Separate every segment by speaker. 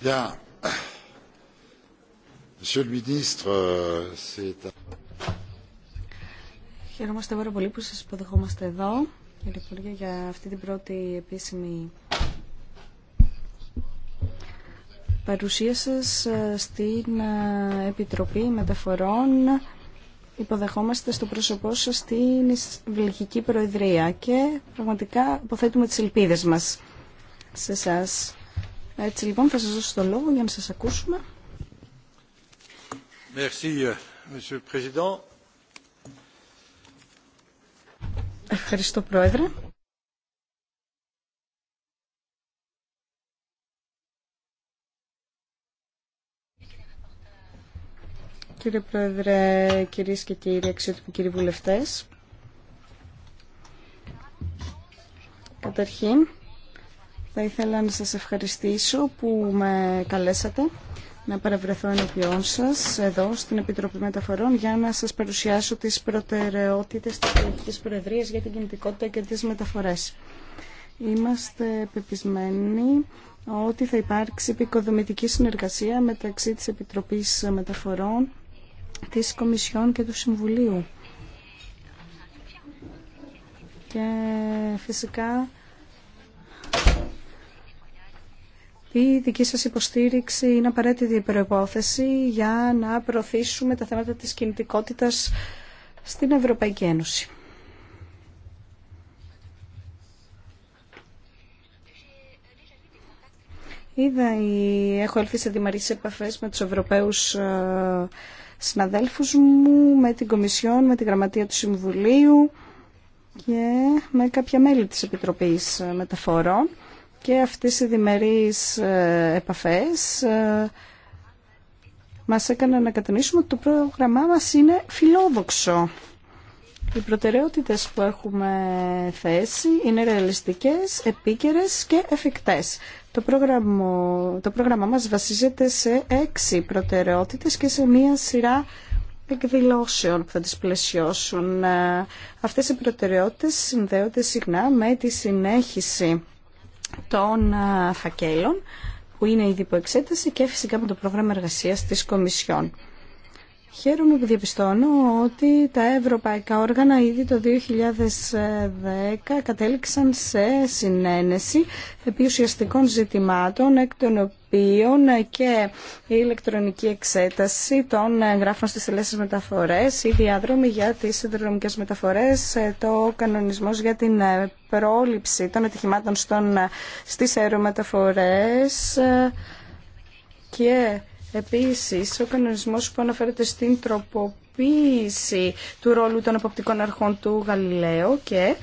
Speaker 1: Monsieur le euh,
Speaker 2: Χαιρόμαστε πάρα πολύ που σας υποδεχόμαστε εδώ, κύριε για αυτή την πρώτη επίσημη παρουσία σας ε, στην ε, Επιτροπή Μεταφορών. Υποδεχόμαστε στο πρόσωπό σας στην Βελγική Προεδρία και πραγματικά υποθέτουμε τις ελπίδες μας σε εσάς. Έτσι λοιπόν θα σας δώσω το λόγο για να σας ακούσουμε.
Speaker 1: Merci, euh,
Speaker 2: Ευχαριστώ Πρόεδρε. Κύριε Πρόεδρε, κυρίες και κύριοι αξιότιμοι κύριοι βουλευτές, καταρχήν θα ήθελα να σας ευχαριστήσω που με καλέσατε να παρευρεθώ ενώπιόν σας εδώ στην Επιτροπή Μεταφορών για να σας παρουσιάσω τις προτεραιότητες της Προεδρίας για την κινητικότητα και τις μεταφορές. Είμαστε πεπισμένοι ότι θα υπάρξει επικοδομητική συνεργασία μεταξύ της Επιτροπής Μεταφορών, της Κομισιόν και του Συμβουλίου. Και φυσικά η δική σας υποστήριξη είναι απαραίτητη προϋπόθεση για να προωθήσουμε τα θέματα της κινητικότητας στην Ευρωπαϊκή Ένωση. Είδα, έχω έλθει σε δημαρίες επαφές με τους Ευρωπαίους ε, συναδέλφους μου, με την Κομισιόν, με τη Γραμματεία του Συμβουλίου και με κάποια μέλη της Επιτροπής ε, Μεταφορών και αυτές οι διμερείς ε, επαφές ε, μας έκαναν να κατανοήσουμε ότι το πρόγραμμά μας είναι φιλόδοξο. Οι προτεραιότητες που έχουμε θέσει είναι ρεαλιστικές, επίκαιρες και εφικτές. Το πρόγραμμα, το πρόγραμμα μας βασίζεται σε έξι προτεραιότητες και σε μία σειρά εκδηλώσεων που θα τις πλαισιώσουν. Ε, αυτές οι προτεραιότητες συνδέονται συχνά με τη συνέχιση των ε, φακέλων που είναι ήδη υπό εξέταση και φυσικά με το πρόγραμμα εργασίας της Κομισιόν. Χαίρομαι που διαπιστώνω ότι τα ευρωπαϊκά όργανα ήδη το 2010 κατέληξαν σε συνένεση επί ουσιαστικών ζητημάτων, εκ των οποίων και η ηλεκτρονική εξέταση των εγγράφων στις ελεύθερες μεταφορές, οι διάδρομοι για τις συνδρομικές μεταφορές, το κανονισμός για την πρόληψη των ατυχημάτων στον, στις αερομεταφορές και Επίσης, ο κανονισμός που αναφέρεται στην τροποποίηση του ρόλου των αποπτικών αρχών του Γαλιλαίου και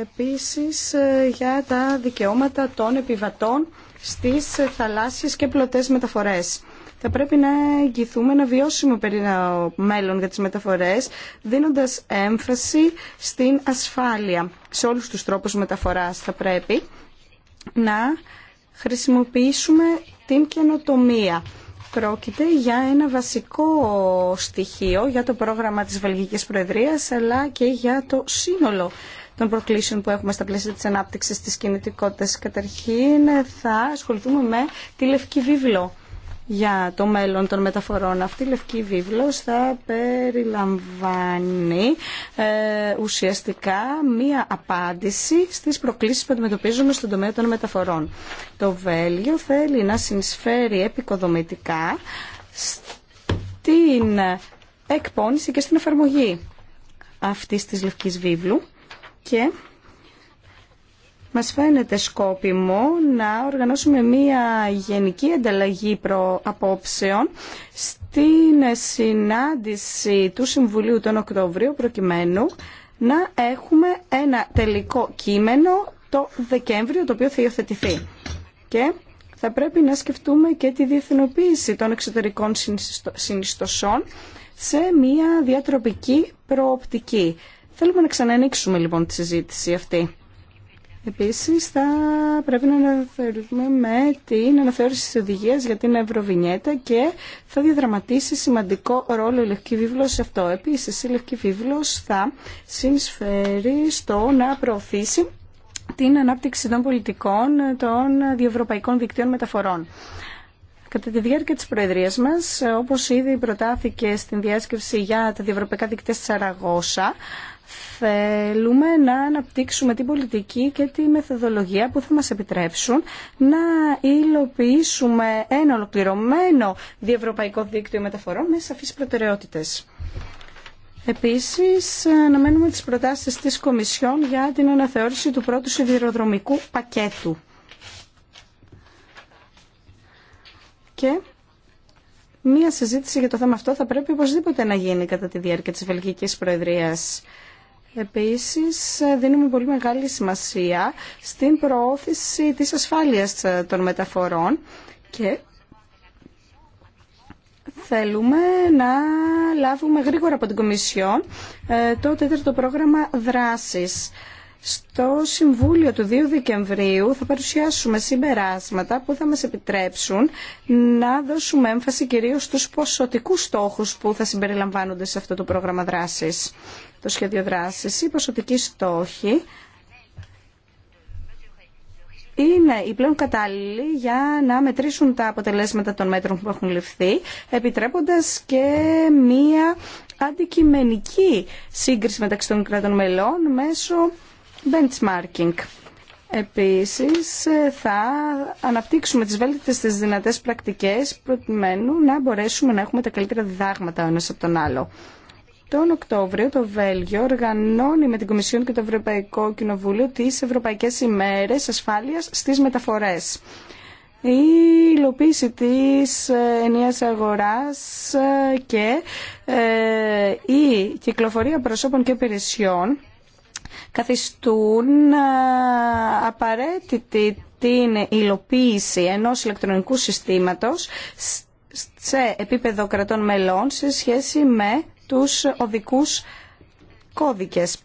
Speaker 2: επίσης ε, για τα δικαιώματα των επιβατών στις θαλάσσιες και πλωτές μεταφορές. Θα πρέπει να εγγυηθούμε ένα βιώσιμο μέλλον για τις μεταφορές, δίνοντας έμφαση στην ασφάλεια. Σε όλους τους τρόπους μεταφοράς θα πρέπει να χρησιμοποιήσουμε την καινοτομία Πρόκειται για ένα βασικό στοιχείο για το πρόγραμμα της Βελγικής Προεδρίας αλλά και για το σύνολο των προκλήσεων που έχουμε στα πλαίσια της ανάπτυξης της κινητικότητας. Καταρχήν θα ασχοληθούμε με τη Λευκή Βίβλο για το μέλλον των μεταφορών. Αυτή η λευκή βίβλος θα περιλαμβάνει ε, ουσιαστικά μία απάντηση στις προκλήσεις που αντιμετωπίζουμε στον τομέα των μεταφορών. Το Βέλγιο θέλει να συνεισφέρει επικοδομητικά στην εκπόνηση και στην εφαρμογή αυτής της λευκής βίβλου και μας φαίνεται σκόπιμο να οργανώσουμε μία γενική ανταλλαγή προαπόψεων στην συνάντηση του Συμβουλίου τον Οκτώβριο προκειμένου να έχουμε ένα τελικό κείμενο το Δεκέμβριο το οποίο θα υιοθετηθεί. Και θα πρέπει να σκεφτούμε και τη διεθνοποίηση των εξωτερικών συνιστοσών σε μια διατροπική προοπτική. Θέλουμε να ξανανοίξουμε λοιπόν τη συζήτηση αυτή. Επίσης θα πρέπει να αναφερθούμε με την αναθεώρηση της οδηγίας για την Ευρωβινιέτα και θα διαδραματίσει σημαντικό ρόλο η Λευκή Βίβλος σε αυτό. Επίσης η Λευκή Βίβλος θα συνεισφέρει στο να προωθήσει την ανάπτυξη των πολιτικών των διευρωπαϊκών δικτύων μεταφορών. Κατά τη διάρκεια της Προεδρίας μας, όπως ήδη προτάθηκε στην διάσκευση για τα διευρωπαϊκά δικτύα της Σαραγώσα, θέλουμε να αναπτύξουμε την πολιτική και τη μεθοδολογία που θα μας επιτρέψουν να υλοποιήσουμε ένα ολοκληρωμένο διευρωπαϊκό δίκτυο μεταφορών με σαφείς προτεραιότητες. Επίσης, αναμένουμε τις προτάσεις της Κομισιόν για την αναθεώρηση του πρώτου σιδηροδρομικού πακέτου. Και μία συζήτηση για το θέμα αυτό θα πρέπει οπωσδήποτε να γίνει κατά τη διάρκεια της Βελγικής Προεδρίας. Επίσης, δίνουμε πολύ μεγάλη σημασία στην προώθηση της ασφάλειας ε, των μεταφορών και θέλουμε να λάβουμε γρήγορα από την Κομισιόν ε, το τέταρτο πρόγραμμα δράσης. Στο Συμβούλιο του 2 Δεκεμβρίου θα παρουσιάσουμε συμπεράσματα που θα μας επιτρέψουν να δώσουμε έμφαση κυρίως στους ποσοτικούς στόχους που θα συμπεριλαμβάνονται σε αυτό το πρόγραμμα δράσης. Το σχέδιο δράσης, οι ποσοτικοί στόχοι είναι οι πλέον κατάλληλοι για να μετρήσουν τα αποτελέσματα των μέτρων που έχουν ληφθεί, επιτρέποντας και μία αντικειμενική σύγκριση μεταξύ των κρατών μελών μέσω benchmarking. Επίσης θα αναπτύξουμε τις βέλτιστες τις δυνατές πρακτικές προκειμένου να μπορέσουμε να έχουμε τα καλύτερα διδάγματα ο ένας από τον άλλο. Τον Οκτώβριο το Βέλγιο οργανώνει με την Κομισιόν και το Ευρωπαϊκό Κοινοβούλιο τις Ευρωπαϊκές ημέρες ασφάλειας στις μεταφορές. Η υλοποίηση της ε, ενίας αγοράς ε, και ε, η κυκλοφορία προσώπων και υπηρεσιών καθιστούν ε, απαραίτητη την υλοποίηση ενός ηλεκτρονικού συστήματος σε επίπεδο κρατών μελών σε σχέση με τους οδικούς κώδικες.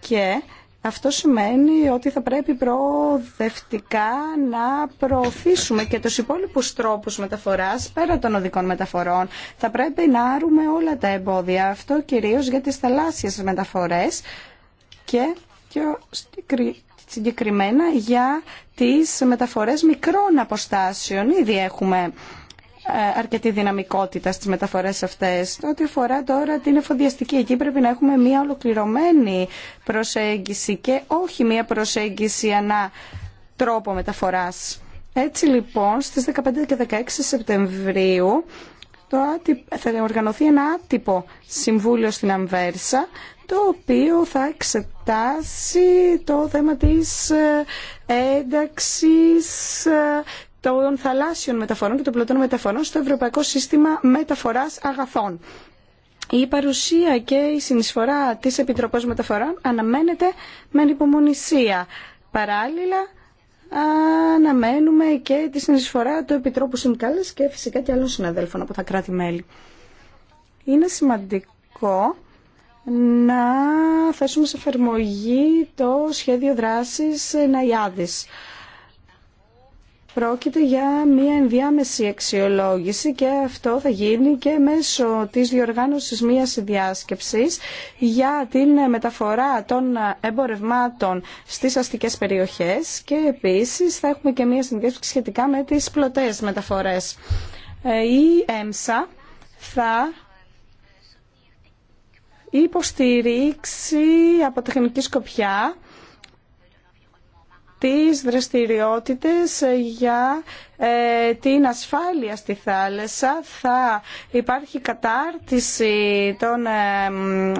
Speaker 2: Και αυτό σημαίνει ότι θα πρέπει προοδευτικά να προωθήσουμε και τους υπόλοιπους τρόπους μεταφοράς πέρα των οδικών μεταφορών. Θα πρέπει να άρουμε όλα τα εμπόδια. Αυτό κυρίως για τις θαλάσσιες μεταφορές και πιο συγκεκριμένα για τις μεταφορές μικρών αποστάσεων. Ήδη έχουμε ε, αρκετή δυναμικότητα στις μεταφορές αυτές. Ό,τι αφορά τώρα την εφοδιαστική, εκεί πρέπει να έχουμε μια ολοκληρωμένη προσέγγιση και όχι μια προσέγγιση ανά τρόπο μεταφοράς. Έτσι λοιπόν στις 15 και 16 Σεπτεμβρίου θα οργανωθεί ένα άτυπο συμβούλιο στην Αμβέρσα το οποίο θα εξετάσει το θέμα της ε, ένταξης ε, των θαλάσσιων μεταφορών και των πλωτών μεταφορών στο Ευρωπαϊκό Σύστημα Μεταφοράς Αγαθών. Η παρουσία και η συνεισφορά της Επιτροπής Μεταφορών αναμένεται με ανυπομονησία. Παράλληλα, αναμένουμε και τη συνεισφορά του Επιτρόπου Συνκάλες και φυσικά και άλλων συναδέλφων από τα κράτη-μέλη. Είναι σημαντικό να θέσουμε σε εφαρμογή το σχέδιο δράσης Ναϊάδης. Πρόκειται για μια ενδιάμεση αξιολόγηση και αυτό θα γίνει και μέσω της διοργάνωσης μιας διάσκεψης για την μεταφορά των εμπορευμάτων στις αστικές περιοχές και επίσης θα έχουμε και μια συνδιάσκεψη σχετικά με τις πλωτές μεταφορές. Ε, η ΕΜΣΑ θα υποστηρίξει από τεχνική σκοπιά τις δραστηριότητες για ε, την ασφάλεια στη θάλασσα. Θα υπάρχει κατάρτιση των ε,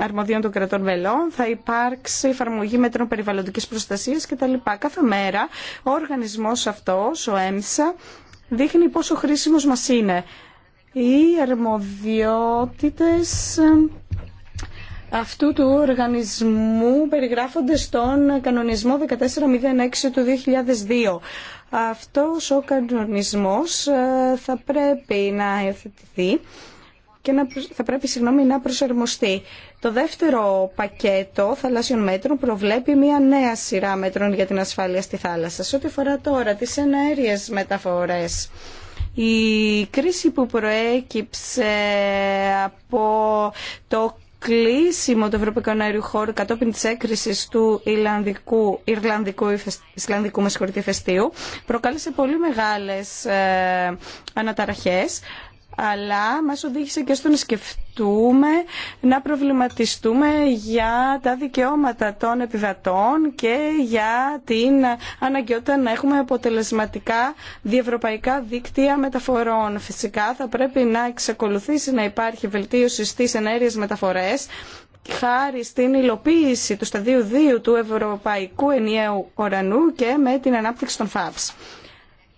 Speaker 2: αρμοδίων των κρατών βελών, θα υπάρξει εφαρμογή μέτρων περιβαλλοντικής προστασίας κτλ. Κάθε μέρα ο οργανισμός αυτός, ο ΕΜΣΑ, δείχνει πόσο χρήσιμος μας είναι. Οι αρμοδιότητες ε, αυτού του οργανισμού περιγράφονται στον κανονισμό 1406 του 2002. Αυτός ο κανονισμός ε, θα πρέπει να υιοθετηθεί και να, θα πρέπει συγγνώμη, να προσαρμοστεί. Το δεύτερο πακέτο θαλάσσιων μέτρων προβλέπει μια νέα σειρά μέτρων για την ασφάλεια στη θάλασσα. Σε ό,τι αφορά τώρα τις εναέριες μεταφορές, η κρίση που προέκυψε από το κλείσιμο του Ευρωπαϊκού Αέριου Χώρου κατόπιν της έκρησης του Ιρλανδικού, Ιρλανδικού, Ισλανδικού φεστίου προκάλεσε πολύ μεγάλες ε, αναταραχές αλλά μας οδήγησε και στο να σκεφτούμε, να προβληματιστούμε για τα δικαιώματα των επιβατών και για την αναγκαιότητα να έχουμε αποτελεσματικά διευρωπαϊκά δίκτυα μεταφορών. Φυσικά θα πρέπει να εξακολουθήσει να υπάρχει βελτίωση στις ενέργειες μεταφορές χάρη στην υλοποίηση του σταδίου 2 του Ευρωπαϊκού Ενιαίου Ορανού και με την ανάπτυξη των ΦΑΠΣ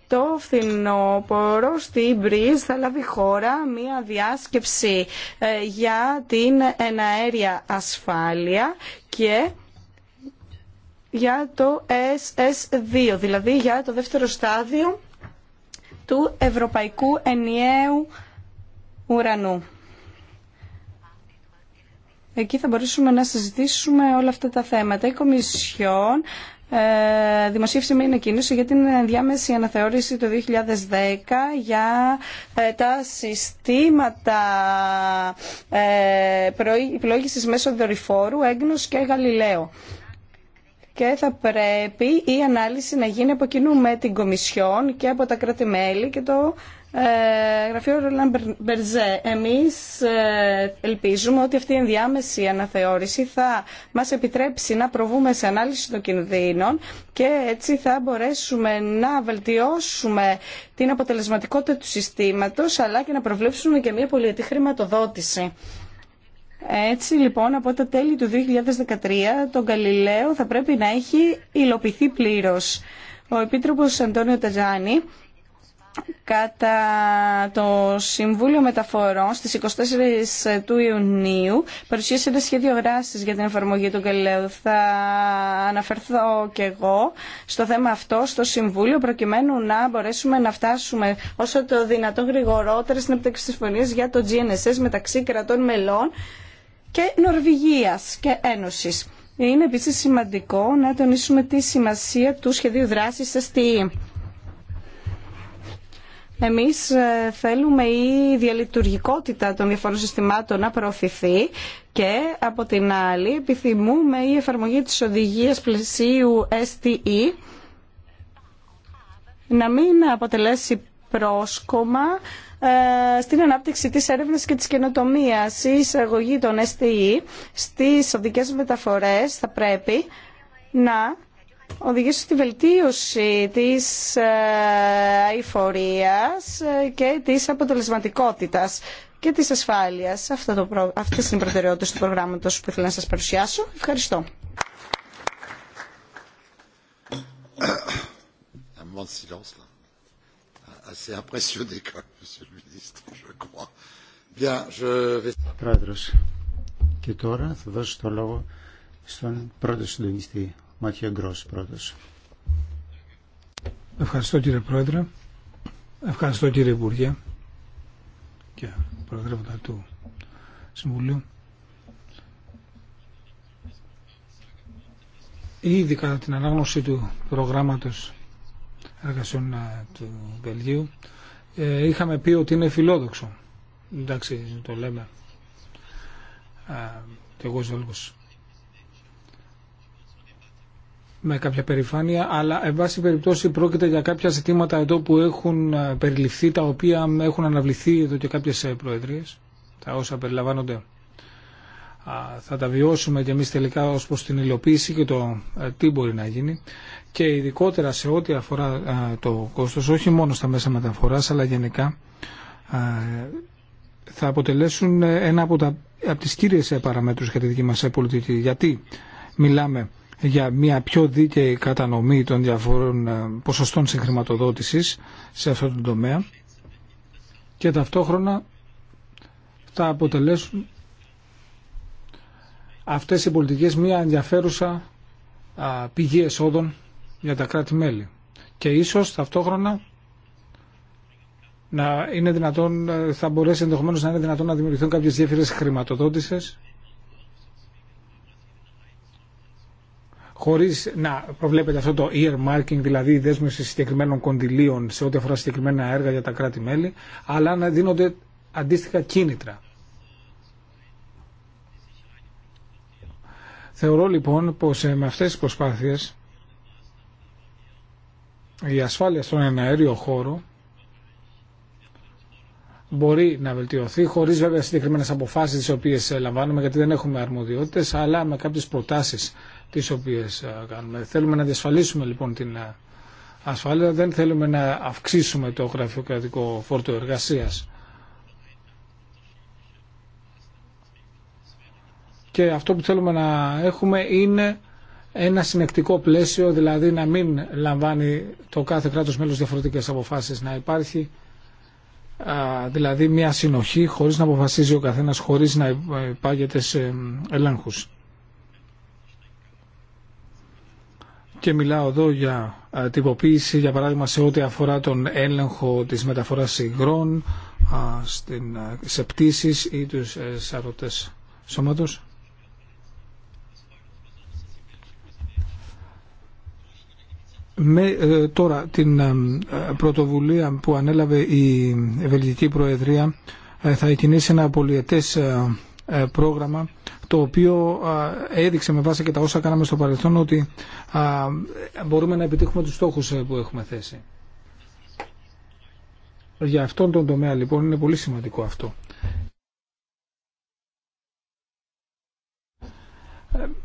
Speaker 2: το φθινόπωρο στην Μπρίζ θα λάβει χώρα μία διάσκεψη ε, για την εναέρια ασφάλεια και για το SS2, δηλαδή για το δεύτερο στάδιο του Ευρωπαϊκού Ενιαίου Ουρανού. Εκεί θα μπορέσουμε να συζητήσουμε όλα αυτά τα θέματα. Η Κομισιόν ε, με είναι κίνηση για την διάμεση αναθεώρηση το 2010 για ε, τα συστήματα ε, πλοήγησης μέσω δορυφόρου, έγνος και γαλιλαίο. Και θα πρέπει η ανάλυση να γίνει από κοινού με την Κομισιόν και από τα κράτη-μέλη και το ε, γραφείο Ρολάν Μπερζέ. Εμείς ε, ελπίζουμε ότι αυτή η ενδιάμεση αναθεώρηση θα μας επιτρέψει να προβούμε σε ανάλυση των κινδύνων και έτσι θα μπορέσουμε να βελτιώσουμε την αποτελεσματικότητα του συστήματος αλλά και να προβλέψουμε και μια πολυετή χρηματοδότηση. Έτσι λοιπόν από τα τέλη του 2013 το Καλλιλέο θα πρέπει να έχει υλοποιηθεί πλήρως. Ο Επίτροπος Αντώνιο Ταζάνη κατά το Συμβούλιο Μεταφορών στις 24 του Ιουνίου παρουσίασε ένα σχέδιο δράσης για την εφαρμογή του Καλλιλέου. Θα αναφερθώ και εγώ στο θέμα αυτό στο Συμβούλιο προκειμένου να μπορέσουμε να φτάσουμε όσο το δυνατόν γρηγορότερα στην επιτέξη της για το GNSS μεταξύ κρατών μελών και Νορβηγίας και Ένωσης. Είναι επίσης σημαντικό να τονίσουμε τη σημασία του σχεδίου δράσης STE εμείς ε, θέλουμε η διαλειτουργικότητα των διαφορών συστημάτων να προωθηθεί και από την άλλη επιθυμούμε η εφαρμογή της οδηγίας πλαισίου STE να μην αποτελέσει πρόσκομα ε, στην ανάπτυξη της έρευνας και της καινοτομίας. Η εισαγωγή των STE στις οδικές μεταφορές θα πρέπει να οδηγήσει στη βελτίωση της ε, αηφορίας ε, και της αποτελεσματικότητας και της ασφάλειας. Αυτό το προ... Αυτές είναι οι προτεραιότητες του προγράμματος που ήθελα να σας παρουσιάσω. Ευχαριστώ.
Speaker 3: Πρόεδρος, και τώρα θα δώσω το λόγο στον πρώτο συντονιστή Ματιά Γκρός πρώτος.
Speaker 4: Ευχαριστώ κύριε Πρόεδρε. Ευχαριστώ κύριε Υπουργέ και Προεδρεύοντα του Συμβουλίου. Ήδη κατά την ανάγνωση του προγράμματος εργασιών ε, του Βελγίου ε, είχαμε πει ότι είναι φιλόδοξο. Εντάξει, το λέμε. Ε, και εγώ με κάποια περηφάνεια, αλλά εν πάση περιπτώσει πρόκειται για κάποια ζητήματα εδώ που έχουν ε, περιληφθεί, τα οποία έχουν αναβληθεί εδώ και κάποιε προεδρίε. τα όσα περιλαμβάνονται. Θα τα βιώσουμε και εμείς τελικά ως προς την υλοποίηση και το ε, τι μπορεί να γίνει και ειδικότερα σε ό,τι αφορά ε, το κόστος, όχι μόνο στα μέσα μεταφοράς αλλά γενικά θα αποτελέσουν ένα από, τα, από τις κύριες παραμέτρους για τη δική μας πολιτική. Γιατί μιλάμε για μια πιο δίκαιη κατανομή των διαφορών ε, ποσοστών συγχρηματοδότησης σε αυτόν τον τομέα και ταυτόχρονα θα αποτελέσουν αυτές οι πολιτικές μια ενδιαφέρουσα πηγή εσόδων για τα κράτη-μέλη. Και ίσως ταυτόχρονα να είναι δυνατόν, ε, θα μπορέσει ενδεχομένως να είναι δυνατόν να δημιουργηθούν κάποιες γέφυρες χρηματοδότησης χωρίς να προβλέπεται αυτό το earmarking, δηλαδή η δέσμευση συγκεκριμένων κονδυλίων σε ό,τι αφορά συγκεκριμένα έργα για τα κράτη-μέλη, αλλά να δίνονται αντίστοιχα κίνητρα. Θεωρώ λοιπόν πως ε, με αυτές τις προσπάθειες η ασφάλεια στον εναέριο χώρο μπορεί να βελτιωθεί, χωρί βέβαια συγκεκριμένε αποφάσει τι οποίε ε, λαμβάνουμε, γιατί δεν έχουμε αρμοδιότητε, αλλά με κάποιε προτάσει τι οποίε ε, κάνουμε. Θέλουμε να διασφαλίσουμε λοιπόν την ε, ασφάλεια, δεν θέλουμε να αυξήσουμε το γραφειοκρατικό φόρτο εργασία. Και αυτό που θέλουμε να έχουμε είναι ένα συνεκτικό πλαίσιο, δηλαδή να μην λαμβάνει το κάθε κράτος μέλος διαφορετικές αποφάσεις, να υπάρχει δηλαδή μια συνοχή χωρίς να αποφασίζει ο καθένας, χωρίς να ε, υπάγεται σε ελέγχους. Και μιλάω εδώ για ε, τυποποίηση, για παράδειγμα σε ό,τι αφορά τον έλεγχο της μεταφοράς υγρών, στην, ε, σε πτήσεις ή τους σαρωτές σώματος. Με ε, τώρα την ε, πρωτοβουλία που ανέλαβε η Βελγική Προεδρία ε, θα εκινήσει ένα πολιετές πρόγραμμα το οποίο έδειξε με βάση και τα όσα κάναμε στο παρελθόν ότι μπορούμε να επιτύχουμε τους στόχους που έχουμε θέσει. Για αυτόν τον τομέα λοιπόν είναι πολύ σημαντικό αυτό.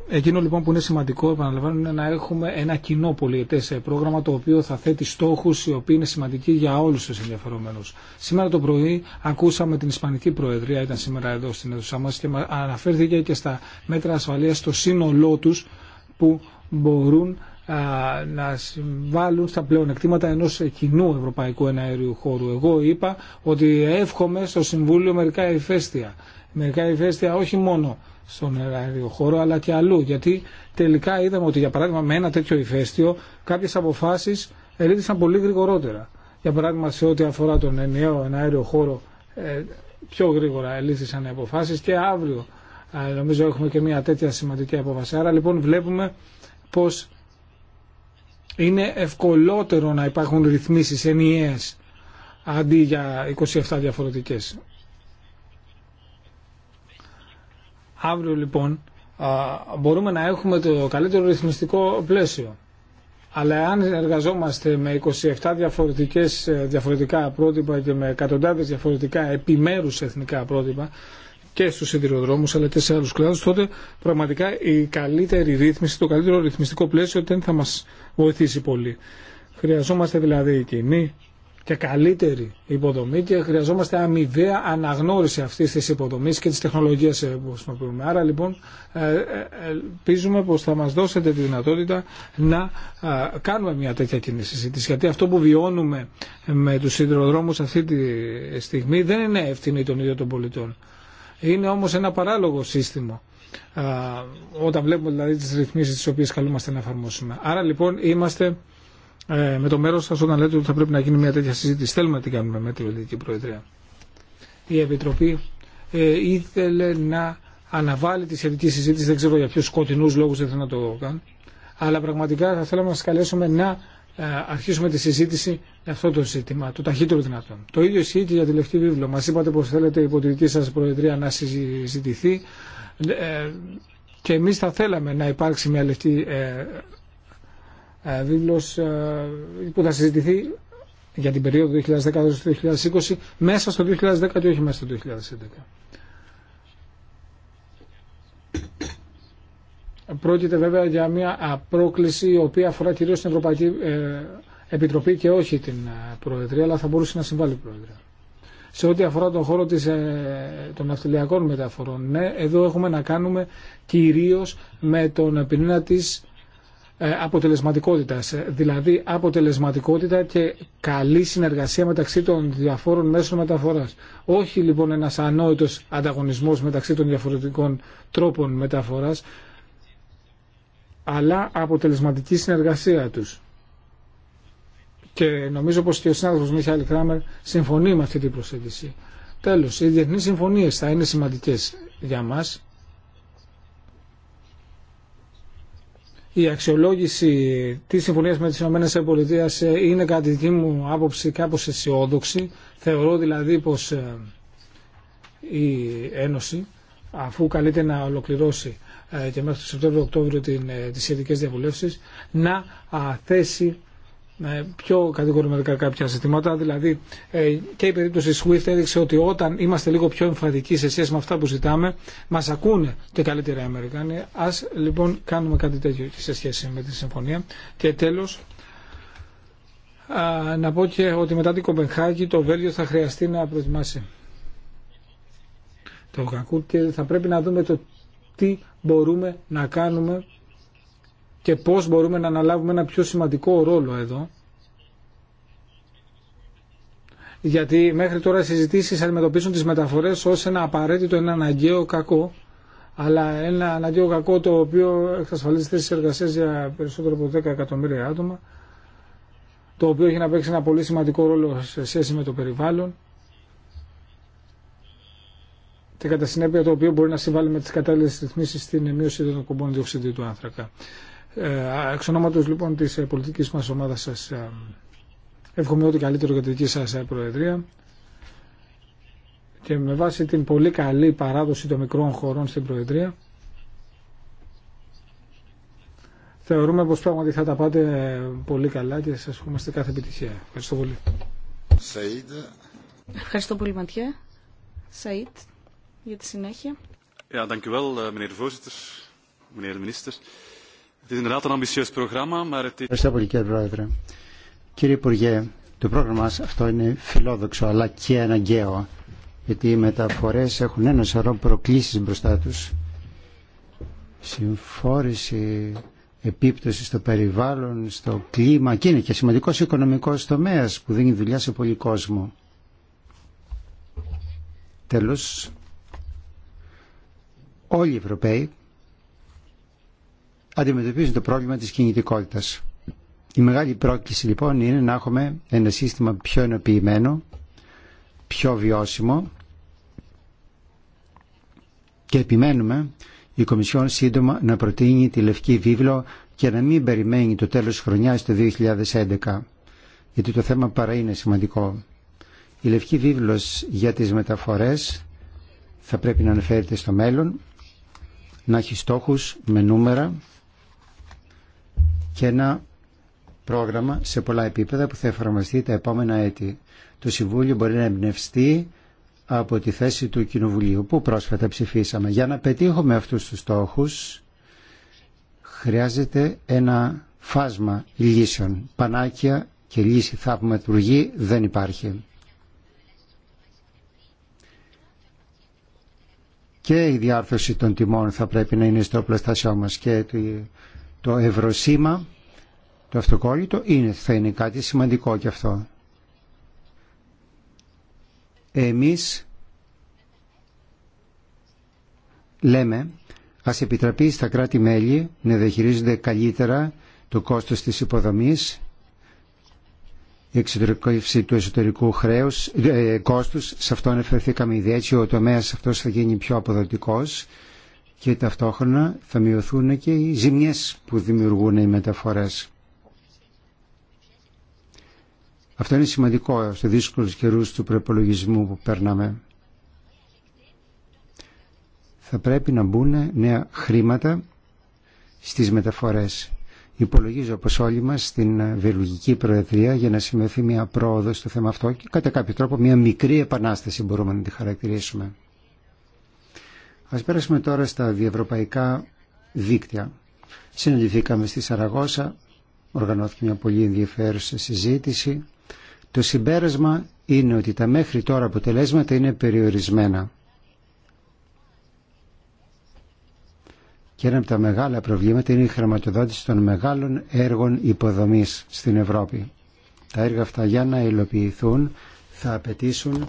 Speaker 4: Εκείνο λοιπόν που είναι σημαντικό, επαναλαμβάνω, είναι να έχουμε ένα κοινό πολιετέ ε, πρόγραμμα το οποίο θα θέτει στόχου οι οποίοι είναι σημαντικοί για όλου του ενδιαφερομένου. Σήμερα το πρωί ακούσαμε την Ισπανική Προεδρία, ήταν σήμερα εδώ στην αίθουσά μα και αναφέρθηκε και στα μέτρα ασφαλεία στο σύνολό του που μπορούν να συμβάλλουν στα πλέον πλεονεκτήματα ενό κοινού ευρωπαϊκού εναέριου χώρου. Εγώ είπα ότι εύχομαι στο Συμβούλιο μερικά ηφαίστεια. Μερικά ηφαίστεια όχι μόνο στον αέριο χώρο αλλά και αλλού. Γιατί τελικά είδαμε ότι για παράδειγμα με ένα τέτοιο ηφαίστειο κάποιε αποφάσει ελήφθησαν πολύ γρηγορότερα. Για παράδειγμα σε ό,τι αφορά τον ενιαίο αέριο χώρο ε, πιο γρήγορα ελήφθησαν οι αποφάσει και αύριο ε, νομίζω έχουμε και μια τέτοια σημαντική απόφαση. Άρα λοιπόν βλέπουμε πω είναι ευκολότερο να υπάρχουν ρυθμίσει ενιαίε αντί για 27 διαφορετικές. Αύριο λοιπόν μπορούμε να έχουμε το καλύτερο ρυθμιστικό πλαίσιο. Αλλά αν εργαζόμαστε με 27 διαφορετικές, ε, διαφορετικά πρότυπα και με εκατοντάδες διαφορετικά επιμέρους εθνικά πρότυπα και στους σιδηροδρόμους αλλά και σε άλλους κλάδους τότε πραγματικά η καλύτερη ρύθμιση, το καλύτερο ρυθμιστικό πλαίσιο δεν θα μας βοηθήσει πολύ. Χρειαζόμαστε δηλαδή κοινή και καλύτερη υποδομή και χρειαζόμαστε αμοιβαία αναγνώριση αυτής της υποδομής και της τεχνολογίας ε, που χρησιμοποιούμε. Άρα λοιπόν ε, ε, ελπίζουμε πως θα μας δώσετε τη δυνατότητα να κάνουμε μια τέτοια κοινή συζήτηση. Γιατί αυτό που βιώνουμε με τους σιδηροδρόμους αυτή τη στιγμή δεν είναι ευθύνη των ίδιων των πολιτών. Είναι όμως ένα παράλογο σύστημα όταν βλέπουμε δηλαδή τις ρυθμίσεις τις οποίες καλούμαστε να εφαρμόσουμε. Άρα λοιπόν είμαστε ε, με το μέρο σα όταν λέτε ότι θα πρέπει να γίνει μια τέτοια συζήτηση. Θέλουμε να την κάνουμε με τη ελληνική Προεδρία. Η Επιτροπή ε, ήθελε να αναβάλει τη σχετική συζήτηση, δεν ξέρω για ποιου σκοτεινού λόγου δεν θέλω να το κάνω. Αλλά πραγματικά θα θέλαμε να σα καλέσουμε να ε, αρχίσουμε τη συζήτηση για αυτό το ζήτημα, το ταχύτερο δυνατόν. Το ίδιο ισχύει και για τη Λευκή Βίβλο. Μα είπατε πω θέλετε η πολιτική σα Προεδρία να συζητηθεί. Ε, και εμεί θα θέλαμε να υπάρξει μια λευκή ε, βίβλος ε, ε, που θα συζητηθεί για την περίοδο 2010-2020 μέσα στο 2010 και όχι μέσα στο 2011. Πρόκειται βέβαια για μια πρόκληση η οποία αφορά κυρίως την Ευρωπαϊκή ε, Επιτροπή και όχι την Προεδρία, αλλά θα μπορούσε να συμβάλλει η Προεδρία. Σε ό,τι αφορά τον χώρο της, των ναυτιλιακών μεταφορών, ναι, εδώ έχουμε να κάνουμε κυρίως με τον πυρήνα της ε, αποτελεσματικότητας, ε, δηλαδή αποτελεσματικότητα και καλή συνεργασία μεταξύ των διαφόρων μέσων μεταφοράς. Όχι λοιπόν ένας ανόητος ανταγωνισμός μεταξύ των διαφορετικών τρόπων μεταφοράς, αλλά αποτελεσματική συνεργασία τους. Και νομίζω πως και ο συνάδελφος Μιχάλη Κράμερ συμφωνεί με αυτή την προσέγγιση. Τέλος, οι διεθνείς συμφωνίες θα είναι σημαντικές για μας η αξιολόγηση της συμφωνίας με τις ΗΠΑ είναι κατά τη δική μου άποψη κάπως αισιόδοξη. Θεωρώ δηλαδή πως ε, η Ένωση αφού καλείται να ολοκληρώσει ε, και μέχρι το Σεπτέμβριο-Οκτώβριο ε, τις σχετικέ διαβουλεύσεις να θέσει ε, πιο κατηγορηματικά κάποια ζητήματα. Δηλαδή ε, και η περίπτωση SWIFT έδειξε ότι όταν είμαστε λίγο πιο εμφαντικοί σε σχέση με αυτά που ζητάμε, μα ακούνε και καλύτερα οι Αμερικάνοι. Α λοιπόν κάνουμε κάτι τέτοιο σε σχέση με τη συμφωνία. Και τέλο. Να πω και ότι μετά την Κοπενχάγη το Βέλγιο θα χρειαστεί να προετοιμάσει το κακού. και θα πρέπει να δούμε το τι μπορούμε να κάνουμε και πώς μπορούμε να αναλάβουμε ένα πιο σημαντικό ρόλο εδώ. Γιατί μέχρι τώρα οι συζητήσεις αντιμετωπίζουν τις μεταφορές ως ένα απαραίτητο, ένα αναγκαίο κακό, αλλά ένα αναγκαίο κακό το οποίο εξασφαλίζει θέσει εργασία για περισσότερο από 10 εκατομμύρια άτομα, το οποίο έχει να παίξει ένα πολύ σημαντικό ρόλο σε σχέση με το περιβάλλον και κατά συνέπεια το οποίο μπορεί να συμβάλλει με τις κατάλληλες ρυθμίσεις στην μείωση των κομπών διοξιδίου του άνθρακα. Ε, εξ ονόματος λοιπόν της ε, πολιτικής μας ομάδας σας ε, εύχομαι ό,τι καλύτερο για τη δική σας Προεδρία και με βάση την πολύ καλή παράδοση των μικρών χωρών στην Προεδρία θεωρούμε πως πράγματι θα τα πάτε πολύ καλά και σας ευχόμαστε κάθε επιτυχία. Ευχαριστώ πολύ.
Speaker 2: Ευχαριστώ πολύ Ματιέ. Σαΐτ, για τη συνέχεια.
Speaker 1: Ja, eh, meneer voorzitter, Ευχαριστώ
Speaker 3: πολύ κύριε Πρόεδρε. Κύριε Υπουργέ, το πρόγραμμα αυτό είναι φιλόδοξο αλλά και αναγκαίο γιατί οι μεταφορές έχουν ένα σωρό προκλήσεις μπροστά τους. Συμφόρηση, επίπτωση στο περιβάλλον, στο κλίμα και είναι και σημαντικός οικονομικός τομέας που δίνει δουλειά σε πολύ κόσμο. Τέλος, όλοι οι Ευρωπαίοι αντιμετωπίζουν το πρόβλημα της κινητικότητας. Η μεγάλη πρόκληση λοιπόν είναι να έχουμε ένα σύστημα πιο ενοποιημένο, πιο βιώσιμο και επιμένουμε η Κομισιόν σύντομα να προτείνει τη Λευκή Βίβλο και να μην περιμένει το τέλος της χρονιάς το 2011, γιατί το θέμα παρά είναι σημαντικό. Η Λευκή Βίβλος για τις μεταφορές θα πρέπει να αναφέρεται στο μέλλον, να έχει στόχους με νούμερα και ένα πρόγραμμα σε πολλά επίπεδα που θα εφαρμοστεί τα επόμενα έτη. Το Συμβούλιο μπορεί να εμπνευστεί από τη θέση του Κοινοβουλίου που πρόσφατα ψηφίσαμε. Για να πετύχουμε αυτούς τους στόχους χρειάζεται ένα φάσμα λύσεων. Πανάκια και λύση θαυματουργή δεν υπάρχει. Και η διάρθρωση των τιμών θα πρέπει να είναι στο πλαστάσιο μας και το ευρωσήμα, το αυτοκόλλητο, είναι, θα είναι κάτι σημαντικό και αυτό. Εμείς λέμε ας επιτραπεί στα κράτη-μέλη να διαχειρίζονται καλύτερα το κόστος της υποδομής, η εξωτερικοίευση του εσωτερικού χρέους, ε, κόστους, σε αυτό αναφερθήκαμε ήδη έτσι, ο τομέας αυτός θα γίνει πιο αποδοτικός και ταυτόχρονα θα μειωθούν και οι ζημιές που δημιουργούν οι μεταφορές. Αυτό είναι σημαντικό σε δύσκολους καιρούς του προπολογισμού που περνάμε. Θα πρέπει να μπουν νέα χρήματα στις μεταφορές. Υπολογίζω όπως όλοι μας στην Βελγική Προεδρία για να σημειωθεί μια πρόοδο στο θέμα αυτό και κατά κάποιο τρόπο μια μικρή επανάσταση μπορούμε να τη χαρακτηρίσουμε. Ας πέρασουμε τώρα στα διευρωπαϊκά δίκτυα. Συναντηθήκαμε στη Σαραγώσα, οργανώθηκε μια πολύ ενδιαφέρουσα συζήτηση. Το συμπέρασμα είναι ότι τα μέχρι τώρα αποτελέσματα είναι περιορισμένα. Και ένα από τα μεγάλα προβλήματα είναι η χρηματοδότηση των μεγάλων έργων υποδομής στην Ευρώπη. Τα έργα αυτά για να υλοποιηθούν θα απαιτήσουν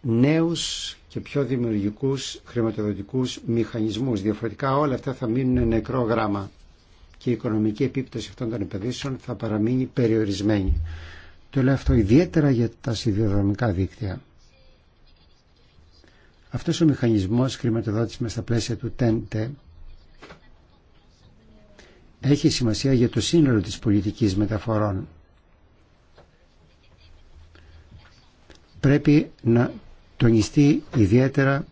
Speaker 3: νέους και πιο δημιουργικούς χρηματοδοτικούς μηχανισμούς. Διαφορετικά όλα αυτά θα μείνουν νεκρό γράμμα και η οικονομική επίπτωση αυτών των επενδύσεων θα παραμείνει περιορισμένη. Το λέω αυτό ιδιαίτερα για τα σιδηροδρομικά δίκτυα. Αυτός ο μηχανισμός χρηματοδότησης με στα πλαίσια του ΤΕΝΤΕ έχει σημασία για το σύνολο της πολιτικής μεταφορών. Πρέπει να τονιστεί ιδιαίτερα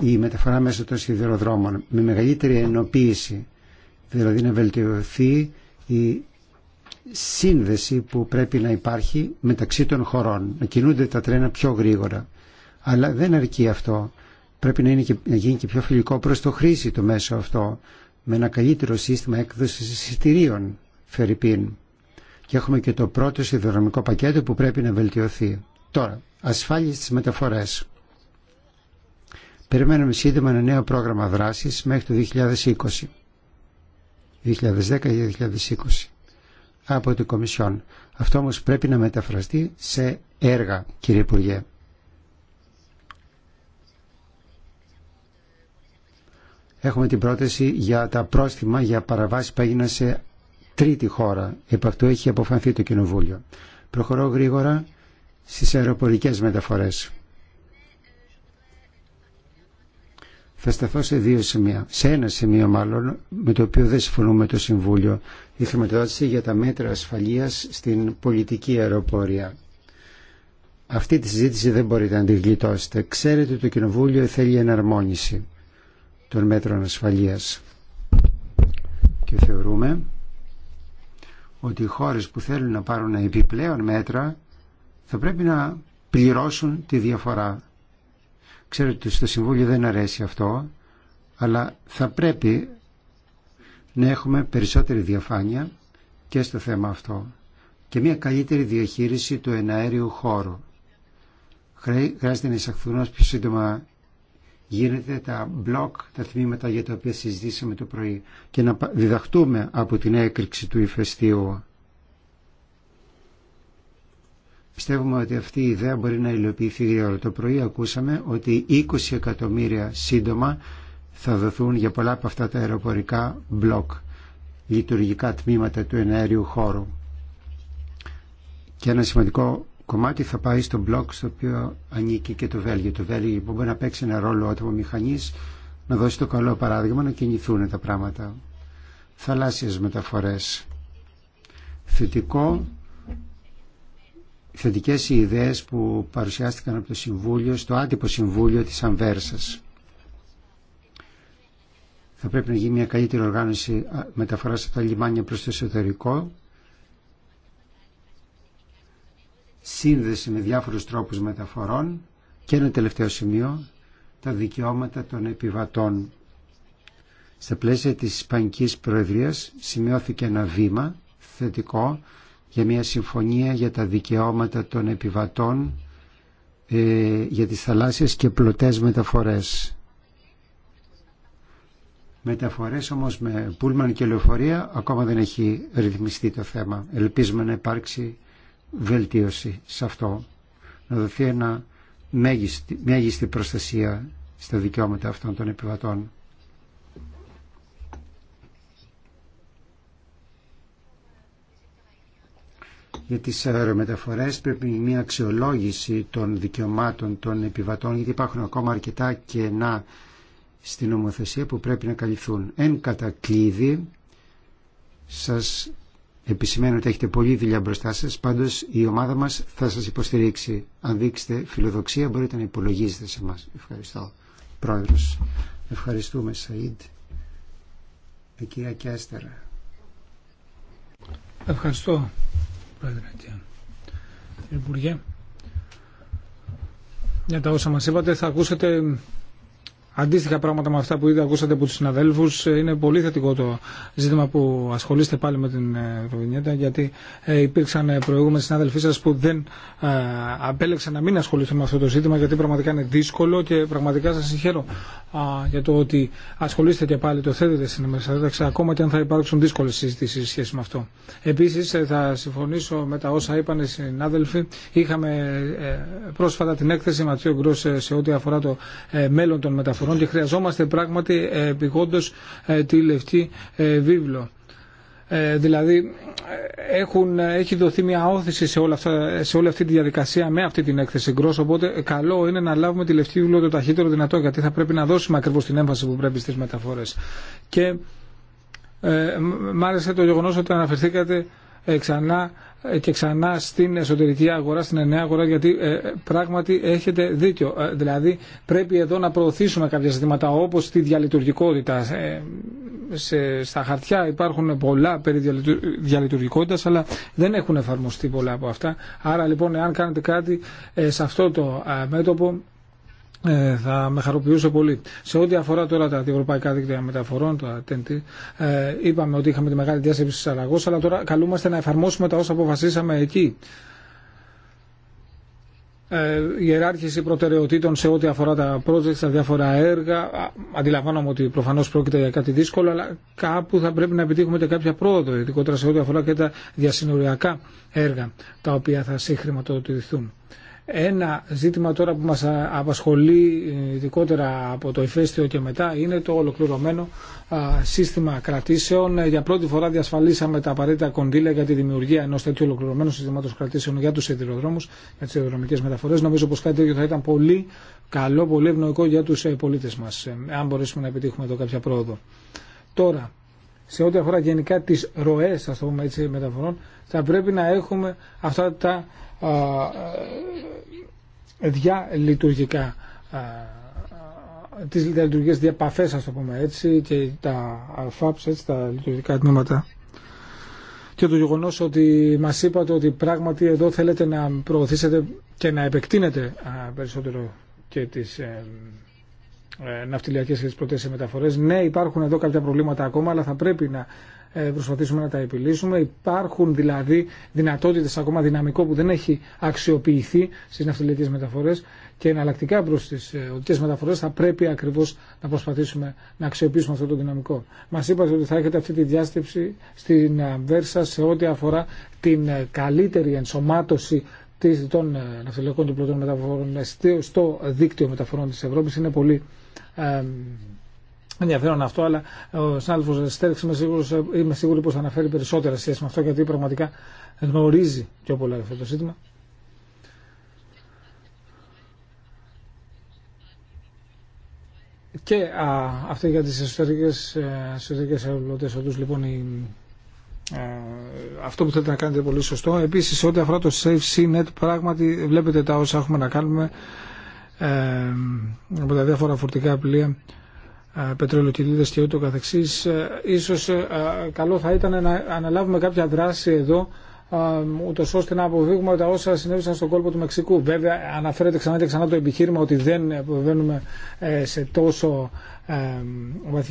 Speaker 3: η μεταφορά μέσω των σιδηροδρόμων με μεγαλύτερη ενοποίηση, δηλαδή να βελτιωθεί η σύνδεση που πρέπει να υπάρχει μεταξύ των χωρών, να κινούνται τα τρένα πιο γρήγορα. Αλλά δεν αρκεί αυτό. Πρέπει να, γίνει και πιο φιλικό προς το χρήση το μέσο αυτό, με ένα καλύτερο σύστημα έκδοσης εισιτηρίων, Φερρυπίν και έχουμε και το πρώτο σιδηροδρομικό πακέτο που πρέπει να βελτιωθεί. Τώρα, ασφάλεια στις μεταφορές. Περιμένουμε σύντομα ένα νέο πρόγραμμα δράσης μέχρι το 2020. 2010-2020 από την Κομισιόν. Αυτό όμως πρέπει να μεταφραστεί σε έργα, κύριε Υπουργέ. Έχουμε την πρόταση για τα πρόστιμα για παραβάσεις που έγιναν σε τρίτη χώρα. Επ' αυτού έχει αποφανθεί το Κοινοβούλιο. Προχωρώ γρήγορα στις αεροπορικές μεταφορές. Θα σταθώ σε δύο σημεία. Σε ένα σημείο μάλλον, με το οποίο δεν συμφωνούμε το Συμβούλιο, η χρηματοδότηση για τα μέτρα ασφαλείας στην πολιτική αεροπορία. Αυτή τη συζήτηση δεν μπορείτε να τη γλιτώσετε. Ξέρετε ότι το Κοινοβούλιο θέλει εναρμόνιση των μέτρων ασφαλείας. Και θεωρούμε ότι οι χώρες που θέλουν να πάρουν επιπλέον μέτρα θα πρέπει να πληρώσουν τη διαφορά. Ξέρω ότι στο Συμβούλιο δεν αρέσει αυτό, αλλά θα πρέπει να έχουμε περισσότερη διαφάνεια και στο θέμα αυτό και μια καλύτερη διαχείριση του εναέριου χώρου. Χρειάζεται να εισαχθούν ως πιο σύντομα γίνεται τα μπλοκ, τα τμήματα για τα οποία συζητήσαμε το πρωί και να διδαχτούμε από την έκρηξη του ηφαιστείου. Πιστεύουμε ότι αυτή η ιδέα μπορεί να υλοποιηθεί όλο Το πρωί ακούσαμε ότι 20 εκατομμύρια σύντομα θα δοθούν για πολλά από αυτά τα αεροπορικά μπλοκ, λειτουργικά τμήματα του ενέργειου χώρου. Και ένα σημαντικό κομμάτι θα πάει στον μπλοκ στο οποίο ανήκει και το Βέλγιο. Το Βέλγιο που λοιπόν μπορεί να παίξει ένα ρόλο ο μηχανής να δώσει το καλό παράδειγμα να κινηθούν τα πράγματα. Θαλάσσιες μεταφορές. Θετικό θετικές οι ιδέες που παρουσιάστηκαν από το Συμβούλιο στο άτυπο Συμβούλιο της Αμβέρσας. Θα πρέπει να γίνει μια καλύτερη οργάνωση μεταφοράς από τα λιμάνια προς το εσωτερικό σύνδεση με διάφορους τρόπους μεταφορών και ένα τελευταίο σημείο, τα δικαιώματα των επιβατών. Στα πλαίσια της Ισπανικής Προεδρίας σημειώθηκε ένα βήμα θετικό για μια συμφωνία για τα δικαιώματα των επιβατών ε, για τις θαλάσσιες και πλωτές μεταφορές. Μεταφορές όμως με πούλμαν και λεωφορεία ακόμα δεν έχει ρυθμιστεί το θέμα. Ελπίζουμε να υπάρξει βελτίωση σε αυτό. Να δοθεί μια μέγιστη, προστασία στα δικαιώματα αυτών των επιβατών. για τις αερομεταφορές πρέπει μια αξιολόγηση των δικαιωμάτων των επιβατών γιατί υπάρχουν ακόμα αρκετά κενά στην νομοθεσία που πρέπει να καλυφθούν. Εν κατακλείδη σας Επισημαίνω ότι έχετε πολλή δουλειά μπροστά σα. πάντως η ομάδα μας θα σας υποστηρίξει. Αν δείξετε φιλοδοξία μπορείτε να υπολογίζετε σε μας. Ευχαριστώ. Πρόεδρος, ευχαριστούμε Σαΐντ. Η κυρία Κιάστερα.
Speaker 4: Ευχαριστώ, Πρόεδρε. Κύριε Υπουργέ, για τα όσα μας είπατε θα ακούσετε αντίστοιχα πράγματα με αυτά που ήδη ακούσατε από του συναδέλφου. Ε, είναι πολύ θετικό το ζήτημα που ασχολείστε πάλι με την ε, Ευρωβινιέτα, γιατί ε, υπήρξαν προηγούμενοι συνάδελφοί σα που δεν απέλεξαν να μην ασχοληθούν με αυτό το ζήτημα, γιατί πραγματικά είναι δύσκολο και πραγματικά σα συγχαίρω για το ότι ασχολείστε και πάλι το θέτετε στην ημερησιαδέταξη, ακόμα και αν θα υπάρξουν δύσκολε συζητήσει σε σχέση με αυτό. Επίση, θα συμφωνήσω με τα όσα είπαν οι συνάδελφοι. Είχαμε πρόσφατα την έκθεση Ματσίου Γκρό σε ό,τι αφορά το μέλλον των μεταφορών και χρειαζόμαστε πράγματι επιγόντω τη λευκή βίβλο. δηλαδή έχουν, έχει δοθεί μια όθηση σε, όλα αυτά, σε όλη αυτή τη διαδικασία με αυτή την έκθεση γκρός οπότε καλό είναι να λάβουμε τη λευκή βιβλία το ταχύτερο δυνατό γιατί θα πρέπει να δώσουμε ακριβώς την έμφαση που πρέπει στις μεταφορές και ε, μ' άρεσε το γεγονός ότι αναφερθήκατε ξανά και ξανά στην εσωτερική αγορά, στην εννέα αγορά, γιατί ε, πράγματι έχετε δίκιο. Ε, δηλαδή πρέπει εδώ να προωθήσουμε κάποια ζητήματα όπως τη διαλειτουργικότητα. Ε, σε, στα χαρτιά υπάρχουν πολλά περί διαλειτουργικότητας, αλλά δεν έχουν εφαρμοστεί πολλά από αυτά. Άρα λοιπόν, εάν κάνετε κάτι σε αυτό το μέτωπο, ε, θα με χαροποιούσε πολύ. Σε ό,τι αφορά τώρα τα ευρωπαϊκά δίκτυα μεταφορών, τα TNT, ε, είπαμε ότι είχαμε τη μεγάλη διάσκεψη τη Αραγός, αλλά τώρα καλούμαστε να εφαρμόσουμε τα όσα αποφασίσαμε εκεί. Ε, ιεράρχηση προτεραιοτήτων σε ό,τι αφορά τα projects, τα διάφορα έργα. Αντιλαμβάνομαι ότι προφανώ πρόκειται για κάτι δύσκολο, αλλά κάπου θα πρέπει να επιτύχουμε και κάποια πρόοδο, ειδικότερα σε ό,τι αφορά και τα διασυνοριακά έργα τα οποία θα συγχρηματοδοτηθούν. Ένα ζήτημα τώρα που μας απασχολεί ειδικότερα από το ηφαίστειο και μετά είναι το ολοκληρωμένο σύστημα κρατήσεων. Για πρώτη φορά διασφαλίσαμε τα απαραίτητα κονδύλια για τη δημιουργία ενός τέτοιου ολοκληρωμένου συστήματος κρατήσεων για τους σιδηροδρόμους, για τις σιδηροδρομικές μεταφορές. Νομίζω πως κάτι τέτοιο θα ήταν πολύ καλό, πολύ ευνοϊκό για τους ε, πολίτες μας, ε, αν μπορέσουμε να επιτύχουμε εδώ κάποια πρόοδο. Τώρα, σε ό,τι αφορά γενικά τις ροές, ας το πούμε έτσι, μεταφορών, θα πρέπει να έχουμε αυτά τα ε, διαλειτουργικά τις λειτουργικές διαπαφές ας το πούμε έτσι και τα FAPS τα λειτουργικά τμήματα και το γεγονό ότι μας είπατε ότι πράγματι εδώ θέλετε να προωθήσετε και να επεκτείνετε περισσότερο και τι ε, ε, ναυτιλιακές και τι πρωτέ μεταφορές. Ναι, υπάρχουν εδώ κάποια προβλήματα ακόμα, αλλά θα πρέπει να ε, προσπαθήσουμε να τα επιλύσουμε. Υπάρχουν δηλαδή δυνατότητες, ακόμα δυναμικό που δεν έχει αξιοποιηθεί στις ναυτιλιακές μεταφορές και εναλλακτικά προς τις ε, οδικές μεταφορές θα πρέπει ακριβώς να προσπαθήσουμε να αξιοποιήσουμε αυτό το δυναμικό. Μας είπατε ότι θα έχετε αυτή τη διάστηση στην ε, Βέρσα σε ό,τι αφορά την καλύτερη ενσωμάτωση των ναυτιλιακών του πλωτών μεταφορών στο δίκτυο μεταφορών τη Ευρώπη Είναι πολύ ενδιαφέρον αυτό, αλλά ο συνάδελφο Στέρξ είμαι, σίγουρο είμαι σίγουρη πω αναφέρει περισσότερα σχέση με αυτό, γιατί πραγματικά γνωρίζει πιο πολλά αυτό το ζήτημα. Και α, αυτή για τις εσωτερικέ εσωτερικές ε, οντούς, λοιπόν, η, ε, αυτό που θέλετε να κάνετε πολύ σωστό. Επίσης, ό,τι αφορά το Safe CNET, πράγματι βλέπετε τα όσα έχουμε να κάνουμε ε, από τα διάφορα φορτικά πλοία πετρελοκυλίδες και ούτω καθεξής. Ε, ίσως ε, καλό θα ήταν να αναλάβουμε κάποια δράση εδώ ούτω ώστε να αποδείγουμε τα όσα συνέβησαν στον κόλπο του Μεξικού. Βέβαια, αναφέρεται ξανά και ξανά το επιχείρημα ότι δεν αποβαίνουμε ε, σε τόσο ο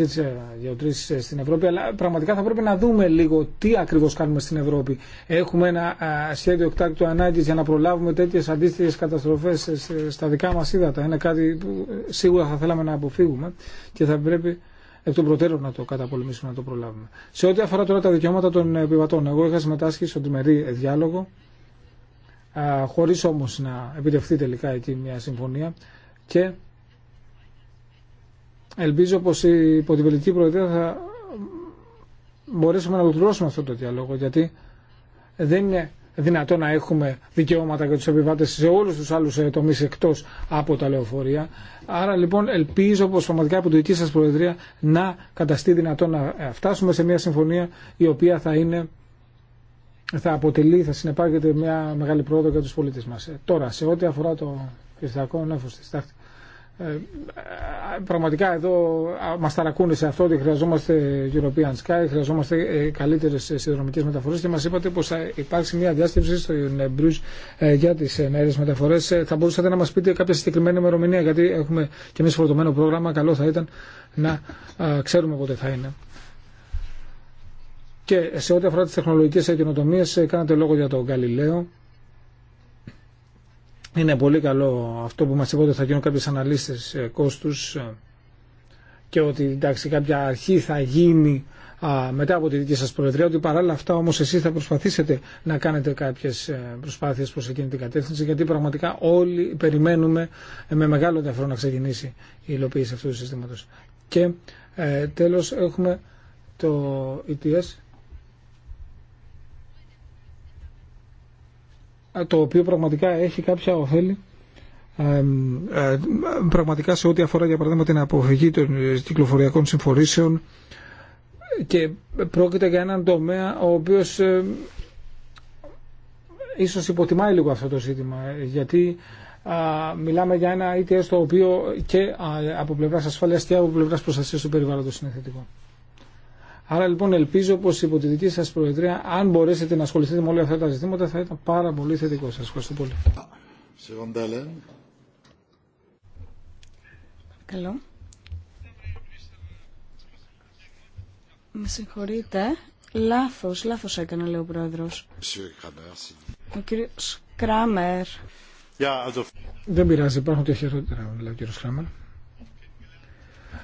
Speaker 4: Γεωτρής ε, στην Ευρώπη, αλλά πραγματικά θα πρέπει να δούμε λίγο τι ακριβώ κάνουμε στην Ευρώπη. Έχουμε ένα σχέδιο εκτάκτου ανάγκη για να προλάβουμε τέτοιες αντίστοιχες καταστροφές ε, στα δικά μα. ύδατα. Είναι κάτι που ε, σίγουρα θα θέλαμε να αποφύγουμε και θα πρέπει εκ των προτέρων να το καταπολεμήσουμε, να το προλάβουμε. Σε ό,τι αφορά τώρα τα δικαιώματα των επιβατών, εγώ είχα συμμετάσχει στον τριμερή διάλογο, χωρί όμω να επιτευχθεί τελικά εκεί μια συμφωνία και ελπίζω πως η πολιτική Προεδρία θα μπορέσουμε να ολοκληρώσουμε αυτό το διάλογο γιατί δεν είναι δυνατό να έχουμε δικαιώματα για τους επιβάτες σε όλους τους άλλους ε, τομείς εκτός από τα λεωφορεία. Άρα λοιπόν ελπίζω πως πραγματικά από την δική σας Προεδρία να καταστεί δυνατό να ε, φτάσουμε σε μια συμφωνία η οποία θα είναι θα αποτελεί, θα συνεπάγεται μια μεγάλη πρόοδο για τους πολίτες μας. Ε, τώρα, σε ό,τι αφορά το χρηστιακό νέφος της τάχτης, ε, πραγματικά εδώ μας ταρακούνε σε αυτό ότι χρειαζόμαστε European Sky, χρειαζόμαστε ε, καλύτερες ε, συνδρομικές μεταφορές και μας είπατε πως θα υπάρξει μια διάσκεψη στο Bruges για τις νέες μεταφορές. Θα μπορούσατε να μας πείτε κάποια συγκεκριμένη ημερομηνία γιατί έχουμε και εμείς φορτωμένο πρόγραμμα. Καλό θα ήταν να ξέρουμε πότε θα είναι. Και σε ό,τι αφορά τις τεχνολογικές καινοτομίες κάνατε λόγο για τον Καλλιλέο είναι πολύ καλό αυτό που μας είπατε ότι θα γίνουν κάποιες αναλύσεις ε, κόστους ε, και ότι εντάξει, κάποια αρχή θα γίνει μετά από τη δική σας προεδρία, ότι παράλληλα αυτά όμως εσείς θα προσπαθήσετε να κάνετε κάποιες ε, προσπάθειες προς εκείνη την κατεύθυνση, γιατί πραγματικά όλοι περιμένουμε με μεγάλο ενδιαφέρον να ξεκινήσει η υλοποίηση αυτού του συστήματος. Και ε, τέλος έχουμε το ETS το οποίο πραγματικά έχει κάποια ωφέλη ε, πραγματικά σε ό,τι αφορά για παράδειγμα την αποφυγή των ε, κυκλοφοριακών συμφορήσεων και πρόκειται για έναν τομέα ο οποίος ε, ίσως υποτιμάει λίγο αυτό το ζήτημα γιατί μιλάμε για ένα ETS το οποίο και από πλευράς ασφάλειας και από πλευράς προστασίας του περιβάλλοντος είναι θετικό. Άρα λοιπόν ελπίζω πω υπό τη δική σας Προεδρία, αν μπορέσετε να ασχοληθείτε με όλα αυτά τα ζητήματα, θα ήταν πάρα πολύ θετικό. Σα ευχαριστώ πολύ.
Speaker 2: Καλό. Με συγχωρείτε. Λάθος, λάθος έκανα, λέει ο Προεδρό. Ο κύριο Κράμερ.
Speaker 4: Δεν πειράζει, υπάρχουν και χειρότερα, λέει ο κύριο Κράμερ.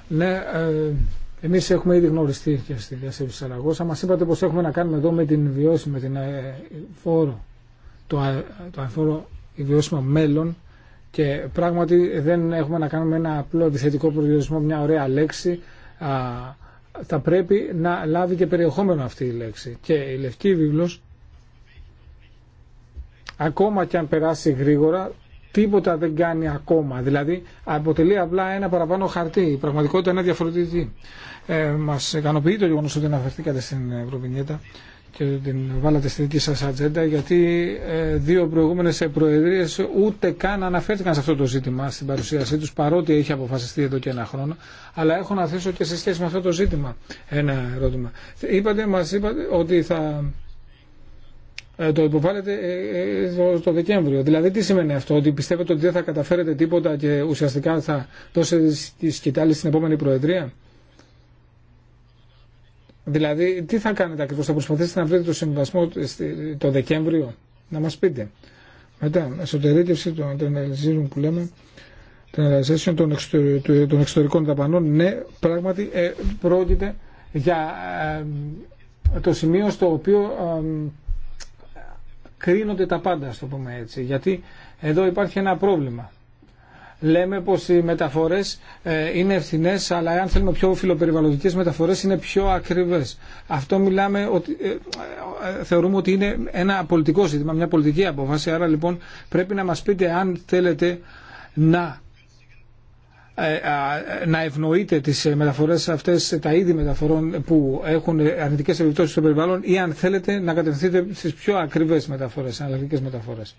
Speaker 4: Ναι, ε, Εμεί έχουμε ήδη γνωριστεί και στη διασύνδεση τη Σαραγώσα. Μα είπατε πω έχουμε να κάνουμε εδώ με την βιώσιμη, με την ε, φόρο, το, ε, το αεφόρο, βιώσιμο μέλλον. Και πράγματι δεν έχουμε να κάνουμε ένα απλό επιθετικό προδιορισμό, μια ωραία λέξη. Α, θα πρέπει να λάβει και περιεχόμενο αυτή η λέξη. Και η Λευκή Βίβλος, ακόμα και αν περάσει γρήγορα, τίποτα δεν κάνει ακόμα. Δηλαδή αποτελεί απλά ένα παραπάνω χαρτί. Η πραγματικότητα είναι διαφορετική. Ε, μας ικανοποιεί το γεγονό ότι αναφερθήκατε στην Ευρωβινιέτα και την βάλατε στη δική σα ατζέντα γιατί ε, δύο προηγούμενε προεδρίε ούτε καν αναφέρθηκαν σε αυτό το ζήτημα στην παρουσίασή του, παρότι έχει αποφασιστεί εδώ και ένα χρόνο αλλά έχω να θέσω και σε σχέση με αυτό το ζήτημα ένα ερώτημα. Είπατε, μα είπατε ότι θα ε, το υποβάλλετε ε, το Δεκέμβριο. Δηλαδή τι σημαίνει αυτό, ότι πιστεύετε ότι δεν θα καταφέρετε τίποτα και ουσιαστικά θα δώσετε τη σκητάλη στην επόμενη Προεδρία. Δηλαδή, τι θα κάνετε ακριβώ, θα προσπαθήσετε να βρείτε το συμβασμό το Δεκέμβριο, να μα πείτε. Μετά, εσωτερήτευση των που λέμε, των, εξωτερικών, των εξωτερικών δαπανών, ναι, πράγματι ε, πρόκειται για ε, το σημείο στο οποίο ε, κρίνονται τα πάντα, το πούμε έτσι. Γιατί εδώ υπάρχει ένα πρόβλημα λέμε πως οι μεταφορές ε, είναι ευθυνές, αλλά αν θέλουμε πιο φιλοπεριβαλλοντικές μεταφορές είναι πιο ακριβές. Αυτό μιλάμε ότι, ε, ε, θεωρούμε ότι είναι ένα πολιτικό ζήτημα, μια πολιτική απόφαση. Άρα λοιπόν πρέπει να μας πείτε αν θέλετε να να ευνοείτε τις μεταφορές αυτές, τα είδη μεταφορών που έχουν αρνητικές επιπτώσεις στο περιβάλλον ή αν θέλετε να κατευθύνετε στις πιο ακριβές μεταφορές, αναλλακτικές μεταφορές.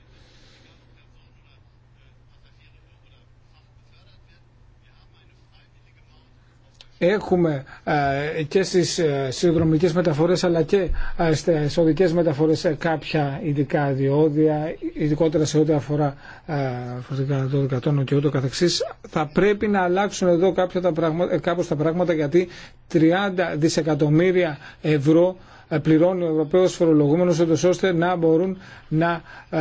Speaker 4: έχουμε ε, και στις ε, συνδρομικές μεταφορές αλλά και ε, στις οδικές μεταφορές κάποια ειδικά διόδια, ειδικότερα σε ό,τι αφορά φορτικά το τόνου και ούτω καθεξής, θα πρέπει να αλλάξουν εδώ κάποια τα πράγματα, κάπως τα πράγματα γιατί 30 δισεκατομμύρια ευρώ ε, πληρώνει ο Ευρωπαίος φορολογούμενος ώστε να μπορούν να ε,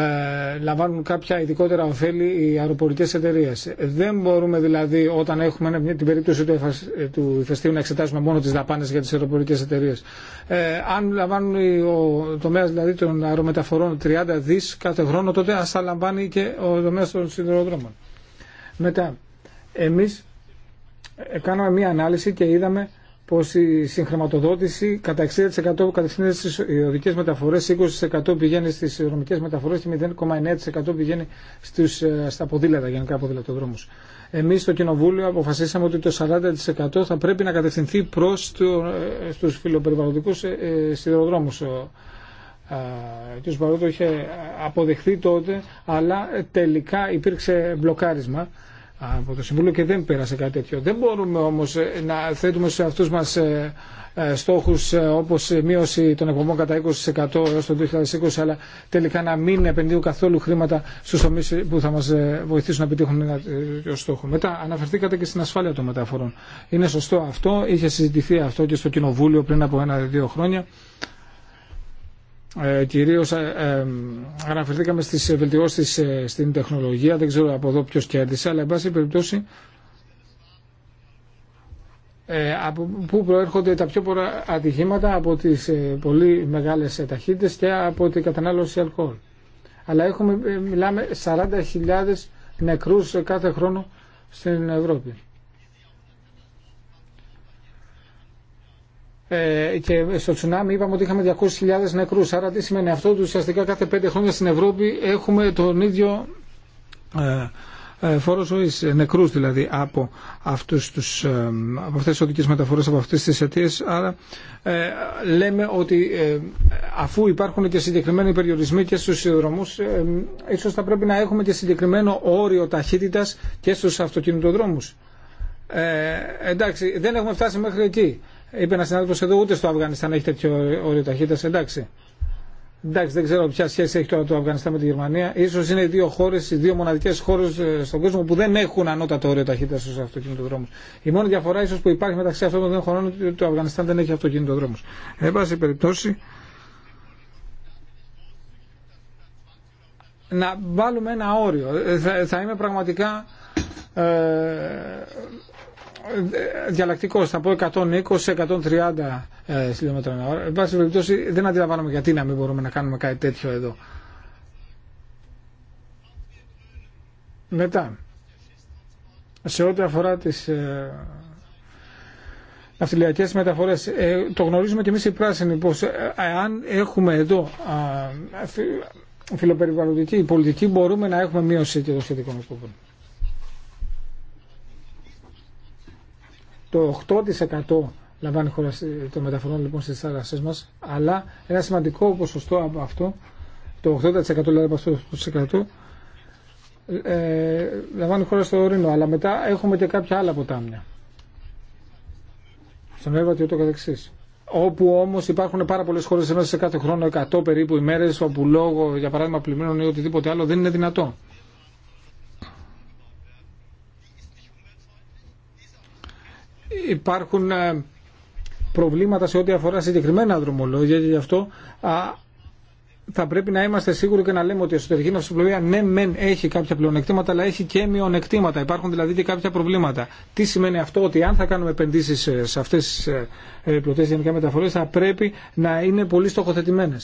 Speaker 4: λαμβάνουν κάποια ειδικότερα ωφέλη οι αεροπορικές εταιρείες. Δεν μπορούμε δηλαδή όταν έχουμε την περίπτωση ε, του ηφαιστείου να εξετάσουμε μόνο τις δαπάνες για τις αεροπορικές εταιρείες. αν λαμβάνουν ο τομέας δηλαδή των αερομεταφορών 30 δις κάθε χρόνο τότε ας τα λαμβάνει και ο τομέας των σιδηροδρόμων. Μετά, εμείς κάναμε μία ανάλυση και είδαμε πως η συγχρηματοδότηση κατά 60% κατευθύνεται στις οδικές μεταφορές, 20% πηγαίνει στις δρομικέ μεταφορές και 0,9% πηγαίνει στους, ε, στα ποδήλατα, γενικά ποδηλατοδρόμου. Εμείς στο Κοινοβούλιο αποφασίσαμε ότι το 40% θα πρέπει να κατευθυνθεί προς το, ε, στους φιλοπεριβαλλοντικούς ε, Ο κ. Παρότο είχε αποδεχθεί τότε, αλλά τελικά υπήρξε μπλοκάρισμα από το Συμβούλιο και δεν πέρασε κάτι τέτοιο. Δεν μπορούμε όμως ε, να θέτουμε σε αυτούς μας ε, ε, στόχους όπως μείωση των εκπομπών κατά 20% έως το 2020 αλλά τελικά να μην επενδύουν καθόλου χρήματα στους τομείς που θα μας βοηθήσουν να επιτύχουν ένα τέτοιο στόχο. Μετά αναφερθήκατε και στην ασφάλεια των μεταφορών. Είναι σωστό αυτό, είχε συζητηθεί αυτό και στο Κοινοβούλιο πριν από ένα-δύο χρόνια ε, κυρίως ε, ε, αναφερθήκαμε στις βελτιώσεις ε, στην τεχνολογία, δεν ξέρω από εδώ ποιος κέρδισε, αλλά εν πάση περιπτώσει από πού προέρχονται τα πιο πολλά ατυχήματα από τις πολύ μεγάλες ταχύτητες και από την κατανάλωση αλκοόλ. Αλλά έχουμε, μιλάμε 40.000 νεκρούς κάθε χρόνο στην Ευρώπη. Ε, και στο τσουνάμι είπαμε ότι είχαμε 200.000 νεκρούς. Άρα τι σημαίνει αυτό ότι ουσιαστικά κάθε πέντε χρόνια στην Ευρώπη έχουμε τον ίδιο ε, ε, φόρο ζωή, νεκρούς δηλαδή από, αυτούς τους, από αυτές τις οδικές μεταφορές, από αυτές τις αιτίε. Άρα ε, λέμε ότι αφού υπάρχουν και συγκεκριμένοι περιορισμοί και στους δρόμους, ε, ίσως θα πρέπει να έχουμε και συγκεκριμένο όριο ταχύτητας και στους αυτοκινητοδρόμους. Ε, εντάξει, δεν έχουμε φτάσει μέχρι εκεί. Είπε ένα συνάδελφο εδώ, ούτε στο Αφγανιστάν έχει τέτοιο όριο ταχύτητα. Εντάξει. Εντάξει, δεν ξέρω ποια σχέση έχει τώρα το Αφγανιστάν με τη Γερμανία. σω είναι οι δύο χώρε, οι δύο μοναδικέ χώρε ε, στον κόσμο που δεν έχουν ανώτατο όριο ταχύτητα στου αυτοκινητοδρόμου. Η μόνη διαφορά ίσω που υπάρχει μεταξύ αυτών των δύο χωρών είναι ότι το Αφγανιστάν δεν έχει αυτοκινητοδρόμου. Εν πάση περιπτώσει, να βάλουμε ένα όριο. Ε, θα, θα είμαι πραγματικά ε, διαλλακτικό, θα πω 120-130 ε, χιλιόμετρα ανά ώρα. Εν πάση περιπτώσει, δεν αντιλαμβάνομαι γιατί να μην μπορούμε να κάνουμε κάτι τέτοιο εδώ. Μετά, σε ό,τι αφορά τις ε, μεταφορέ, μεταφορές, ε, το γνωρίζουμε και εμεί οι πράσινοι πως αν ε, έχουμε εδώ φιλοπεριβαλλοντική πολιτική μπορούμε να έχουμε μείωση και των σχετικών εκπομπών. το 8% λαμβάνει χώρα των μεταφορών λοιπόν στις θάλασσές μας, αλλά ένα σημαντικό ποσοστό από αυτό, το 80% δηλαδή από αυτό το 100%, ε, λαμβάνει χώρα στο ορεινό, αλλά μετά έχουμε και κάποια άλλα ποτάμια. Στον Εύα και ούτω Όπου όμω υπάρχουν πάρα πολλέ χώρε μέσα σε κάθε χρόνο 100 περίπου ημέρε όπου λόγω για παράδειγμα πλημμύρων ή οτιδήποτε άλλο δεν είναι δυνατό. υπάρχουν ε, προβλήματα σε ό,τι αφορά συγκεκριμένα δρομολόγια και γι' αυτό θα πρέπει να είμαστε σίγουροι και να λέμε ότι η εσωτερική ναυσιπλοεία ναι, μεν έχει κάποια πλεονεκτήματα, αλλά έχει και μειονεκτήματα. Υπάρχουν δηλαδή και κάποια προβλήματα. Τι σημαίνει αυτό, ότι αν θα κάνουμε επενδύσει ε, σε αυτές τις ε, πλωτέ γενικά μεταφορέ, θα πρέπει να είναι πολύ στοχοθετημένε.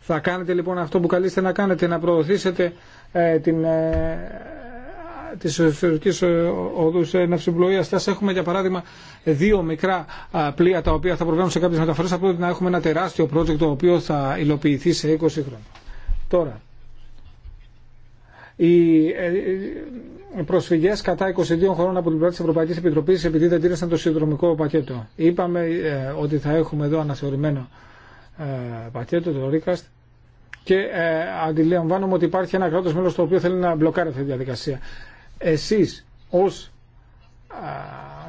Speaker 4: Θα κάνετε λοιπόν αυτό που καλείστε να κάνετε, να προωθήσετε την τη εσωτερική οδού ε, ναυσιμπλοεία. θα έχουμε για παράδειγμα δύο μικρά πλοία τα οποία θα προβαίνουν σε κάποιε μεταφορέ, θα πρέπει να έχουμε ένα τεράστιο project το οποίο θα υλοποιηθεί σε 20 χρόνια. Τώρα, οι ε, προσφυγέ κατά 22 χωρών από την πλευρά τη Ευρωπαϊκή Επιτροπή επειδή δεν τήρησαν το συνδρομικό πακέτο. Είπαμε ε, ότι θα έχουμε εδώ αναθεωρημένο πακέτο, το RICAST, και αντιλαμβάνομαι ότι υπάρχει ένα κράτο μέλο το οποίο θέλει να μπλοκάρει αυτή τη διαδικασία εσείς ως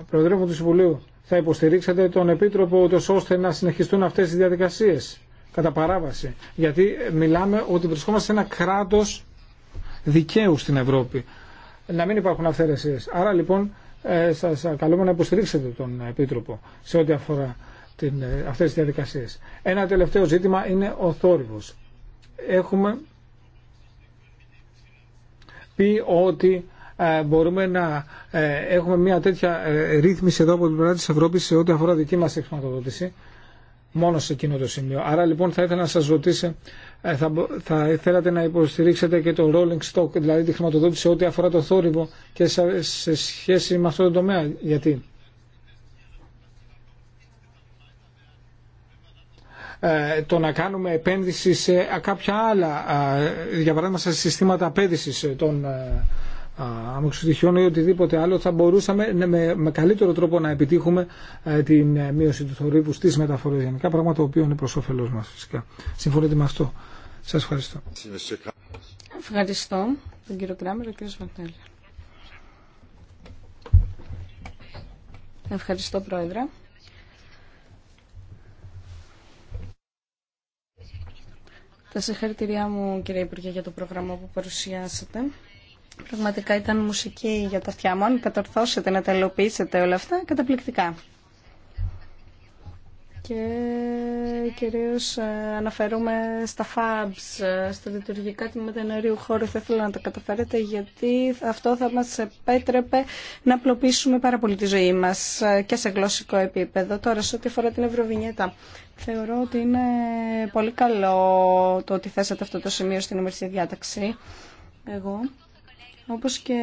Speaker 4: Προεδρεύον του Συμβουλίου θα υποστηρίξετε τον Επίτροπο ούτως ώστε να συνεχιστούν αυτές οι διαδικασίες κατά παράβαση. Γιατί μιλάμε ότι βρισκόμαστε σε ένα κράτος δικαίου στην Ευρώπη. Να μην υπάρχουν αυθαιρεσίες. Άρα λοιπόν ε, σας καλούμε να υποστηρίξετε τον Επίτροπο σε ό,τι αφορά την, ε, αυτές τις διαδικασίες. Ένα τελευταίο ζήτημα είναι ο θόρυβος. Έχουμε πει ότι ε, μπορούμε να ε, έχουμε μια τέτοια ε, ρύθμιση εδώ από την πλευρά τη Ευρώπη σε ό,τι αφορά δική μα χρηματοδότηση, μόνο σε εκείνο το σημείο. Άρα λοιπόν θα ήθελα να σα ρωτήσω, θα, θα θέλατε να υποστηρίξετε και το rolling stock, δηλαδή τη χρηματοδότηση ό,τι αφορά το θόρυβο και σε, σχέση με αυτό το τομέα. Γιατί. το να κάνουμε επένδυση σε κάποια άλλα, για παράδειγμα σε συστήματα απέδησης των αμοξοστοιχειών ή οτιδήποτε άλλο θα μπορούσαμε ναι, με, με καλύτερο τρόπο να επιτύχουμε ε, την ε, μείωση του θορύβου στις μεταφορές γενικά, πράγμα το οποίο είναι προς όφελός μας φυσικά. Συμφωνείτε με αυτό. Σας ευχαριστώ.
Speaker 2: Ευχαριστώ τον κύριο Κράμερ και κύριο Ευχαριστώ Πρόεδρε. Τα συγχαρητηριά μου κύριε Υπουργέ για το πρόγραμμα που παρουσιάσατε. Πραγματικά ήταν μουσική για τα αυτιά μου. Αν κατορθώσετε να τα ελοποιήσετε όλα αυτά, καταπληκτικά. Και κυρίως ε, αναφέρουμε στα FABs, ε, στα λειτουργικά τμήματα ενεργείου χώρου. Θα ήθελα να τα καταφέρετε γιατί αυτό θα μας επέτρεπε να απλοποιήσουμε πάρα πολύ τη ζωή μας ε, και σε γλωσσικό επίπεδο. Τώρα, σε ό,τι αφορά την Ευρωβινιέτα, θεωρώ ότι είναι πολύ καλό το ότι θέσατε αυτό το σημείο στην ημερική διάταξη. Εγώ όπως και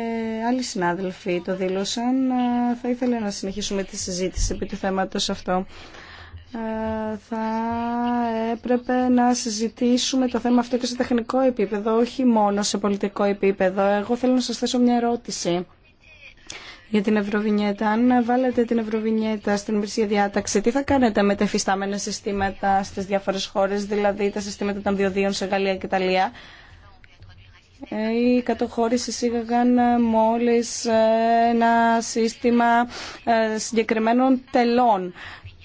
Speaker 2: άλλοι συνάδελφοι το δήλωσαν, ε, θα ήθελα να συνεχίσουμε τη συζήτηση επί του θέματος αυτό. Ε, θα έπρεπε να συζητήσουμε το θέμα αυτό και σε τεχνικό επίπεδο, όχι μόνο σε πολιτικό επίπεδο. Εγώ θέλω να σας θέσω μια ερώτηση για την Ευρωβινιέτα. Αν βάλετε την Ευρωβινιέτα στην υπηρεσία διάταξη, τι θα κάνετε με τα εφιστάμενα συστήματα στις διάφορες χώρες, δηλαδή τα συστήματα των διοδίων σε Γαλλία και Ιταλία. Οι κατοχώρες εισήγαγαν μόλις ε, ένα σύστημα ε, συγκεκριμένων τελών.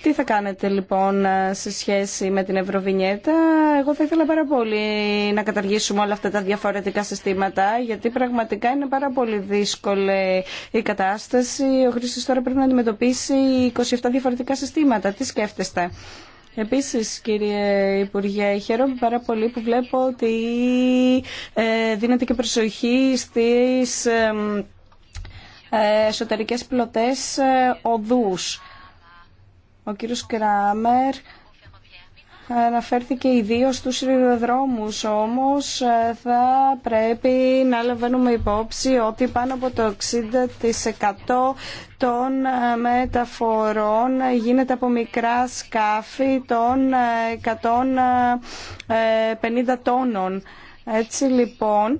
Speaker 2: Τι θα κάνετε λοιπόν ε, σε σχέση με την Ευρωβινιέτα. Εγώ θα ήθελα πάρα πολύ να καταργήσουμε όλα αυτά τα διαφορετικά συστήματα γιατί πραγματικά είναι πάρα πολύ δύσκολη η κατάσταση. Ο Χρήστος τώρα πρέπει να αντιμετωπίσει 27 διαφορετικά συστήματα. Τι σκέφτεστε. Επίσης, κύριε Υπουργέ, χαίρομαι πάρα πολύ που βλέπω ότι ε, δίνεται και προσοχή στις ε, εσωτερικές πλωτές ε, οδούς. Ο κύριος Κράμερ Αναφέρθηκε ιδίω στους σιδηροδρόμους, όμως ε, θα πρέπει να λαμβάνουμε υπόψη ότι πάνω από το 60% των ε, μεταφορών γίνεται από μικρά σκάφη των 150 ε, τόνων. Έτσι λοιπόν,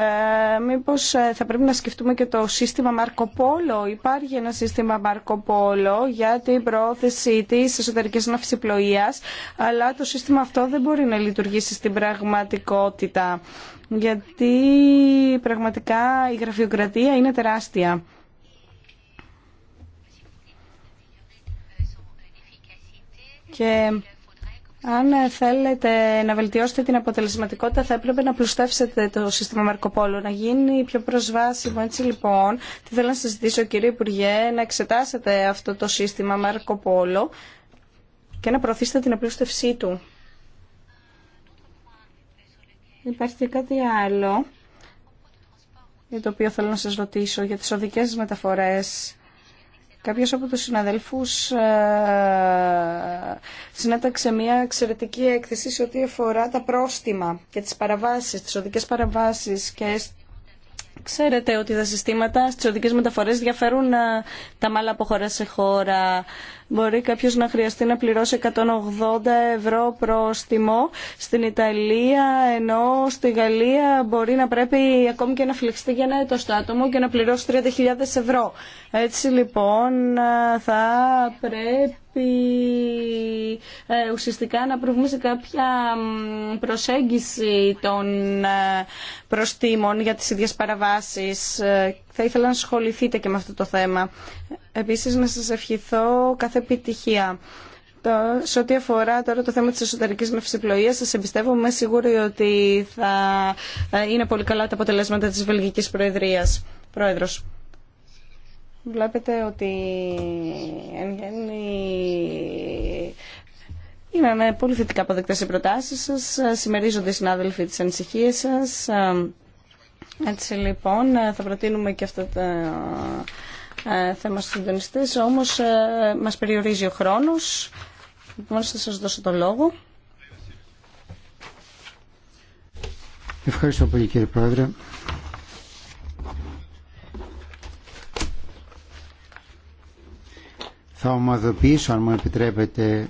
Speaker 2: ε, μήπως ε, θα πρέπει να σκεφτούμε και το σύστημα Μάρκο Πόλο. Υπάρχει ένα σύστημα Μάρκο Πόλο για την πρόθεση τη εσωτερική ναυσιπλοεία, αλλά το σύστημα αυτό δεν μπορεί να λειτουργήσει στην πραγματικότητα, γιατί πραγματικά η γραφειοκρατία είναι τεράστια. Και αν θέλετε να βελτιώσετε την αποτελεσματικότητα θα έπρεπε να πλουστεύσετε το σύστημα Μαρκοπόλου, να γίνει πιο προσβάσιμο. Έτσι λοιπόν, τι θέλω να σας ζητήσω κύριε Υπουργέ, να εξετάσετε αυτό το σύστημα Μαρκοπόλου και να προωθήσετε την απλούστευσή του. Υπάρχει και κάτι άλλο για το οποίο θέλω να σας ρωτήσω για τις οδικές μεταφορές. Κάποιος από τους συναδελφούς ε, συνέταξε μια εξαιρετική έκθεση σε ό,τι αφορά τα πρόστιμα και τις παραβάσεις, τις οδικές παραβάσεις και Ξέρετε ότι τα συστήματα στις οδικές μεταφορές διαφέρουν ε, τα μάλλα από χώρα σε χώρα μπορεί κάποιος να χρειαστεί να πληρώσει 180 ευρώ πρόστιμο στην Ιταλία, ενώ στη Γαλλία μπορεί να πρέπει ακόμη και να φλεξτεί για ένα έτος το άτομο και να πληρώσει 30.000 ευρώ. Έτσι λοιπόν θα πρέπει ε, ουσιαστικά να προβούμε σε κάποια προσέγγιση των ε, προστήμων για τις ίδιες παραβάσεις ε, θα ήθελα να ασχοληθείτε και με αυτό το θέμα. Επίσης να σας ευχηθώ κάθε επιτυχία. Το, σε ό,τι αφορά τώρα το θέμα της εσωτερικής νευσιπλοείας, σας εμπιστεύομαι σίγουροι ότι θα είναι πολύ καλά τα αποτελέσματα της Βελγικής Προεδρίας. Πρόεδρος. Βλέπετε ότι εν γέννη είναι πολύ θετικά αποδεκτές οι προτάσεις σας, συμμερίζονται οι συνάδελφοι της ανησυχίας σας. Έτσι λοιπόν ε, θα προτείνουμε και αυτό το ε, θέμα στους συντονιστές, όμως ε, μας περιορίζει ο χρόνος. Μόνο λοιπόν, θα σας δώσω το λόγο.
Speaker 3: Ευχαριστώ πολύ κύριε Πρόεδρε. Θα ομαδοποιήσω, αν μου επιτρέπετε,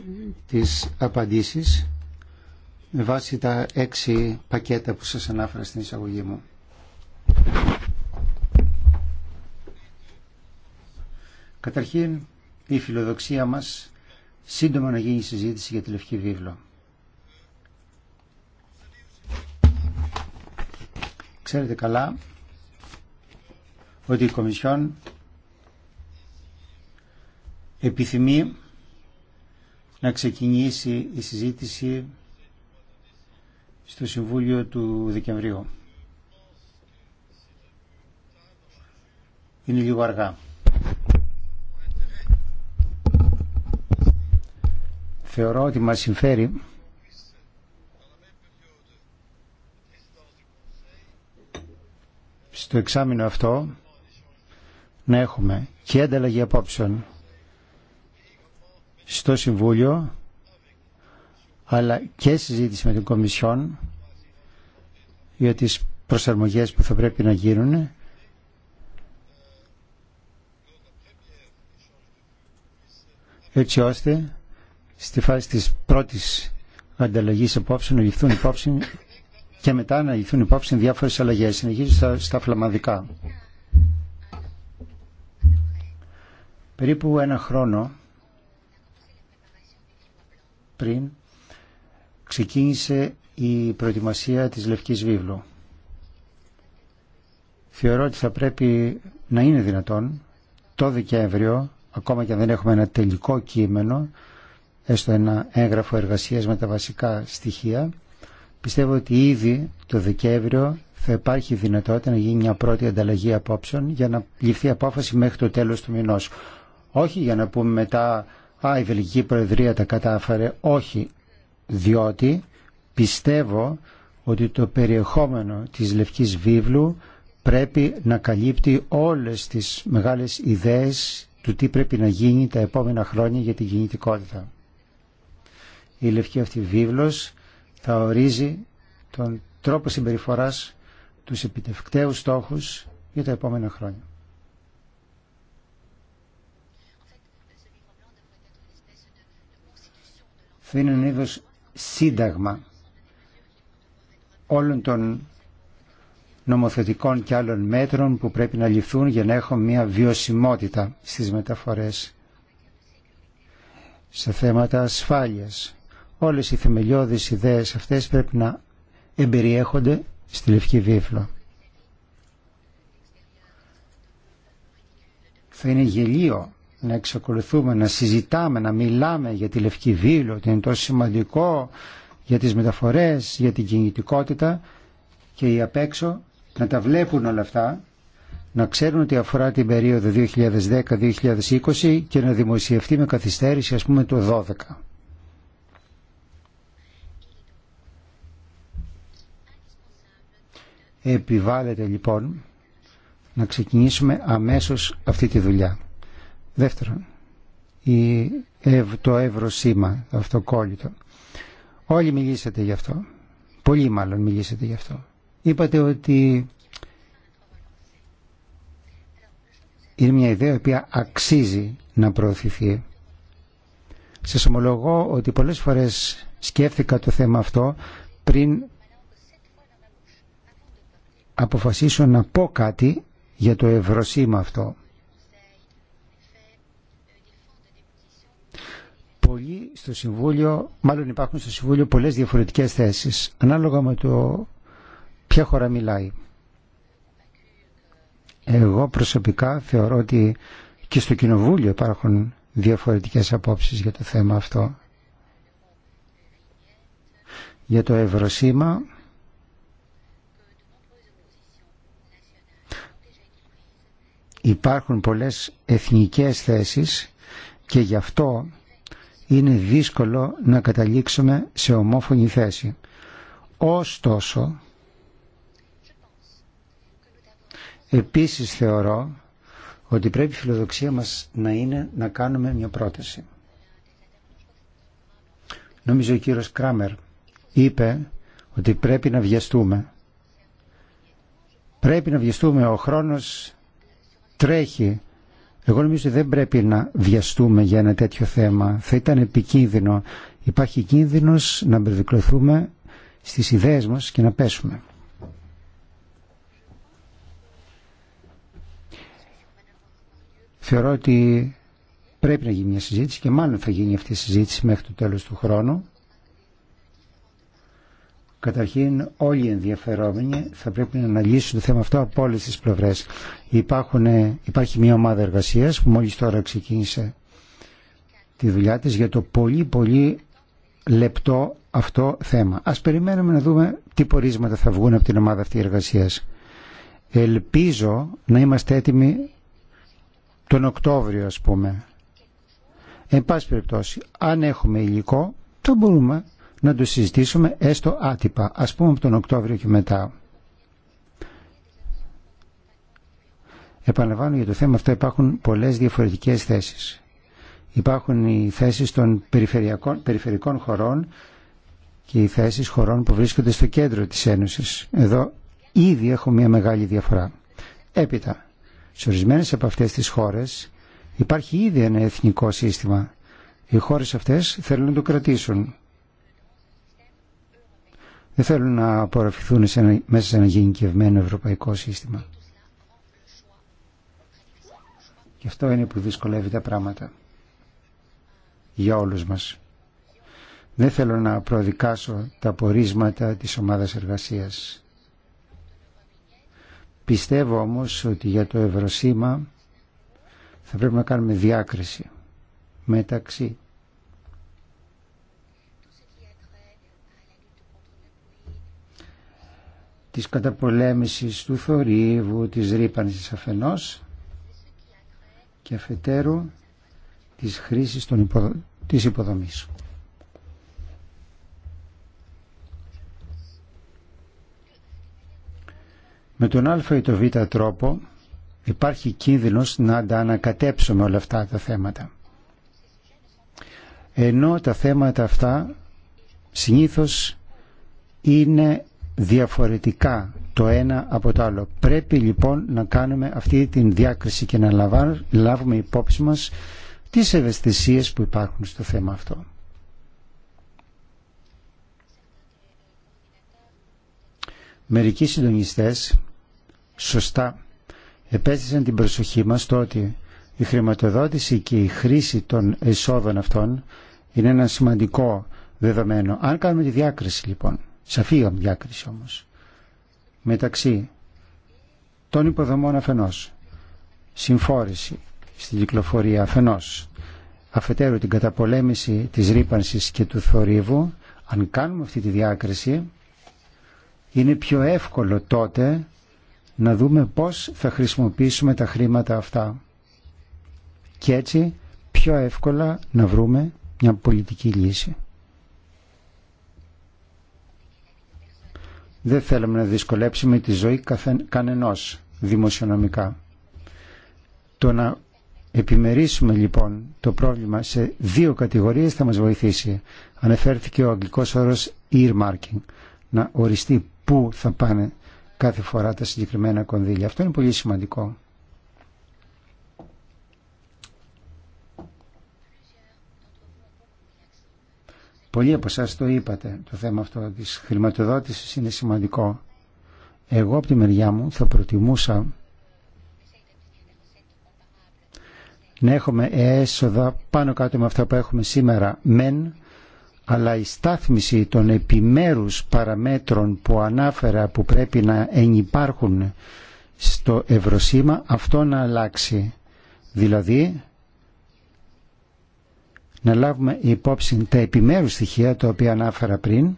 Speaker 3: τις απαντήσεις με βάση τα έξι πακέτα που σας ανάφερα στην εισαγωγή μου. Καταρχήν, η φιλοδοξία μας σύντομα να γίνει συζήτηση για τη Λευκή Βίβλο. Ξέρετε καλά ότι η Κομισιόν επιθυμεί να ξεκινήσει η συζήτηση στο Συμβούλιο του Δεκεμβρίου. Είναι λίγο αργά. Θεωρώ ότι μας συμφέρει στο εξάμεινο αυτό να έχουμε και ανταλλαγή απόψεων στο Συμβούλιο αλλά και συζήτηση με την Κομισιόν για τις προσαρμογές που θα πρέπει να γίνουν έτσι ώστε στη φάση της πρώτης ανταλλαγής απόψεων να ληφθούν υπόψη και μετά να ληφθούν υπόψη διάφορες αλλαγές. Συνεχίζω στα, στα φλαμαδικά. Περίπου ένα χρόνο πριν ξεκίνησε η προετοιμασία της Λευκής Βίβλου. Θεωρώ ότι θα πρέπει να είναι δυνατόν το Δεκέμβριο ακόμα και αν δεν έχουμε ένα τελικό κείμενο, έστω ένα έγγραφο εργασίας με τα βασικά στοιχεία, πιστεύω ότι ήδη το Δεκέμβριο θα υπάρχει δυνατότητα να γίνει μια πρώτη ανταλλαγή απόψεων για να ληφθεί απόφαση μέχρι το τέλος του μηνός. Όχι για να πούμε μετά «Α, η Βελγική Προεδρία τα κατάφερε». Όχι, διότι πιστεύω ότι το περιεχόμενο της Λευκής Βίβλου πρέπει να καλύπτει όλες τις μεγάλες ιδέες του τι πρέπει να γίνει τα επόμενα χρόνια για την κινητικότητα. Η λευκή αυτή βίβλος θα ορίζει τον τρόπο συμπεριφοράς του επιτευκταίους στόχους για τα επόμενα χρόνια. Θα είναι ένα είδος σύνταγμα όλων των νομοθετικών και άλλων μέτρων που πρέπει να ληφθούν για να έχουμε μια βιωσιμότητα στις μεταφορές. Σε θέματα ασφάλειας, όλες οι θεμελιώδεις ιδέες αυτές πρέπει να εμπεριέχονται στη Λευκή Βίβλο. Θα είναι γελίο να εξακολουθούμε να συζητάμε, να μιλάμε για τη Λευκή Βίβλο, ότι είναι τόσο σημαντικό για τις μεταφορές, για την κινητικότητα και η απέξω να τα βλέπουν όλα αυτά, να ξέρουν ότι αφορά την περίοδο 2010-2020 και να δημοσιευτεί με καθυστέρηση ας πούμε το 12. Επιβάλλεται λοιπόν να ξεκινήσουμε αμέσως αυτή τη δουλειά. Δεύτερον, η, το ευρωσήμα, το αυτοκόλλητο. Όλοι μιλήσατε γι' αυτό. Πολύ μάλλον μιλήσατε γι' αυτό είπατε ότι είναι μια ιδέα η οποία αξίζει να προωθηθεί. Σας ομολογώ ότι πολλές φορές σκέφτηκα το θέμα αυτό πριν αποφασίσω να πω κάτι για το ευρωσήμα αυτό. Πολλοί στο Συμβούλιο, μάλλον υπάρχουν στο Συμβούλιο πολλές διαφορετικές θέσεις. Ανάλογα με το ποια χώρα μιλάει. Εγώ προσωπικά θεωρώ ότι και στο Κοινοβούλιο υπάρχουν διαφορετικές απόψεις για το θέμα αυτό. Για το Ευρωσήμα υπάρχουν πολλές εθνικές θέσεις και γι' αυτό είναι δύσκολο να καταλήξουμε σε ομόφωνη θέση. Ωστόσο, Επίσης θεωρώ ότι πρέπει η φιλοδοξία μας να είναι να κάνουμε μια πρόταση. Νομίζω ο κύριος Κράμερ είπε ότι πρέπει να βιαστούμε. Πρέπει να βιαστούμε. Ο χρόνος τρέχει. Εγώ νομίζω ότι δεν πρέπει να βιαστούμε για ένα τέτοιο θέμα. Θα ήταν επικίνδυνο. Υπάρχει κίνδυνος να μπερδικλωθούμε στις ιδέες μας και να πέσουμε. Θεωρώ ότι πρέπει να γίνει μια συζήτηση και μάλλον θα γίνει αυτή η συζήτηση μέχρι το τέλος του χρόνου. Καταρχήν όλοι οι ενδιαφερόμενοι θα πρέπει να αναλύσουν το θέμα αυτό από όλες τις πλευρές. Υπάρχουν, υπάρχει μια ομάδα εργασίας που μόλις τώρα ξεκίνησε τη δουλειά της για το πολύ πολύ λεπτό αυτό θέμα. Ας περιμένουμε να δούμε τι πορίσματα θα βγουν από την ομάδα αυτή εργασίας. Ελπίζω να είμαστε έτοιμοι τον Οκτώβριο ας πούμε. Εν πάση περιπτώσει, αν έχουμε υλικό, το μπορούμε να το συζητήσουμε έστω άτυπα, ας πούμε από τον Οκτώβριο και μετά. Επαναλαμβάνω για το θέμα αυτό υπάρχουν πολλές διαφορετικές θέσεις. Υπάρχουν οι θέσεις των περιφερειακών, περιφερικών χωρών και οι θέσεις χωρών που βρίσκονται στο κέντρο της Ένωσης. Εδώ ήδη έχω μια μεγάλη διαφορά. Έπειτα, σε ορισμένε από αυτέ τι χώρε υπάρχει ήδη ένα εθνικό σύστημα. Οι χώρε αυτέ θέλουν να το κρατήσουν. Δεν θέλουν να απορροφηθούν σε μέσα σε ένα γενικευμένο ευρωπαϊκό σύστημα. Και αυτό είναι που δυσκολεύει τα πράγματα για όλους μας. Δεν θέλω να προδικάσω τα πορίσματα της ομάδας εργασίας. Πιστεύω όμως ότι για το ευρωσήμα θα πρέπει να κάνουμε διάκριση μεταξύ της καταπολέμησης του θορύβου, της ρήπανσης αφενός και αφετέρου της χρήσης των υποδο... της υποδομής. Με τον α ή το β τρόπο υπάρχει κίνδυνος να τα ανακατέψουμε όλα αυτά τα θέματα. Ενώ τα θέματα αυτά συνήθως είναι διαφορετικά το ένα από το άλλο. Πρέπει λοιπόν να κάνουμε αυτή την διάκριση και να λάβουμε υπόψη μας τις ευαισθησίες που υπάρχουν στο θέμα αυτό. Μερικοί συντονιστές σωστά επέστησαν την προσοχή μας στο ότι η χρηματοδότηση και η χρήση των εισόδων αυτών είναι ένα σημαντικό δεδομένο. Αν κάνουμε τη διάκριση λοιπόν, σαφή διάκριση όμως, μεταξύ των υποδομών αφενός, συμφόρηση στην κυκλοφορία αφενός, αφετέρου την καταπολέμηση της ρήπανσης και του θορύβου, αν κάνουμε αυτή τη διάκριση, είναι πιο εύκολο τότε να δούμε πώς θα χρησιμοποιήσουμε τα χρήματα αυτά και έτσι πιο εύκολα να βρούμε μια πολιτική λύση. Δεν θέλουμε να δυσκολέψουμε τη ζωή κανενός δημοσιονομικά. Το να επιμερίσουμε λοιπόν το πρόβλημα σε δύο κατηγορίες θα μας βοηθήσει. Αναφέρθηκε ο αγγλικός όρος earmarking, να οριστεί πού θα πάνε κάθε φορά τα συγκεκριμένα κονδύλια. Αυτό είναι πολύ σημαντικό. Πολλοί από εσά το είπατε το θέμα αυτό της χρηματοδότησης είναι σημαντικό. Εγώ από τη μεριά μου θα προτιμούσα να έχουμε έσοδα πάνω κάτω με αυτά που έχουμε σήμερα μεν αλλά η στάθμιση των επιμέρους παραμέτρων που ανάφερα που πρέπει να ενυπάρχουν στο ευρωσήμα αυτό να αλλάξει. Δηλαδή να λάβουμε υπόψη τα επιμέρους στοιχεία τα οποία ανάφερα πριν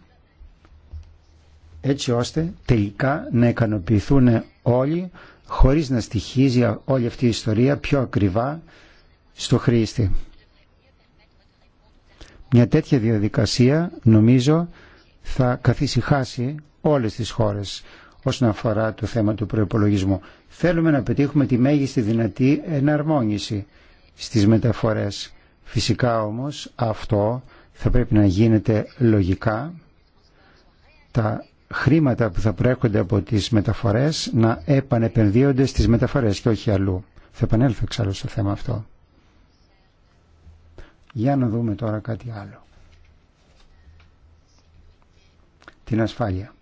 Speaker 3: έτσι ώστε τελικά να ικανοποιηθούν όλοι χωρίς να στοιχίζει όλη αυτή η ιστορία πιο ακριβά στο χρήστη. Μια τέτοια διαδικασία νομίζω θα καθησυχάσει όλες τις χώρες όσον αφορά το θέμα του προϋπολογισμού. Θέλουμε να πετύχουμε τη μέγιστη δυνατή εναρμόνιση στις μεταφορές. Φυσικά όμως αυτό θα πρέπει να γίνεται λογικά. Τα χρήματα που θα προέρχονται από τις μεταφορές να επανεπενδύονται στις μεταφορές και όχι αλλού. Θα επανέλθω εξάλλου στο θέμα αυτό. Για να δούμε τώρα κάτι άλλο. Την ασφάλεια.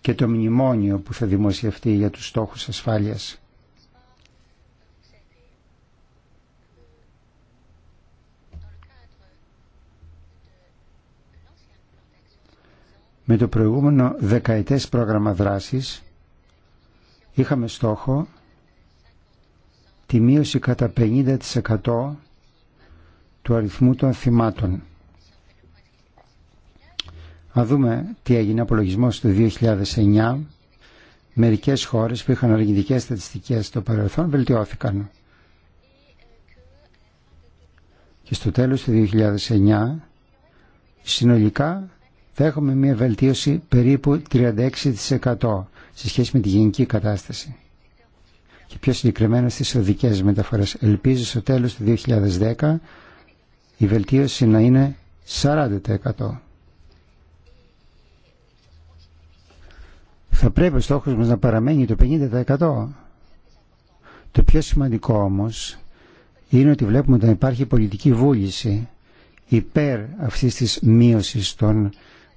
Speaker 3: Και το μνημόνιο που θα δημοσιευτεί για τους στόχους ασφάλειας. Με το προηγούμενο δεκαετές πρόγραμμα δράσης είχαμε στόχο τη μείωση κατά 50% του αριθμού των θυμάτων. Ας δούμε τι έγινε απολογισμό του 2009. Μερικές χώρες που είχαν αρνητικές στατιστικές στο παρελθόν βελτιώθηκαν. Και στο τέλος του 2009 συνολικά θα έχουμε μια βελτίωση περίπου 36% σε σχέση με τη γενική κατάσταση και πιο συγκεκριμένα στις οδικές μεταφορές. Ελπίζω στο τέλος του 2010 η βελτίωση να είναι 40%. Θα πρέπει ο στόχος μας να παραμένει το 50%. Το πιο σημαντικό όμως είναι ότι βλέπουμε ότι υπάρχει πολιτική βούληση υπέρ αυτής της μείωσης των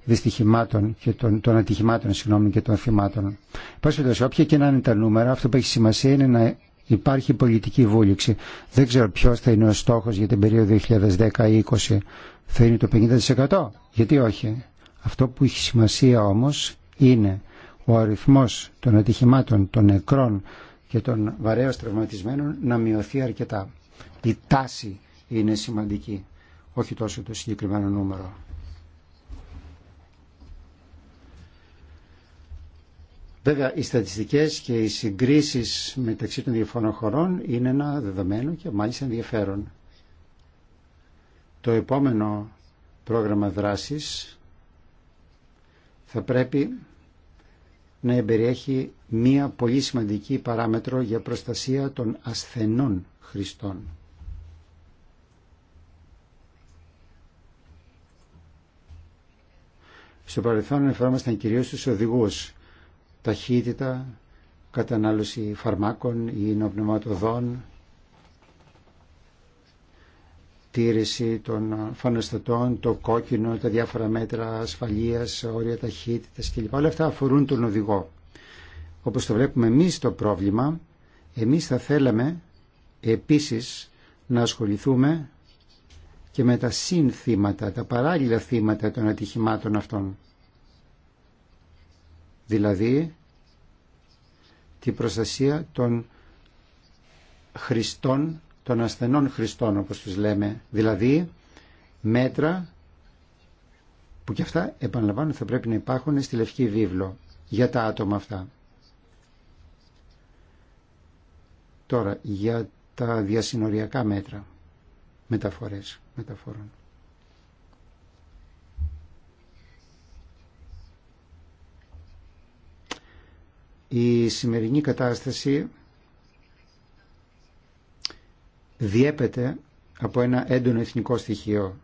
Speaker 3: δυστυχημάτων και των, των ατυχημάτων συγγνώμη, και των θυμάτων. Πάση όποια και να είναι τα νούμερα, αυτό που έχει σημασία είναι να υπάρχει πολιτική βούληξη. Δεν ξέρω ποιο θα είναι ο στόχο για την περίοδο 2010 2010-2020 Θα είναι το 50%. Γιατί όχι. Αυτό που έχει σημασία όμω είναι ο αριθμό των ατυχημάτων, των νεκρών και των βαρέως τραυματισμένων να μειωθεί αρκετά. Η τάση είναι σημαντική, όχι τόσο το συγκεκριμένο νούμερο. Βέβαια, οι στατιστικές και οι συγκρίσεις μεταξύ των διαφόρων χωρών είναι ένα δεδομένο και μάλιστα ενδιαφέρον. Το επόμενο πρόγραμμα δράσης θα πρέπει να εμπεριέχει μία πολύ σημαντική παράμετρο για προστασία των ασθενών χρηστών. Στο παρελθόν αναφερόμασταν κυρίως στους οδηγούς ταχύτητα, κατανάλωση φαρμάκων ή νοπνευματοδών, τήρηση των φανοστατών, το κόκκινο, τα διάφορα μέτρα ασφαλείας, όρια ταχύτητας κλπ. Όλα αυτά αφορούν τον οδηγό. Όπως το βλέπουμε εμείς το πρόβλημα, εμείς θα θέλαμε επίσης να ασχοληθούμε και με τα συνθήματα, τα παράλληλα θύματα των ατυχημάτων αυτών δηλαδή την προστασία των χριστών, των ασθενών χριστών όπως τους λέμε, δηλαδή μέτρα που και αυτά επαναλαμβάνω θα πρέπει να υπάρχουν στη Λευκή Βίβλο για τα άτομα αυτά. Τώρα για τα διασυνοριακά μέτρα μεταφορές μεταφορών. Η σημερινή κατάσταση διέπεται από ένα έντονο εθνικό στοιχείο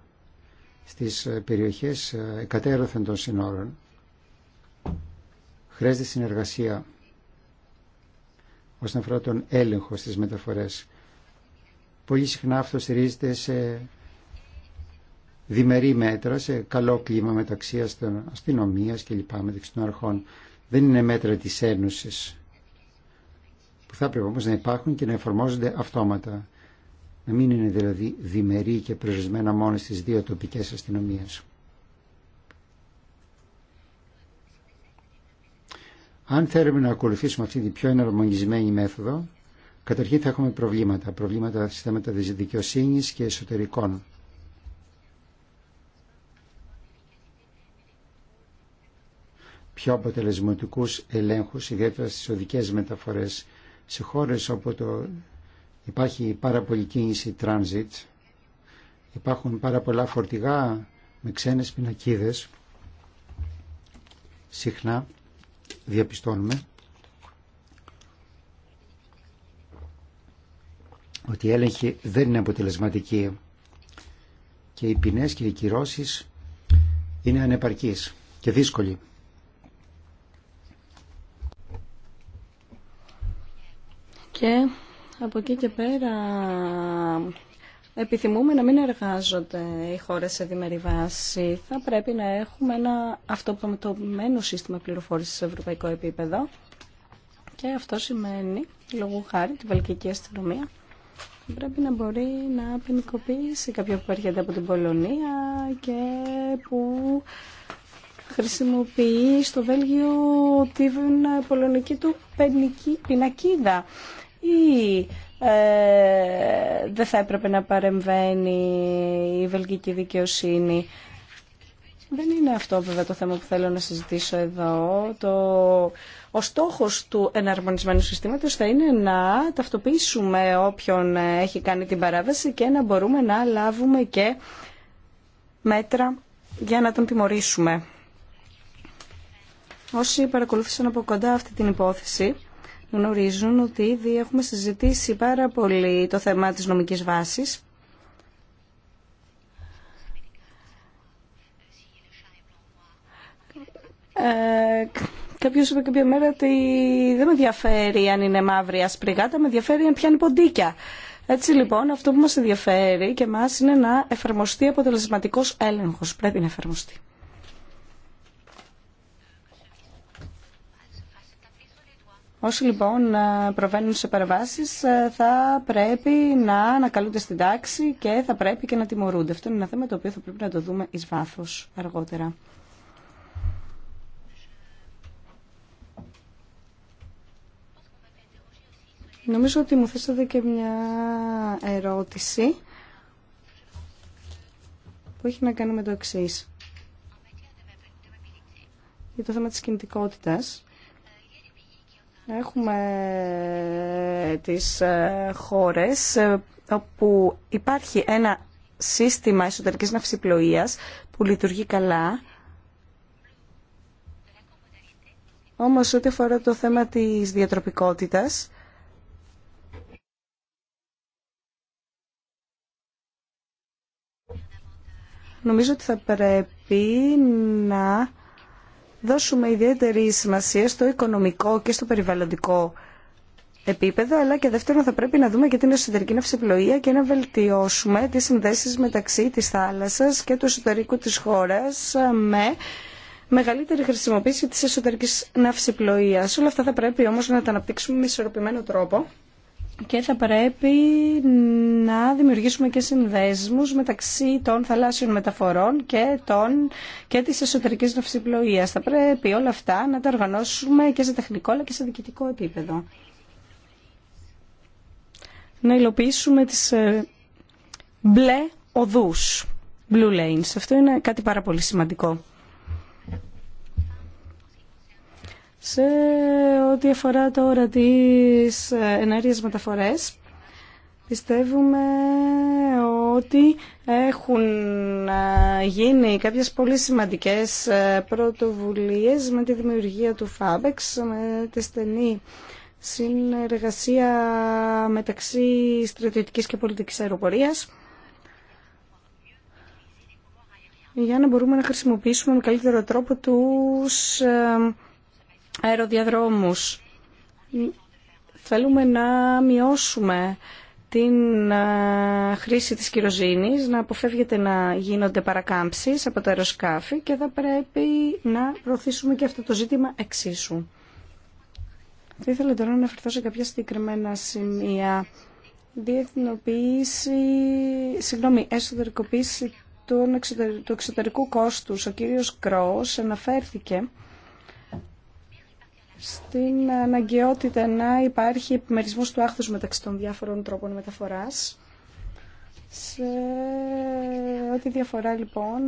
Speaker 3: στις περιοχές εκατέρωθεν των συνόρων. Χρειάζεται συνεργασία όσον αφορά τον έλεγχο στις μεταφορές. Πολύ συχνά αυτό στηρίζεται σε διμερή μέτρα, σε καλό κλίμα μεταξύ αστυνομίας και λοιπά μεταξύ των αρχών δεν είναι μέτρα της Ένωσης που θα πρέπει όμως να υπάρχουν και να εφαρμόζονται αυτόματα. Να μην είναι δηλαδή διμερεί και περιορισμένα μόνο στις δύο τοπικές αστυνομίες. Αν θέλουμε να ακολουθήσουμε αυτή την πιο εναρμονισμένη μέθοδο, καταρχήν θα έχουμε προβλήματα. Προβλήματα στις θέματα της δικαιοσύνης και εσωτερικών πιο αποτελεσματικούς ελέγχους, ιδιαίτερα στις οδικές μεταφορές, σε χώρες όπου το... υπάρχει πάρα πολλή κίνηση transit, υπάρχουν πάρα πολλά φορτηγά με ξένες πινακίδες, συχνά διαπιστώνουμε ότι η έλεγχη δεν είναι αποτελεσματική και οι ποινές και οι κυρώσεις είναι ανεπαρκείς και δύσκολοι.
Speaker 2: και από εκεί και πέρα επιθυμούμε να μην εργάζονται οι χώρες σε διμερή βάση. Θα πρέπει να έχουμε ένα αυτοπροματοποιημένο σύστημα πληροφόρησης σε ευρωπαϊκό επίπεδο και αυτό σημαίνει, λόγω χάρη, τη βαλκική αστυνομία πρέπει να μπορεί να ποινικοποιήσει κάποιο που έρχεται από την Πολωνία και που χρησιμοποιεί στο Βέλγιο την πολωνική του πενική, πινακίδα ή ε, δεν θα έπρεπε να παρεμβαίνει η βελγική δικαιοσύνη. Δεν είναι αυτό βέβαια το θέμα που θέλω να συζητήσω εδώ. Το... Ο στόχος του εναρμονισμένου συστήματος θα είναι να ταυτοποιήσουμε όποιον έχει κάνει την παράβαση και να μπορούμε να λάβουμε και μέτρα για να τον τιμωρήσουμε. Όσοι παρακολούθησαν από κοντά αυτή την υπόθεση, γνωρίζουν ότι ήδη έχουμε συζητήσει πάρα πολύ το θέμα της νομικής βάσης. Ε, Κάποιο είπε κάποια μέρα ότι δεν με ενδιαφέρει αν είναι μαύρη ασπριγάτα, με ενδιαφέρει αν πιάνει ποντίκια. Έτσι λοιπόν, αυτό που μας ενδιαφέρει και μας είναι να εφαρμοστεί αποτελεσματικός έλεγχος. Πρέπει να εφαρμοστεί. Όσοι λοιπόν ε, προβαίνουν σε παρεμβάσει ε, θα πρέπει να ανακαλούνται στην τάξη και θα πρέπει και να τιμωρούνται. Αυτό είναι ένα θέμα το οποίο θα πρέπει να το δούμε εις βάθος αργότερα. Νομίζω ότι μου θέσατε και μια ερώτηση που έχει να κάνει με το εξής. Για το θέμα της κινητικότητας. Έχουμε ε, τις ε, χώρες ε, όπου υπάρχει ένα σύστημα εσωτερικής ναυσιπλοείας που λειτουργεί καλά. Όμως ό,τι αφορά το θέμα της διατροπικότητας, νομίζω ότι θα πρέπει να δώσουμε ιδιαίτερη σημασία στο οικονομικό και στο περιβαλλοντικό επίπεδο, αλλά και δεύτερον θα πρέπει να δούμε και την εσωτερική ναυσιπλοεία και να βελτιώσουμε τις συνδέσεις μεταξύ της θάλασσας και του εσωτερικού της χώρας με μεγαλύτερη χρησιμοποίηση της εσωτερικής ναυσιπλοείας. Όλα αυτά θα πρέπει όμως να τα αναπτύξουμε με ισορροπημένο τρόπο και θα πρέπει να δημιουργήσουμε και συνδέσμους μεταξύ των θαλάσσιων μεταφορών και, των, και της εσωτερικής ναυσιπλοείας. Θα πρέπει όλα αυτά να τα οργανώσουμε και σε τεχνικό αλλά και σε διοικητικό επίπεδο. Να υλοποιήσουμε τις ε, μπλε οδούς, blue lanes. Αυτό είναι κάτι πάρα πολύ σημαντικό. Σε ό,τι αφορά τώρα τις ε, ενέργειες μεταφορές, πιστεύουμε ότι έχουν ε, γίνει κάποιες πολύ σημαντικές ε, πρωτοβουλίες με τη δημιουργία του FABEX, με τη στενή συνεργασία μεταξύ στρατιωτικής και πολιτικής αεροπορίας για να μπορούμε να χρησιμοποιήσουμε με καλύτερο τρόπο τους αεροδιαδρόμους. Θέλουμε να μειώσουμε την ε, χρήση της κυροζήνης, να αποφεύγεται να γίνονται παρακάμψεις από τα αεροσκάφη και θα πρέπει να προωθήσουμε και αυτό το ζήτημα εξίσου. Θα ήθελα τώρα να αναφερθώ σε κάποια συγκεκριμένα σημεία. Διεθνοποίηση, συγγνώμη, εσωτερικοποίηση του εξωτερικού κόστους. Ο κύριος Κρός αναφέρθηκε στην αναγκαιότητα να υπάρχει επιμερισμός του άχθους μεταξύ των διάφορων τρόπων μεταφοράς. Σε ό,τι διαφορά λοιπόν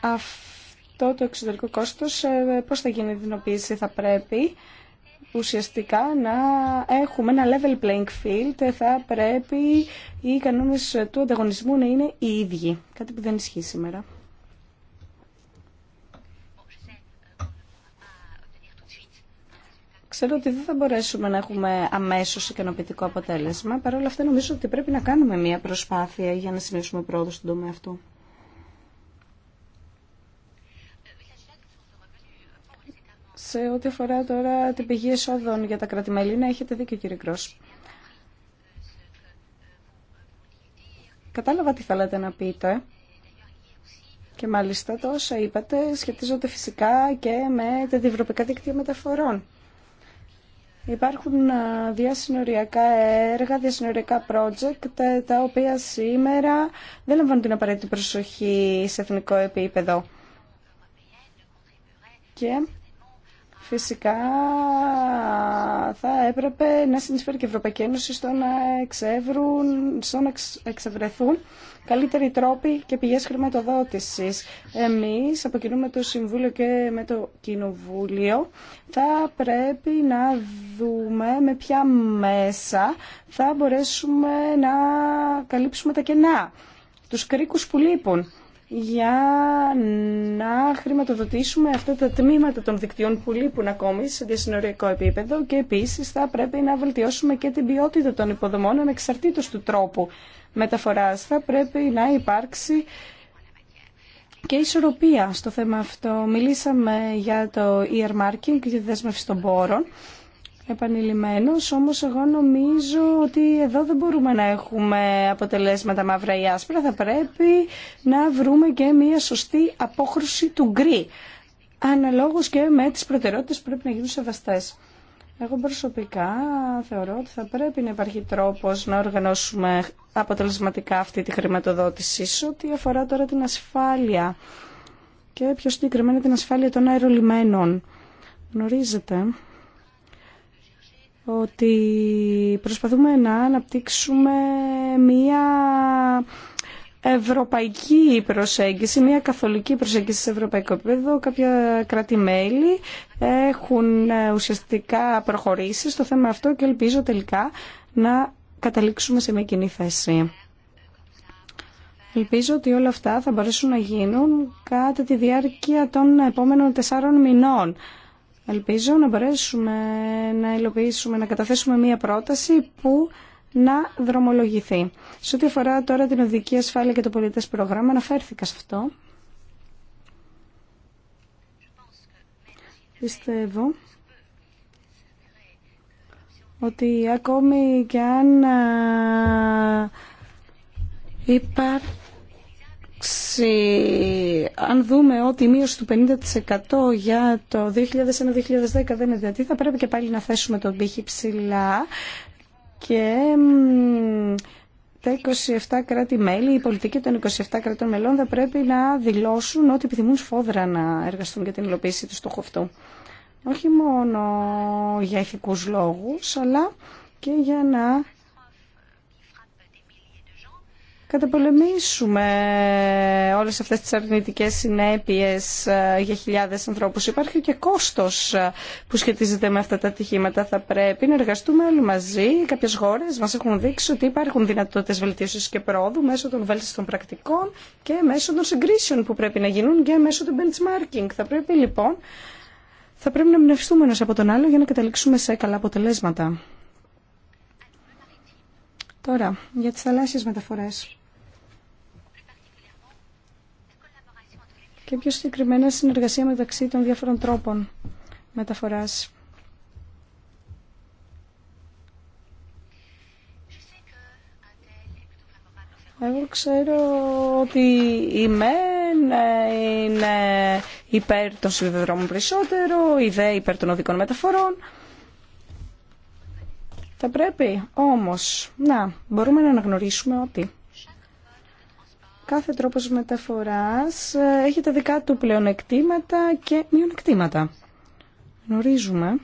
Speaker 2: αυτό το εξωτερικό κόστος ε, πώς θα γίνει η δυνοποίηση θα πρέπει ουσιαστικά να έχουμε ένα level playing field ε, θα πρέπει οι κανόνες του ανταγωνισμού να είναι οι ίδιοι κάτι που δεν ισχύει σήμερα. ξέρω ότι δεν θα μπορέσουμε να έχουμε αμέσως ικανοποιητικό αποτέλεσμα. Παρ' όλα αυτά νομίζω ότι πρέπει να κάνουμε μια προσπάθεια για να σημειώσουμε πρόοδο στον τομέα αυτό. Σε ό,τι αφορά τώρα την πηγή εσόδων για τα κρατημέλη, να έχετε δίκιο κύριε Κρός. Κατάλαβα τι θέλατε να πείτε. Και μάλιστα το είπατε σχετίζονται φυσικά και με τα διευρωπαϊκά δίκτυα μεταφορών. Υπάρχουν διασυνοριακά έργα, διασυνοριακά project, ε, τα οποία σήμερα δεν λαμβάνουν την απαραίτητη προσοχή σε εθνικό επίπεδο. Και Φυσικά θα έπρεπε να συνεισφέρει και η Ευρωπαϊκή Ένωση στο να, εξεύρουν, να εξευρεθούν καλύτεροι τρόποι και πηγές χρηματοδότησης. Εμείς από το Συμβούλιο και με το Κοινοβούλιο θα πρέπει να δούμε με ποια μέσα θα μπορέσουμε να καλύψουμε τα κενά, τους κρίκους που λείπουν για να χρηματοδοτήσουμε αυτά τα τμήματα των δικτυών που λείπουν ακόμη σε διασυνοριακό επίπεδο και επίσης θα πρέπει να βελτιώσουμε και την ποιότητα των υποδομών ανεξαρτήτως του τρόπου μεταφοράς. Θα πρέπει να υπάρξει και ισορροπία στο θέμα αυτό. Μιλήσαμε για το earmarking και τη δέσμευση των πόρων επανειλημμένος, όμως εγώ νομίζω ότι εδώ δεν μπορούμε να έχουμε αποτελέσματα μαύρα ή άσπρα. Θα πρέπει να βρούμε και μια σωστή απόχρωση του γκρι. Αναλόγως και με τις προτεραιότητες που πρέπει να γίνουν σεβαστές. Εγώ προσωπικά θεωρώ ότι θα πρέπει να υπάρχει τρόπος να οργανώσουμε αποτελεσματικά αυτή τη χρηματοδότηση ό,τι αφορά τώρα την ασφάλεια και πιο συγκεκριμένα την ασφάλεια των αερολιμένων. Γνωρίζετε ότι προσπαθούμε να αναπτύξουμε μία ευρωπαϊκή προσέγγιση, μια καθολική προσέγγιση σε ευρωπαϊκό επίπεδο. Κάποια κράτη-μέλη έχουν ε, ουσιαστικά προχωρήσει στο θέμα αυτό και ελπίζω τελικά να καταλήξουμε σε μια κοινή θέση. Ελπίζω ότι όλα αυτά θα μπορέσουν να γίνουν κατά τη διάρκεια των επόμενων τεσσάρων μηνών. Ελπίζω να μπορέσουμε να υλοποιήσουμε, να καταθέσουμε μία πρόταση που να δρομολογηθεί. Σε ό,τι αφορά τώρα την οδική ασφάλεια και το πολιτές πρόγραμμα, αναφέρθηκα σε αυτό. Πιστεύω ότι ακόμη και αν υπάρχει αν δούμε ότι η μείωση του 50% για το 2001-2010 δεν είναι δυνατή, θα πρέπει και πάλι να θέσουμε τον πύχη ψηλά και τα 27 κράτη-μέλη, η πολιτική των 27 κρατών μελών θα πρέπει να δηλώσουν ότι επιθυμούν σφόδρα να εργαστούν για την υλοποίηση του στόχου αυτού. Όχι μόνο για ηθικούς λόγους, αλλά και για να καταπολεμήσουμε όλες αυτές τις αρνητικές συνέπειες ε, για χιλιάδες ανθρώπους. Υπάρχει και κόστος ε, που σχετίζεται με αυτά τα ατυχήματα. Θα πρέπει να εργαστούμε όλοι μαζί. Κάποιες χώρες μας έχουν δείξει ότι υπάρχουν δυνατότητες βελτίωσης και πρόοδου μέσω των βέλτιστων πρακτικών και μέσω των συγκρίσεων που πρέπει να γίνουν και μέσω του benchmarking. Θα πρέπει λοιπόν θα πρέπει να εμπνευστούμε ένα από τον άλλο για να καταλήξουμε σε καλά αποτελέσματα. Τώρα, για τις θαλάσσιες μεταφορές. και πιο συγκεκριμένα συνεργασία μεταξύ των διάφορων τρόπων μεταφοράς. Εγώ ξέρω ότι η ΜΕΝ είναι υπέρ των συνδεδρόμων περισσότερο, η ΔΕ υπέρ των οδικών μεταφορών. Θα πρέπει όμως να μπορούμε να αναγνωρίσουμε ότι κάθε τρόπος μεταφοράς ε, έχει τα δικά του πλεονεκτήματα και μειονεκτήματα. Γνωρίζουμε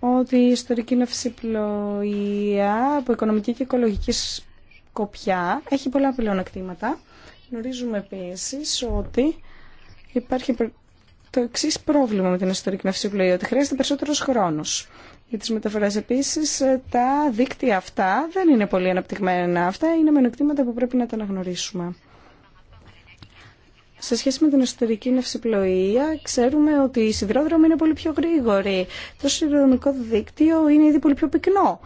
Speaker 2: ότι η ιστορική ναυσιπλοεία από οικονομική και οικολογική σκοπιά έχει πολλά πλεονεκτήματα. Γνωρίζουμε επίσης ότι υπάρχει το εξή πρόβλημα με την ιστορική ναυσιπλοεία, ότι χρειάζεται περισσότερο χρόνο για τις μεταφορές. Επίσης, ε, τα δίκτυα αυτά δεν είναι πολύ αναπτυγμένα. Αυτά είναι μενοκτήματα που πρέπει να τα αναγνωρίσουμε. Σε σχέση με την εσωτερική νευσιπλοεία, ξέρουμε ότι η σιδηρόδρομη είναι πολύ πιο γρήγορη. Το σιδηροδρομικό δίκτυο είναι ήδη πολύ πιο πυκνό.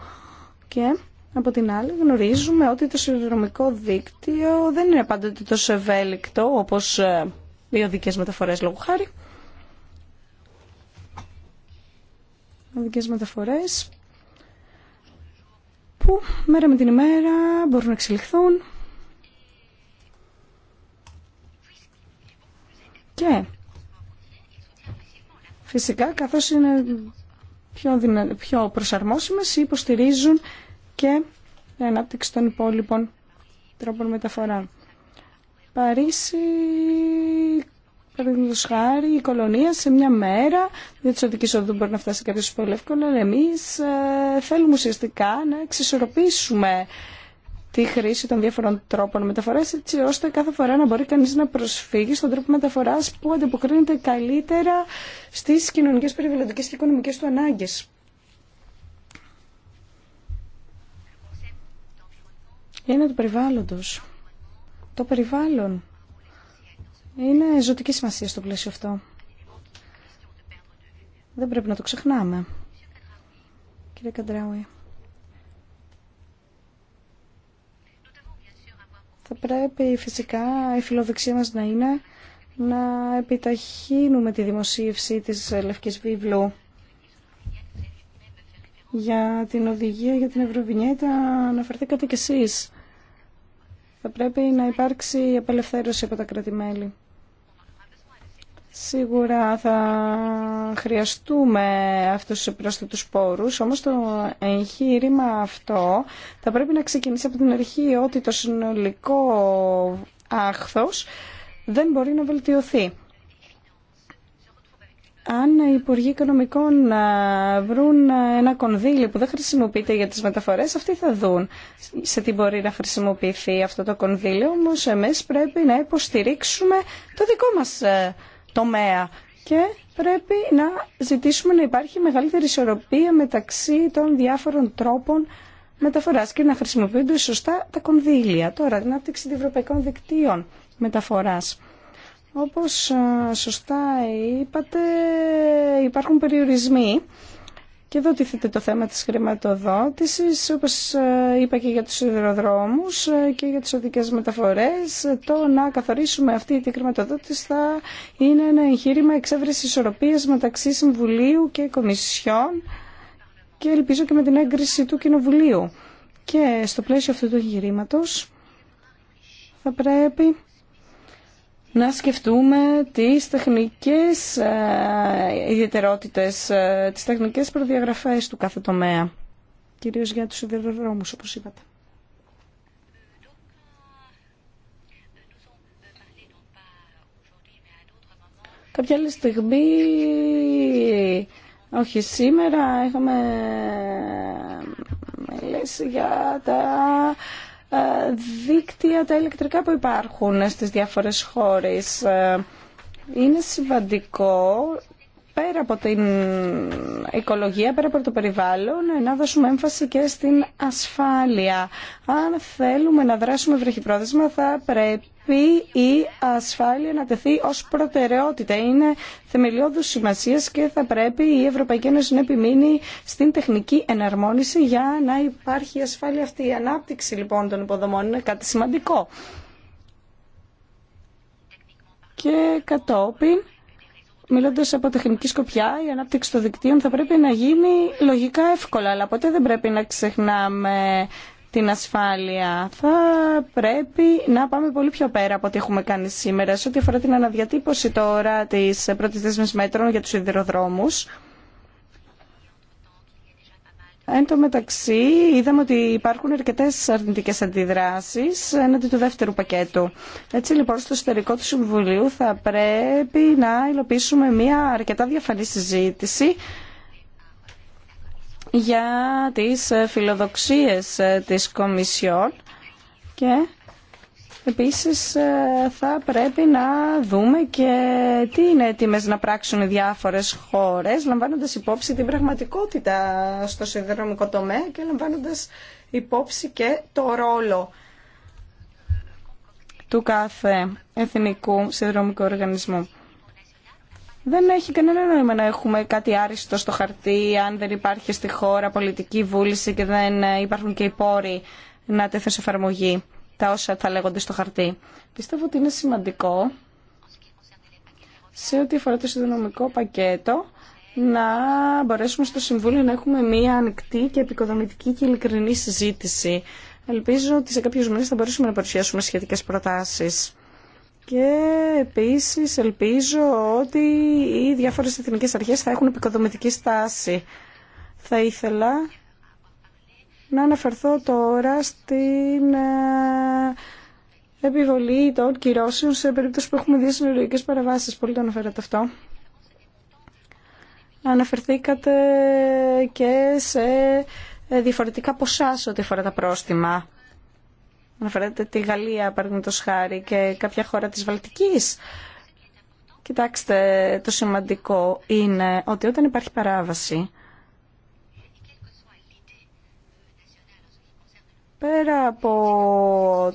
Speaker 2: Και από την άλλη γνωρίζουμε ότι το σιδηροδρομικό δίκτυο δεν είναι πάντοτε τόσο ευέλικτο όπως ε, οι οδικές μεταφορές λόγου χάρη. οδικέ μεταφορές που μέρα με την ημέρα μπορούν να εξελιχθούν και φυσικά καθώς είναι πιο, δυνα... πιο προσαρμόσιμες υποστηρίζουν και την ανάπτυξη των υπόλοιπων τρόπων μεταφορά. Παρίσι, Παραδείγματο χάρη, η κολονία σε μια μέρα, δεν τη οδική οδού μπορεί να φτάσει κάποιο πολύ εύκολα, αλλά εμεί ε, θέλουμε ουσιαστικά να εξισορροπήσουμε τη χρήση των διάφορων τρόπων μεταφορά, έτσι ώστε κάθε φορά να μπορεί κανεί να προσφύγει στον τρόπο μεταφορά που ανταποκρίνεται καλύτερα στι κοινωνικέ, περιβαλλοντικέ και οικονομικέ του ανάγκε. Είναι του περιβάλλοντος. Το περιβάλλον είναι ζωτική σημασία στο πλαίσιο αυτό. Δεν πρέπει να το ξεχνάμε. Κύριε Καντράουι. Θα πρέπει φυσικά η φιλοδοξία μας να είναι να επιταχύνουμε τη δημοσίευση της Λευκής Βίβλου για την οδηγία για την Ευρωβινιέτα αναφερθήκατε κι εσείς. Θα πρέπει να υπάρξει απελευθέρωση από τα κράτη-μέλη. Σίγουρα θα χρειαστούμε αυτούς τους πρόσθετους πόρους, όμως το εγχείρημα αυτό θα πρέπει να ξεκινήσει από την αρχή ότι το συνολικό άχθος δεν μπορεί να βελτιωθεί. Αν οι Υπουργοί Οικονομικών ε, βρουν ε, ένα κονδύλι που δεν χρησιμοποιείται για τις μεταφορές, αυτοί θα δουν σε τι μπορεί να χρησιμοποιηθεί αυτό το κονδύλι. Όμως εμείς πρέπει να υποστηρίξουμε το δικό μας ε, τομέα και πρέπει να ζητήσουμε να υπάρχει μεγαλύτερη ισορροπία μεταξύ των διάφορων τρόπων μεταφοράς και να χρησιμοποιούνται σωστά τα κονδύλια. Τώρα, την άπτυξη των ευρωπαϊκών δικτύων μεταφοράς. Όπως ε, σωστά είπατε, υπάρχουν περιορισμοί και εδώ τίθεται το θέμα της χρηματοδότησης, όπως ε, είπα και για τους σιδηροδρόμους ε, και για τις οδικές μεταφορές. Το να καθορίσουμε αυτή τη χρηματοδότηση θα είναι ένα εγχείρημα εξέβρεση ισορροπίας μεταξύ Συμβουλίου και Κομισιόν και ελπίζω και με την έγκριση του Κοινοβουλίου. Και στο πλαίσιο αυτού του εγχειρήματος θα πρέπει να σκεφτούμε τις τεχνικές ε, ιδιαιτερότητες, ε, τις τεχνικές προδιαγραφές του κάθε τομέα. Κυρίως για τους σιδηροδρόμους, όπως είπατε. Κάποια άλλη στιγμή, όχι σήμερα, έχουμε μιλήσει για τα ε, δίκτυα τα ηλεκτρικά που υπάρχουν στις διάφορες χώρες. Ε, είναι σημαντικό πέρα από την οικολογία, πέρα από το περιβάλλον, να δώσουμε έμφαση και στην ασφάλεια. Αν θέλουμε να δράσουμε βρεχυπρόθεσμα, θα πρέπει πρέπει η ασφάλεια να τεθεί ως προτεραιότητα. Είναι θεμελιώδους σημασίας και θα πρέπει η Ευρωπαϊκή Ένωση να επιμείνει στην τεχνική εναρμόνιση για να υπάρχει ασφάλεια αυτή. Η ανάπτυξη λοιπόν των υποδομών είναι κάτι σημαντικό. Και κατόπιν μιλώντας από τεχνική σκοπιά, η ανάπτυξη των δικτύων θα πρέπει να γίνει λογικά εύκολα, αλλά ποτέ δεν πρέπει να ξεχνάμε την ασφάλεια. Θα πρέπει να πάμε πολύ πιο πέρα από ό,τι έχουμε κάνει σήμερα. Σε ό,τι αφορά την αναδιατύπωση τώρα τη πρώτη δέσμη μέτρων για τους σιδηροδρόμους, Εν τω μεταξύ, είδαμε ότι υπάρχουν αρκετέ αρνητικέ αντιδράσει έναντι του δεύτερου πακέτου. Έτσι, λοιπόν, στο εσωτερικό του Συμβουλίου θα πρέπει να υλοποιήσουμε μια αρκετά διαφανή συζήτηση για τις ε, φιλοδοξίες ε, της Κομισιόν και Επίσης ε, θα πρέπει να δούμε και τι είναι έτοιμες να πράξουν οι διάφορες χώρες λαμβάνοντας υπόψη την πραγματικότητα στο σιδηρομικό τομέα και λαμβάνοντας υπόψη και το ρόλο του κάθε εθνικού συνδρομικού οργανισμού. Δεν έχει κανένα νόημα να έχουμε κάτι άριστο στο χαρτί αν δεν υπάρχει στη χώρα πολιτική βούληση και δεν ε, υπάρχουν και οι πόροι να τέθουν σε εφαρμογή τα όσα θα λέγονται στο χαρτί. Πιστεύω ότι είναι σημαντικό σε ό,τι αφορά το συνδυνομικό πακέτο να μπορέσουμε στο Συμβούλιο να έχουμε μία ανοιχτή και επικοδομητική και ειλικρινή συζήτηση. Ελπίζω ότι σε κάποιους μήνες θα μπορέσουμε να παρουσιάσουμε σχετικές προτάσεις. Και επίσης ελπίζω ότι οι διάφορες εθνικές αρχές θα έχουν επικοδομητική στάση. Θα ήθελα να αναφερθώ τώρα στην ε, επιβολή των κυρώσεων σε περίπτωση που έχουμε δύο συνολογικές παραβάσεις. Πολύ το αναφέρατε αυτό. Αναφερθήκατε και σε ε, διαφορετικά ποσά σε ό,τι αφορά τα πρόστιμα. Αναφέρατε τη Γαλλία, παραδείγματο χάρη, και κάποια χώρα της Βαλτικής. Κοιτάξτε, το σημαντικό είναι ότι όταν υπάρχει παράβαση, πέρα από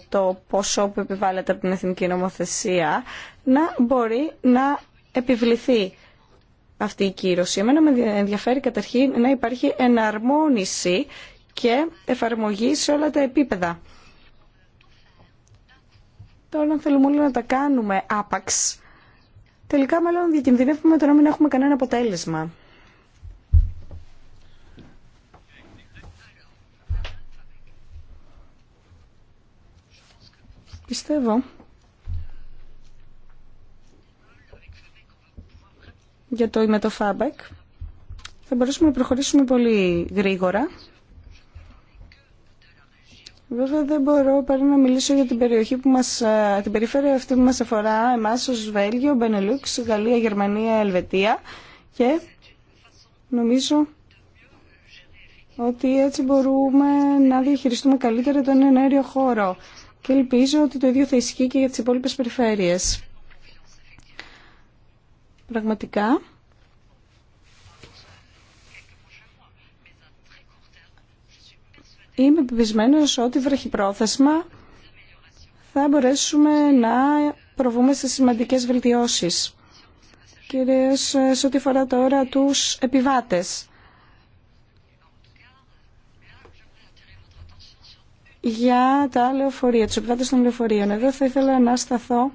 Speaker 2: το ποσό που επιβάλλεται από την εθνική νομοθεσία, να μπορεί να επιβληθεί αυτή η κύρωση. Εμένα με ενδιαφέρει καταρχήν να υπάρχει εναρμόνιση και εφαρμογή σε όλα τα επίπεδα. Τώρα αν θέλουμε όλοι να τα κάνουμε άπαξ, τελικά μάλλον διακινδυνεύουμε το να μην έχουμε κανένα αποτέλεσμα. Πιστεύω για το ημετοφάμπεκ θα μπορούσαμε να προχωρήσουμε πολύ γρήγορα Βέβαια δεν μπορώ παρά να μιλήσω για την περιοχή που μας, ε, την περιφέρεια αυτή που μας αφορά εμάς ως Βέλγιο, Μπενελούξ, Γαλλία, Γερμανία, Ελβετία και νομίζω ότι έτσι μπορούμε να διαχειριστούμε καλύτερα τον ενέργειο χώρο και ελπίζω ότι το ίδιο θα ισχύει και για τις υπόλοιπες περιφέρειες. Πραγματικά Είμαι πεπισμένος ότι πρόθεσμα θα μπορέσουμε να προβούμε σε σημαντικές βελτιώσεις. Κυρίως ε, σε ό,τι φορά τώρα τους επιβάτες. Για τα λεωφορεία, τους επιβάτες των λεωφορείων. Εδώ θα ήθελα να σταθώ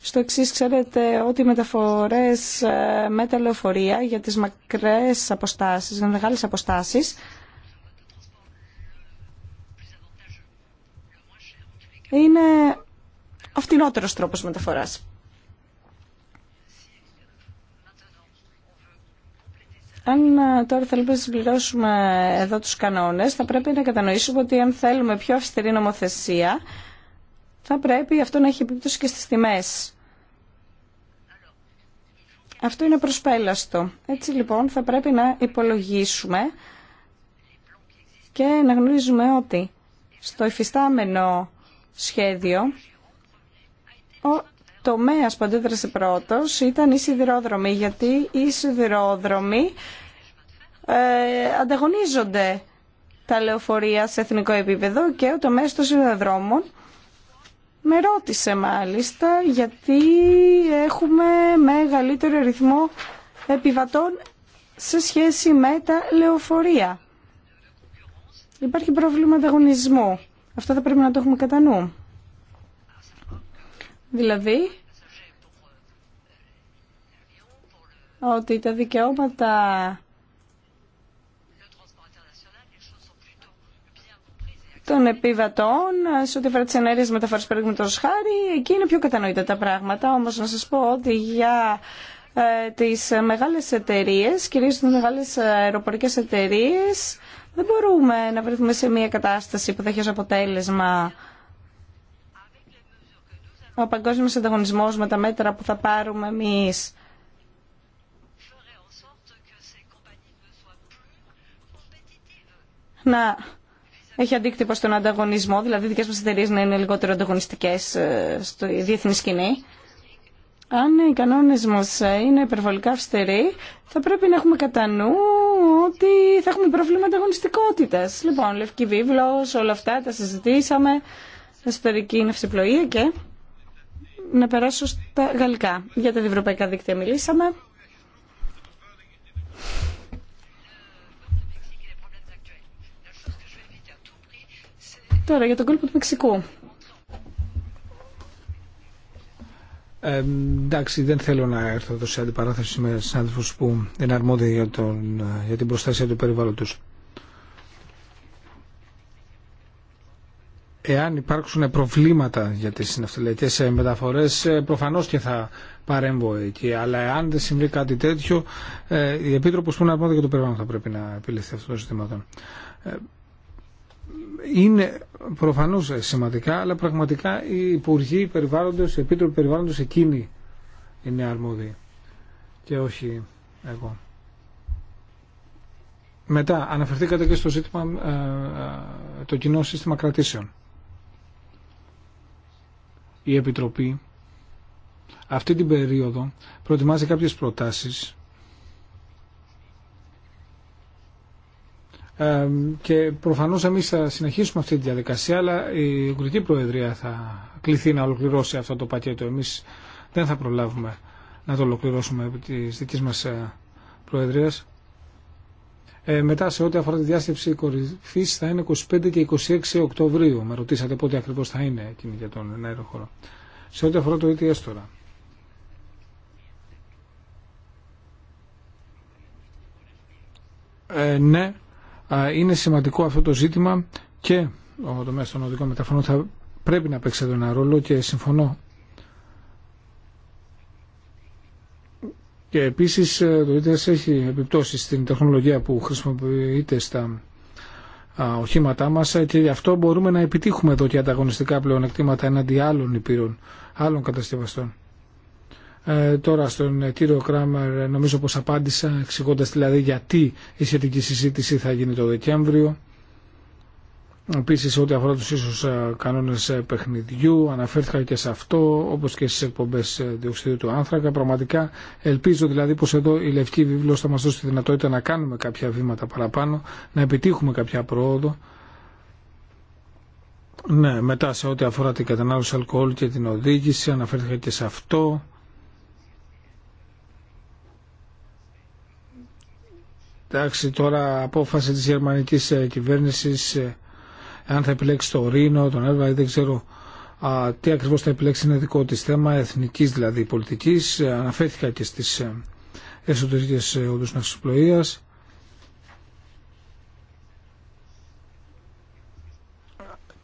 Speaker 2: στο εξής ξέρετε ότι οι μεταφορές ε, με τα λεωφορεία για τις μακρές αποστάσεις, για μεγάλες αποστάσεις, είναι ο φτηνότερος τρόπος μεταφοράς. Αν ε, τώρα θέλουμε λοιπόν να συμπληρώσουμε εδώ τους κανόνες, θα πρέπει να κατανοήσουμε ότι αν θέλουμε πιο αυστηρή νομοθεσία, θα πρέπει αυτό να έχει επίπτωση και στις τιμές. Αυτό είναι προσπέλαστο. Έτσι λοιπόν θα πρέπει να υπολογίσουμε και να γνωρίζουμε ότι στο υφιστάμενο σχέδιο, ο τομέας που αντέδρασε πρώτος ήταν οι σιδηρόδρομοι, γιατί οι σιδηρόδρομοι ε, ανταγωνίζονται τα λεωφορεία σε εθνικό επίπεδο και ο τομέας των σιδηροδρόμων με ρώτησε μάλιστα γιατί έχουμε μεγαλύτερο ρυθμό επιβατών σε σχέση με τα λεωφορεία. Υπάρχει πρόβλημα ανταγωνισμού. Αυτό θα πρέπει να το έχουμε κατά νου. Δηλαδή, ότι τα δικαιώματα των επιβατών σε ό,τι αφορά τι ενέργειε μεταφορέ, παραδείγματο χάρη, εκεί είναι πιο κατανοητά τα πράγματα. Όμω, να σα πω ότι για ε, τι μεγάλε εταιρείε, κυρίω τι μεγάλε αεροπορικέ εταιρείε, δεν μπορούμε να βρεθούμε σε μια κατάσταση που θα έχει ως αποτέλεσμα ο παγκόσμιος ανταγωνισμός με τα μέτρα που θα πάρουμε εμείς να έχει αντίκτυπο στον ανταγωνισμό, δηλαδή οι δικές μας εταιρείες να είναι λιγότερο ανταγωνιστικές ε, στη διεθνή σκηνή. Αν οι κανόνες μας είναι υπερβολικά αυστηροί, θα πρέπει να έχουμε κατά νου ότι θα έχουμε πρόβλημα ανταγωνιστικότητα. Λοιπόν, Λευκή Βίβλο, όλα αυτά τα συζητήσαμε, εσωτερική νευσιπλοεία και να περάσω στα γαλλικά. Για τα ευρωπαϊκά δίκτυα μιλήσαμε. Τώρα για τον κόλπο του Μεξικού.
Speaker 4: Ε, εντάξει, δεν θέλω να έρθω εδώ σε αντιπαράθεση με συνάδελφου που είναι αρμόδιοι για, τον, για την προστασία του περιβάλλοντος. Εάν υπάρξουν προβλήματα για τι ναυτιλιακές μεταφορέ, ε, προφανώ και θα παρέμβω εκεί. Αλλά εάν δεν συμβεί κάτι τέτοιο, ε, η Επίτροπος που είναι αρμόδια για το περιβάλλον θα πρέπει να επιληθεί αυτό το ζήτημα. Ε, είναι προφανώς σημαντικά, αλλά πραγματικά οι υπουργοί περιβάλλοντο οι επίτροποι περιβάλλοντο εκείνοι είναι αρμόδιοι και όχι εγώ. Μετά, αναφερθήκατε και στο ζήτημα, ε, ε, το κοινό σύστημα κρατήσεων. Η Επιτροπή αυτή την περίοδο προετοιμάζει κάποιες προτάσεις και προφανώς εμείς θα συνεχίσουμε αυτή τη διαδικασία αλλά η Ουγγρική Προεδρία θα κληθεί να ολοκληρώσει αυτό το πακέτο. Εμείς δεν θα προλάβουμε να το ολοκληρώσουμε από της δικής μας ε, προεδρίες Ε, μετά σε ό,τι αφορά τη διάσκεψη κορυφή θα είναι 25 και 26 Οκτωβρίου. Με ρωτήσατε πότε ακριβώς θα είναι εκείνη για τον αεροχώρο. Σε ό,τι αφορά το ETS τώρα. Ε, ναι, είναι σημαντικό αυτό το ζήτημα και ο τομέα των οδικών μεταφορών θα πρέπει να παίξει εδώ ένα ρόλο και συμφωνώ. Και επίσης ε, το ΙΤΕΣ έχει επιπτώσει στην τεχνολογία που χρησιμοποιείται στα οχήματά μα και γι' αυτό μπορούμε να επιτύχουμε εδώ και ανταγωνιστικά πλεονεκτήματα εναντί άλλων υπήρων, άλλων κατασκευαστών. Ε, τώρα στον ε, κύριο Κράμερ ε, νομίζω πως απάντησα εξηγώντα δηλαδή γιατί η σχετική συζήτηση θα γίνει το Δεκέμβριο. Επίση, ό,τι αφορά του ίσου ε, κανόνε παιχνιδιού, αναφέρθηκα και σε αυτό, όπω και στι εκπομπέ διοξιδίου του άνθρακα. Πραγματικά ελπίζω δηλαδή πω εδώ η Λευκή Βίβλο θα μα δώσει τη δυνατότητα να κάνουμε κάποια βήματα παραπάνω, να επιτύχουμε κάποια πρόοδο. Ναι, μετά σε ό,τι αφορά την κατανάλωση αλκοόλ και την οδήγηση, αναφέρθηκα και σε αυτό. Εντάξει, τώρα απόφαση της γερμανικής ε, κυβέρνησης ε, αν θα επιλέξει το Ρήνο, τον Έλβα, δεν ξέρω α, τι ακριβώς θα επιλέξει είναι δικό της θέμα, εθνικής δηλαδή πολιτικής. Ε, αναφέρθηκα και στις εσωτερικές οδούς ναυσιπλοείας.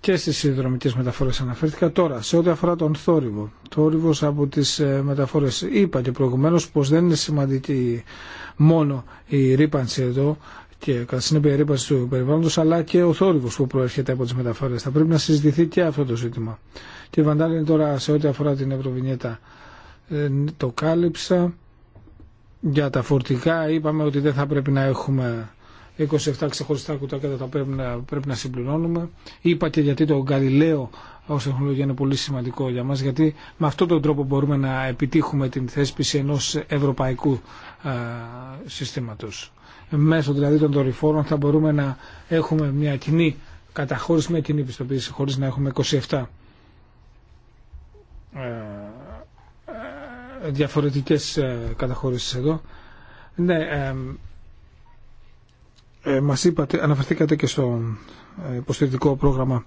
Speaker 4: και στις συνδρομικές μεταφορές αναφέρθηκα. Τώρα, σε ό,τι αφορά τον θόρυβο. Θόρυβος από τις ε, μεταφορές. Είπα και προηγουμένως πως δεν είναι σημαντική μόνο η ρήπανση εδώ και κατά συνέπεια η ρήπανση του περιβάλλοντος αλλά και ο θόρυβος που προέρχεται από τις μεταφορές. Θα πρέπει να συζητηθεί και αυτό το ζήτημα. Και Βαντάλη τώρα σε ό,τι αφορά την Ευρωβινιέτα ε, το κάλυψα. Για τα φορτικά είπαμε ότι δεν θα πρέπει να έχουμε 27 ξεχωριστά κουτάκια τα να, πρέπει να συμπληρώνουμε. Είπα και γιατί το Γαλιλαίο ως τεχνολογία είναι πολύ σημαντικό για μας, γιατί με αυτόν τον τρόπο μπορούμε να επιτύχουμε την θέσπιση ενός ευρωπαϊκού συστήματος. Μέσω δηλαδή των δορυφόρων θα μπορούμε να έχουμε μια κοινή καταχώρηση, μια κοινή πιστοποίηση, χωρίς να έχουμε 27 διαφορετικές ε, καταχωρήσεις εδώ. Ναι, ε, είπατε, αναφερθήκατε και στο ε, υποστηρικτικό πρόγραμμα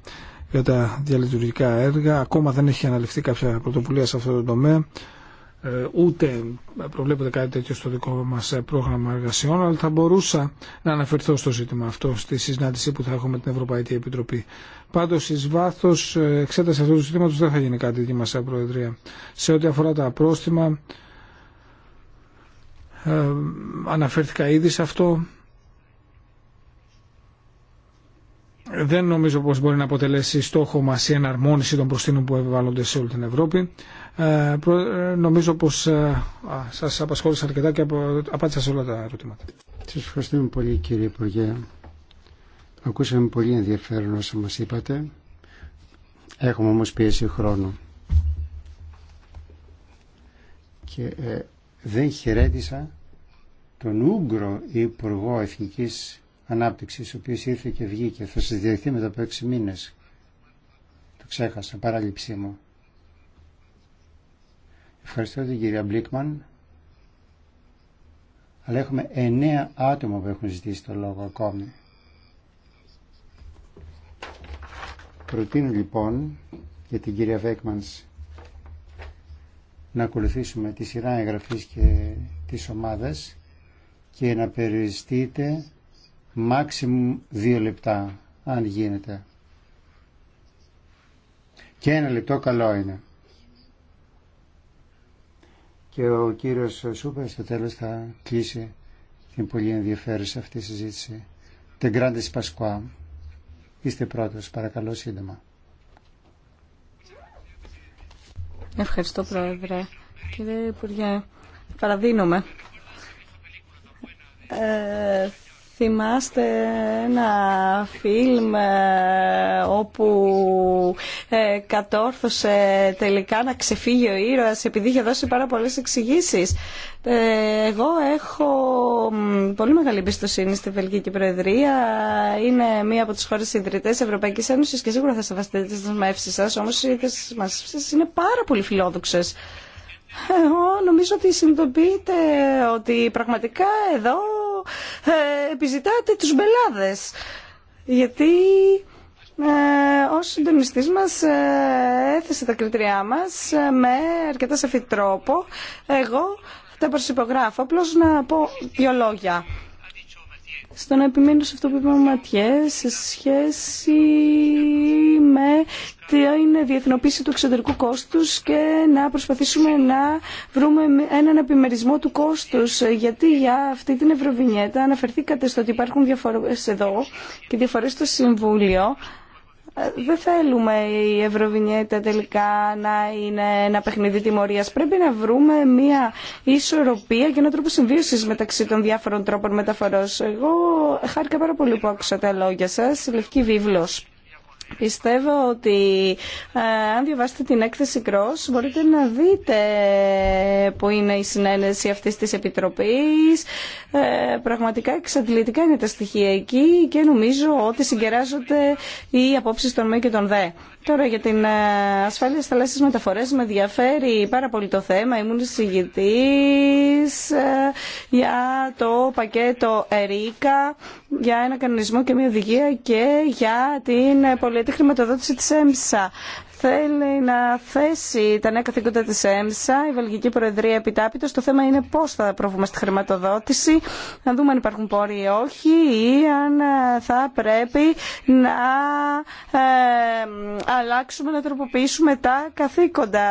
Speaker 4: για τα διαλειτουργικά έργα. Ακόμα δεν έχει αναλυφθεί κάποια πρωτοβουλία σε αυτό το τομέα. Ε, ούτε προβλέπεται κάτι τέτοιο στο δικό μας ε, πρόγραμμα εργασιών, αλλά θα μπορούσα να αναφερθώ στο ζήτημα αυτό στη συνάντηση που θα έχουμε την Ευρωπαϊκή Επιτροπή. Πάντως, εις βάθος εξέταση αυτού του ζητήματος δεν θα γίνει κάτι δική μας Προεδρία. Σε ό,τι αφορά τα πρόστιμα, αναφέρθηκα ήδη σε αυτό δεν νομίζω πως μπορεί να αποτελέσει στόχο μας η εναρμόνιση των προστίνων που επιβάλλονται σε όλη την Ευρώπη. Ε, ε νομίζω πως ε, σας απασχόλησα αρκετά και απάντησα σε όλα τα ερωτήματα.
Speaker 3: Σας ευχαριστούμε πολύ κύριε Υπουργέ. Ακούσαμε πολύ ενδιαφέρον όσα μας είπατε. Έχουμε όμως πίεση χρόνο Και ε, δεν χαιρέτησα τον Ούγκρο Υπουργό Εθνικής Ανάπτυξης, ο οποίος ήρθε και βγήκε, θα συντηρηθεί μετά από έξι μήνες. Το ξέχασα, παράληψή μου. Ευχαριστώ την κυρία Μπλίκμαν. Αλλά έχουμε εννέα άτομα που έχουν ζητήσει το λόγο ακόμη. Προτείνω λοιπόν για την κυρία Βέκμανς να ακολουθήσουμε τη σειρά εγγραφής και τις ομάδες και να περιοριστείτε Μάξιμου δύο λεπτά, αν γίνεται. Και ένα λεπτό καλό είναι. Και ο κύριος Σούπερ στο τέλος θα κλείσει την πολύ ενδιαφέρουσα αυτή η συζήτηση. Τεγκράντες Πασκουά. Είστε πρώτος, παρακαλώ σύντομα.
Speaker 2: Ευχαριστώ Πρόεδρε. Κύριε Υπουργέ, παραδίνομαι. Ε, Θυμάστε ένα φιλμ ε, όπου ε, κατόρθωσε τελικά να ξεφύγει ο ήρωας επειδή είχε δώσει πάρα πολλές εξηγήσει. Ε, εγώ έχω πολύ μεγάλη εμπιστοσύνη στη Βελγική Προεδρία. Είναι μία από τις χώρες ιδρυτές Ευρωπαϊκής Ένωσης και σίγουρα θα σεβαστείτε τις δεσμεύσεις σας, όμως οι δεσμεύσεις είναι πάρα πολύ φιλόδοξες. Εγώ νομίζω ότι συνειδητοποιείτε ότι πραγματικά εδώ ε, επιζητάτε τους μπελάδες. Γιατί ε, ο συντονιστής μας ε, έθεσε τα κριτριά μας ε, με αρκετά σαφή τρόπο. Εγώ τα προσυπογράφω, απλώς να πω δύο λόγια στο να επιμείνω σε αυτό που είπαμε Ματιέ σε σχέση με την διεθνοποίηση του εξωτερικού κόστους και να προσπαθήσουμε να βρούμε έναν επιμερισμό του κόστους. Γιατί για αυτή την Ευρωβινιέτα αναφερθήκατε στο ότι υπάρχουν διαφορές εδώ και διαφορές στο Συμβούλιο ε, δεν θέλουμε η Ευρωβινιέτα τελικά να είναι ένα παιχνίδι τιμωρίας. Πρέπει να βρούμε μια ισορροπία και έναν τρόπο συμβίωσης μεταξύ των διάφορων τρόπων μεταφορά. Εγώ χάρηκα πάρα πολύ που άκουσα τα λόγια σας. Λευκή Βίβλος. Πιστεύω ότι ε, αν διαβάσετε την έκθεση Cross μπορείτε να δείτε που είναι η συνένεση αυτής της Επιτροπής. Ε, πραγματικά εξαντλητικά είναι τα στοιχεία εκεί και νομίζω ότι συγκεράζονται οι απόψεις των ΜΕ και των ΔΕ. Τώρα για την ε, ασφάλεια της Μεταφορέ, μεταφορές με ενδιαφέρει πάρα πολύ το θέμα. Ήμουν συγγητή ε, για το πακέτο ΕΡΙΚΑ, για ένα κανονισμό και μια οδηγία και για την πολιτική χρηματοδότηση της ΕΜΣΑ θέλει να θέσει τα νέα καθήκοντα της ΕΜΣΑ, η Βελγική Προεδρία επιτάπητος. Το θέμα είναι πώς θα προβούμε στη χρηματοδότηση, να δούμε αν υπάρχουν πόροι ή όχι ή αν ε, θα πρέπει να ε, αλλάξουμε, να τροποποιήσουμε τα καθήκοντα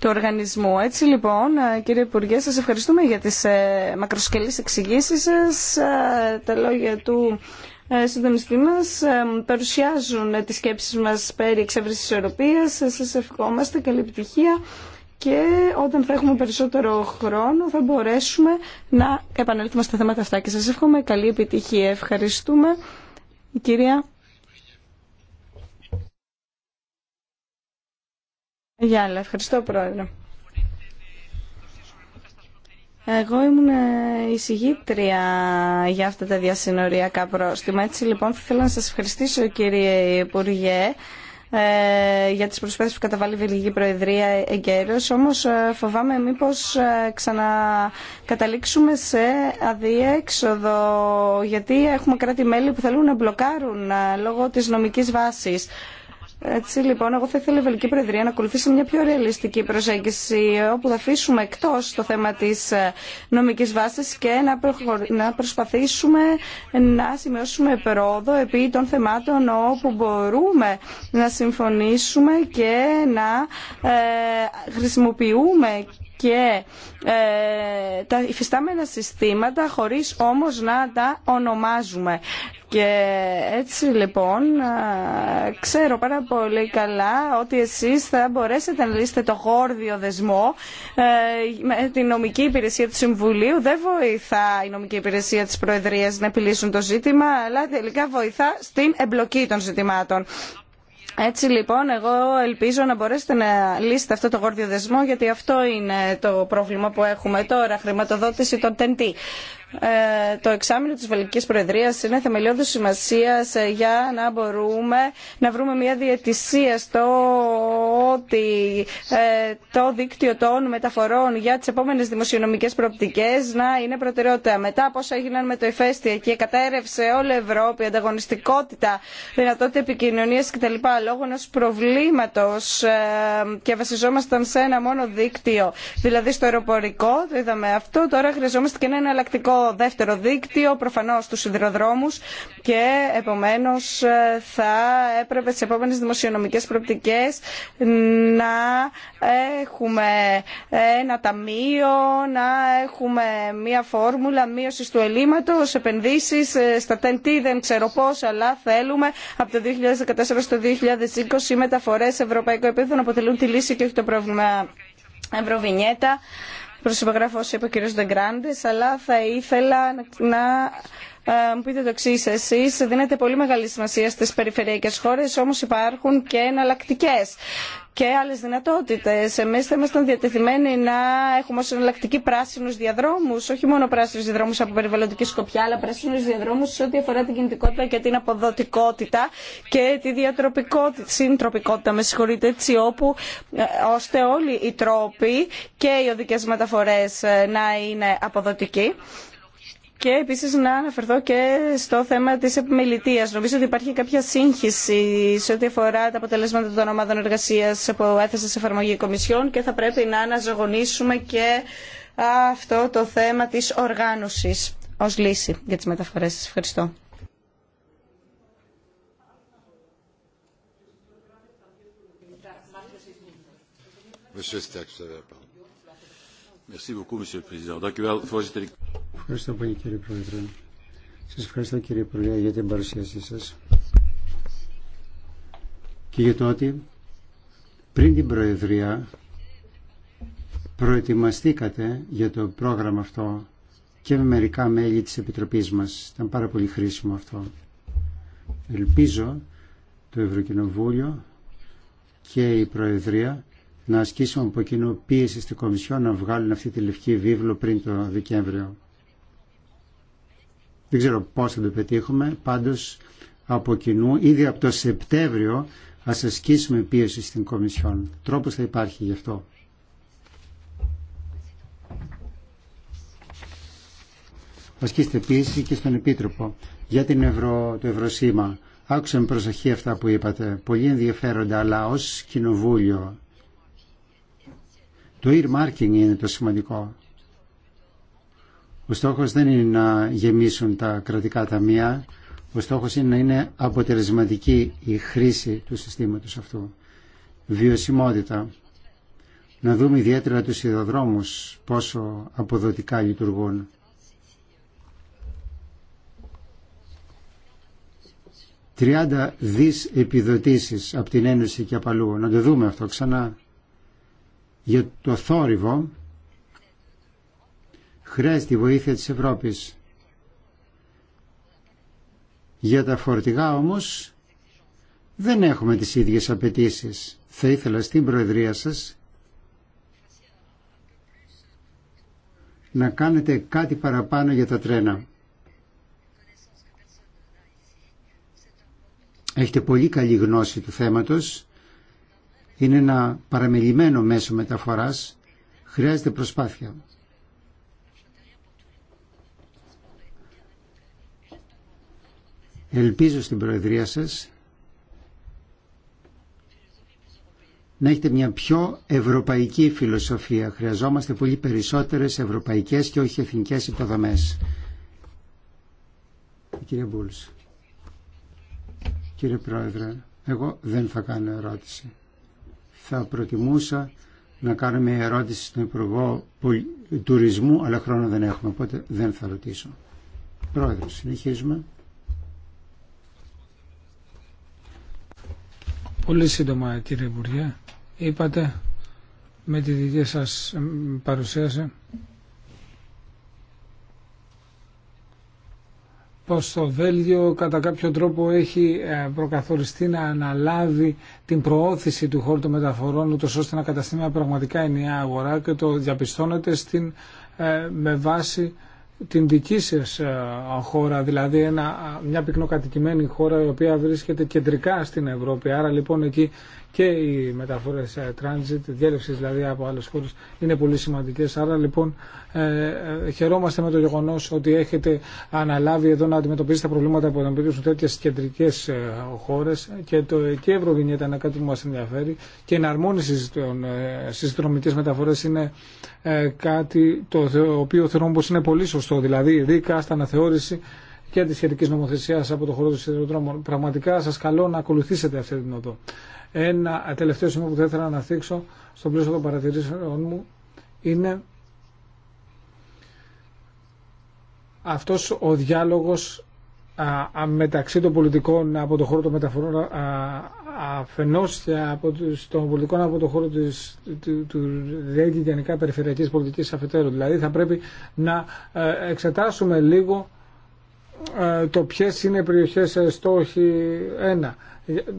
Speaker 2: του οργανισμού. Έτσι λοιπόν, ε, κύριε Υπουργέ, σας ευχαριστούμε για τις μακροσκελείς εξηγήσεις σας, τα λόγια του ε, συντονιστή μα, ε, παρουσιάζουν τις σκέψει μας περί εξεύρεσης ισορροπία. Ε, Σα ευχόμαστε καλή επιτυχία και όταν θα έχουμε περισσότερο χρόνο θα μπορέσουμε να επανέλθουμε στα θέματα αυτά και σας εύχομαι καλή επιτυχία. Ευχαριστούμε. Η κυρία Γιάλα, ευχαριστώ πρόεδρε. Εγώ ήμουν εισηγήτρια για αυτά τα διασυνοριακά πρόστιμα. Έτσι λοιπόν θα ήθελα να σας ευχαριστήσω κύριε Υπουργέ ε, για τις προσπάθειες που καταβάλει η Βελγική Προεδρία εγκαίρως, όμως ε, φοβάμαι μήπως ε, ξανακαταλήξουμε σε αδιέξοδο, γιατί έχουμε κράτη-μέλη που θέλουν να μπλοκάρουν λόγω της νομικής βάσης. Έτσι λοιπόν, εγώ θα ήθελα η Βελική Προεδρία να ακολουθήσει μια πιο ρεαλιστική προσέγγιση, όπου θα αφήσουμε εκτό το θέμα τη ε, νομική βάση και να, να προσπαθήσουμε να σημειώσουμε πρόοδο επί των θεμάτων όπου μπορούμε να συμφωνήσουμε και να ε, χρησιμοποιούμε και ε, τα υφιστάμενα συστήματα χωρίς όμως να τα ονομάζουμε. Και έτσι λοιπόν ε, ξέρω πάρα πολύ καλά ότι εσείς θα μπορέσετε να λύσετε το γόρδιο δεσμό ε, με την νομική υπηρεσία του Συμβουλίου. Δεν βοηθά η νομική υπηρεσία της Προεδρίας να επιλύσουν το ζήτημα, αλλά τελικά βοηθά στην εμπλοκή των ζητημάτων. Έτσι λοιπόν εγώ ελπίζω να μπορέσετε να λύσετε αυτό το γόρδιο δεσμό γιατί αυτό είναι το πρόβλημα που έχουμε τώρα, χρηματοδότηση των τεντή. Ε, το εξάμεινο της Βελγικής Προεδρίας είναι θεμελιώδης σημασίας ε, για να μπορούμε να βρούμε μια διαιτησία στο ότι ε, το δίκτυο των μεταφορών για τις επόμενες δημοσιονομικές προοπτικές να είναι προτεραιότητα. Μετά από έγιναν με το ηφαίστεια και κατέρευσε όλη η Ευρώπη, ανταγωνιστικότητα, δυνατότητα επικοινωνίας κτλ. λόγω ενός προβλήματος και βασιζόμασταν σε ένα μόνο δίκτυο, δηλαδή στο αεροπορικό, το είδαμε αυτό, τώρα χρειαζόμαστε και ένα εναλλακτικό το δεύτερο δίκτυο, προφανώς του σιδηροδρόμους και επομένως θα έπρεπε στις επόμενες δημοσιονομικές προοπτικές να έχουμε ένα ταμείο, να έχουμε μία φόρμουλα μείωση του ελλείμματος, επενδύσεις ε, στα τέντη. δεν ξέρω πώς, αλλά θέλουμε από το 2014 στο 2020 οι μεταφορές σε ευρωπαϊκό επίπεδο να αποτελούν τη λύση και όχι το πρόβλημα Ευρωβινιέτα προσυπογράφω όσο είπε ο κ. Ντεγκράντε, αλλά θα ήθελα να ε, μου πείτε το εξή, εσεί δίνετε πολύ μεγάλη σημασία στι περιφερειακέ χώρε, όμω υπάρχουν και εναλλακτικέ και άλλε δυνατότητε. Εμεί θα ήμασταν διατεθειμένοι να έχουμε ω εναλλακτική πράσινου διαδρόμου, όχι μόνο πράσινου διαδρόμου από περιβαλλοντική σκοπιά, αλλά πράσινου διαδρόμου σε ό,τι αφορά την κινητικότητα και την αποδοτικότητα και τη διατροπικότητα, συντροπικότητα, με συγχωρείτε, έτσι όπου ε, ώστε όλοι οι τρόποι και οι οδικέ μεταφορέ ε, να είναι αποδοτικοί και επίσης να αναφερθώ και στο θέμα της επιμελητίας. Νομίζω ότι υπάρχει κάποια σύγχυση σε ό,τι αφορά τα αποτελέσματα των ομάδων εργασίας που έθεσε σε εφαρμογή κομισιών και θα πρέπει να αναζωογονήσουμε και αυτό το θέμα της οργάνωσης ως λύση για τις μεταφορές. Σας ευχαριστώ.
Speaker 1: Ευχαριστώ
Speaker 3: πολύ κύριε Πρόεδρε. Σας ευχαριστώ κύριε Πρόεδρε για την παρουσίασή σας και για το ότι πριν την Προεδρία προετοιμαστήκατε για το πρόγραμμα αυτό και με μερικά μέλη της Επιτροπής μας. Ήταν πάρα πολύ χρήσιμο αυτό. Ελπίζω το Ευρωκοινοβούλιο και η Προεδρία να ασκήσουμε από κοινού πίεση στην Κομισιόν να βγάλουν αυτή τη λευκή βίβλο πριν το Δεκέμβριο. Δεν ξέρω πώς θα το πετύχουμε, πάντως από κοινού, ήδη από το Σεπτέμβριο, ας ασκήσουμε πίεση στην Κομισιόν. Τρόπος θα υπάρχει γι' αυτό. Ασκήστε πίεση και στον Επίτροπο για την Ευρω... το Ευρωσήμα. Άκουσα με προσοχή αυτά που είπατε. Πολύ ενδιαφέροντα, αλλά ως Κοινοβούλιο το earmarking είναι το σημαντικό. Ο στόχος δεν είναι να γεμίσουν τα κρατικά ταμεία. Ο στόχος είναι να είναι αποτελεσματική η χρήση του συστήματος αυτού. Βιωσιμότητα. Να δούμε ιδιαίτερα τους ιδοδρόμους πόσο αποδοτικά λειτουργούν. «30 δις επιδοτήσεις από την Ένωση και απαλού». Να το δούμε αυτό ξανά για το θόρυβο χρειάζεται η βοήθεια της Ευρώπης. Για τα φορτηγά όμως δεν έχουμε τις ίδιες απαιτήσει. Θα ήθελα στην Προεδρία σας να κάνετε κάτι παραπάνω για τα τρένα. Έχετε πολύ καλή γνώση του θέματος είναι ένα παραμελημένο μέσο μεταφοράς, χρειάζεται προσπάθεια. Ελπίζω στην Προεδρία σας να έχετε μια πιο ευρωπαϊκή φιλοσοφία. Χρειαζόμαστε πολύ περισσότερες ευρωπαϊκές και όχι εθνικές υποδομές. Κύριε Μπούλς, κύριε Πρόεδρε, εγώ δεν θα κάνω ερώτηση θα προτιμούσα να κάνω μια ερώτηση στον Υπουργό Τουρισμού, αλλά χρόνο δεν έχουμε, οπότε δεν θα ρωτήσω. Πρόεδρος, συνεχίζουμε.
Speaker 4: Πολύ σύντομα κύριε Υπουργέ, είπατε με τη δική σας παρουσίαση πως το Βέλγιο κατά κάποιο τρόπο έχει ε, προκαθοριστεί να αναλάβει την προώθηση του χώρου των μεταφορών ούτως ώστε να καταστεί μια πραγματικά ενιαία αγορά και το διαπιστώνεται στην, ε, με βάση την δική σας ε, χώρα, δηλαδή ένα, μια πυκνοκατοικημένη χώρα η οποία βρίσκεται κεντρικά στην Ευρώπη. Άρα λοιπόν εκεί και οι μεταφορέ ε, transit, διέλευση δηλαδή από άλλε χώρε είναι πολύ σημαντικέ. Άρα λοιπόν ε, ε, χαιρόμαστε με το γεγονό ότι έχετε αναλάβει εδώ να αντιμετωπίσετε τα προβλήματα που αντιμετωπίζουν τέτοιες κεντρικές χώρε και, το, και η Ευρωβινιέτα είναι κάτι που μας ενδιαφέρει και η εναρμόνιση στι δρομικέ μεταφορέ είναι κάτι το οποίο θεωρώ πω είναι πολύ σωστό. Δηλαδή δίκα, στα αναθεώρηση και τη σχετική νομοθεσία από το χώρο των σιδηροδρόμων. Πραγματικά σα καλώ να ακολουθήσετε αυτή την οδό. Ένα τελευταίο σημείο που θα ήθελα να θίξω στον πλαίσιο των παρατηρήσεων μου είναι αυτός ο διάλογος μεταξύ των πολιτικών από το χώρο των μεταφορών αφενός και από τους, των πολιτικών από το χώρο της, του, του γενικά περιφερειακής πολιτικής αφετέρου. Δηλαδή θα πρέπει να ε, εξετάσουμε λίγο ε, το ποιες είναι οι περιοχές ε, στόχοι 1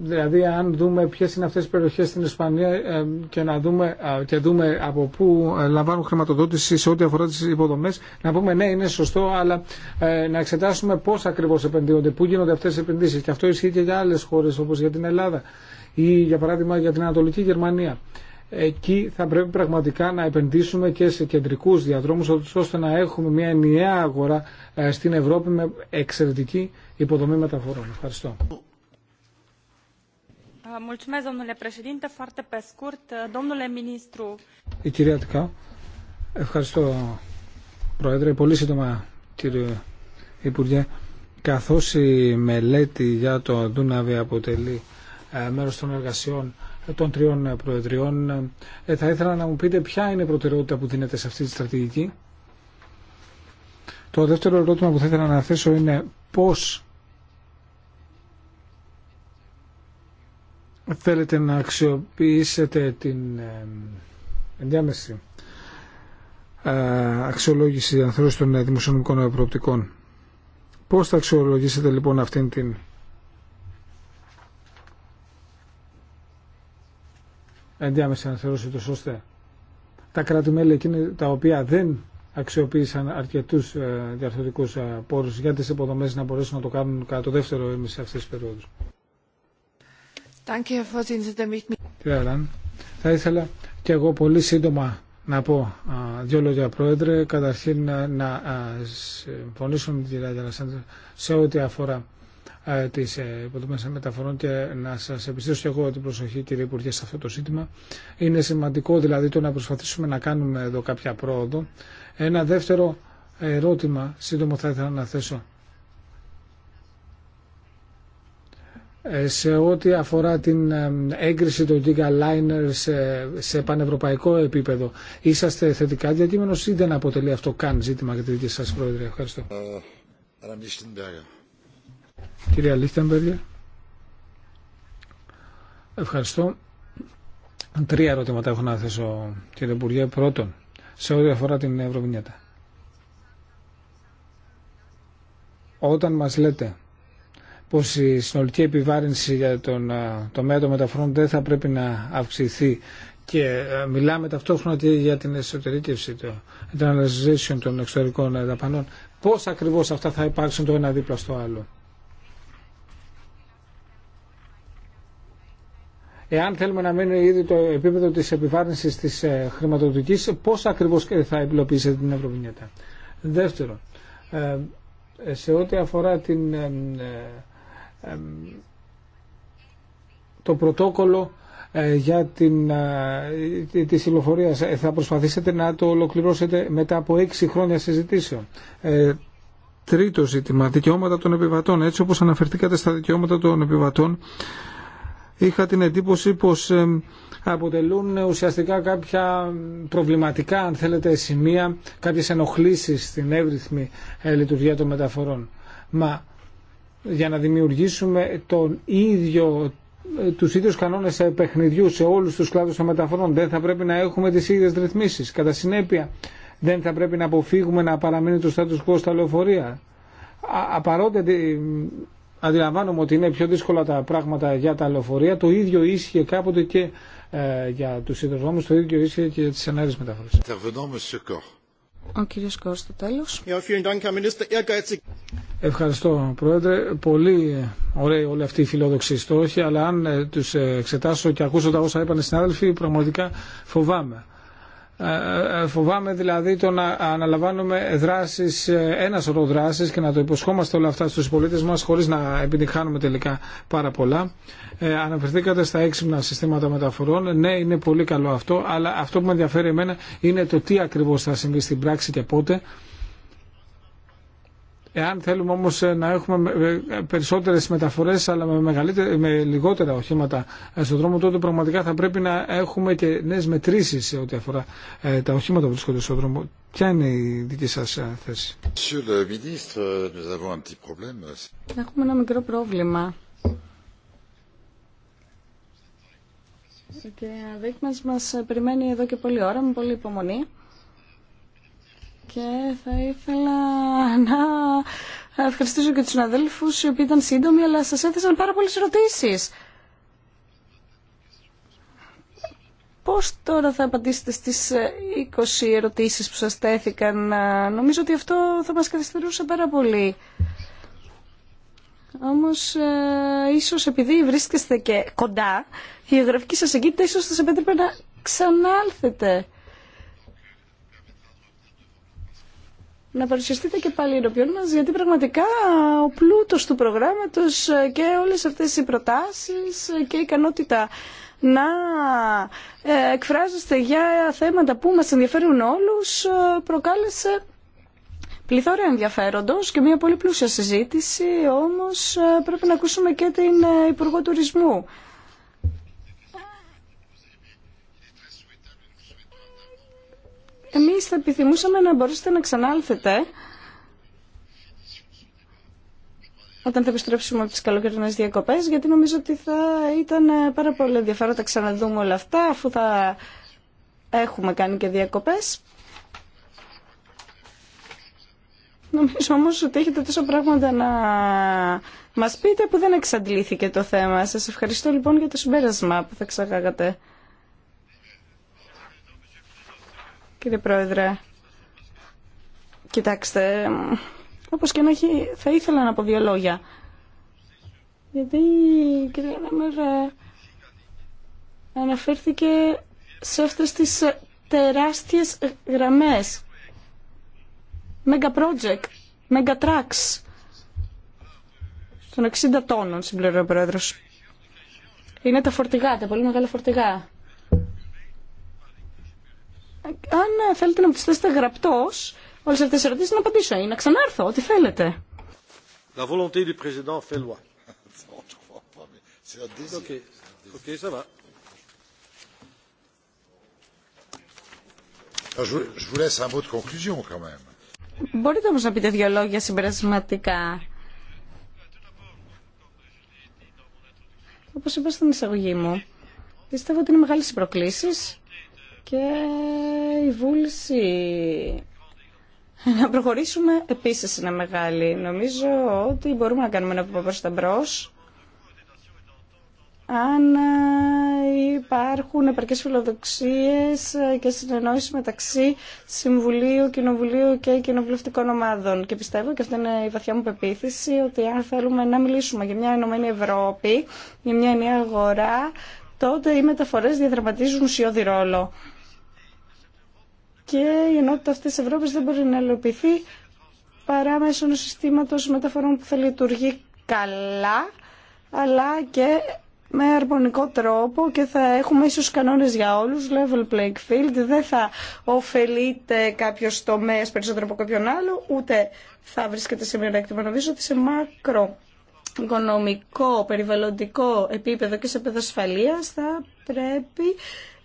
Speaker 4: Δηλαδή, αν δούμε ποιε είναι αυτέ οι περιοχέ στην Ισπανία ε, και, να δούμε, και δούμε από πού ε, λαμβάνουν χρηματοδότηση σε ό,τι αφορά τι υποδομέ, να πούμε ναι, είναι σωστό, αλλά ε, να εξετάσουμε πώ ακριβώ επενδύονται, πού γίνονται αυτέ οι επενδύσει. Και αυτό ισχύει και για άλλε χώρε, όπω για την Ελλάδα ή, για παράδειγμα, για την Ανατολική Γερμανία. Εκεί θα πρέπει πραγματικά να επενδύσουμε και σε κεντρικού διαδρόμου, ώστε να έχουμε μια ενιαία αγορά στην Ευρώπη με εξαιρετική υποδομή μεταφορών. Ευχαριστώ.
Speaker 2: Uh, domnule președinte, uh,
Speaker 4: ευχαριστώ Πρόεδρε. Πολύ σύντομα κύριε Υπουργέ, καθώς η μελέτη για το Δούναβι αποτελεί ε, μέρος των εργασιών των τριών Προεδριών, ε, θα ήθελα να μου πείτε ποια είναι η προτεραιότητα που δίνεται σε αυτή τη στρατηγική. Το δεύτερο ερώτημα που θα ήθελα να θέσω είναι πώς θέλετε να αξιοποιήσετε την ε, ενδιάμεση ε, αξιολόγηση ανθρώπων των ε, δημοσιονομικών προοπτικών. Πώς θα αξιολογήσετε λοιπόν αυτήν την ενδιάμεση αναθεώρηση το ώστε τα κράτη-μέλη τα οποία δεν αξιοποίησαν αρκετού διαρθρωτικού πόρου για τι υποδομέ να μπορέσουν να το κάνουν κατά το δεύτερο ήμιση αυτή τη περίοδου. Θα ήθελα και εγώ πολύ σύντομα να πω δύο λόγια, Πρόεδρε. Καταρχήν να συμφωνήσω με την κυρία σε ό,τι αφορά τι ε, υποδομέ μεταφορών και να σα επιστήσω και εγώ την προσοχή, κύριε Υπουργέ, σε αυτό το ζήτημα. Είναι σημαντικό δηλαδή το να προσπαθήσουμε να κάνουμε εδώ κάποια πρόοδο. Ένα δεύτερο ερώτημα, σύντομο θα ήθελα να θέσω Ε, σε ό,τι αφορά την ε, έγκριση των Liner σε, σε πανευρωπαϊκό επίπεδο. Είσαστε θετικά διακείμενος ή δεν αποτελεί αυτό καν ζήτημα για τη δική σας πρόεδρε. Ευχαριστώ.
Speaker 1: Ε,
Speaker 4: Κυρία Λίχτεμπεργε. Ευχαριστώ. Τρία ερωτήματα έχω να θέσω κύριε Υπουργέ. Πρώτον, σε ό,τι αφορά την Ευρωβινιέτα. Όταν μας λέτε πως η συνολική επιβάρυνση για τον ε, τομέα των μεταφορών δεν θα πρέπει να αυξηθεί και ε, μιλάμε ταυτόχρονα και για την εσωτερήκευση, των internalization των εξωτερικών ε, δαπανών. Πώς ακριβώς αυτά θα υπάρξουν το ένα δίπλα στο άλλο. Εάν θέλουμε να μείνει ήδη το επίπεδο της επιβάρυνσης της χρηματοδοτικής, πώς ακριβώς θα επιλοποιήσετε την Ευρωβινιέτα. Δεύτερο, σε ό,τι αφορά την το πρωτόκολλο ε, για την, ε, τη συλλοφορία. Ε, θα προσπαθήσετε να το ολοκληρώσετε μετά από έξι χρόνια συζητήσεων. Τρίτο ζήτημα, δικαιώματα των επιβατών. Έτσι όπως αναφερθήκατε στα δικαιώματα των επιβατών, είχα την εντύπωση πως αποτελούν ουσιαστικά κάποια προβληματικά, αν θέλετε, σημεία, κάποιες ενοχλήσεις στην εύρυθμη λειτουργία των μεταφορών. Μα για να δημιουργήσουμε τον ίδιο ε, τους ίδιους κανόνες παιχνιδιού σε όλους τους κλάδους των μεταφορών. Δεν θα πρέπει να έχουμε τις ίδιες ρυθμίσεις. Κατά συνέπεια, δεν θα πρέπει να αποφύγουμε να παραμείνει το status quo στα λεωφορεία. Απαρότε αντιλαμβάνομαι ότι είναι πιο δύσκολα τα πράγματα για τα λεωφορεία, το ίδιο ίσχυε κάποτε και ε, για τους συνδρομού, το ίδιο ίσχυε και για τις ενέργειες μεταφορές. Ευχαριστώ Πρόεδρε. Πολύ ε, ωραία όλοι αυτή οι φιλόδοξη στόχη, αλλά αν ε, τους ε, εξετάσω και ακούσω τα όσα είπαν οι συνάδελφοι, πραγματικά φοβάμαι ε, ε, ε, φοβάμαι δηλαδή το να αναλαμβάνουμε δράσεις, ένα σωρό δράσεις και να το υποσχόμαστε όλα αυτά στους πολίτες μας χωρίς να επιτυχάνουμε τελικά πάρα πολλά. αναφερθήκατε στα έξυπνα συστήματα μεταφορών. Ναι, είναι πολύ καλό αυτό, αλλά αυτό που με ενδιαφέρει εμένα είναι το τι ακριβώς θα συμβεί στην πράξη και πότε Εάν θέλουμε όμω ε, να έχουμε ε, ε, περισσότερες μεταφορές αλλά με, με λιγότερα οχήματα στον δρόμο τότε πραγματικά θα πρέπει να έχουμε και νέε μετρήσει σε ό,τι αφορά τα οχήματα που βρίσκονται στον δρόμο. Ποια είναι η δική σας θέση.
Speaker 2: Έχουμε ένα μικρό πρόβλημα. Και ο δείκμας μας περιμένει εδώ και πολύ ώρα με πολύ υπομονή. Και θα ήθελα να ευχαριστήσω και τους συναδέλφους οι οποίοι ήταν σύντομοι αλλά σας έθεσαν πάρα πολλές ερωτήσεις. Πώς τώρα θα απαντήσετε στις 20 ε, ερωτήσεις που σας τέθηκαν. Ε, νομίζω ότι αυτό θα μας καθυστερούσε πάρα πολύ. Όμως, ε, ίσως επειδή βρίσκεστε και κοντά, η γραφική σας εγκύτητα ίσως θα σε επέτρεπε να ξανάλθετε. να παρουσιαστείτε και πάλι ενώπιον μας, γιατί πραγματικά ο πλούτος του προγράμματος ε, και όλες αυτές οι προτάσεις ε, και η ικανότητα να ε, εκφράζεστε για θέματα που μας ενδιαφέρουν όλους προκάλεσε πληθώρα ενδιαφέροντος και μια πολύ πλούσια συζήτηση, όμως πρέπει να ακούσουμε και την Υπουργό Τουρισμού Εμείς θα επιθυμούσαμε να μπορούσατε να ξανάλθετε όταν θα επιστρέψουμε από τις καλοκαιρινές διακοπές, γιατί νομίζω ότι θα ήταν πάρα πολύ ενδιαφέρον να ξαναδούμε όλα αυτά, αφού θα έχουμε κάνει και διακοπές. Νομίζω όμως ότι έχετε τόσο πράγματα να μας πείτε που δεν εξαντλήθηκε το θέμα. Σας ευχαριστώ λοιπόν για το συμπέρασμα που θα ξαγάγατε. Κύριε Πρόεδρε, κοιτάξτε, όπως και να έχει, θα ήθελα να πω δύο λόγια. Γιατί, κύριε Νέμερ, αναφέρθηκε σε αυτές τις ε, τεράστιες ε, γραμμές. Mega project, mega trucks των 60 τόνων, συμπληρώνει ο Πρόεδρος. Είναι τα φορτηγά, τα πολύ μεγάλα φορτηγά. Αν θέλετε να μου τις θέσετε γραπτός, όλες αυτές τις ερωτήσεις να απαντήσω ή να ξανάρθω, ό,τι θέλετε.
Speaker 1: La volonté du président fait loi. Ah, je vous laisse
Speaker 2: Μπορείτε όμως να πείτε δύο λόγια συμπερασματικά. Όπως είπα στην εισαγωγή μου, πιστεύω ότι είναι μεγάλες οι προκλήσεις και η βούληση να προχωρήσουμε επίσης είναι μεγάλη. Νομίζω ότι μπορούμε να κάνουμε ένα βήμα προς τα μπρος αν ε, υπάρχουν επαρκές φιλοδοξίες και συνεννόηση μεταξύ Συμβουλίου, Κοινοβουλίου και Κοινοβουλευτικών Ομάδων. Και πιστεύω, και αυτή είναι η βαθιά μου πεποίθηση, ότι αν θέλουμε να μιλήσουμε για μια Ενωμένη Ευρώπη, για μια νέα αγορά, τότε οι μεταφορές διαδραματίζουν ουσιώδη ρόλο και η ενότητα αυτής της Ευρώπης δεν μπορεί να ελοπιθεί παρά μέσω ενός συστήματος μεταφορών που θα λειτουργεί καλά, αλλά και με αρμονικό τρόπο και θα έχουμε ίσω κανόνες για όλους, level playing field, δεν θα ωφελείται κάποιος τομέας περισσότερο από κάποιον άλλο, ούτε θα βρίσκεται σε μειονέκτημα. Νομίζω ότι σε μάκρο οικονομικό, περιβαλλοντικό επίπεδο και σε επίπεδο ασφαλείας θα πρέπει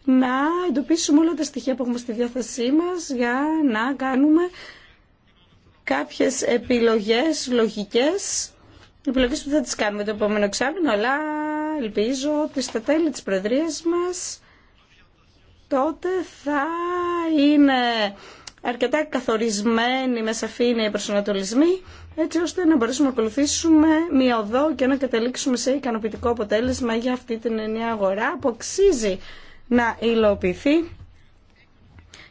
Speaker 2: να εντοπίσουμε όλα τα στοιχεία που έχουμε στη διάθεσή μας για να κάνουμε κάποιες επιλογές λογικές, επιλογές που θα τις κάνουμε το επόμενο εξάμεινο, αλλά ελπίζω ότι στα τέλη της Προεδρίας μας τότε θα είναι αρκετά καθορισμένοι με σαφήνεια οι προσανατολισμοί, έτσι ώστε να μπορέσουμε να ακολουθήσουμε μία οδό και να καταλήξουμε σε ικανοποιητικό αποτέλεσμα για αυτή την ενιαία αγορά που αξίζει να υλοποιηθεί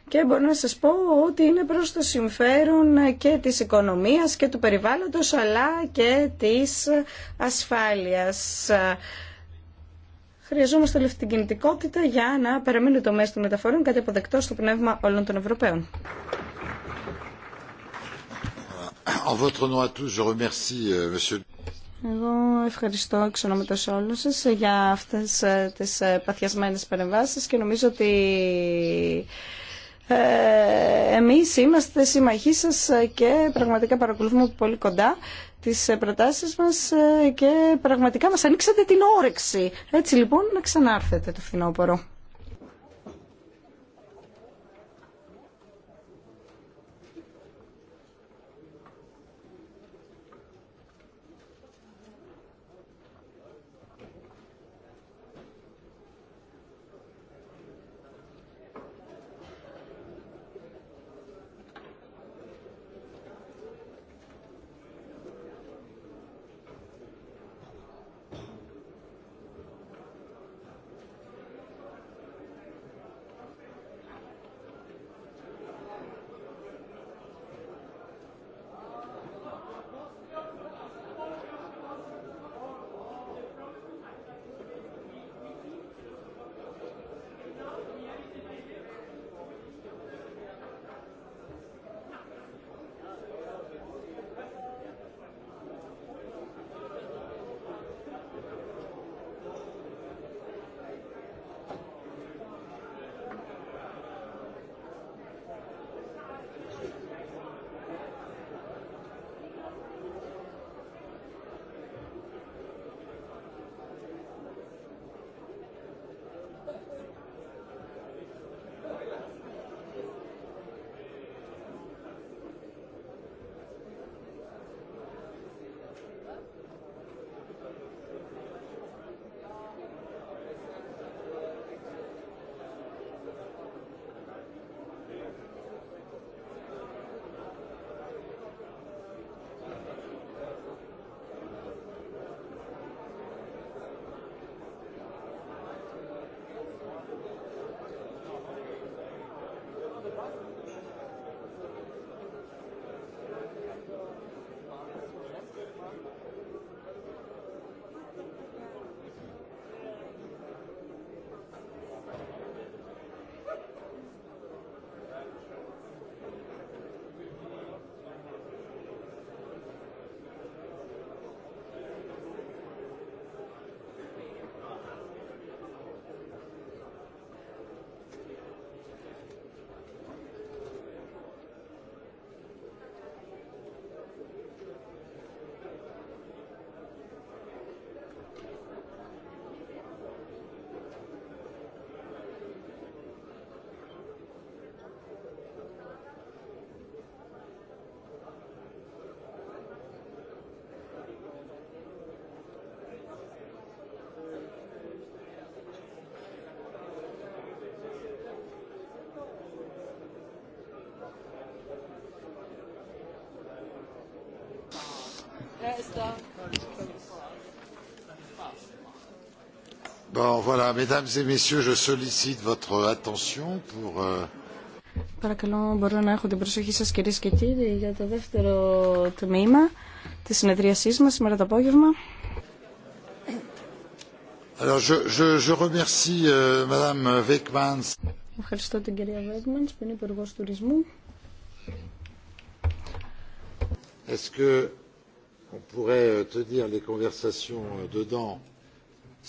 Speaker 2: και μπορώ να σας πω ότι είναι προς το συμφέρον και της οικονομίας και του περιβάλλοντος αλλά και της ασφάλειας. Χρειαζόμαστε όλη κινητικότητα για να παραμείνει το μέσο των μεταφορών κάτι αποδεκτό στο πνεύμα όλων των Ευρωπαίων. Euh, εγώ ευχαριστώ εξ ονόματος όλων σας για αυτές ε, τις ε, παθιασμένες παρεμβάσεις και νομίζω ότι ε, εμείς είμαστε συμμαχοί σας και πραγματικά παρακολουθούμε πολύ κοντά τις προτάσεις μας και πραγματικά μας ανοίξατε την όρεξη. Έτσι λοιπόν να ξανάρθετε το φθινόπωρο.
Speaker 1: mesdames messieurs, je votre attention euh,
Speaker 2: Παρακαλώ, μπορώ να έχω την προσοχή σας κυρίες και κύριοι για το δεύτερο τμήμα της συνεδρίασής μας σήμερα το απόγευμα.
Speaker 1: je, remercie, euh, Madame
Speaker 2: Ευχαριστώ την κυρία Βέγμαντς που είναι υπουργός
Speaker 1: pourrait euh, tenir les conversations euh, dedans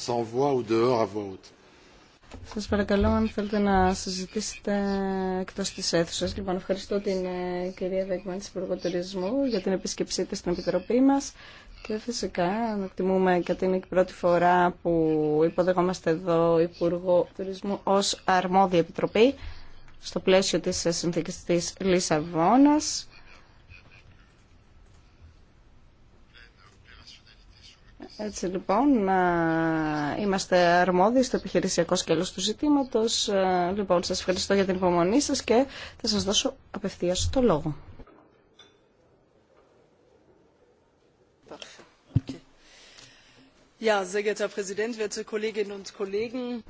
Speaker 1: sans voix ou dehors à voix
Speaker 2: παρακαλώ αν θέλετε να συζητήσετε εκτός της αίθουσας. Λοιπόν, ευχαριστώ την ε, κυρία Δέκμαν της Υπουργού Τουρισμού για την επίσκεψή της στην Επιτροπή μας και φυσικά εκτιμούμε και την πρώτη φορά που υποδεχόμαστε εδώ Υπουργό Τουρισμού ως αρμόδια επιτροπή στο πλαίσιο της ε, συνθήκης της Έτσι λοιπόν, είμαστε αρμόδιοι στο επιχειρησιακό σκέλος του ζητήματος. Λοιπόν, σας ευχαριστώ για την υπομονή σας και θα σας δώσω απευθείας το λόγο. Ja, sehr geehrter Präsident, werte Kolleginnen und Kollegen.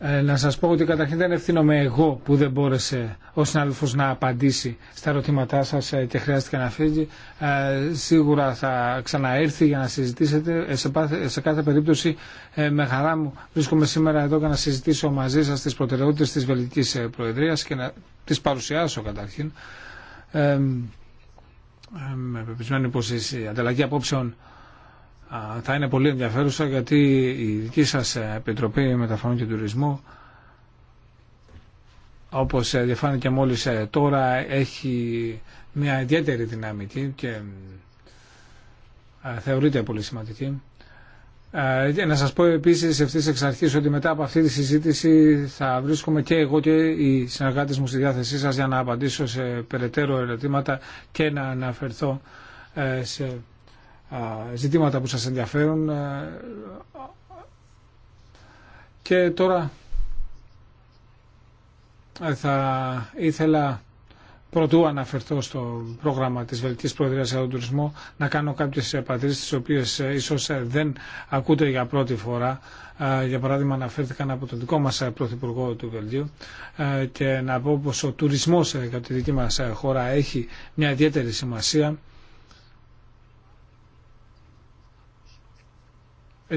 Speaker 4: Ε, να σας πω ότι καταρχήν δεν ευθύνομαι εγώ που δεν μπόρεσε ο συνάδελφος να απαντήσει στα ερωτήματά σας ε, και χρειάστηκε να φύγει. Ε, σίγουρα θα ξαναέρθει για να συζητήσετε. σε, κάθε περίπτωση με χαρά μου βρίσκομαι σήμερα εδώ για να συζητήσω μαζί σας τις προτεραιότητες της Βελγικής Προεδρίας και να τις παρουσιάσω καταρχήν. Ε, με πεπισμένη πως η ανταλλαγή απόψεων θα είναι πολύ ενδιαφέρουσα γιατί η δική σας Επιτροπή Μεταφορών και Τουρισμού όπως διαφάνηκε μόλις ε, τώρα έχει μια ιδιαίτερη δυναμική και ε, θεωρείται πολύ σημαντική. Ε, να σας πω επίσης ευθύς εξ αρχής ότι μετά από αυτή τη συζήτηση θα βρίσκομαι και εγώ και οι συνεργάτες μου στη διάθεσή σας για να απαντήσω σε περαιτέρω ερωτήματα και να αναφερθώ σε ζητήματα που σας ενδιαφέρουν. Ε, και τώρα ε, θα ήθελα Πρωτού αναφερθώ στο πρόγραμμα της Βελτικής Προεδρίας για τον τουρισμό να κάνω κάποιες παρατηρήσεις τις οποίες ε, ίσως δεν ακούτε για πρώτη φορά. Για παράδειγμα αναφέρθηκαν από τον δικό μας Πρωθυπουργό του Βελτιού και να πω πως ο τουρισμός για τη δική μας χώρα έχει μια ιδιαίτερη σημασία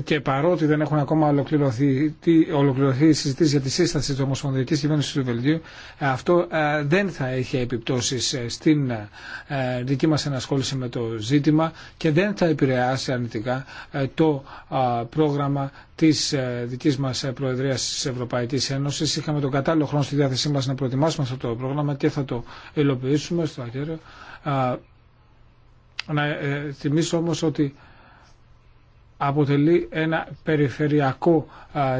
Speaker 4: και παρότι δεν έχουν ακόμα ολοκληρωθεί, ολοκληρωθεί οι συζητήσει για τη σύσταση τη Ομοσπονδιακή Κυβέρνηση του Βελγίου, ε, αυτό ε, δεν θα έχει επιπτώσει ε, στην δική μα ενασχόληση με το ζήτημα και δεν θα επηρεάσει αρνητικά το πρόγραμμα τη δική μα Προεδρία τη Ευρωπαϊκή Ένωση. Είχαμε τον κατάλληλο χρόνο στη διάθεσή μα να προετοιμάσουμε αυτό το πρόγραμμα και θα το υλοποιήσουμε στο ακέραιο. Να θυμίσω όμω ότι αποτελεί ένα περιφερειακό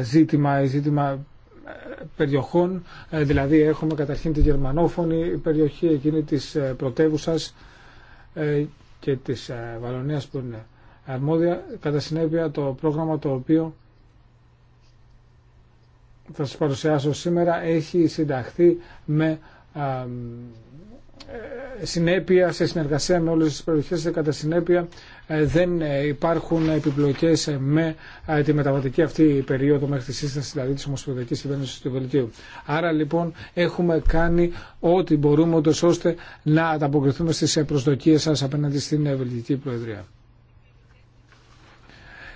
Speaker 4: ζήτημα, ε, ζήτημα ε, περιοχών. Ε, δηλαδή έχουμε καταρχήν τη γερμανόφωνη περιοχή εκείνη της πρωτεύουσα και της Βαλωνίας που είναι αρμόδια. Κατά συνέπεια το πρόγραμμα το οποίο θα σας παρουσιάσω σήμερα έχει συνταχθεί με συνέπεια σε συνεργασία με όλες τις περιοχές και κατά συνέπεια ε, δεν ε, υπάρχουν επιπλοκές ε, με τη μεταβατική αυτή περίοδο μέχρι τη σύσταση δηλαδή της Ομοσπονδιακής Κυβέρνησης του Βελγίου. Άρα λοιπόν έχουμε κάνει ό,τι μπορούμε ούτως ώστε να ανταποκριθούμε στις προσδοκίες σας απέναντι στην Βελγική Προεδρία.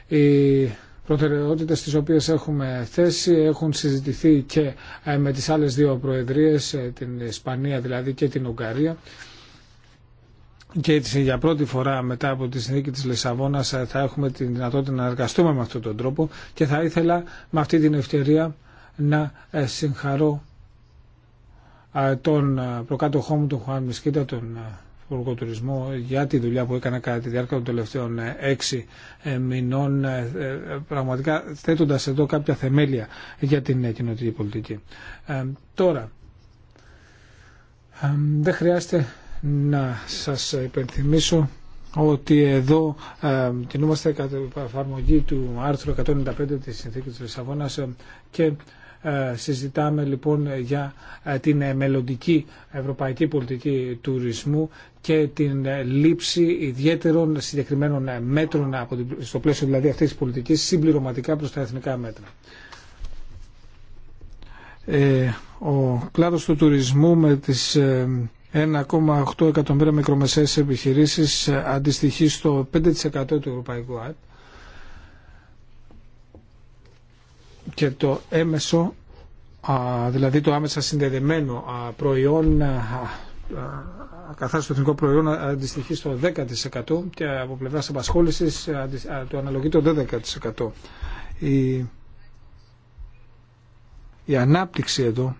Speaker 4: Οι προτεραιότητε τις οποίες έχουμε θέσει έχουν συζητηθεί και με τις άλλες δύο προεδρίες, την Ισπανία δηλαδή και την Ουγγαρία και έτσι για πρώτη φορά μετά από τη συνθήκη της Λισαβόνας ε, θα έχουμε τη δυνατότητα να εργαστούμε με αυτόν τον τρόπο και θα ήθελα με αυτή την ευκαιρία να ε, συγχαρώ ε, τον προκάτοχό μου, τον Χουάν Μισκίτα, τον Υπουργό Τουρισμό, για τη δουλειά που έκανα κατά τη διάρκεια των τελευταίων έξι μηνών, πραγματικά θέτοντας εδώ κάποια θεμέλια για την κοινωτική πολιτική. Τώρα, δεν χρειάζεται να σας υπενθυμίσω ότι εδώ ε, κινούμαστε κατά εφαρμογή του άρθρου 195 της Συνθήκης της Λισαβόνας και ε, συζητάμε λοιπόν για ε, την μελλοντική ευρωπαϊκή πολιτική τουρισμού και την ε, λήψη ιδιαίτερων συγκεκριμένων μέτρων από την, στο πλαίσιο δηλαδή αυτής της πολιτικής συμπληρωματικά προς τα εθνικά μέτρα. ο κλάδος του τουρισμού με τις 1,8 εκατομμύρια μικρομεσαίες επιχειρήσεις ε, αντιστοιχεί στο 5% του ευρωπαϊκού ΑΕΠ και το έμεσο δηλαδή το άμεσα συνδεδεμένο προϊόν καθάριση του εθνικό προϊόν αντιστοιχεί στο 10% και από πλευρά απασχόλησης το αναλογεί το 12%. Η, η ανάπτυξη εδώ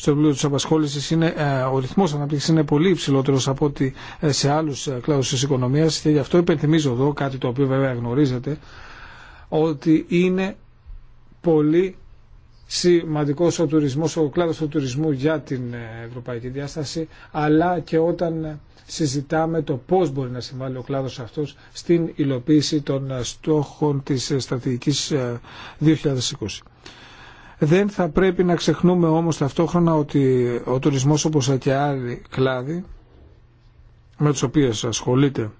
Speaker 4: στο πλοίο τη απασχόληση είναι, ε, ο ρυθμό ανάπτυξη είναι πολύ υψηλότερο από ότι ε, σε άλλου ε, κλάδου τη οικονομία και γι' αυτό υπενθυμίζω εδώ κάτι το οποίο βέβαια γνωρίζετε, ότι είναι πολύ σημαντικό ο τουρισμό, ο κλάδο του τουρισμού για την ευρωπαϊκή διάσταση, αλλά και όταν συζητάμε το πώ μπορεί να συμβάλλει ο κλάδο αυτό στην υλοποίηση των στόχων τη στρατηγική 2020. Δεν θα πρέπει να ξεχνούμε όμως ταυτόχρονα ότι ο τουρισμός όπως και άλλοι κλάδοι με τους οποίους ασχολείται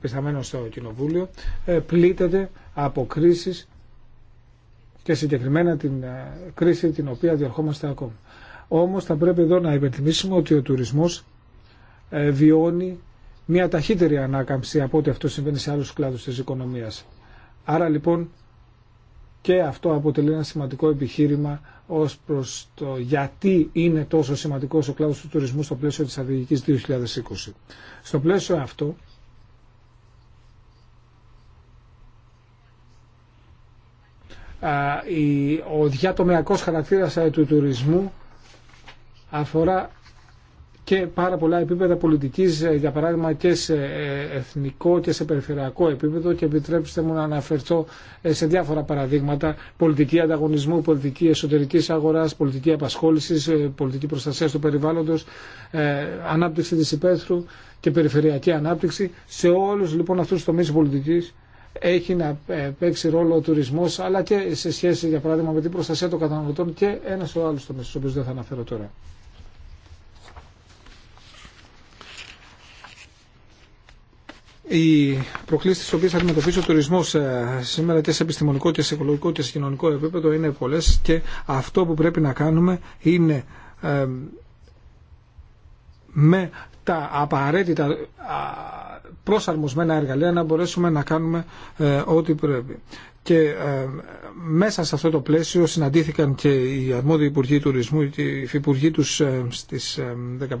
Speaker 4: πεθαμένο στο Κοινοβούλιο ε, πλήττεται από κρίσεις και συγκεκριμένα την ε, κρίση την οποία διερχόμαστε ακόμα. Όμως θα πρέπει εδώ να υπενθυμίσουμε ότι ο τουρισμός ε, βιώνει μια ταχύτερη ανάκαμψη από ό,τι αυτό συμβαίνει σε άλλους κλάδους της οικονομίας. Άρα λοιπόν και αυτό αποτελεί ένα σημαντικό επιχείρημα ως προς το γιατί είναι τόσο σημαντικός ο κλάδος του τουρισμού στο πλαίσιο της Αδηγική 2020. Στο πλαίσιο αυτό ο διατομιακός χαρακτήρας ε, του τουρισμού αφορά και πάρα πολλά επίπεδα πολιτικής, ε, για παράδειγμα και σε ε, εθνικό και σε περιφερειακό επίπεδο και επιτρέψτε μου να αναφερθώ ε, σε διάφορα παραδείγματα πολιτική ανταγωνισμού, πολιτική εσωτερικής αγοράς, πολιτική απασχόλησης, πολιτική προστασία του περιβάλλοντος, ανάπτυξη της υπαίθρου και περιφερειακή ανάπτυξη. Σε όλους λοιπόν αυτούς τους τομείς πολιτικής έχει να παίξει ρόλο ο τουρισμός αλλά και σε σχέση για παράδειγμα με την προστασία των καταναλωτών και ένας ο άλλος τομέα στου οποίου δεν θα αναφέρω τώρα. οι προκλήσει τι οποίε αντιμετωπίζει ο τουρισμό ε, σήμερα και σε επιστημονικό και σε οικολογικό και σε κοινωνικό επίπεδο είναι πολλέ και αυτό που πρέπει να κάνουμε είναι ε, με τα απαραίτητα προσαρμοσμένα εργαλεία να μπορέσουμε να κάνουμε ε, ό,τι πρέπει. Και ε, μέσα σε αυτό το πλαίσιο συναντήθηκαν και οι αρμόδιοι Υπουργοί Τουρισμού και οι Υφυπουργοί τους ε, στις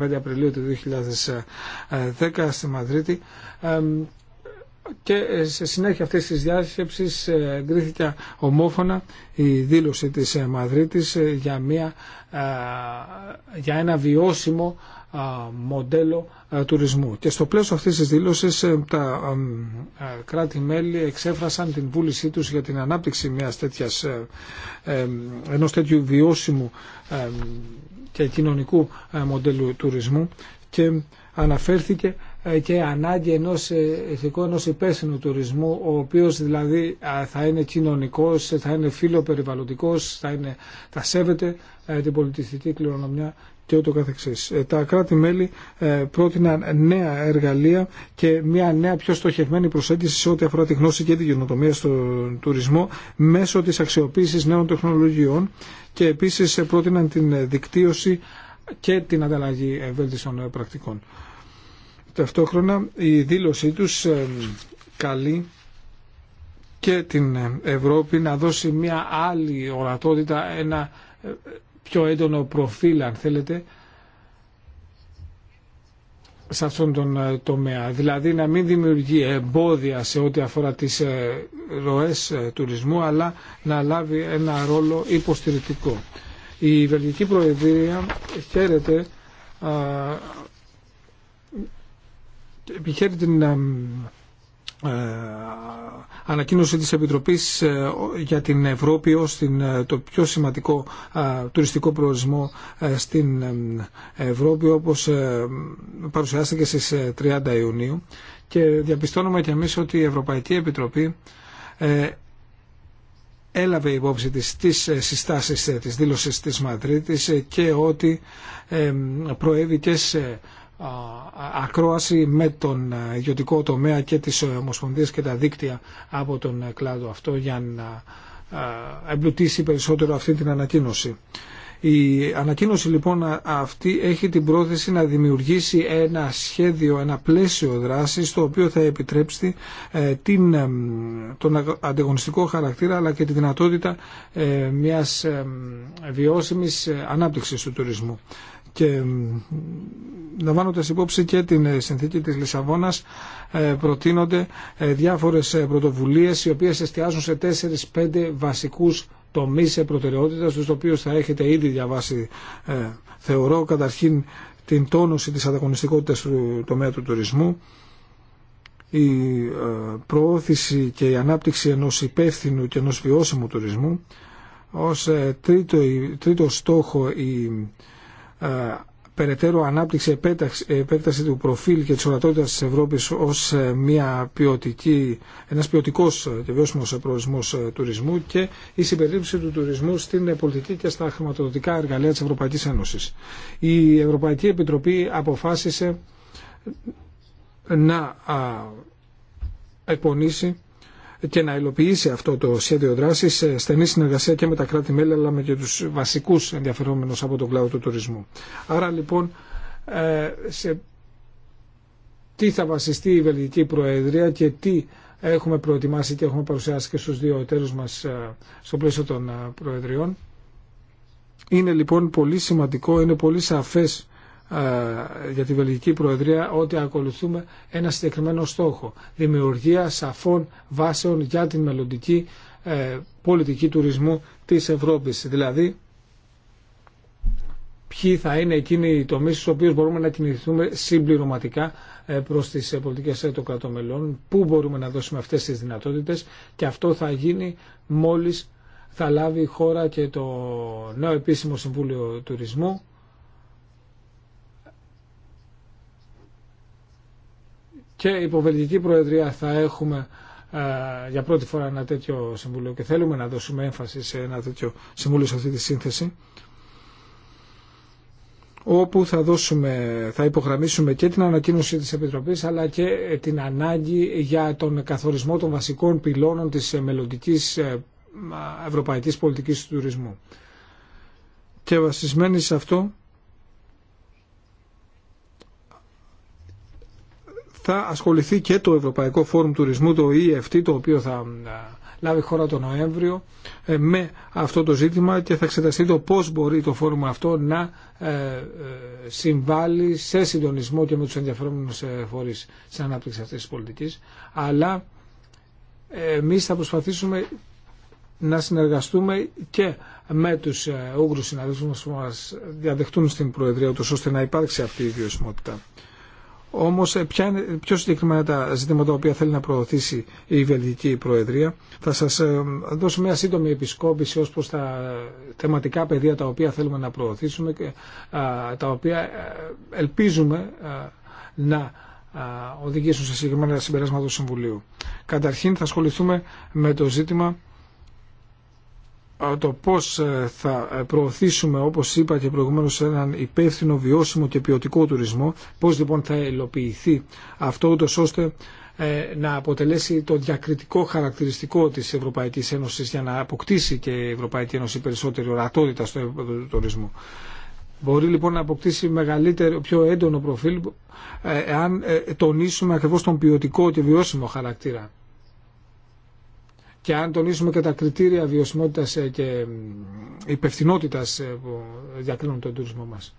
Speaker 4: 15 ε, Απριλίου του 2010 στη Μαδρίτη και σε συνέχεια αυτής της διάσκεψης εγκρίθηκε ομόφωνα η δήλωση της Μαδρίτης για, μια, για ένα βιώσιμο μοντέλο τουρισμού. Και στο πλαίσιο αυτής της δήλωσης ε, τα κράτη-μέλη εξέφρασαν την βούλησή τους για την ανάπτυξη μιας τέτοιας, ε, ε, ενός τέτοιου βιώσιμου και κοινωνικού μοντέλου τουρισμού και αναφέρθηκε και ανάγκη ενός ηθικού, ενός υπεύθυνου τουρισμού, ο οποίος δηλαδή θα είναι κοινωνικός, θα είναι φιλοπεριβαλλοντικός, θα, είναι, θα σέβεται την πολιτιστική κληρονομιά και ούτω ε, Τα κράτη-μέλη ε, πρότειναν νέα εργαλεία και μια νέα πιο στοχευμένη προσέγγιση σε ό,τι αφορά τη γνώση και την γενοτομία στον τουρισμό μέσω της αξιοποίησης νέων τεχνολογιών και επίσης ε, πρότειναν την δικτύωση και την ανταλλαγή βέλτιστων πρακτικών. Ταυτόχρονα η δήλωσή τους καλεί και την Ευρώπη να δώσει μια άλλη ορατότητα, ένα πιο έντονο προφίλ αν θέλετε σε αυτόν τον ε, τομέα. Δηλαδή να μην δημιουργεί εμπόδια σε ό,τι αφορά τις ε, ροές ε, τουρισμού αλλά να λάβει ένα ρόλο υποστηρικτικό. Η Βελγική Προεδρία χαίρεται επιχαίρεται την ανακοίνωση της Επιτροπής ε, για την Ευρώπη ως ε, το πιο σημαντικό ε, τουριστικό προορισμό στην Ευρώπη όπως παρουσιάστηκε στις 30 Ιουνίου και διαπιστώνουμε και εμείς ότι η Ευρωπαϊκή Επιτροπή έλαβε υπόψη της τις συστάσεις της δήλωσης της Μαδρίτης και ότι προέβη και σε ακρόαση με τον ε, ιδιωτικό τομέα και τις ε, ομοσπονδίες και τα δίκτυα από τον ε, κλάδο αυτό για να εμπλουτίσει περισσότερο αυτή την ανακοίνωση. Η ανακοίνωση λοιπόν αυτή έχει την πρόθεση να δημιουργήσει ένα σχέδιο, ένα πλαίσιο δράσης το οποίο θα επιτρέψει την, τον ανταγωνιστικό χαρακτήρα αλλά και τη δυνατότητα μιας βιώσιμης ανάπτυξης του τουρισμού και λαμβάνοντα υπόψη και την ε, συνθήκη της Λισαβόνας ε, προτείνονται ε, διάφορες πρωτοβουλίες οι οποίες εστιάζουν σε 4-5 βασικούς τομείς προτεραιότητα, τους οποίους θα έχετε ήδη διαβάσει θεωρώ καταρχήν την τόνωση της ανταγωνιστικότητας του τομέα του τουρισμού η προώθηση και η ανάπτυξη ενός υπεύθυνου και ενός βιώσιμου τουρισμού ως τρίτο, στόχο η ε, περαιτέρω ανάπτυξη, επέκταση του προφίλ και της ορατότητας της Ευρώπης ως ε, μια ποιοτική, ένας ποιοτικός ε, και βιώσιμος προορισμός τουρισμού και η συμπερίληψη του τουρισμού στην πολιτική και στα χρηματοδοτικά εργαλεία της Ευρωπαϊκής Ένωσης. Η Ευρωπαϊκή Επιτροπή αποφάσισε να εκπονήσει και να υλοποιήσει αυτό το σχέδιο δράση σε στενή συνεργασία και με τα κράτη-μέλη αλλά με και του βασικού ενδιαφερόμενου από τον κλάδο του τουρισμού. Άρα λοιπόν, ε, σε τι θα βασιστεί η Βελγική Προεδρία και τι έχουμε προετοιμάσει και έχουμε παρουσιάσει και στους δύο εταίρους μας ε, στο πλαίσιο των ε, Προεδριών. Είναι λοιπόν πολύ σημαντικό, είναι πολύ σαφές ε, για τη Βελγική Προεδρία ότι ακολουθούμε ένα συγκεκριμένο στόχο. Δημιουργία σαφών βάσεων για την μελλοντική ε, πολιτική τουρισμού της Ευρώπης. Δηλαδή, ποιοι θα είναι εκείνοι οι τομείς στους οποίους μπορούμε να κινηθούμε συμπληρωματικά ε, προς τις πολιτικές των κρατομελών, πού μπορούμε να δώσουμε αυτές τις δυνατότητες και αυτό θα γίνει μόλις θα λάβει η χώρα και το νέο επίσημο Συμβούλιο Τουρισμού και υπό Βελγική Προεδρία θα έχουμε ε, για πρώτη φορά ένα τέτοιο συμβούλιο και θέλουμε να δώσουμε έμφαση σε ένα τέτοιο συμβούλιο σε αυτή τη σύνθεση όπου θα, δώσουμε, θα υπογραμμίσουμε και την ανακοίνωση της Επιτροπής αλλά και την ανάγκη για τον καθορισμό των βασικών πυλώνων της μελλοντική ε, ευρωπαϊκής πολιτικής του τουρισμού. Και βασισμένη σε αυτό θα ασχοληθεί και το Ευρωπαϊκό Φόρουμ Τουρισμού, το EFT, το οποίο θα ε, λάβει χώρα τον Νοέμβριο ε, με αυτό το ζήτημα και θα εξεταστεί το πώς μπορεί το φόρουμ αυτό να ε, συμβάλλει σε συντονισμό και με τους ενδιαφερόμενους φορείς σε ανάπτυξη αυτής της πολιτικής. Αλλά εμείς θα προσπαθήσουμε να συνεργαστούμε και με τους Ούγγρους συναδέλφους που μας διαδεχτούν στην Προεδρία, ώστε να υπάρξει αυτή η βιωσιμότητα. Όμω, ε, ποια είναι πιο συγκεκριμένα τα ζητήματα τα οποία θέλει να προωθήσει η Βελγική Προεδρία. Θα σα ε, δώσω μια σύντομη επισκόπηση ω προ τα θεματικά πεδία τα οποία θέλουμε να προωθήσουμε και τα οποία ε, ελπίζουμε να οδηγήσουν σε συγκεκριμένα συμπεράσματα του Συμβουλίου. Καταρχήν, θα ασχοληθούμε με το ζήτημα το πώς ε, θα ε, προωθήσουμε όπως είπα και προηγουμένως έναν υπεύθυνο, βιώσιμο και ποιοτικό τουρισμό, πώς λοιπόν θα υλοποιηθεί αυτό ούτως ώστε ε, να αποτελέσει το διακριτικό χαρακτηριστικό της Ευρωπαϊκής Ένωσης για να αποκτήσει και η Ευρωπαϊκή Ένωση περισσότερη ορατότητα στο τουρισμό. Μπορεί λοιπόν να αποκτήσει μεγαλύτερο, πιο έντονο προφίλ εάν τονίσουμε ακριβώς τον ποιοτικό και βιώσιμο χαρακτήρα και αν τονίσουμε και τα κριτήρια βιωσιμότητας ε, και υπευθυνότητας ε, που διακρίνουν τον τουρισμό μας.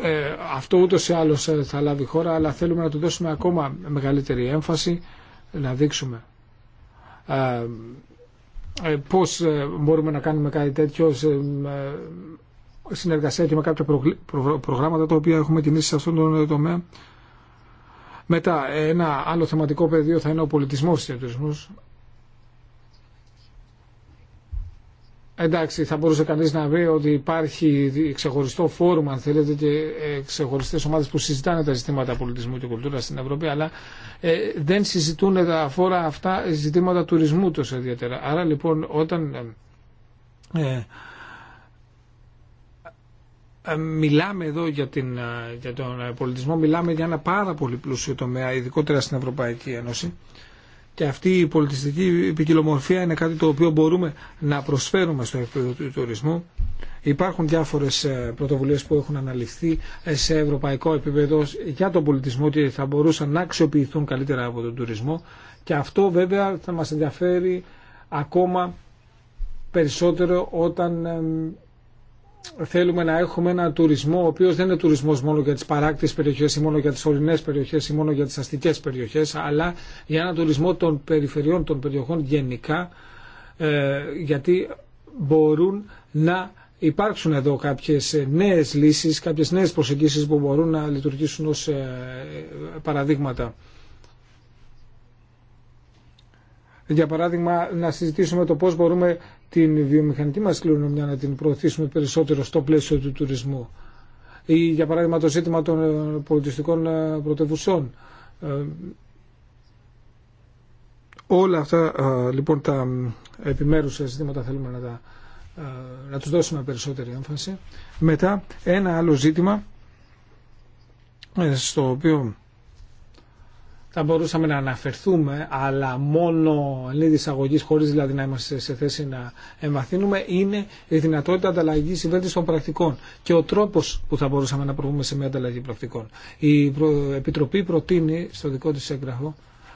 Speaker 4: Ε, αυτό ούτως ή άλλως θα λάβει χώρα, αλλά θέλουμε να του δώσουμε ακόμα μεγαλύτερη έμφαση, να δείξουμε ε, πώς μπορούμε να κάνουμε κάτι τέτοιο συνεργασία και με κάποια προγράμματα τα οποία έχουμε κινήσει σε αυτόν τον τομέα μετά, ένα άλλο θεματικό πεδίο θα είναι ο πολιτισμός και ο Εντάξει, θα μπορούσε κανεί να βρει ότι υπάρχει ξεχωριστό φόρουμ, αν θέλετε, και ε, ξεχωριστέ ομάδε που συζητάνε τα ζητήματα πολιτισμού και κουλτούρα στην Ευρώπη, αλλά ε, δεν συζητούν τα αφορά αυτά ζητήματα τουρισμού τόσο ιδιαίτερα. Άρα λοιπόν, όταν ε, ε, μιλάμε εδώ για, την, ε, για τον ε, πολιτισμό, μιλάμε για ένα πάρα πολύ πλούσιο τομέα, ειδικότερα στην Ευρωπαϊκή Ένωση. Και αυτή η πολιτιστική ποικιλομορφία είναι κάτι το οποίο μπορούμε να προσφέρουμε στο επίπεδο του τουρισμού. Υπάρχουν διάφορες πρωτοβουλίες που έχουν αναλυφθεί σε ευρωπαϊκό επίπεδο για τον πολιτισμό και θα μπορούσαν να αξιοποιηθούν καλύτερα από τον τουρισμό. Και αυτό βέβαια θα μα ενδιαφέρει ακόμα περισσότερο όταν θέλουμε να έχουμε ένα τουρισμό ο οποίος δεν είναι τουρισμός μόνο για τις παράκτη περιοχές ή μόνο για τις ορεινές περιοχές ή μόνο για τις αστικές περιοχές αλλά για ένα τουρισμό των περιφερειών, των περιοχών γενικά ε, γιατί μπορούν να υπάρξουν εδώ κάποιες νέες λύσεις, κάποιες νέες προσεγγίσεις που μπορούν να λειτουργήσουν ως ε, παραδείγματα. Για παράδειγμα, να συζητήσουμε το πώς μπορούμε την βιομηχανική μας κληρονομιά να την προωθήσουμε περισσότερο στο πλαίσιο του τουρισμού. Ή για παράδειγμα το ζήτημα των ε, πολιτιστικών ε, πρωτευουσών. Ε, όλα αυτά λοιπόν τα επιμέρους ζητήματα θέλουμε να, τα, να τους δώσουμε περισσότερη έμφαση. Μετά ένα άλλο ζήτημα στο οποίο θα μπορούσαμε να αναφερθούμε, αλλά μόνο λίγη εισαγωγή, χωρί δηλαδή να είμαστε σε θέση να εμβαθύνουμε είναι η δυνατότητα ανταλλαγή συμβέντηση των πρακτικών και ο τρόπο που θα μπορούσαμε να προβούμε σε μια ανταλλαγή πρακτικών. Η Επιτροπή προτείνει στο δικό τη έγγραφο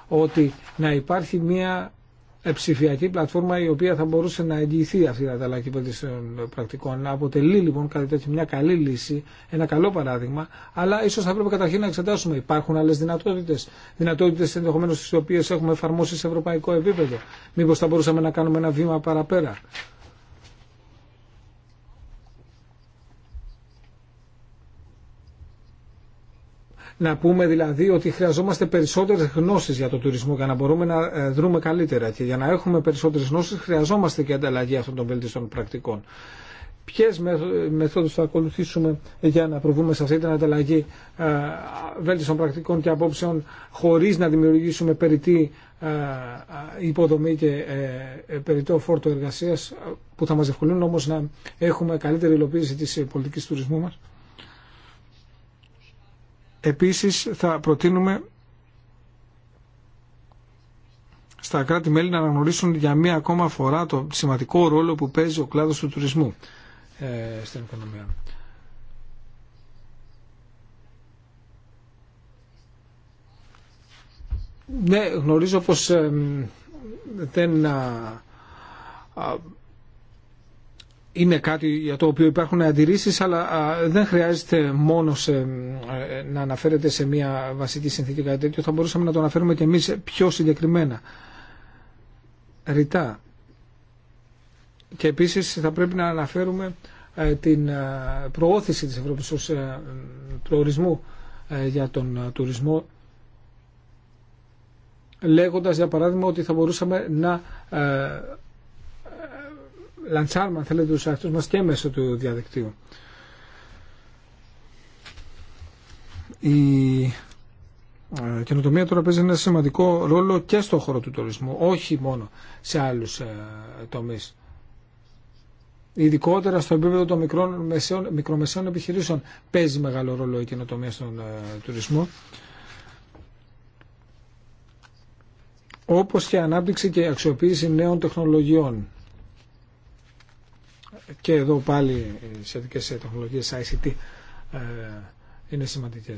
Speaker 4: ότι να υπάρχει μια ψηφιακή πλατφόρμα η οποία θα μπορούσε να εγγυηθεί αυτή η ανταλλαγή βελτιστών πρακτικών. αποτελεί λοιπόν κάτι τέτοιο μια καλή λύση, ένα καλό παράδειγμα, αλλά ίσω θα πρέπει καταρχήν να εξετάσουμε. Υπάρχουν άλλε δυνατότητε. Δυνατότητε ενδεχομένω τι οποίε έχουμε εφαρμόσει σε ευρωπαϊκό επίπεδο. Μήπω θα μπορούσαμε να κάνουμε ένα βήμα παραπέρα. να πούμε δηλαδή ότι χρειαζόμαστε περισσότερες γνώσεις για το τουρισμό για να μπορούμε να ε, δρούμε καλύτερα και για να έχουμε περισσότερες γνώσεις χρειαζόμαστε και ανταλλαγή αυτών των βέλτιστων πρακτικών. Ποιε μεθόδου θα ακολουθήσουμε για να προβούμε σε αυτή την ανταλλαγή ε, βέλτιστων πρακτικών και απόψεων χωρί να δημιουργήσουμε περιττή ε, υποδομή και περιττό φόρτο εργασία που θα μα ευκολύνουν όμω να έχουμε καλύτερη υλοποίηση τη πολιτική τουρισμού μα. Επίσης θα προτείνουμε στα κράτη-μέλη να αναγνωρίσουν για μία ακόμα φορά το σημαντικό ρόλο που παίζει ο κλάδος του τουρισμού ε, στην οικονομία. Ναι, γνωρίζω πως ε, δεν είναι κάτι για το οποίο υπάρχουν αντιρρήσεις αλλά δεν χρειάζεται μόνος ε, να αναφέρεται σε μια βασική συνθήκη κάτι τέτοιο θα μπορούσαμε να το αναφέρουμε και εμείς πιο συγκεκριμένα ρητά και επίσης θα πρέπει να αναφέρουμε ε, την ε, προώθηση της Ευρώπης ως προορισμού για τον τουρισμό λέγοντας για παράδειγμα ότι θα μπορούσαμε να λαντσάρουμε αν θέλετε τους αυτούς μας και μέσω του διαδικτύου. Η ε, καινοτομία τώρα παίζει ένα σημαντικό ρόλο και στον χώρο του τουρισμού, όχι μόνο σε άλλους ε, τομείς. Ειδικότερα στο επίπεδο των μικρών, μικρομεσαίων επιχειρήσεων παίζει μεγάλο ρόλο η καινοτομία στον ε, τουρισμό. όπως και ανάπτυξη και αξιοποίηση νέων τεχνολογιών και εδώ πάλι οι σχετικέ ε, τεχνολογίες ICT ε, είναι σημαντικέ.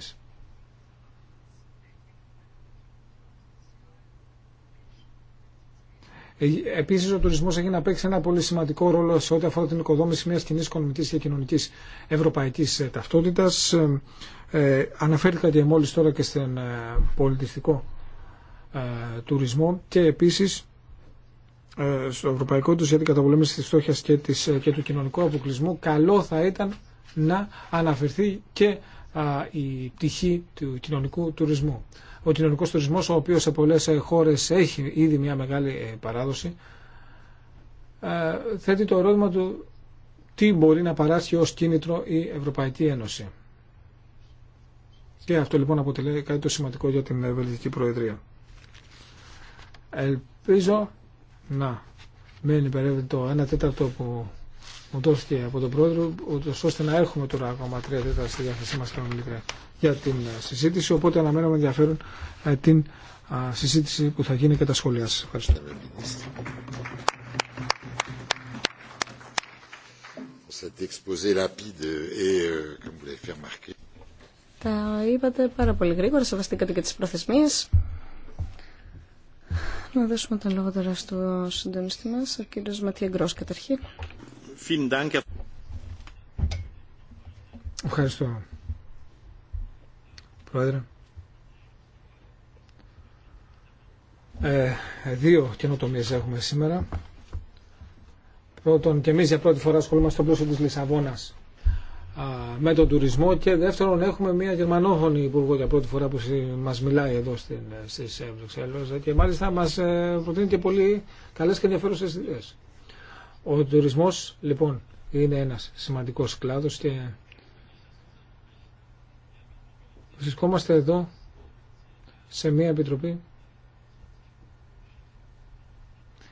Speaker 4: Ε, επίση, ο τουρισμό έχει να παίξει ένα πολύ σημαντικό ρόλο σε ό,τι αφορά την οικοδόμηση μια κοινή οικονομική και κοινωνική ευρωπαϊκή ταυτότητα. Ε, αναφέρθηκα και μόλι τώρα και στον πολιτιστικό τουρισμό και επίση ε, στο ευρωπαϊκό του για την καταπολέμηση της φτώχειας ε, και, του κοινωνικού αποκλεισμού καλό θα ήταν να αναφερθεί και η πτυχή του κοινωνικού τουρισμού. Ο κοινωνικός τουρισμός, ο οποίος σε πολλές ε, χώρες έχει ήδη μια μεγάλη παράδοση, θέτει το ερώτημα του τι μπορεί να παράσχει ως κίνητρο η Ευρωπαϊκή Ένωση. Και αυτό λοιπόν αποτελεί κάτι το σημαντικό για την Βελγική Προεδρία. Ελπίζω να μένει περίπου το 1 τέταρτο που μου δόθηκε από τον πρόεδρο, ώστε να έχουμε τώρα ακόμα 3 τέταρτα στη διάθεσή μα κανονικά για την ε, συζήτηση. Οπότε αναμένω με ενδιαφέρον ε, την συζήτηση που θα γίνει και τα σχόλιά σα. Ευχαριστώ.
Speaker 1: Euh,
Speaker 2: τα είπατε πάρα πολύ γρήγορα, σεβαστήκατε και τις προθεσμίες. Να δώσουμε τα λόγο τώρα στο συντονιστή μας, ο κύριος Ματία Γκρός καταρχήν.
Speaker 4: Ευχαριστώ. Πρόεδρε. Ε, δύο καινοτομίες έχουμε σήμερα. Πρώτον, και εμείς για πρώτη φορά ασχολούμαστε στο πλούσιο της Λισαβόνας με τον τουρισμό και δεύτερον έχουμε μια γερμανόφωνη υπουργό για πρώτη φορά που μας μιλάει εδώ στην, ε, στις ε, Βρυξέλλες και μάλιστα μας ε, προτείνει και πολύ καλές και ενδιαφέρουσες ιδέες. Ο τουρισμός λοιπόν είναι ένας σημαντικός κλάδος και βρισκόμαστε εδώ σε μια επιτροπή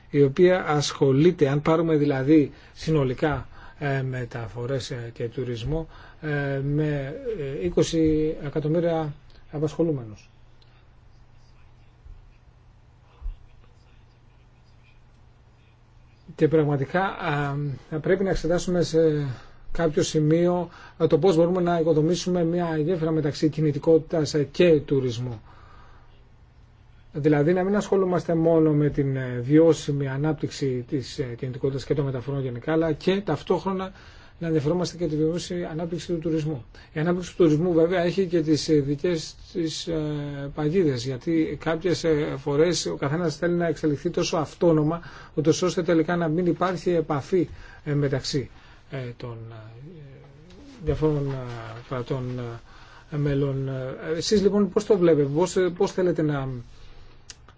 Speaker 4: η οποία ασχολείται, αν πάρουμε δηλαδή συνολικά ε, μεταφορές ε, και τουρισμό ε, με 20 εκατομμύρια απασχολούμενους. Και πραγματικά πρέπει να εξετάσουμε σε κάποιο σημείο το πώς μπορούμε να οικοδομήσουμε μια γέφυρα μεταξύ κινητικότητας και τουρισμού. Δηλαδή να μην ασχολούμαστε μόνο με την ε, βιώσιμη ανάπτυξη της ε, κινητικότητας και των μεταφορών γενικά, αλλά και ταυτόχρονα να ενδιαφερόμαστε και τη βιώσιμη ανάπτυξη του τουρισμού. Η ανάπτυξη του τουρισμού βέβαια έχει και τις ε, δικές της παγίδες, γιατί κάποιες φορές ο καθένας θέλει να εξελιχθεί τόσο αυτόνομα, ούτως ώστε τελικά να μην υπάρχει επαφή μεταξύ των διαφόρων κρατών μέλων. Εσείς λοιπόν πώς το βλέπετε, πώς, πώς θέλετε να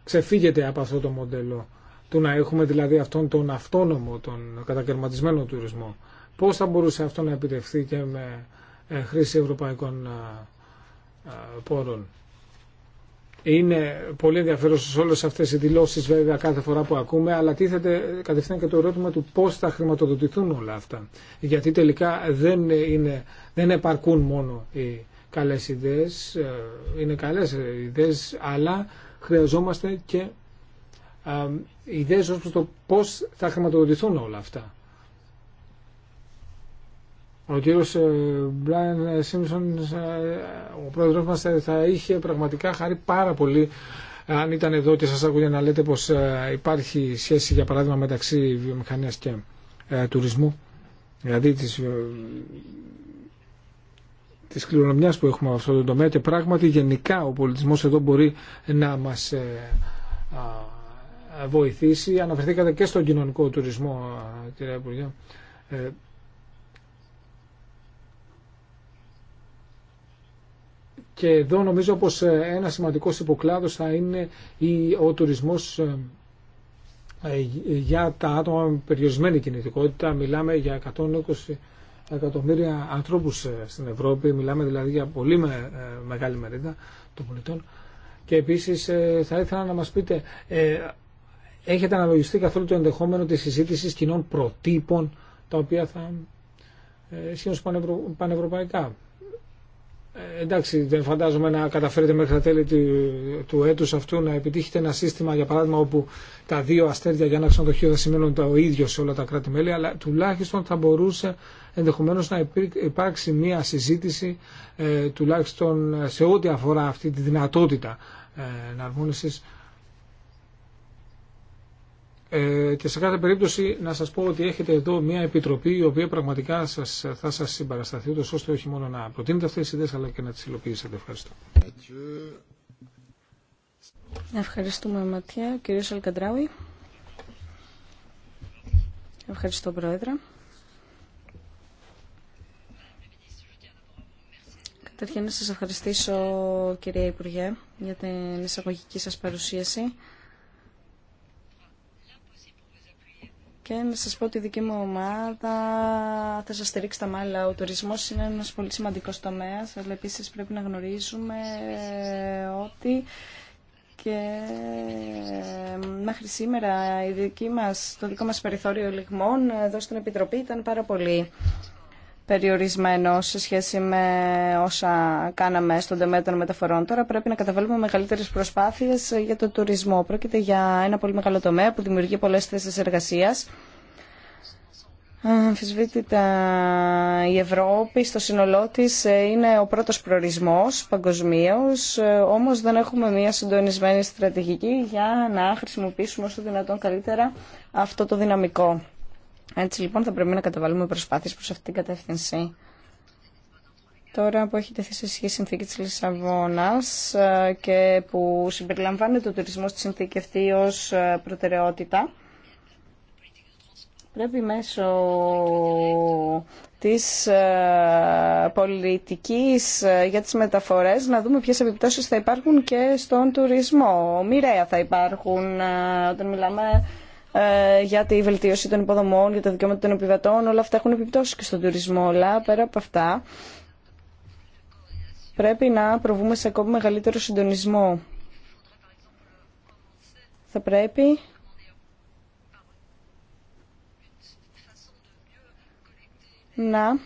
Speaker 4: Ξεφύγεται από αυτό το μοντέλο του να έχουμε δηλαδή αυτόν τον αυτόνομο, τον κατακαιρματισμένο τουρισμό. Πώς θα μπορούσε αυτό να επιτευχθεί και με ε, χρήση ευρωπαϊκών ε, ε, πόρων. Είναι πολύ ενδιαφέρον σε όλες αυτές οι δηλώσεις βέβαια κάθε φορά που ακούμε, αλλά τίθεται κατευθείαν και το ερώτημα του πώς θα χρηματοδοτηθούν όλα αυτά. Γιατί τελικά δεν, είναι, δεν επαρκούν μόνο οι καλές ιδέες, είναι καλές ιδέες, αλλά χρειαζόμαστε και ιδέες ως προς το πώς θα χρηματοδοτηθούν όλα αυτά. Ο κύριος ε, Μπράιν ε, Σίμψον, ε, ο πρόεδρος μας, θα είχε πραγματικά χάρη πάρα πολύ αν ήταν εδώ και σας άκουγε να λέτε πως υπάρχει σχέση, για παράδειγμα, μεταξύ βιομηχανίας και τουρισμού, δηλαδή της της κληρονομιάς που έχουμε αυτό το τομέα και πράγματι γενικά ο πολιτισμός εδώ μπορεί να μας ε, βοηθήσει. Αναφερθήκατε και στον κοινωνικό τουρισμό, κύριε Υπουργέ. Ε, και εδώ νομίζω πως ε, ένα σημαντικός υποκλάδος θα είναι ο τουρισμός για τα άτομα με περιορισμένη κινητικότητα. Μιλάμε για 120 εκατομμύρια ανθρώπου ε, στην Ευρώπη, μιλάμε δηλαδή για πολύ ε, μεγάλη μερίδα των πολιτών. Και επίσης ε, θα ήθελα να μα πείτε, έχετε αναλογιστεί καθόλου το ενδεχόμενο τη συζήτηση κοινών προτύπων, τα οποία θα ισχύουν πανευρω... πανευρωπαϊκά. Εντάξει, δεν φαντάζομαι να καταφέρετε μέχρι τα τέλη του, του έτους αυτού να επιτύχετε ένα σύστημα, για παράδειγμα, όπου τα δύο αστέρια για ένα ξενοδοχείο θα σημαίνουν το ίδιο σε όλα τα κράτη-μέλη, αλλά τουλάχιστον θα μπορούσε ενδεχομένως να υπάρξει μια συζήτηση ε, τουλάχιστον ε, σε ό,τι αφορά αυτή τη δυνατότητα ε, εναρμόνισης και σε κάθε περίπτωση να σας πω ότι έχετε εδώ μια επιτροπή η οποία πραγματικά σας, θα σας συμπαρασταθεί ούτως ώστε όχι μόνο να προτείνετε αυτές τις ιδέες αλλά και να τις υλοποιήσετε. Ευχαριστώ.
Speaker 2: Ευχαριστούμε Ματιά. Κύριος Αλκαντράουι. Ευχαριστώ Πρόεδρε. Καταρχήν να σας ευχαριστήσω κυρία Υπουργέ για την εισαγωγική σας παρουσίαση και να σας πω ότι η δική μου ομάδα θα σας στηρίξει τα μάλλα. Ο τουρισμός είναι ένας πολύ σημαντικός τομέας, αλλά επίσης πρέπει να γνωρίζουμε ότι και μέχρι σήμερα η δική μας, το δικό μας περιθώριο λιγμών εδώ στην Επιτροπή ήταν πάρα πολύ περιορισμένο σε σχέση με όσα κάναμε στον τομέα των μεταφορών. Τώρα πρέπει να καταβάλουμε μεγαλύτερε προσπάθειε για τον τουρισμό. Πρόκειται για ένα πολύ μεγάλο τομέα που δημιουργεί πολλέ θέσει εργασία. Αμφισβήτητα η Ευρώπη στο σύνολό τη είναι ο πρώτος προορισμός παγκοσμίω, όμως δεν έχουμε μια συντονισμένη στρατηγική για να χρησιμοποιήσουμε όσο δυνατόν καλύτερα αυτό το δυναμικό. Έτσι λοιπόν θα πρέπει να καταβάλουμε προσπάθειες προς αυτήν την κατεύθυνση. Τώρα που έχει τεθεί σε ισχύ η συνθήκη τη Λισαβόνα ε, και που συμπεριλαμβάνεται ο τουρισμός στη συνθήκη αυτή ως ε, προτεραιότητα, πρέπει μέσω της ε, πολιτικής για τις μεταφορές να δούμε ποιες επιπτώσεις θα υπάρχουν και στον τουρισμό. Μοιραία θα υπάρχουν όταν μιλάμε ε, για τη βελτίωση των υποδομών, για τα δικαιώματα των επιβατών, όλα αυτά έχουν επιπτώσει και στον τουρισμό. Αλλά πέρα από αυτά πρέπει να προβούμε σε ακόμη μεγαλύτερο συντονισμό. Θα πρέπει να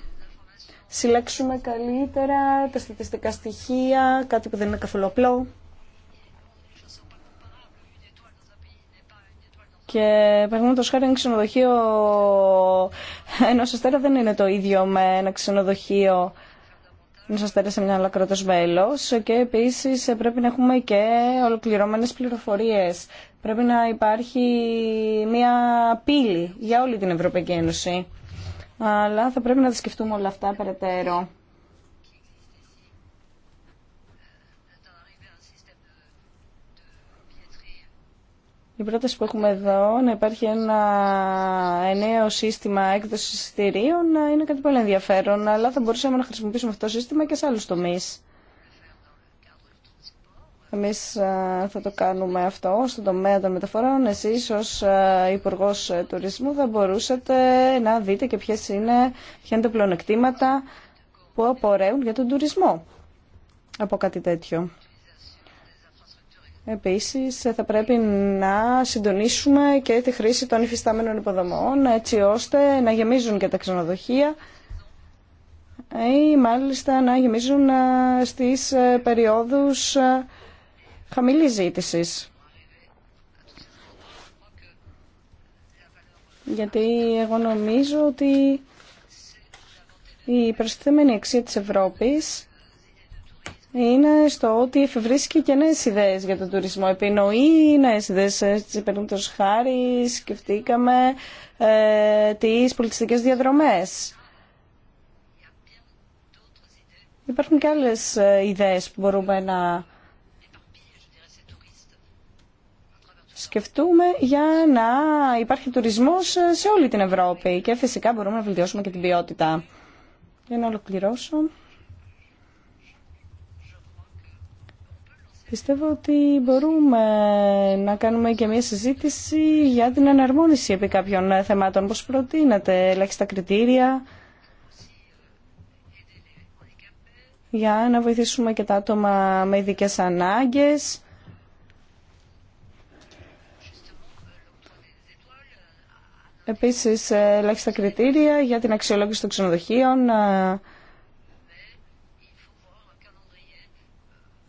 Speaker 2: συλλέξουμε καλύτερα τα στατιστικά στοιχεία, κάτι που δεν είναι καθόλου απλό. Και παραδείγματο χάρη ένα ξενοδοχείο ενό αστέρα δεν είναι το ίδιο με ένα ξενοδοχείο ενό αστέρα σε μια άλλα κράτο Και επίση πρέπει να έχουμε και ολοκληρωμένε πληροφορίε. Πρέπει να υπάρχει μια πύλη για όλη την Ευρωπαϊκή Ένωση. Αλλά θα πρέπει να τα σκεφτούμε όλα αυτά περαιτέρω. Η πρόταση που έχουμε εδώ, να υπάρχει ένα νέο σύστημα έκδοση εισιτηρίων, ε, είναι κάτι πολύ ενδιαφέρον, αλλά θα μπορούσαμε να χρησιμοποιήσουμε αυτό το σύστημα και σε άλλου τομεί. Εμεί ε, θα το κάνουμε αυτό στον τομέα των μεταφορών. Εσεί, ω ε, Υπουργό Τουρισμού, θα μπορούσατε να δείτε και ποιε είναι, ποια είναι τα πλεονεκτήματα που απορρέουν για τον τουρισμό από κάτι τέτοιο. Επίσης θα πρέπει να συντονίσουμε και τη χρήση των υφιστάμενων υποδομών έτσι ώστε να γεμίζουν και τα ξενοδοχεία ή μάλιστα να γεμίζουν ε, στις ε, περιόδους ε, χαμηλής ζήτησης. Γιατί εγώ νομίζω ότι η προσθέμενη αξία της Ευρώπης είναι στο ότι εφευρίσκει και νέες ιδέες για τον τουρισμό. Επινοεί νέες ιδέες, έτσι περίπτωση χάρη, σκεφτήκαμε ε, τις πολιτιστικές διαδρομές. Υπάρχουν και άλλες ε, ιδέες που μπορούμε να σκεφτούμε για να υπάρχει τουρισμός σε όλη την Ευρώπη και φυσικά μπορούμε να βελτιώσουμε και την ποιότητα. Για να ολοκληρώσω. Πιστεύω ότι μπορούμε να κάνουμε και μια συζήτηση για την εναρμόνιση επί κάποιων θεμάτων. Πώς προτείνατε ελάχιστα κριτήρια για να βοηθήσουμε και τα άτομα με ειδικέ ανάγκες. Επίσης, ελάχιστα κριτήρια για την αξιολόγηση των ξενοδοχείων,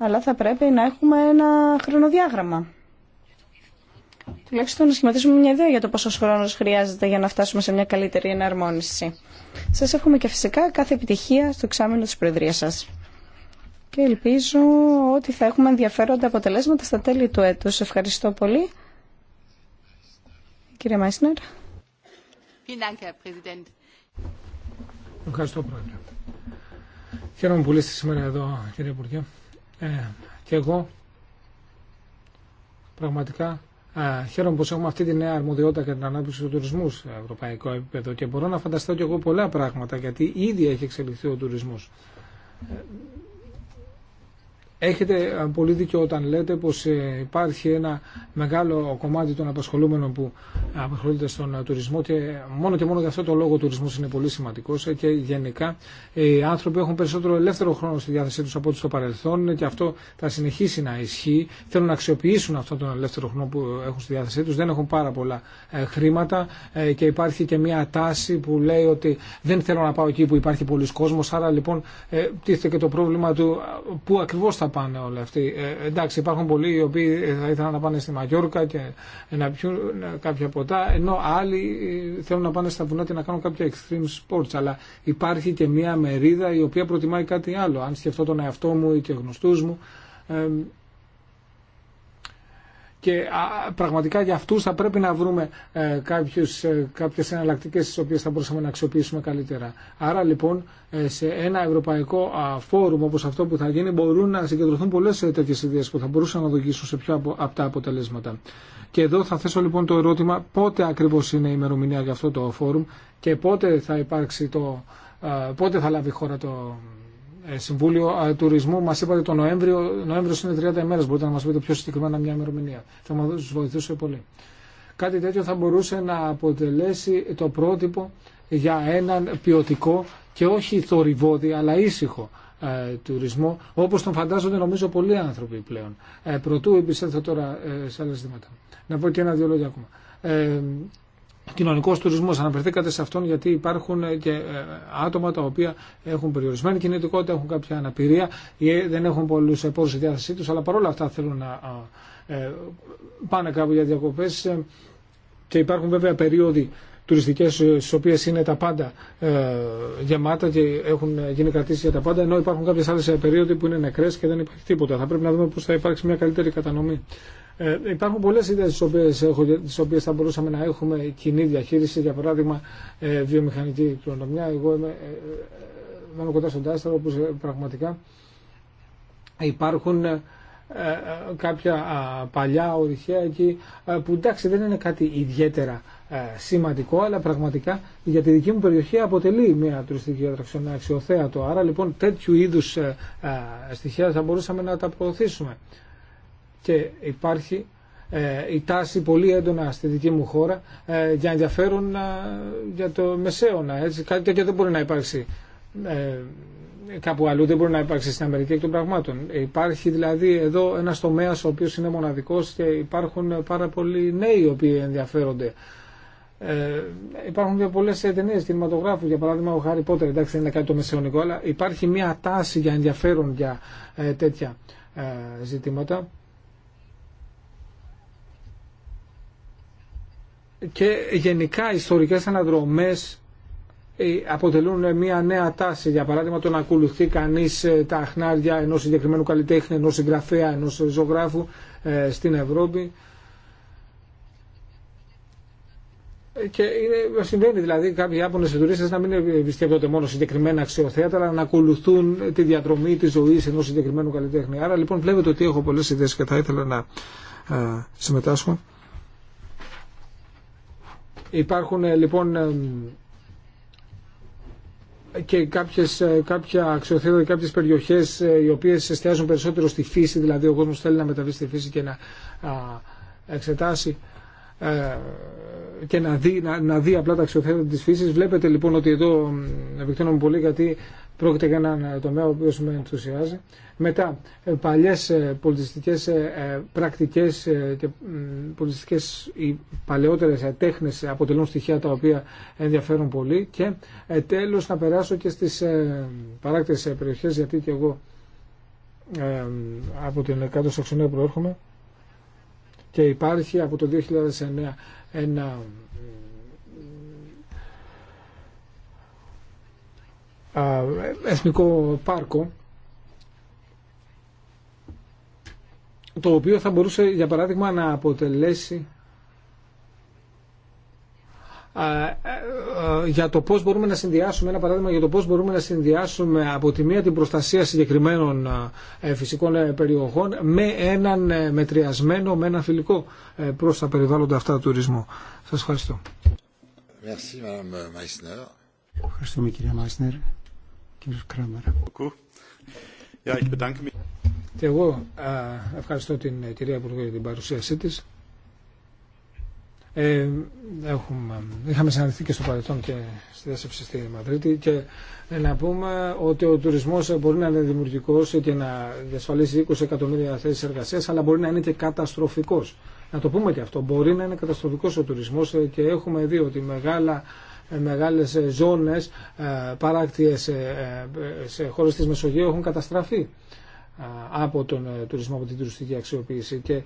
Speaker 2: αλλά θα πρέπει να έχουμε ένα χρονοδιάγραμμα. Τουλάχιστον να σχηματίσουμε μια ιδέα για το πόσο χρόνο χρειάζεται για να φτάσουμε σε μια καλύτερη εναρμόνιση. Σα έχουμε και φυσικά κάθε επιτυχία στο εξάμεινο τη Προεδρία σα. Και ελπίζω ότι θα έχουμε ενδιαφέροντα αποτελέσματα στα τέλη του έτους. Ευχαριστώ πολύ. Κύριε Μάισνερ. Ευχαριστώ,
Speaker 3: Πρόεδρε.
Speaker 4: Χαίρομαι πολύ στη σήμερα εδώ, κύριε Υπουργέ. Ε, και εγώ πραγματικά χαίρομαι πως έχουμε αυτή τη νέα αρμοδιότητα για την ανάπτυξη του τουρισμού σε ευρωπαϊκό επίπεδο και μπορώ να φανταστώ και εγώ πολλά πράγματα γιατί ήδη έχει εξελιχθεί ο τουρισμός. Έχετε ε, πολύ δίκιο όταν λέτε πως ε, υπάρχει ένα μεγάλο κομμάτι των απασχολούμενων που ε, απασχολούνται στον τουρισμό και μόνο και μόνο για αυτό το λόγο ο τουρισμός είναι πολύ σημαντικός και γενικά οι άνθρωποι έχουν περισσότερο ελεύθερο χρόνο στη διάθεσή τους από ό,τι στο παρελθόν και αυτό θα συνεχίσει να ισχύει. Θέλουν να αξιοποιήσουν αυτόν τον ελεύθερο χρόνο που έχουν στη διάθεσή τους. Δεν έχουν πάρα πολλά χρήματα και υπάρχει και μια τάση που λέει ότι δεν θέλω να πάω εκεί που υπάρχει πολλοί κόσμος. Άρα λοιπόν τίθεται και το πρόβλημα του που ακριβώ θα πάνε όλοι αυτοί. Ε, εντάξει, υπάρχουν πολλοί οι οποίοι θα ήθελαν να πάνε στη Μαγιόρκα και να πιούν ε, κάποια ποτά, ενώ άλλοι ε, θέλουν να πάνε στα βουνά και να κάνουν κάποια extreme sports. Αλλά υπάρχει και μια μερίδα η οποία προτιμάει κάτι άλλο. Αν σκεφτώ τον εαυτό μου ή και γνωστού μου, ε, και πραγματικά για αυτούς θα πρέπει να βρούμε ε, κάποιους, ε, κάποιες εναλλακτικές τις οποίες θα μπορούσαμε να αξιοποιήσουμε καλύτερα. Άρα λοιπόν ε, σε ένα ευρωπαϊκό φόρουμ όπως αυτό που θα γίνει μπορούν να συγκεντρωθούν πολλές ε, τέτοιες ιδέες που θα μπορούσαν να οδηγήσουν σε πιο απτά αποτελέσματα. Και εδώ θα θέσω λοιπόν το ερώτημα πότε ακριβώς είναι η ημερομηνία για αυτό το φόρουμ και πότε θα υπάρξει το, πότε θα λάβει χώρα το, ε, Συμβούλιο ε, Τουρισμού μα είπατε το Νοέμβριο. Νοέμβριο είναι 30 ημέρε. Μπορείτε να μα πείτε πιο συγκεκριμένα μια ημερομηνία. Θα μα βοηθούσε πολύ. Κάτι τέτοιο θα μπορούσε να αποτελέσει το πρότυπο για έναν ποιοτικό και όχι θορυβόδη αλλά ήσυχο ε, τουρισμό όπως τον φαντάζονται νομίζω πολλοί άνθρωποι πλέον. Ε, προτού επισέλθω τώρα ε, σε άλλα ζητήματα. Να πω και ένα-δυο λόγια ακόμα. Ε, κοινωνικός τουρισμός, αναφερθήκατε σε αυτόν γιατί υπάρχουν και ε, άτομα τα οποία έχουν περιορισμένη κινητικότητα, έχουν κάποια αναπηρία ή δεν έχουν πολλούς πόρους στη διάθεσή τους, αλλά παρόλα αυτά θέλουν να ε, πάνε κάπου για διακοπές ε, και υπάρχουν βέβαια περίοδοι τουριστικές στις οποίες είναι τα πάντα γεμάτα και έχουν γίνει κρατήσει για τα πάντα ενώ υπάρχουν κάποιες άλλες περίοδοι που είναι νεκρές και δεν υπάρχει τίποτα. Θα πρέπει να δούμε πώς θα υπάρξει μια καλύτερη κατανομή ε, υπάρχουν πολλές ιδέες τις οποίες, τις οποίες θα μπορούσαμε να έχουμε κοινή διαχείριση, για παράδειγμα ε, βιομηχανική κληρονομιά. Εγώ είμαι, ε, ε κοντά στον Τάστρο, όπως ε, πραγματικά υπάρχουν κάποια παλιά ορυχεία εκεί που εντάξει δεν είναι κάτι ιδιαίτερα σημαντικό αλλά πραγματικά για τη δική μου περιοχή αποτελεί μια τουριστική ατραξιόν αξιοθέατο άρα λοιπόν τέτοιου είδους στοιχεία θα μπορούσαμε να τα προωθήσουμε και υπάρχει ε, η τάση πολύ έντονα στη δική μου χώρα ε, για ενδιαφέρον ε, για το μεσαίωνα. Έτσι. Κάτι τέτοιο δεν μπορεί να υπάρξει κάπου αλλού, δεν μπορεί να υπάρξει στην Αμερική εκ των πραγμάτων. Υπάρχει δηλαδή εδώ ένα τομέα ο οποίο είναι μοναδικό και υπάρχουν πάρα πολλοί νέοι οι οποίοι ενδιαφέρονται. Ε, υπάρχουν και πολλέ ταινίε κινηματογράφου, για παράδειγμα ο Χάρι Πότερ, εντάξει είναι κάτι το μεσαιωνικό, αλλά υπάρχει μια τάση για ενδιαφέρον για ε, τέτοια ζητήματα και γενικά ιστορικές αναδρομές ε, αποτελούν μια νέα τάση. Για παράδειγμα, το να ακολουθεί κανεί ε, τα αχνάρια ενός συγκεκριμένου καλλιτέχνη, ενός συγγραφέα, ενός ζωγράφου ε, στην Ευρώπη. Και είναι, συμβαίνει δηλαδή κάποιοι άπονες οι να μην επισκέπτονται μόνο συγκεκριμένα αξιοθέατα, αλλά να ακολουθούν τη διαδρομή της ζωής ενός συγκεκριμένου καλλιτέχνη. Άρα λοιπόν βλέπετε ότι έχω πολλές ιδέες και θα ήθελα να συμμετάσχω. Υπάρχουν ε, λοιπόν ε, και κάποιες, ε, κάποια αξιοθέατα, κάποιες περιοχές οι οποίες εστιάζουν περισσότερο στη φύση, δηλαδή ο κόσμος θέλει να μεταβεί στη φύση και να εξετάσει και να δει, να, να απλά τα αξιοθέατα της φύσης. Βλέπετε λοιπόν ότι εδώ επεκτείνομαι πολύ γιατί Πρόκειται για έναν ε, τομέα ο οποίος με ενθουσιάζει. Μετά, ε, παλιές ε, πολιτιστικές πρακτικές και πολιτιστικές οι παλαιότερες τέχνες αποτελούν στοιχεία τα οποία ενδιαφέρουν πολύ. Και τέλος να περάσω και στις παράκτες περιοχές γιατί και εγώ από την κάτω σαξονία προέρχομαι και υπάρχει από το 2009 ένα εθνικό πάρκο το οποίο θα μπορούσε για παράδειγμα να αποτελέσει ε, ε, για το πώς μπορούμε να συνδυάσουμε ένα παράδειγμα για το πώς μπορούμε να συνδυάσουμε από τη μία την προστασία συγκεκριμένων ε, φυσικών περιοχών με έναν μετριασμένο, με έναν φιλικό προς τα περιβάλλοντα αυτά του τουρισμού. Σας ευχαριστώ.
Speaker 3: Ευχαριστούμε κυρία Μάισνερ. Και
Speaker 4: εγώ ευχαριστώ την ε, κυρία Υπουργό για την παρουσίασή της. Ε, έχουμε, είχαμε συναντηθεί και στο παρελθόν και στη δέσμευση στη Μαδρίτη και ε, να πούμε ότι ο τουρισμός μπορεί να είναι δημιουργικός και να διασφαλίσει 20 εκατομμύρια θέσεις εργασίας αλλά μπορεί να είναι και καταστροφικός. Να το πούμε και αυτό. Μπορεί να είναι καταστροφικός ο τουρισμός ε, και έχουμε δει ότι μεγάλα ε, μεγάλες ε, ζώνες ε, παράκτιες σε χώρες της Μεσογείου έχουν καταστραφεί από τον τουρισμό, από την τουριστική αξιοποίηση και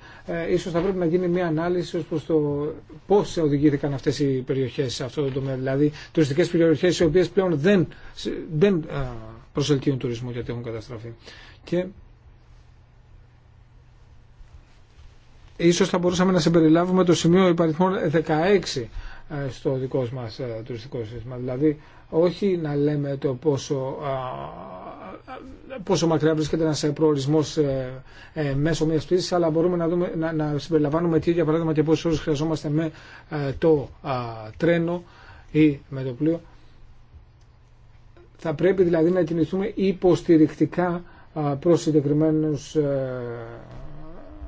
Speaker 4: ίσως θα πρέπει να γίνει μια ανάλυση ως προς το πώς οδηγήθηκαν αυτές οι περιοχές σε αυτό το τομέα, δηλαδή τουριστικές περιοχές οι οποίες πλέον δεν, δεν προσελκύουν τουρισμό γιατί έχουν καταστραφεί. Και ίσως θα μπορούσαμε να συμπεριλάβουμε το σημείο υπαριθμών 16 ε, στο δικό μας ε, τουριστικό σύστημα. Δηλαδή, όχι να λέμε το πόσο, πόσο μακριά βρίσκεται ένας ε, προορισμός μέσω μιας πτήσης, αλλά μπορούμε να, δούμε, να, να συμπεριλαμβάνουμε τι, για παράδειγμα, και πόσες ώρες χρειαζόμαστε με το τρένο ή με το πλοίο. Θα πρέπει δηλαδή να κινηθούμε υποστηρικτικά προς συγκεκριμένους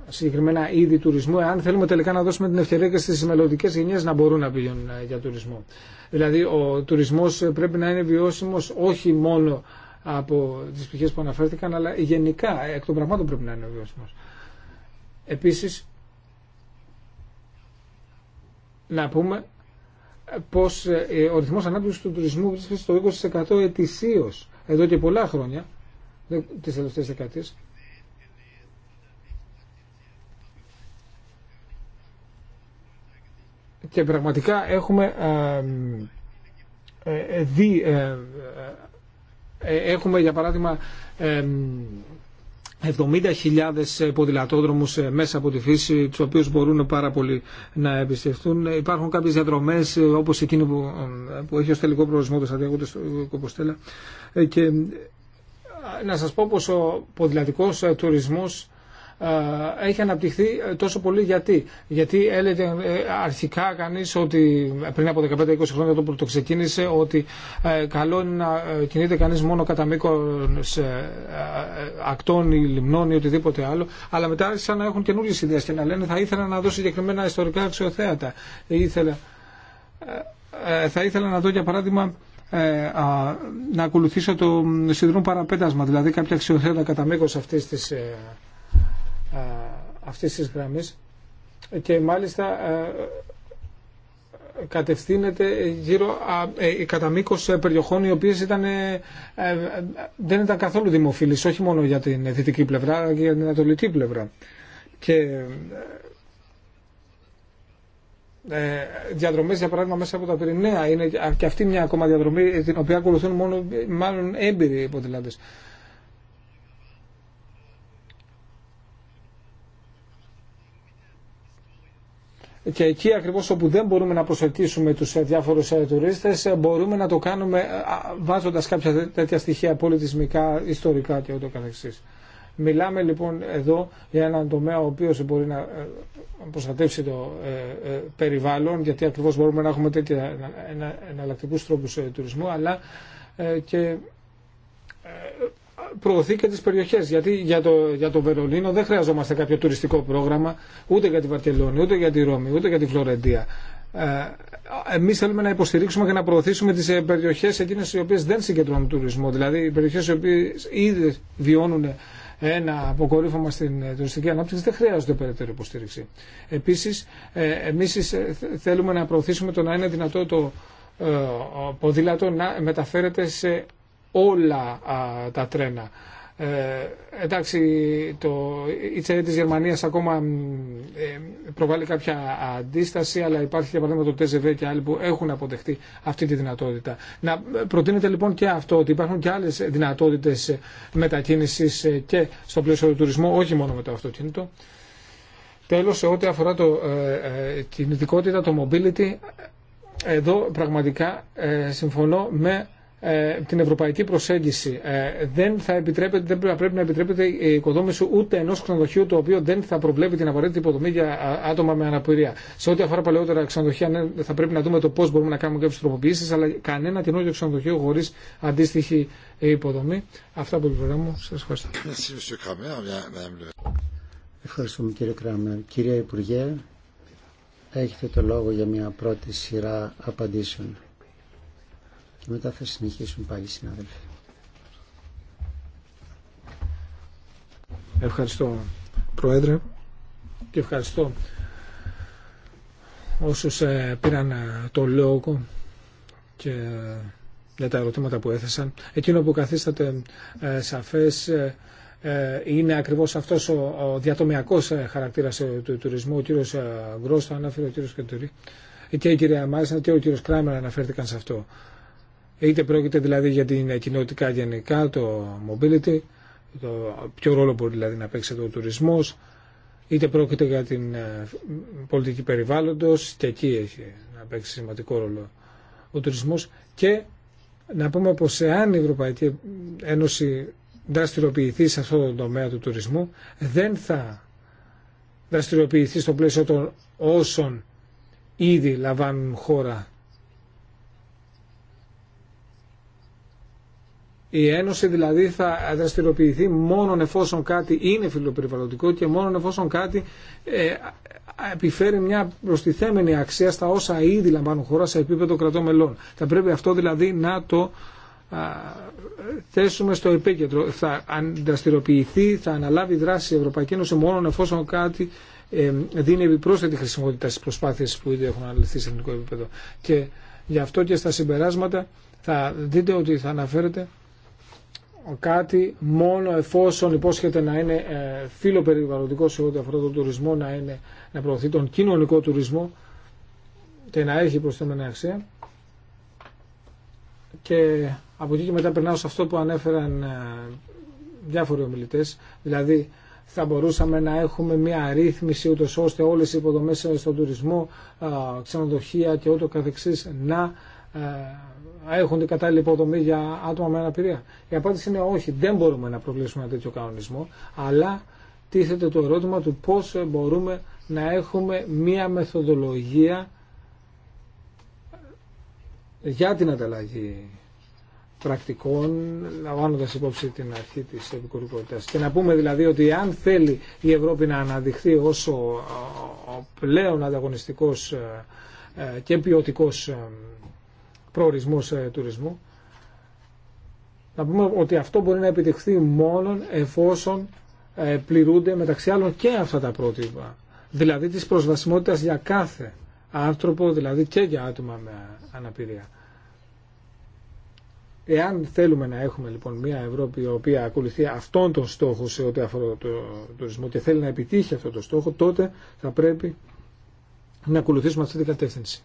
Speaker 4: συγκεκριμένα είδη τουρισμού, εάν θέλουμε τελικά να δώσουμε την ευκαιρία και στι μελλοντικέ γενιέ να μπορούν να πηγαίνουν ε, για τουρισμό. Δηλαδή, ο τουρισμό πρέπει να είναι βιώσιμο όχι μόνο από τι πηγέ που αναφέρθηκαν, αλλά γενικά εκ των πραγμάτων πρέπει να είναι βιώσιμο. Επίση, να πούμε ε, πω ε, ο ρυθμό ανάπτυξη του τουρισμού βρίσκεται στο 20% ετησίω εδώ και πολλά χρόνια, τι τελευταίε δεκαετίε. και πραγματικά έχουμε ε, ε, δει, ε, έχουμε για παράδειγμα 70.000 ποδηλατόδρομους μέσα από τη φύση, τους οποίους μπορούν πάρα πολύ να εμπιστευτούν. Υπάρχουν κάποιες διαδρομές, όπως εκείνη που, που έχει ως τελικό προορισμό το Σαντιάγο του Κοποστέλα. Και να σας πω πως ο ποδηλατικός τουρισμός ε, έχει αναπτυχθεί τόσο πολύ γιατί. Γιατί έλεγε ε, αρχικά κανεί ότι πριν από 15-20 χρόνια το που ξεκίνησε ότι ε, καλό είναι να κινείται κανεί μόνο κατά μήκο ακτών ή λιμνών ή οτιδήποτε άλλο. Αλλά μετά άρχισαν να έχουν καινούριε ιδέε και να λένε θα ήθελα να δω συγκεκριμένα ιστορικά αξιοθέατα. Ήθελα, θα ήθελα να δω για παράδειγμα να ακολουθήσω το σιδηρό παραπέτασμα, δηλαδή κάποια αξιοθέατα κατά μήκο αυτή τη αυτής της γραμμής και μάλιστα κατευθύνεται γύρω ε, κατά μήκο περιοχών οι οποίες ήταν, ε, ε, δεν ήταν καθόλου δημοφιλείς όχι μόνο για την δυτική πλευρά αλλά και για την ανατολική πλευρά. Και ε, διαδρομέ, για παράδειγμα, μέσα από τα Περινέα Είναι και αυτή μια ακόμα διαδρομή, την οποία ακολουθούν μόνο μάλλον έμπειροι υποδηλάτε. και εκεί ακριβώς όπου δεν μπορούμε να προσελκύσουμε τους ε, διάφορους ε, τουρίστες ε, μπορούμε να το κάνουμε βάζοντας κάποια τέτοια στοιχεία πολιτισμικά, ιστορικά και ούτω Μιλάμε λοιπόν εδώ για έναν τομέα ο οποίος μπορεί να προστατεύσει το περιβάλλον γιατί ακριβώς μπορούμε να έχουμε τέτοια εναλλακτικούς τρόπους τουρισμού αλλά και προωθεί και τι περιοχέ, Γιατί για το, για το Βερολίνο δεν χρειαζόμαστε κάποιο τουριστικό πρόγραμμα ούτε για τη Βαρκελόνη, ούτε για τη Ρώμη, ούτε για τη Φλωρεντία. Ε, εμεί θέλουμε να υποστηρίξουμε και να προωθήσουμε τι ε, περιοχέ εκείνε οι οποίε δεν συγκεντρώνουν τουρισμό. Δηλαδή οι περιοχέ οι οποίε ήδη βιώνουν ε, ένα αποκορύφωμα στην τουριστική ανάπτυξη δεν χρειάζονται περαιτέρω υποστήριξη. Επίση, εμεί θέλουμε να προωθήσουμε το να είναι δυνατό το ποδήλατο να μεταφέρεται σε όλα τα τρένα. Ε, εντάξει, η ΙΤΣΕΡΕ της Γερμανίας ακόμα ε, προβάλλει κάποια αντίσταση, αλλά υπάρχει για παράδειγμα το ΤΖΒ και άλλοι που έχουν αποδεχτεί αυτή τη δυνατότητα. Να ε, προτείνετε λοιπόν και αυτό, ότι υπάρχουν και άλλες δυνατότητες μετακίνησης ε, και στο πλαίσιο του τουρισμού, όχι μόνο με το αυτοκίνητο. Τέλος, σε ό,τι αφορά το ε, ε κινητικότητα, το mobility, εδώ πραγματικά συμφωνώ με ε, την ευρωπαϊκή προσέγγιση. Ε, δεν θα επιτρέπεται, δεν πρέπει να επιτρέπεται η οικοδόμηση ούτε ενό ξενοδοχείου το οποίο δεν θα προβλέπει την απαραίτητη υποδομή για άτομα με αναπηρία. Σε ό,τι αφορά παλαιότερα ξενοδοχεία, ναι, θα πρέπει να δούμε το πώ μπορούμε να κάνουμε κάποιε τροποποιήσει, αλλά κανένα καινούργιο ξενοδοχείο χωρί αντίστοιχη υποδομή. Αυτά από την πλευρά μου.
Speaker 1: Σα ευχαριστώ.
Speaker 3: Ευχαριστούμε κύριε Κράμερ. Κυρία Υπουργέ, έχετε το λόγο για μια πρώτη σειρά απαντήσεων και μετά θα συνεχίσουν πάλι οι συνάδελφοι.
Speaker 4: Ευχαριστώ Πρόεδρε
Speaker 3: και ευχαριστώ
Speaker 4: όσους ε, πήραν ε, το λόγο και ε, για τα ερωτήματα που έθεσαν. Εκείνο που καθίσταται σαφές είναι ακριβώς αυτός ο διατομιακός χαρακτήρας του τουρισμού. Ο κύριος Γκρός το ανάφερε, ο κύριος Κεντουρή και η κυρία Μάρισνα και ο κύριος Κράμερα αναφέρθηκαν σε αυτό είτε πρόκειται δηλαδή για την κοινότητα γενικά, το mobility, το ποιο ρόλο μπορεί δηλαδή να παίξει εδώ ο τουρισμός, είτε πρόκειται για την ε, πολιτική περιβάλλοντος και εκεί έχει να παίξει σημαντικό ρόλο ο τουρισμός και να πούμε πως εάν η Ευρωπαϊκή Ένωση δραστηριοποιηθεί σε αυτό το τομέα του τουρισμού δεν θα δραστηριοποιηθεί στο πλαίσιο των όσων ήδη λαμβάνουν χώρα Η Ένωση δηλαδή θα δραστηριοποιηθεί μόνο εφόσον κάτι είναι φιλοπεριβαλλοντικό και μόνο εφόσον κάτι ε, επιφέρει μια προστιθέμενη αξία στα όσα ήδη λαμβάνουν χώρα σε επίπεδο κρατών μελών. Θα πρέπει αυτό δηλαδή να το θέσουμε στο επίκεντρο. Θα δραστηριοποιηθεί, θα αναλάβει δράση η Ευρωπαϊκή Ένωση μόνο εφόσον κάτι ε, δίνει επιπρόσθετη χρησιμότητα στις προσπάθειες που ήδη έχουν αναλυθεί σε εθνικό επίπεδο. Και γι' αυτό και στα συμπεράσματα θα δείτε ότι θα αναφέρεται κάτι μόνο εφόσον υπόσχεται να είναι ε, φίλο περιβαλλοντικό σε ό,τι αφορά τον τουρισμό, να, είναι, να προωθεί τον κοινωνικό τουρισμό και να έχει προσθέμενη αξία. Και από εκεί και μετά περνάω σε αυτό που ανέφεραν ε, διάφοροι ομιλητέ. Δηλαδή, θα μπορούσαμε να έχουμε μια ρύθμιση ούτως ώστε όλες οι υποδομές στον τουρισμό, ε, ξενοδοχεία και ούτω καθεξής να έχουν την κατάλληλη υποδομή για άτομα με αναπηρία. Η απάντηση είναι όχι, δεν μπορούμε να προβλέψουμε ένα τέτοιο κανονισμό, αλλά τίθεται το ερώτημα του πώς μπορούμε να έχουμε μία μεθοδολογία για την ανταλλαγή πρακτικών, λαμβάνοντα υπόψη την αρχή τη επικουρικότητα. Και να πούμε δηλαδή ότι αν θέλει η Ευρώπη να αναδειχθεί όσο ε, ο πλέον ανταγωνιστικό ε, ε, και ποιοτικό ε, τουρισμού. Να πούμε ότι αυτό μπορεί να επιτευχθεί μόνο εφόσον ε, πληρούνται μεταξύ άλλων και αυτά τα πρότυπα. Δηλαδή της προσβασιμότητας για κάθε άνθρωπο, δηλαδή και για άτομα με αναπηρία. Εάν θέλουμε να έχουμε λοιπόν μια Ευρώπη η οποία ακολουθεί αυτόν τον στόχο σε ό,τι αφορά το τουρισμό και θέλει να επιτύχει αυτόν τον στόχο, τότε θα πρέπει να ακολουθήσουμε αυτή την κατεύθυνση.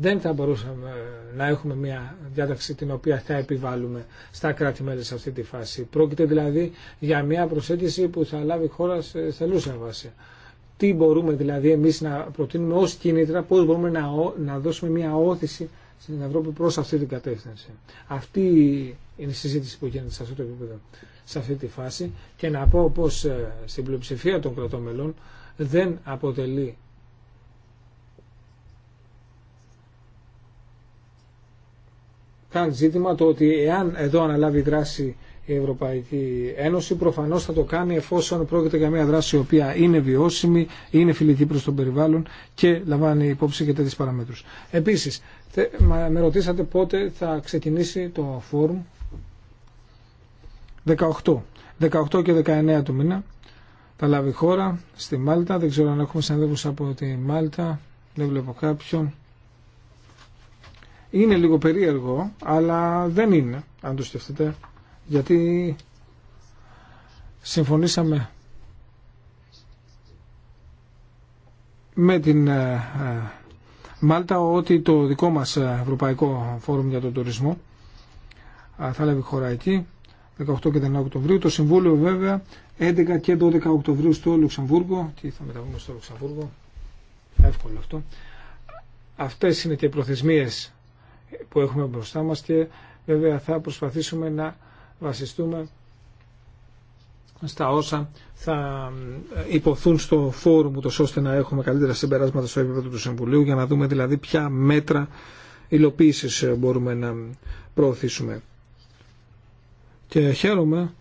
Speaker 4: δεν θα μπορούσαμε να έχουμε μια διάταξη την οποία θα επιβάλλουμε στα κράτη-μέλη σε αυτή τη φάση. Πρόκειται δηλαδή για μια προσέγγιση που θα λάβει η χώρα σε θελούσια βάση. Τι μπορούμε δηλαδή εμείς να προτείνουμε ως κίνητρα, πώς μπορούμε να, να δώσουμε μια όθηση στην Ευρώπη προς αυτή την κατεύθυνση. Αυτή είναι η συζήτηση που γίνεται σε αυτό το επίπεδο, σε αυτή τη φάση και να πω πως ε, στην πλειοψηφία των κρατών μελών δεν αποτελεί Κάνει ζήτημα το ότι εάν εδώ αναλάβει δράση η Ευρωπαϊκή Ένωση προφανώς θα το κάνει εφόσον πρόκειται για μια δράση η οποία είναι βιώσιμη, είναι φιλική προς τον περιβάλλον και λαμβάνει υπόψη και τέτοιες παραμέτρους. Επίσης, με ρωτήσατε πότε θα ξεκινήσει το φόρουμ 18. 18 και 19 του μήνα θα λάβει χώρα στη Μάλτα. Δεν ξέρω αν έχουμε συναδέλφους από τη Μάλτα. Δεν βλέπω κάποιον. Είναι λίγο περίεργο, αλλά δεν είναι, αν το σκεφτείτε, γιατί συμφωνήσαμε με την ε, ε, Μάλτα ότι το δικό μας Ευρωπαϊκό Φόρουμ για τον Τουρισμό θα λάβει χώρα εκεί 18 και 19 Οκτωβρίου. Το Συμβούλιο βέβαια 11 και 12 Οκτωβρίου στο Λουξεμβούργο. Τι θα μεταβούμε στο Λουξεμβούργο. Εύκολο αυτό. Αυτές είναι και οι προθεσμίες που έχουμε μπροστά μας και βέβαια θα προσπαθήσουμε να βασιστούμε στα όσα θα ε, υποθούν στο φόρουμ ούτως ώστε να έχουμε καλύτερα συμπεράσματα στο επίπεδο του Συμβουλίου για να δούμε δηλαδή ποια μέτρα υλοποίησης ε, μπορούμε να προωθήσουμε. Και χαίρομαι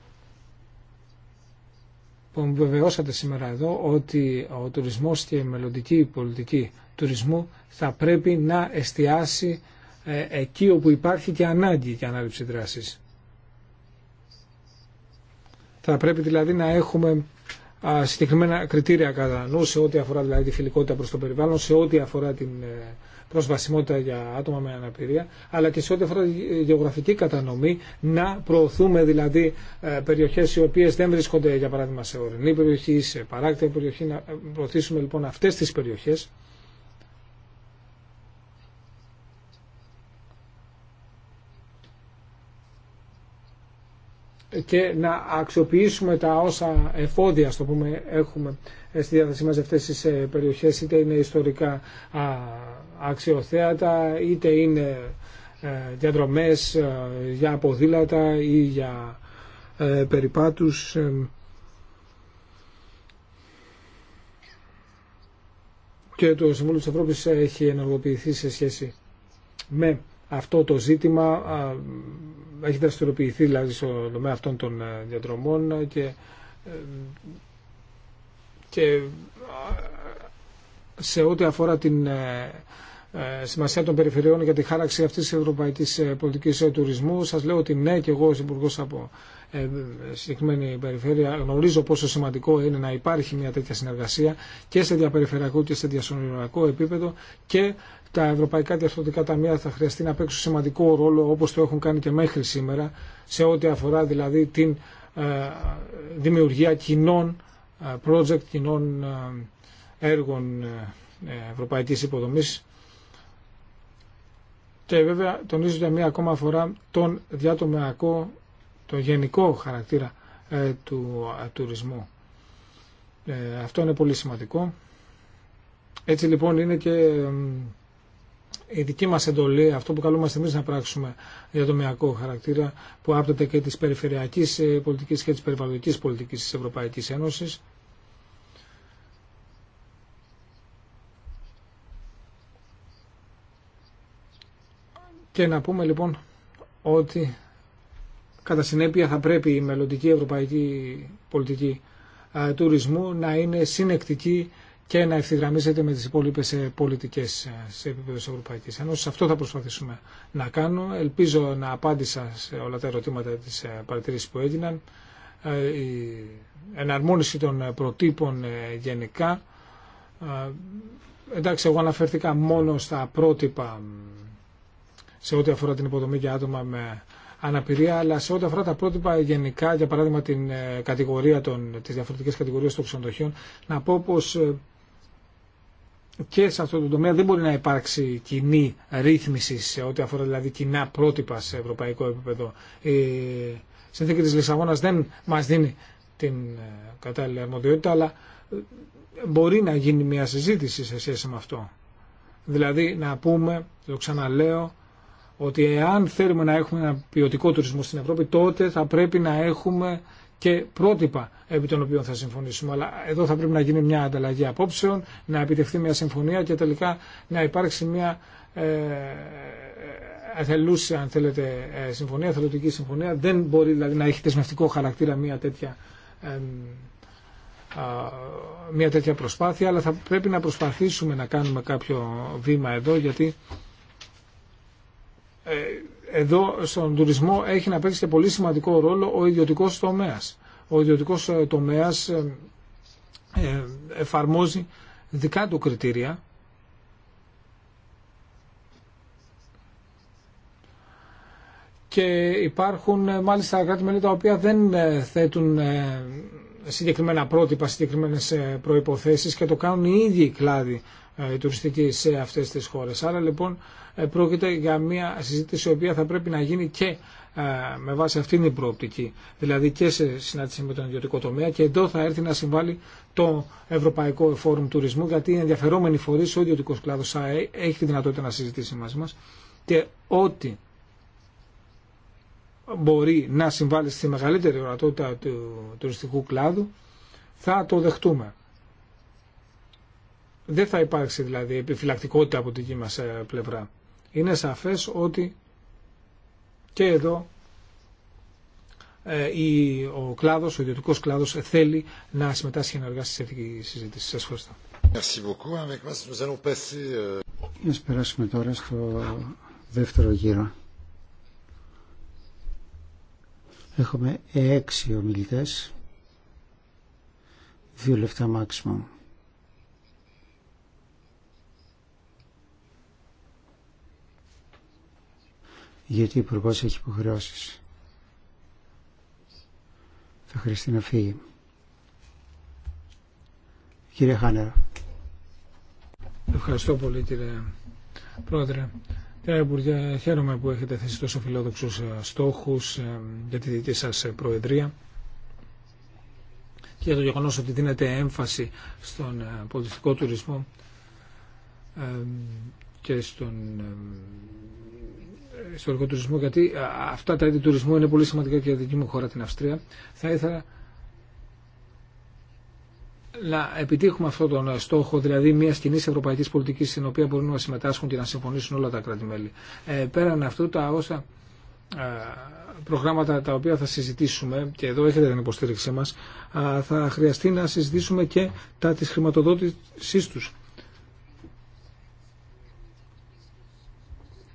Speaker 4: που μου βεβαιώσατε σήμερα εδώ ότι ο τουρισμός και η μελλοντική πολιτική τουρισμού θα πρέπει να εστιάσει ε, εκεί όπου υπάρχει και ανάγκη για ανάληψη δράσης. Θα πρέπει δηλαδή να έχουμε συγκεκριμένα κριτήρια κατά νου σε ό,τι αφορά δηλαδή τη φιλικότητα προς το περιβάλλον, σε ό,τι αφορά την ε, προσβασιμότητα για άτομα με αναπηρία, αλλά και σε ό,τι αφορά τη γεωγραφική κατανομή, να προωθούμε δηλαδή ε, περιοχές οι οποίες δεν βρίσκονται για παράδειγμα σε ορεινή περιοχή, σε παράκτη περιοχή, να προωθήσουμε λοιπόν αυτές τις περιοχές και να αξιοποιήσουμε τα όσα εφόδια στο πούμε, έχουμε στη διάθεσή μας αυτές τις ε, περιοχές είτε είναι ιστορικά αξιοθέατα είτε είναι διαδρομές ε, ε, για ποδήλατα ή για περιπάτους και το Συμβούλιο της Ευρώπης έχει ενεργοποιηθεί σε σχέση με αυτό το ζήτημα έχει δραστηριοποιηθεί δηλαδή στον τομέα αυτών των ε, διαδρομών και, ε, και ε, σε ό,τι αφορά την σημασία των περιφερειών για τη χάραξη αυτής της ευρωπαϊκής πολιτικής τουρισμού. Σας λέω ότι ναι και εγώ ως Υπουργός από συγκεκριμένη περιφέρεια γνωρίζω πόσο σημαντικό είναι να υπάρχει μια τέτοια συνεργασία και σε διαπεριφερειακό και σε διασυνοριακό επίπεδο και τα ευρωπαϊκά τα ταμεία θα χρειαστεί να παίξουν σημαντικό ρόλο όπως το έχουν κάνει και μέχρι σήμερα σε ό,τι αφορά δηλαδή την ε, δημιουργία κοινών ε, project, κοινών ε, έργων ευρωπαϊκής υποδομής και βέβαια τονίζω μία ακόμα φορά τον διατομεακό, τον γενικό χαρακτήρα του τουρισμού. αυτό είναι πολύ σημαντικό. Έτσι λοιπόν είναι και η δική μας εντολή, αυτό που καλούμαστε εμείς να πράξουμε για το χαρακτήρα που άπτεται και της περιφερειακής ε, πολιτικής και της περιβαλλοντικής πολιτικής της Ευρωπαϊκή Ένωσης και να πούμε λοιπόν ότι κατά συνέπεια θα πρέπει η μελλοντική ευρωπαϊκή πολιτική ε, τουρισμού να είναι συνεκτική και να ευθυγραμμίζεται με τις υπόλοιπες ε, πολιτικές ε, σε επίπεδο της Ευρωπαϊκής Αυτό θα προσπαθήσουμε να κάνω. Ελπίζω να απάντησα σε όλα τα ερωτήματα της ε, παρατηρήσης που έγιναν. Η εναρμόνιση των προτύπων γενικά. Εντάξει, εγώ αναφέρθηκα μόνο στα πρότυπα σε ό,τι αφορά την υποδομή για άτομα με αναπηρία, αλλά σε ό,τι αφορά τα πρότυπα γενικά, για παράδειγμα την κατηγορία των, τις διαφορετικές κατηγορίες των ξενοδοχείων, να πω πως και σε αυτό το τομέα δεν μπορεί να υπάρξει κοινή ρύθμιση σε ό,τι αφορά δηλαδή κοινά πρότυπα σε ευρωπαϊκό επίπεδο. Η συνθήκη της Λισαβόνας δεν μας δίνει την ε, κατάλληλη αρμοδιότητα, αλλά ε, μπορεί να γίνει μια συζήτηση σε σχέση με αυτό. Δηλαδή να πούμε, το ξαναλέω, ότι εάν θέλουμε να έχουμε ένα ποιοτικό τουρισμό στην Ευρώπη, τότε θα πρέπει να έχουμε και πρότυπα επί των οποίων θα συμφωνήσουμε. Αλλά εδώ θα πρέπει να γίνει μια ανταλλαγή απόψεων, να επιτευχθεί μια συμφωνία και τελικά να υπάρξει μια ε, ε αν θέλετε, ε, συμφωνία, θελωτική συμφωνία. Δεν μπορεί δηλαδή να έχει τεσμευτικό χαρακτήρα μια τέτοια μια τέτοια προσπάθεια, αλλά θα πρέπει να προσπαθήσουμε να κάνουμε κάποιο βήμα εδώ, γιατί ε, εδώ στον τουρισμό έχει να παίξει και πολύ σημαντικό ρόλο ο ιδιωτικός τομέας. Ο ιδιωτικός ε, τομέας ε, ε, εφαρμόζει δικά του κριτήρια και υπάρχουν μάλιστα κράτη-μέλη τα οποία δεν θέτουν συγκεκριμένα πρότυπα, συγκεκριμένες προϋποθέσεις και το κάνουν οι ίδιοι κλάδοι τουριστικοί σε αυτές τις χώρες. Άρα λοιπόν ε, πρόκειται για μια συζήτηση η οποία θα πρέπει να γίνει και ε, με βάση αυτήν την προοπτική. Δηλαδή και σε συνάντηση με τον ιδιωτικό τομέα και εδώ θα έρθει να συμβάλλει το Ευρωπαϊκό Φόρουμ Τουρισμού γιατί οι ενδιαφερόμενοι φορείς, ο ιδιωτικό κλάδο έχει τη δυνατότητα να συζητήσει μαζί μα και ό,τι μπορεί να συμβάλλει στη μεγαλύτερη ορατότητα του τουριστικού κλάδου θα το δεχτούμε. Δεν θα υπάρξει δηλαδή επιφυλακτικότητα από την δική μας ε, πλευρά είναι σαφές ότι και εδώ ή ε, ο κλάδος, ο ιδιωτικό κλάδος θέλει να συμμετάσχει ενεργά στη σχετική συζήτηση. Σας ευχαριστώ.
Speaker 1: Euh,
Speaker 3: Ας περάσουμε τώρα στο δεύτερο γύρο. Έχουμε έξι ομιλητές, δύο λεφτά maximum. γιατί ο υπουργό έχει υποχρεώσει. Θα χρειαστεί να φύγει. Κύριε Χάνερα. Ευχαριστώ πολύ κύριε
Speaker 4: Πρόεδρε. Κύριε Υπουργέ, χαίρομαι που έχετε θέσει τόσο φιλόδοξους ε, στόχους ε, για τη δική σα ε, Προεδρία και για το γεγονό ότι δίνετε έμφαση στον πολιτιστικό τουρισμό και στον ιστορικό ε, τουρισμό, γιατί αυτά τα είδη τουρισμού είναι πολύ σημαντικά και για δική μου χώρα, την Αυστρία. Θα ήθελα να επιτύχουμε αυτόν τον ε, στόχο, δηλαδή μια κοινή ευρωπαϊκή πολιτική στην οποία μπορούν να συμμετάσχουν και να συμφωνήσουν όλα τα κράτη-μέλη. Ε, πέραν αυτού, τα όσα ε, προγράμματα τα οποία θα συζητήσουμε, και εδώ έχετε την υποστήριξή μα, θα χρειαστεί να συζητήσουμε και τα τη χρηματοδότησή του.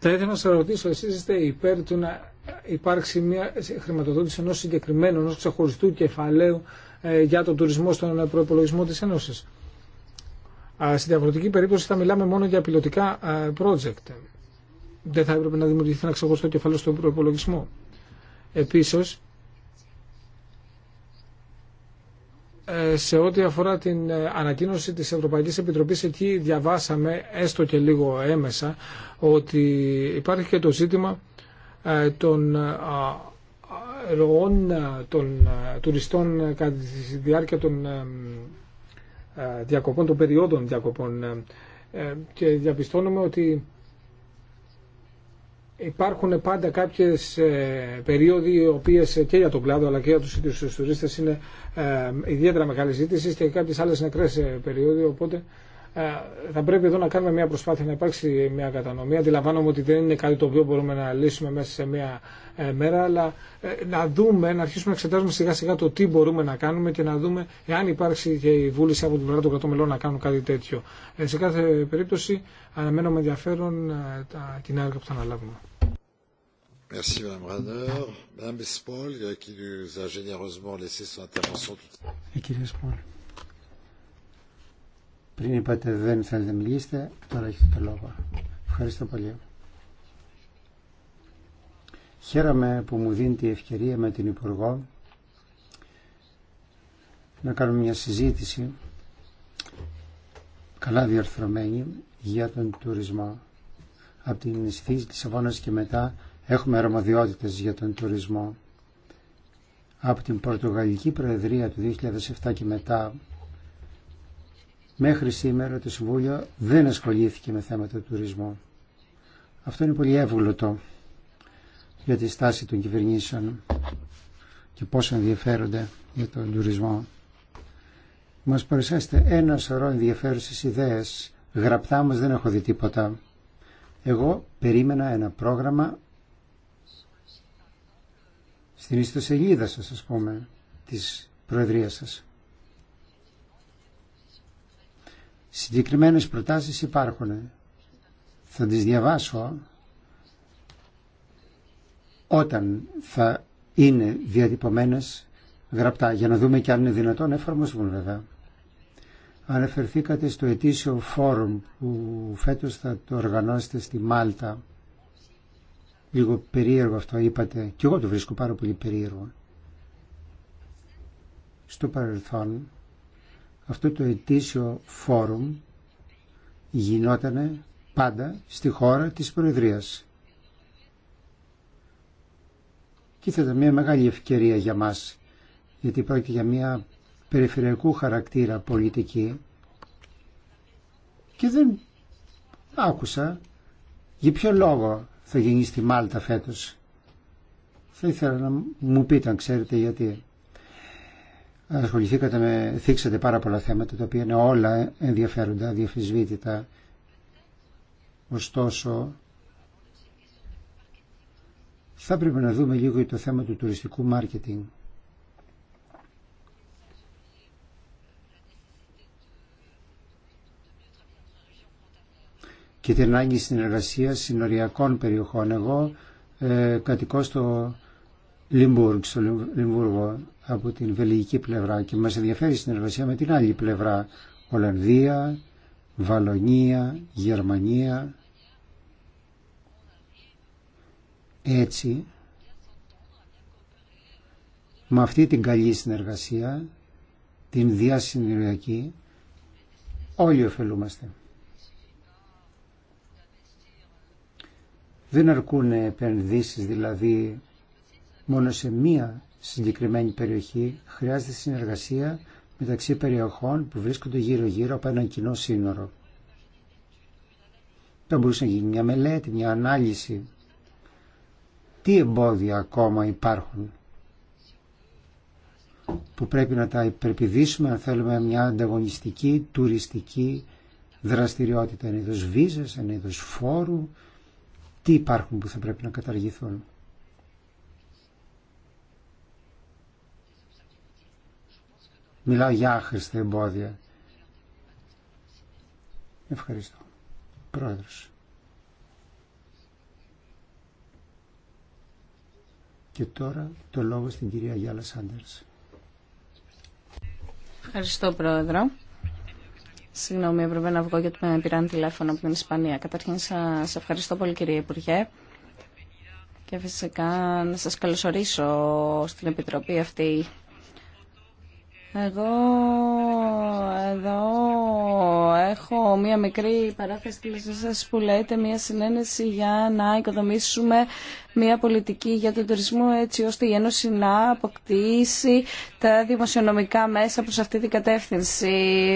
Speaker 4: Θα ήθελα να σα ρωτήσω, εσεί είστε υπέρ του να υπάρξει μια χρηματοδότηση ενό συγκεκριμένου, ενό ξεχωριστού κεφαλαίου ε, για τον τουρισμό στον προπολογισμό τη Ένωση. Στη διαφορετική περίπτωση θα μιλάμε μόνο για πιλωτικά ε, project. Δεν θα έπρεπε να δημιουργηθεί ένα ξεχωριστό κεφάλαιο στον προπολογισμό. Επίσης, Ε, σε ό,τι αφορά την ε, ανακοίνωση της Ευρωπαϊκής Επιτροπής εκεί διαβάσαμε έστω και λίγο έμεσα ότι υπάρχει και το ζήτημα ε, των ροών των τουριστών κατά τη διάρκεια των διακοπών, των περιόδων διακοπών και διαπιστώνουμε ότι υπάρχουν πάντα κάποιες ε, περίοδοι οι οποίες και για τον κλάδο αλλά και για τους ίδιους τουρίστες είναι ε, ιδιαίτερα μεγάλη ζήτηση και κάποιες άλλες νεκρές ε, περίοδοι οπότε θα πρέπει εδώ να κάνουμε μια προσπάθεια να υπάρξει μια κατανομή. Αντιλαμβάνομαι ότι δεν είναι κάτι το οποίο μπορούμε να λύσουμε μέσα σε μια μέρα, αλλά να δούμε, να αρχίσουμε να εξετάζουμε σιγά σιγά το τι μπορούμε να κάνουμε και να δούμε αν υπάρξει και η βούληση από την πλευρά των κρατών μελών να κάνουν κάτι τέτοιο. σε κάθε περίπτωση αναμένω με ενδιαφέρον την έργα που θα αναλάβουμε.
Speaker 1: Merci Madame Rader. Madame euh, qui nous a généreusement laissé son intervention tout
Speaker 3: à l'heure. Πριν είπατε δεν θέλετε να μιλήσετε, τώρα έχετε το λόγο. Ευχαριστώ πολύ. Χαίρομαι που μου δίνει η ευκαιρία με την Υπουργό να κάνουμε μια συζήτηση καλά διορθωμένη για τον τουρισμό από την συνθήκη της Αβώνας και μετά Έχουμε αρμοδιότητες για τον τουρισμό. Από την Πορτογαλική Προεδρία του 2007 και μετά μέχρι σήμερα το Συμβούλιο δεν ασχολήθηκε με θέματα του τουρισμού. Αυτό είναι πολύ εύγλωτο για τη στάση των κυβερνήσεων και πόσο ενδιαφέρονται για τον τουρισμό. Μας παρουσιάσετε ένα σωρό ενδιαφέρουσες ιδέες. Γραπτά μας δεν έχω δει τίποτα. Εγώ περίμενα ένα πρόγραμμα στην ιστοσελίδα σας, ας πούμε, της Προεδρίας σας. Συγκεκριμένες προτάσεις υπάρχουν. Θα τις διαβάσω όταν θα είναι διατυπωμένες γραπτά, για να δούμε και αν είναι δυνατόν εφαρμοσμούν, βέβαια. Αναφερθήκατε στο ετήσιο φόρουμ που φέτος θα το οργανώσετε στη Μάλτα Λίγο περίεργο αυτό είπατε. και εγώ το βρίσκω πάρα πολύ περίεργο. Στο παρελθόν αυτό το ετήσιο φόρουμ γινότανε πάντα στη χώρα της Προεδρίας. Και ήταν μια μεγάλη ευκαιρία για μας, γιατί πρόκειται για μια περιφερειακού χαρακτήρα πολιτική και δεν άκουσα για ποιο λόγο θα γίνει στη Μάλτα φέτος. Θα ήθελα να μου πείτε αν ξέρετε γιατί. Ασχοληθήκατε με, θίξατε πάρα πολλά θέματα τα οποία είναι όλα ενδιαφέροντα, διαφυσβήτητα. Ωστόσο, θα πρέπει να δούμε λίγο το θέμα του τουριστικού μάρκετινγκ. και την ανάγκη συνεργασία συνοριακών περιοχών. Εγώ ε, κατοικώ στο Λιμπούργο στο από την βελγική πλευρά και μας ενδιαφέρει η συνεργασία με την άλλη πλευρά. Ολλανδία, Βαλονία, Γερμανία. Έτσι, με αυτή την καλή συνεργασία, την διασυνοριακή, όλοι ωφελούμαστε. Δεν αρκούν επενδύσεις δηλαδή μόνο σε μία συγκεκριμένη περιοχή. Χρειάζεται συνεργασία μεταξύ περιοχών που βρίσκονται γύρω-γύρω από έναν κοινό σύνορο. Θα μπορούσε να γίνει μια μελέτη, μια ανάλυση. Τι εμπόδια ακόμα υπάρχουν που πρέπει να τα υπερπηδήσουμε αν θέλουμε μια ανταγωνιστική, τουριστική δραστηριότητα. Είναι είδος βίζας, είναι φόρου, τι υπάρχουν που θα πρέπει να καταργηθούν. Μιλάω για άχρηστα εμπόδια. Ευχαριστώ. Πρόεδρος. Και τώρα το λόγο στην κυρία Γιάλα Σάντερς.
Speaker 1: Ευχαριστώ,
Speaker 2: Πρόεδρο. Συγγνώμη, έπρεπε να βγω γιατί με πήραν τηλέφωνο από την Ισπανία. Καταρχήν σα ευχαριστώ πολύ κύριε Υπουργέ και φυσικά να σας καλωσορίσω στην Επιτροπή αυτή. Εγώ εδώ έχω μία μικρή παράθεση που λέτε μία συνένεση για να οικοδομήσουμε μια πολιτική για τον τουρισμό έτσι ώστε η Ένωση να αποκτήσει τα δημοσιονομικά μέσα προς αυτή την κατεύθυνση.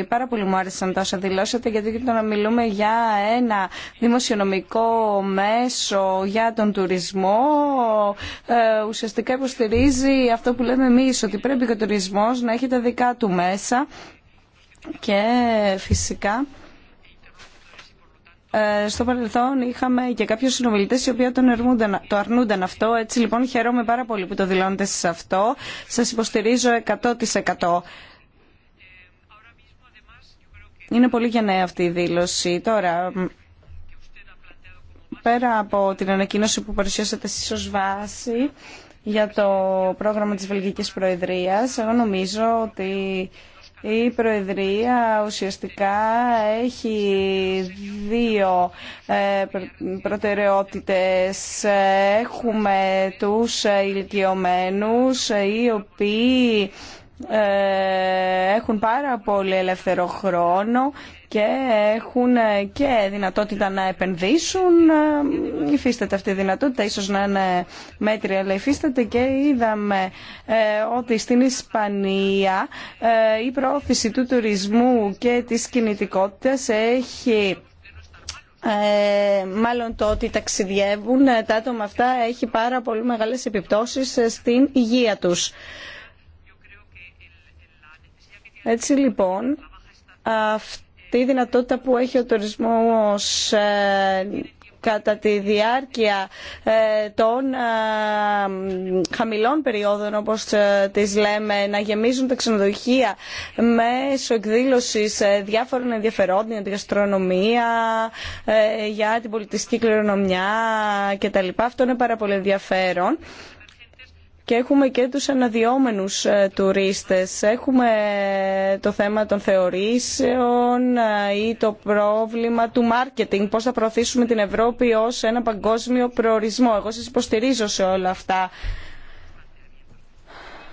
Speaker 2: Πάρα πολύ μου άρεσαν τα όσα δηλώσατε γιατί το να μιλούμε για ένα δημοσιονομικό μέσο για τον τουρισμό ε, ουσιαστικά υποστηρίζει αυτό που λέμε εμείς ότι πρέπει ο τουρισμός να έχει τα δικά του μέσα και φυσικά ε, στο παρελθόν είχαμε και κάποιους συνομιλητές οι οποίοι το αρνούνταν αυτό. Έτσι λοιπόν χαίρομαι πάρα πολύ που το δηλώνετε σε αυτό. Σας υποστηρίζω 100%. Είναι πολύ γενναία αυτή η δήλωση. Τώρα, πέρα από την ανακοίνωση που παρουσιάσατε εσείς ως βάση για το πρόγραμμα της Βελγικής Προεδρίας, εγώ νομίζω ότι η Προεδρία ουσιαστικά έχει δύο ε, προτεραιότητες. Έχουμε τους ε, ηλικιωμένους οι οποίοι ε, έχουν πάρα πολύ ελεύθερο χρόνο και έχουν και δυνατότητα να επενδύσουν. Ε, υφίσταται αυτή η δυνατότητα, ίσως να είναι μέτρια, αλλά υφίσταται και είδαμε ε, ότι στην Ισπανία ε, η πρόθεση του τουρισμού και της κινητικότητας έχει μάλλον το ότι ταξιδιεύουν τα άτομα αυτά έχει πάρα πολύ μεγάλες επιπτώσεις στην υγεία τους. Έτσι λοιπόν, αυτή η δυνατότητα που έχει ο τουρισμός ε, κατά τη διάρκεια ε, των ε, χαμηλών περιόδων, όπως τις λέμε, να γεμίζουν τα ξενοδοχεία μέσω εκδήλωσης διάφορων ενδιαφερόντων για την γαστρονομία, για την πολιτιστική κληρονομιά κτλ. Αυτό είναι πάρα πολύ ενδιαφέρον και έχουμε και τους αναδιόμενους ε, τουρίστες. Έχουμε ε, το θέμα των θεωρήσεων ε, ή το πρόβλημα του μάρκετινγκ, πώς θα προωθήσουμε την Ευρώπη ως ένα παγκόσμιο προορισμό. Εγώ σας υποστηρίζω σε όλα αυτά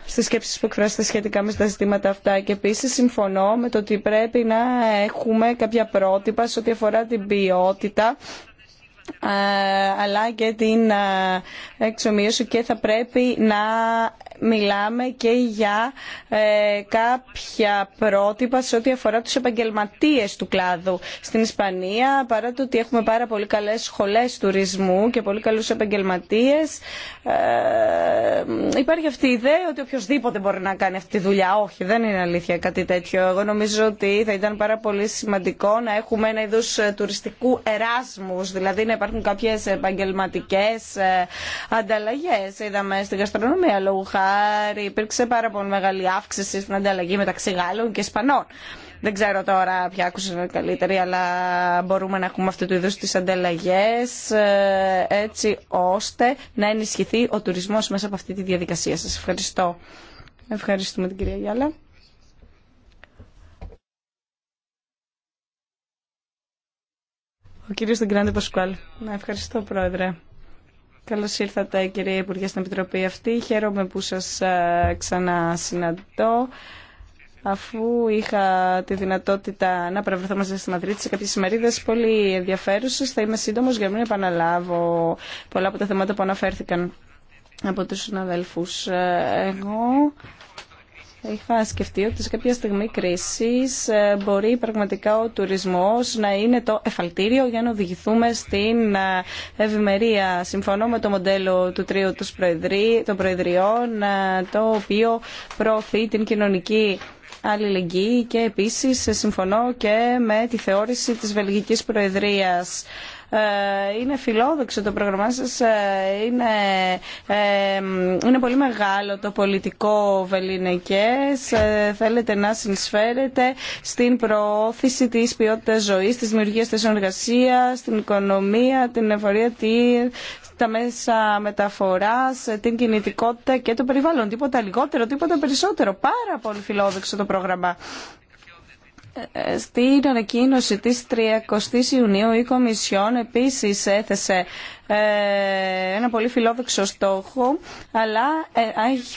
Speaker 2: στις σκέψεις που εκφράσετε σχετικά με τα ζητήματα αυτά. Και επίση συμφωνώ με το ότι πρέπει να έχουμε κάποια πρότυπα σε ό,τι αφορά την ποιότητα αλλά και την εξομοίωση και θα πρέπει να μιλάμε και για ε, κάποια πρότυπα σε ό,τι αφορά τους επαγγελματίες του κλάδου. Στην Ισπανία, παρά το ότι έχουμε πάρα πολύ καλές σχολές τουρισμού και πολύ καλούς επαγγελματίες, ε, υπάρχει αυτή η ιδέα ότι οποιοδήποτε μπορεί να κάνει αυτή τη δουλειά. Όχι, δεν είναι αλήθεια κάτι τέτοιο. Εγώ νομίζω ότι θα ήταν πάρα πολύ σημαντικό να έχουμε ένα είδος ε, τουριστικού εράσμους, δηλαδή να υπάρχουν κάποιε επαγγελματικέ ε, ανταλλαγέ. Είδαμε στην γαστρονομία λόγου χάρη υπήρξε πάρα πολύ μεγάλη αύξηση στην ανταλλαγή μεταξύ Γάλλων και Ισπανών. Δεν ξέρω τώρα ποια άκουσα καλύτερη, αλλά μπορούμε να έχουμε αυτού του είδου τι ανταλλαγέ, ε, έτσι ώστε να ενισχυθεί ο τουρισμό μέσα από αυτή τη διαδικασία. Σα ευχαριστώ. Ευχαριστούμε την κυρία Γιάλα. Ο κύριος Δεγκράντε Πασκουάλ. Να ευχαριστώ πρόεδρε. Καλώ ήρθατε κυρία Υπουργέ στην Επιτροπή αυτή. Χαίρομαι που σας ε, ξανασυναντώ αφού είχα τη δυνατότητα να παρευρεθώ μαζί στη Μαδρίτη σε κάποιε ημερίδε πολύ ενδιαφέρουσε. Θα είμαι σύντομο για να μην επαναλάβω πολλά από τα θέματα που αναφέρθηκαν από τους συναδέλφους. Ε, εγώ Είχα σκεφτεί ότι σε κάποια στιγμή κρίσης ε, μπορεί πραγματικά ο τουρισμός να είναι το εφαλτήριο για να οδηγηθούμε στην ε, ευημερία. Συμφωνώ με το μοντέλο του τρίου των Προεδριών, ε, το οποίο προωθεί την κοινωνική αλληλεγγύη και επίσης συμφωνώ και με τη θεώρηση της Βελγικής Προεδρίας. Ε, είναι φιλόδοξο το πρόγραμμά σας, ε, είναι, ε, είναι πολύ μεγάλο το πολιτικό βεληνικές, θέλετε να συνσφέρετε στην προώθηση της ποιότητας ζωής, της δημιουργίας της εργασία, στην οικονομία, την εφορία, τα μέσα μεταφοράς, την κινητικότητα και το περιβάλλον. Τίποτα λιγότερο, τίποτα περισσότερο. Πάρα πολύ φιλόδοξο το πρόγραμμα. Στην ανακοίνωση της 30ης Ιουνίου η Κομισιόν επίσης έθεσε ε, ένα πολύ φιλόδοξο στόχο, αλλά ε,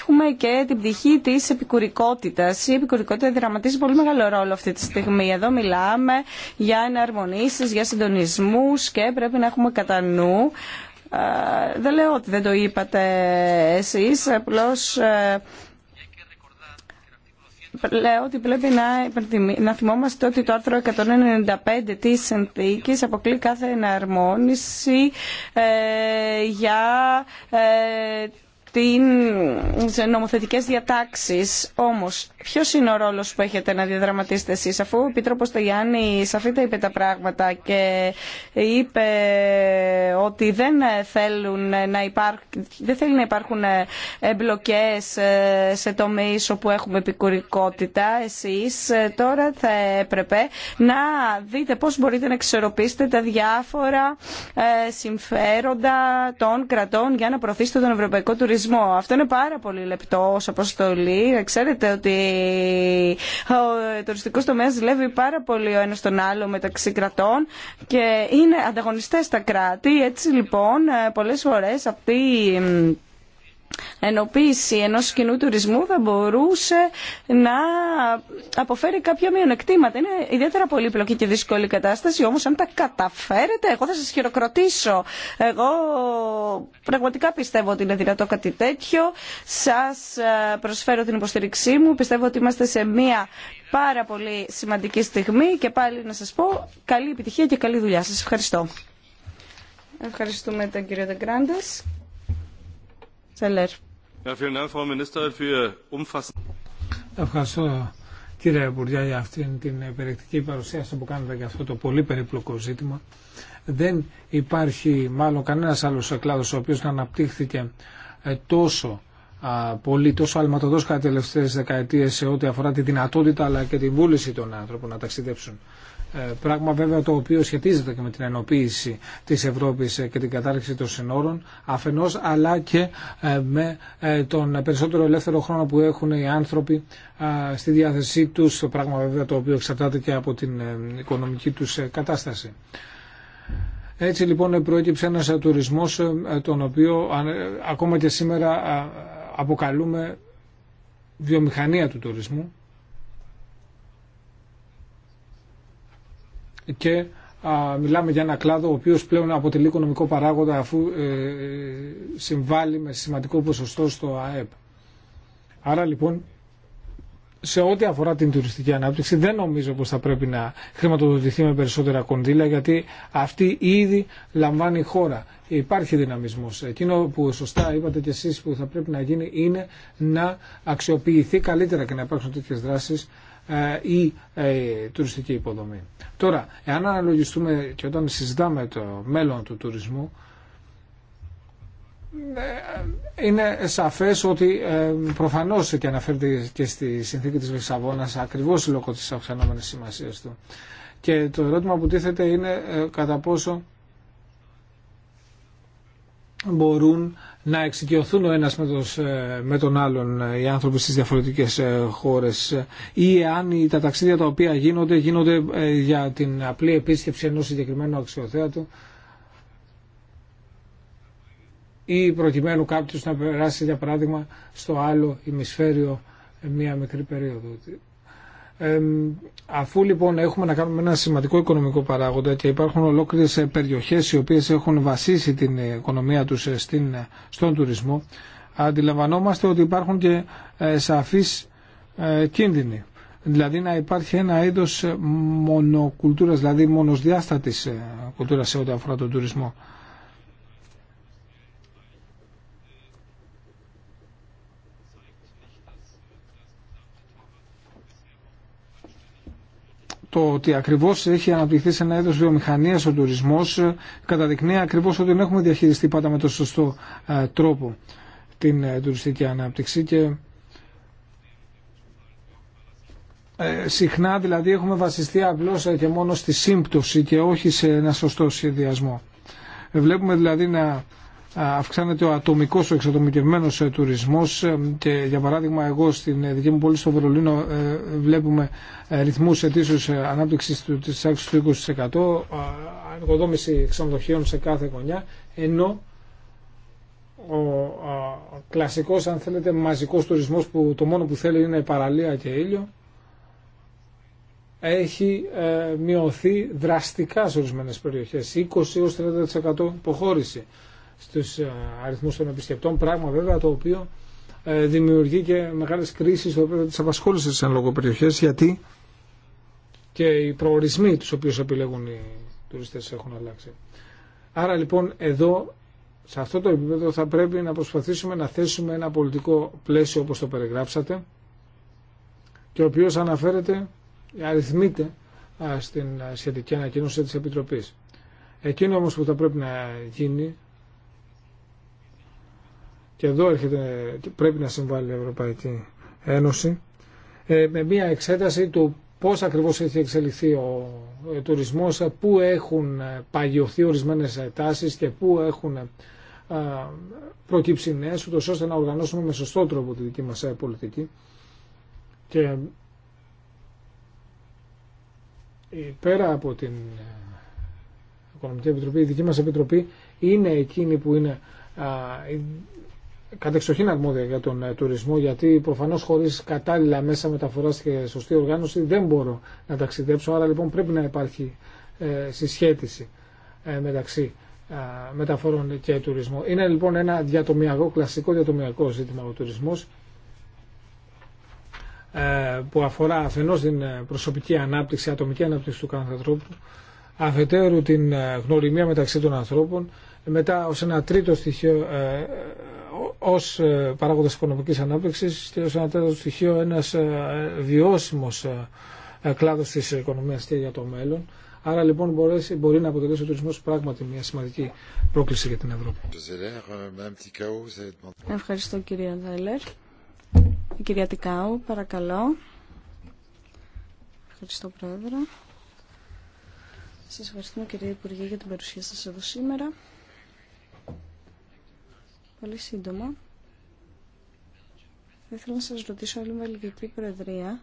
Speaker 2: έχουμε και την πτυχή της επικουρικότητας. Η επικουρικότητα δραματίζει πολύ μεγάλο ρόλο αυτή τη στιγμή. Εδώ μιλάμε για εναρμονίσεις, για συντονισμούς και πρέπει να έχουμε κατά νου ε, δεν λέω ότι δεν το είπατε εσείς, απλώς λέω ότι πρέπει να, να θυμόμαστε ότι το άρθρο 195 της συνθήκης αποκλεί κάθε εναρμόνιση ε, για ε, σε νομοθετικές διατάξεις. Όμως, ποιος είναι ο ρόλος που έχετε να διαδραματίσετε εσείς, αφού ο Επίτροπος Γιάννη, σαφή τα είπε τα πράγματα και είπε ότι δεν, θέλουν να δεν θέλει να υπάρχουν εμπλοκές σε τομείς όπου έχουμε επικουρικότητα. Εσείς τώρα θα έπρεπε να δείτε πώς μπορείτε να εξορροπήσετε τα διάφορα συμφέροντα των κρατών για να προωθήσετε τον ευρωπαϊκό τουρισμό αυτό είναι πάρα πολύ λεπτό ω αποστολή. Ξέρετε ότι ο ε, τουριστικό τομέα δουλεύει πάρα πολύ ο ένα τον άλλο μεταξύ κρατών και είναι ανταγωνιστέ τα κράτη. Έτσι λοιπόν ε, πολλές φορές αυτή ενοποίηση ενό κοινού τουρισμού θα μπορούσε να αποφέρει κάποια μειονεκτήματα. Είναι ιδιαίτερα πολύπλοκη και δύσκολη κατάσταση, Όμω, αν τα καταφέρετε, εγώ θα σα χειροκροτήσω. Εγώ πραγματικά πιστεύω ότι είναι δυνατό κάτι τέτοιο. Σα ε, προσφέρω την υποστήριξή μου. Πιστεύω ότι είμαστε σε μία πάρα πολύ σημαντική στιγμή και πάλι να σας πω καλή επιτυχία και καλή δουλειά. Σας ευχαριστώ. Ευχαριστούμε τον κύριο Δεγκράντες. Ευχαριστώ κύριε Υπουργέ
Speaker 4: για αυτήν την περιεκτική παρουσίαση που κάνετε για αυτό το πολύ περίπλοκο ζήτημα. Δεν υπάρχει μάλλον κανένας άλλος κλάδος ο οποίος να αναπτύχθηκε ε, τόσο πολύ, τόσο αλματοδός κατά τελευταίες δεκαετίες σε ό,τι αφορά τη δυνατότητα αλλά και τη βούληση των άνθρωπων να ταξιδέψουν. Ε, πράγμα βέβαια το οποίο σχετίζεται και με την ενοποίηση της Ευρώπης ε, και την κατάρριξη των συνόρων αφενός αλλά και ε, με τον περισσότερο ελεύθερο χρόνο που έχουν οι άνθρωποι στη διάθεσή τους, το πράγμα βέβαια το οποίο εξαρτάται και από την οικονομική τους κατάσταση. Έτσι λοιπόν προέκυψε ένας τουρισμός τον οποίο ακόμα και σήμερα αποκαλούμε βιομηχανία του τουρισμού και μιλάμε για ένα κλάδο ο οποίος πλέον αποτελεί οικονομικό παράγοντα αφού ε, συμβάλλει με σημαντικό ποσοστό στο ΑΕΠ. Άρα λοιπόν σε ό,τι αφορά την τουριστική ανάπτυξη δεν νομίζω πως θα πρέπει να χρηματοδοτηθεί με περισσότερα κονδύλια γιατί αυτή ήδη λαμβάνει χώρα. Υπάρχει δυναμισμός. Εκείνο που σωστά είπατε και εσείς που θα πρέπει να γίνει είναι να αξιοποιηθεί καλύτερα και να υπάρξουν τέτοιες δράσεις η ε, ε, τουριστική υποδομή. Τώρα, εάν αναλογιστούμε και όταν συζητάμε το μέλλον του τουρισμού, ε, είναι σαφές ότι προφανώς και αναφέρεται και στη συνθήκη της Λισαβόνας ακριβώς λόγω της αυξανόμενης σημασίας του. Και το ερώτημα που τίθεται είναι κατά πόσο μπορούν να εξοικειωθούν ο ένας με, ε, τον άλλον ε, οι άνθρωποι στις διαφορετικές ε, χώρες ή αν τα ταξίδια τα οποία γίνονται γίνονται για την απλή επίσκεψη ενός συγκεκριμένου αξιοθέατου ή προκειμένου κάποιος να περάσει για παράδειγμα στο άλλο ημισφαίριο μία μικρή περίοδο αφού λοιπόν έχουμε να κάνουμε ένα σημαντικό οικονομικό παράγοντα και υπάρχουν ολόκληρες ε, περιοχές οι οποίες έχουν βασίσει την ε, οικονομία τους ε, στον τουρισμό, αντιλαμβανόμαστε ότι υπάρχουν και σαφείς κίνδυνοι. Δηλαδή να υπάρχει ένα είδος μονοκουλτούρας, δηλαδή μονοσδιάστατης κουλτούρας σε ό,τι αφορά τον τουρισμό. το ότι ακριβώς έχει αναπτυχθεί σε ένα είδο βιομηχανία ο τουρισμό. καταδεικνύει ακριβώς ότι δεν έχουμε διαχειριστεί πάντα με τον σωστό ε, τρόπο την ε, τουριστική ανάπτυξη και ε, συχνά δηλαδή έχουμε βασιστεί απλώς και μόνο στη σύμπτωση και όχι σε ένα σωστό σχεδιασμό. Βλέπουμε δηλαδή να αυξάνεται ο ατομικό, ο εξατομικευμένο ε, τουρισμό ε, και για παράδειγμα, εγώ στην ε, δική μου πόλη στο Βερολίνο βλέπουμε ρυθμού ετήσιους ανάπτυξη τη του 20%, ανοικοδόμηση ξενοδοχείων σε κάθε γωνιά, ενώ ο κλασικό, αν θέλετε μαζικό τουρισμός που το μόνο που θέλει είναι παραλία και ήλιο έχει μειωθεί δραστικά σε ορισμένες περιοχές 20 30% υποχώρηση Στου ε, αριθμού των επισκεπτών, πράγμα βέβαια το οποίο ε, δημιουργεί και μεγάλε κρίσει το οποίο τι απασχόλησε σαν γιατί και οι προορισμοί του οποίου επιλέγουν οι τουριστέ έχουν αλλάξει. Άρα λοιπόν εδώ σε αυτό το επίπεδο θα πρέπει να προσπαθήσουμε να θέσουμε ένα πολιτικό πλαίσιο όπως το περιγράψατε και ο οποίος αναφέρεται, αριθμείται στην ε, σχετική ανακοίνωση της Επιτροπής. Εκείνο όμως που θα πρέπει να γίνει και εδώ έρχεται, πρέπει να συμβάλλει η Ευρωπαϊκή Ένωση, ε, με μια εξέταση του πώς ακριβώς έχει εξελιχθεί ο τουρισμός, πού έχουν ε, παγιωθεί ορισμένες ε, τάσεις και πού έχουν προκύψει νέες, ούτως ώστε να οργανώσουμε με σωστό τρόπο τη δική μας πολιτική. Και πέρα από την Οικονομική Επιτροπή, η δική μας Επιτροπή είναι εκείνη που είναι κατεξοχήν αρμόδια για τον ε, τουρισμό, γιατί προφανώς χωρίς κατάλληλα μέσα μεταφοράς και σωστή οργάνωση δεν μπορώ να ταξιδέψω, άρα λοιπόν πρέπει να υπάρχει ε, συσχέτιση ε, μεταξύ μεταφορών και τουρισμού. Είναι λοιπόν ένα διατομιακό, κλασικό διατομιακό ζήτημα ο τουρισμός που αφορά αφενός την προσωπική ανάπτυξη, ατομική ανάπτυξη του κάθε ανθρώπου, αφετέρου την γνωριμία μεταξύ των ανθρώπων, μετά ως ένα τρίτο στοιχείο Ω ε, παράγοντα οικονομική ανάπτυξη, και ω ένα τέτοιο στοιχείο ένα ε, βιώσιμο ε, κλάδο τη οικονομίας και για το μέλλον. Άρα λοιπόν μπορείς, μπορεί να αποτελέσει ο τουρισμό πράγματι μια
Speaker 1: σημαντική πρόκληση για την Ευρώπη. Ευχαριστώ
Speaker 2: κυρία Δέλερ. κυρία Τικάου, παρακαλώ. Ευχαριστώ πρόεδρε. Σας ευχαριστούμε κύριε Υπουργέ για την παρουσία σας εδώ σήμερα. Πολύ σύντομα. Θα ήθελα να σας ρωτήσω άλλη Βελγική Προεδρία.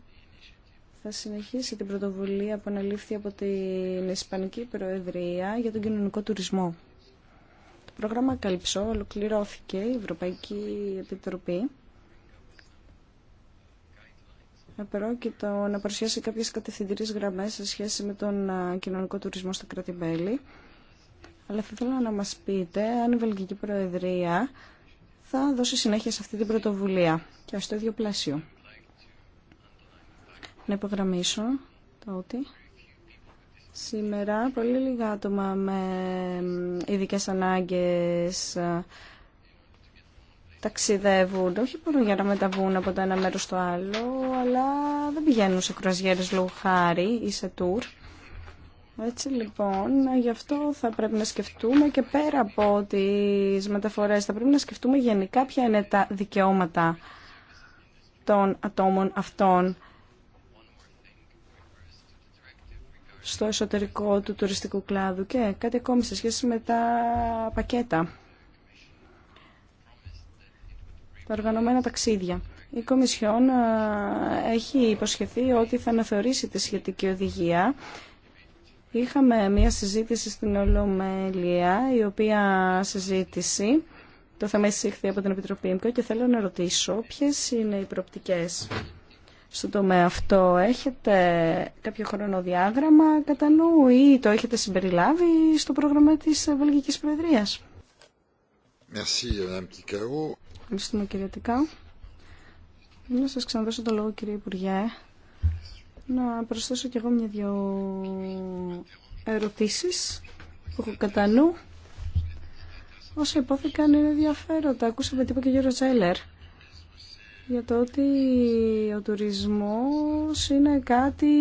Speaker 2: Θα συνεχίσει την πρωτοβουλία που αναλήφθη από την Ισπανική Προεδρία για τον κοινωνικό τουρισμό. Το πρόγραμμα Καλυψό ολοκληρώθηκε η Ευρωπαϊκή Επιτροπή. Επρόκειτο να παρουσιάσει κάποιες κατευθυντήριες γραμμές σε σχέση με τον κοινωνικό τουρισμό στα κράτη-μέλη αλλά θα ήθελα να μας πείτε αν η Βελγική Προεδρία θα δώσει συνέχεια σε αυτή την πρωτοβουλία και στο ίδιο πλαίσιο. Να υπογραμμίσω το ότι σήμερα πολύ λίγα άτομα με ειδικέ ανάγκες ε, ταξιδεύουν, όχι μόνο για να μεταβούν από το ένα μέρος στο άλλο, αλλά δεν πηγαίνουν σε κρουαζιέρες λόγω χάρη ή σε τουρ. Έτσι λοιπόν, γι' αυτό θα πρέπει να σκεφτούμε και πέρα από τις μεταφορές, θα πρέπει να σκεφτούμε γενικά ποια είναι τα δικαιώματα των ατόμων αυτών στο εσωτερικό του τουριστικού κλάδου και κάτι ακόμη σε σχέση με τα πακέτα. Τα οργανωμένα ταξίδια. Η Κομισιόν ε, έχει υποσχεθεί ότι θα αναθεωρήσει τη σχετική οδηγία Είχαμε μία συζήτηση στην Ολομέλεια, η οποία συζήτηση το θέμα εισήχθη από την Επιτροπή ΕΜΚΟ και θέλω να ρωτήσω ποιες είναι οι προοπτικές στον τομέα αυτό. Έχετε κάποιο χρονοδιάγραμμα κατά νου ή το έχετε συμπεριλάβει στο πρόγραμμα της Βελγικής Προεδρίας.
Speaker 1: Ευχαριστούμε
Speaker 2: κύριε Τικάου. Να σας ξαναδώσω το λόγο κύριε Υπουργέ να προσθέσω κι εγώ μια-δυο ερωτήσεις που έχω κατά νου. Όσα υπόθηκαν είναι ενδιαφέροντα. Ακούσαμε τίποτα και ο Γιώργο Τζάιλερ για το ότι ο τουρισμός είναι κάτι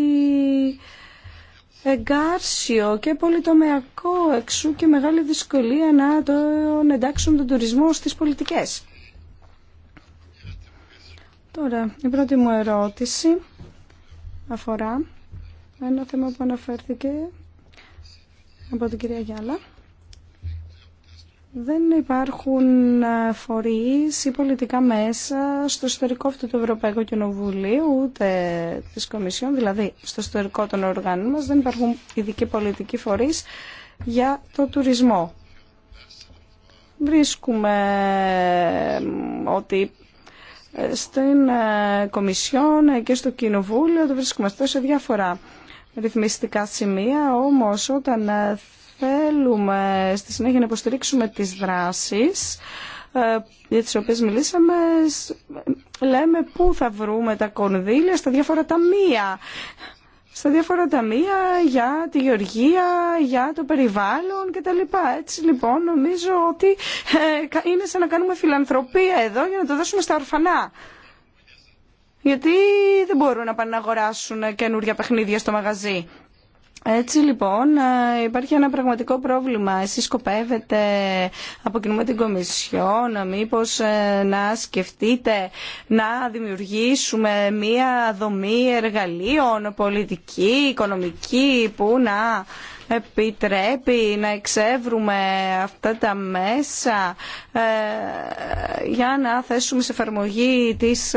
Speaker 2: εγκάρσιο και πολυτομεακό εξού και μεγάλη δυσκολία να τον εντάξουν τον τουρισμό στις πολιτικές. Τώρα, η πρώτη μου ερώτηση αφορά ένα θέμα που αναφέρθηκε από την κυρία Γιάλα. Δεν υπάρχουν ε, φορείς ή πολιτικά μέσα στο ιστορικό αυτού του Ευρωπαϊκού Κοινοβουλίου ούτε της Κομισιόν, δηλαδή στο ιστορικό των οργάνων μας δεν υπάρχουν ειδικοί πολιτικοί φορείς για το τουρισμό. Βρίσκουμε ε, ότι στην ε, Κομισιόν ε, και στο Κοινοβούλιο το βρίσκομαστε σε διάφορα ρυθμιστικά σημεία, όμως όταν ε, θέλουμε στη συνέχεια να υποστηρίξουμε τις δράσεις για τις οποίες μιλήσαμε, λέμε πού θα βρούμε τα κονδύλια στα διάφορα ταμεία στα διάφορα ταμεία για τη γεωργία, για το περιβάλλον κτλ. Έτσι λοιπόν νομίζω ότι ε, είναι σαν να κάνουμε φιλανθρωπία εδώ για να το δώσουμε στα ορφανά. Γιατί δεν μπορούν να πάνε να αγοράσουν καινούργια παιχνίδια στο μαγαζί. Έτσι λοιπόν ε, υπάρχει ένα πραγματικό πρόβλημα. Εσείς σκοπεύετε από κοινού με την Κομισιόν μήπως ε, να σκεφτείτε να δημιουργήσουμε μία δομή εργαλείων πολιτική, οικονομική που να επιτρέπει να εξεύρουμε αυτά τα μέσα ε, για να θέσουμε σε εφαρμογή τις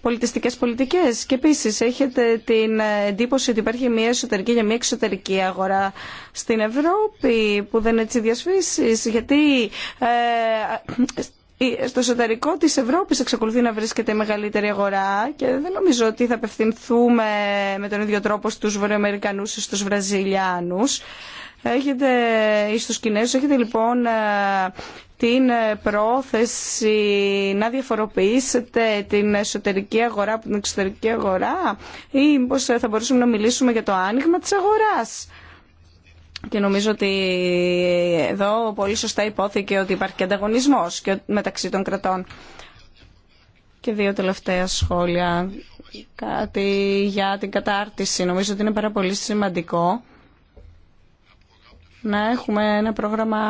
Speaker 2: Πολιτιστικέ πολιτικές και επίση έχετε την εντύπωση ότι υπάρχει μια εσωτερική για μια εξωτερική αγορά στην Ευρώπη που δεν έτσι διασφίσει, γιατί ε, στο εσωτερικό της Ευρώπης εξακολουθεί να βρίσκεται η μεγαλύτερη αγορά και δεν νομίζω ότι θα απευθυνθούμε με τον ίδιο τρόπο στους Βορειοαμερικανούς ή στους Βραζιλιάνους. Έχετε, ή στους Κινέζους, έχετε λοιπόν ε, την ε, πρόθεση να διαφοροποιήσετε την εσωτερική αγορά από την εξωτερική αγορά ή μήπως ε, θα μπορούσαμε να μιλήσουμε για το άνοιγμα της αγοράς. Και νομίζω ότι εδώ πολύ σωστά υπόθηκε ότι υπάρχει και ανταγωνισμός μεταξύ των κρατών. Και δύο τελευταία σχόλια. Κάτι για την κατάρτιση. Νομίζω ότι είναι πάρα πολύ σημαντικό να έχουμε ένα πρόγραμμα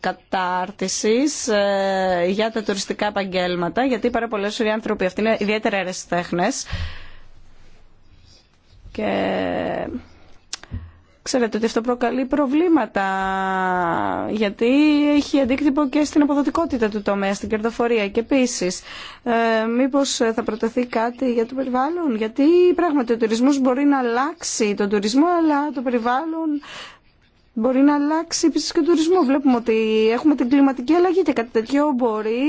Speaker 2: κατάρτισης ε, για τα τουριστικά επαγγέλματα, γιατί πάρα πολλές οι άνθρωποι αυτοί είναι ιδιαίτερα αιρεσιτέχνες και ξέρετε ότι αυτό προκαλεί προβλήματα γιατί έχει αντίκτυπο και στην αποδοτικότητα του τομέα, στην κερδοφορία και επίση. Ε, μήπως θα προτεθεί κάτι για το περιβάλλον γιατί πράγματι ο τουρισμός μπορεί να αλλάξει τον τουρισμό αλλά το περιβάλλον Μπορεί να αλλάξει επίση και τουρισμό. Βλέπουμε ότι έχουμε την κλιματική αλλαγή και κάτι τέτοιο μπορεί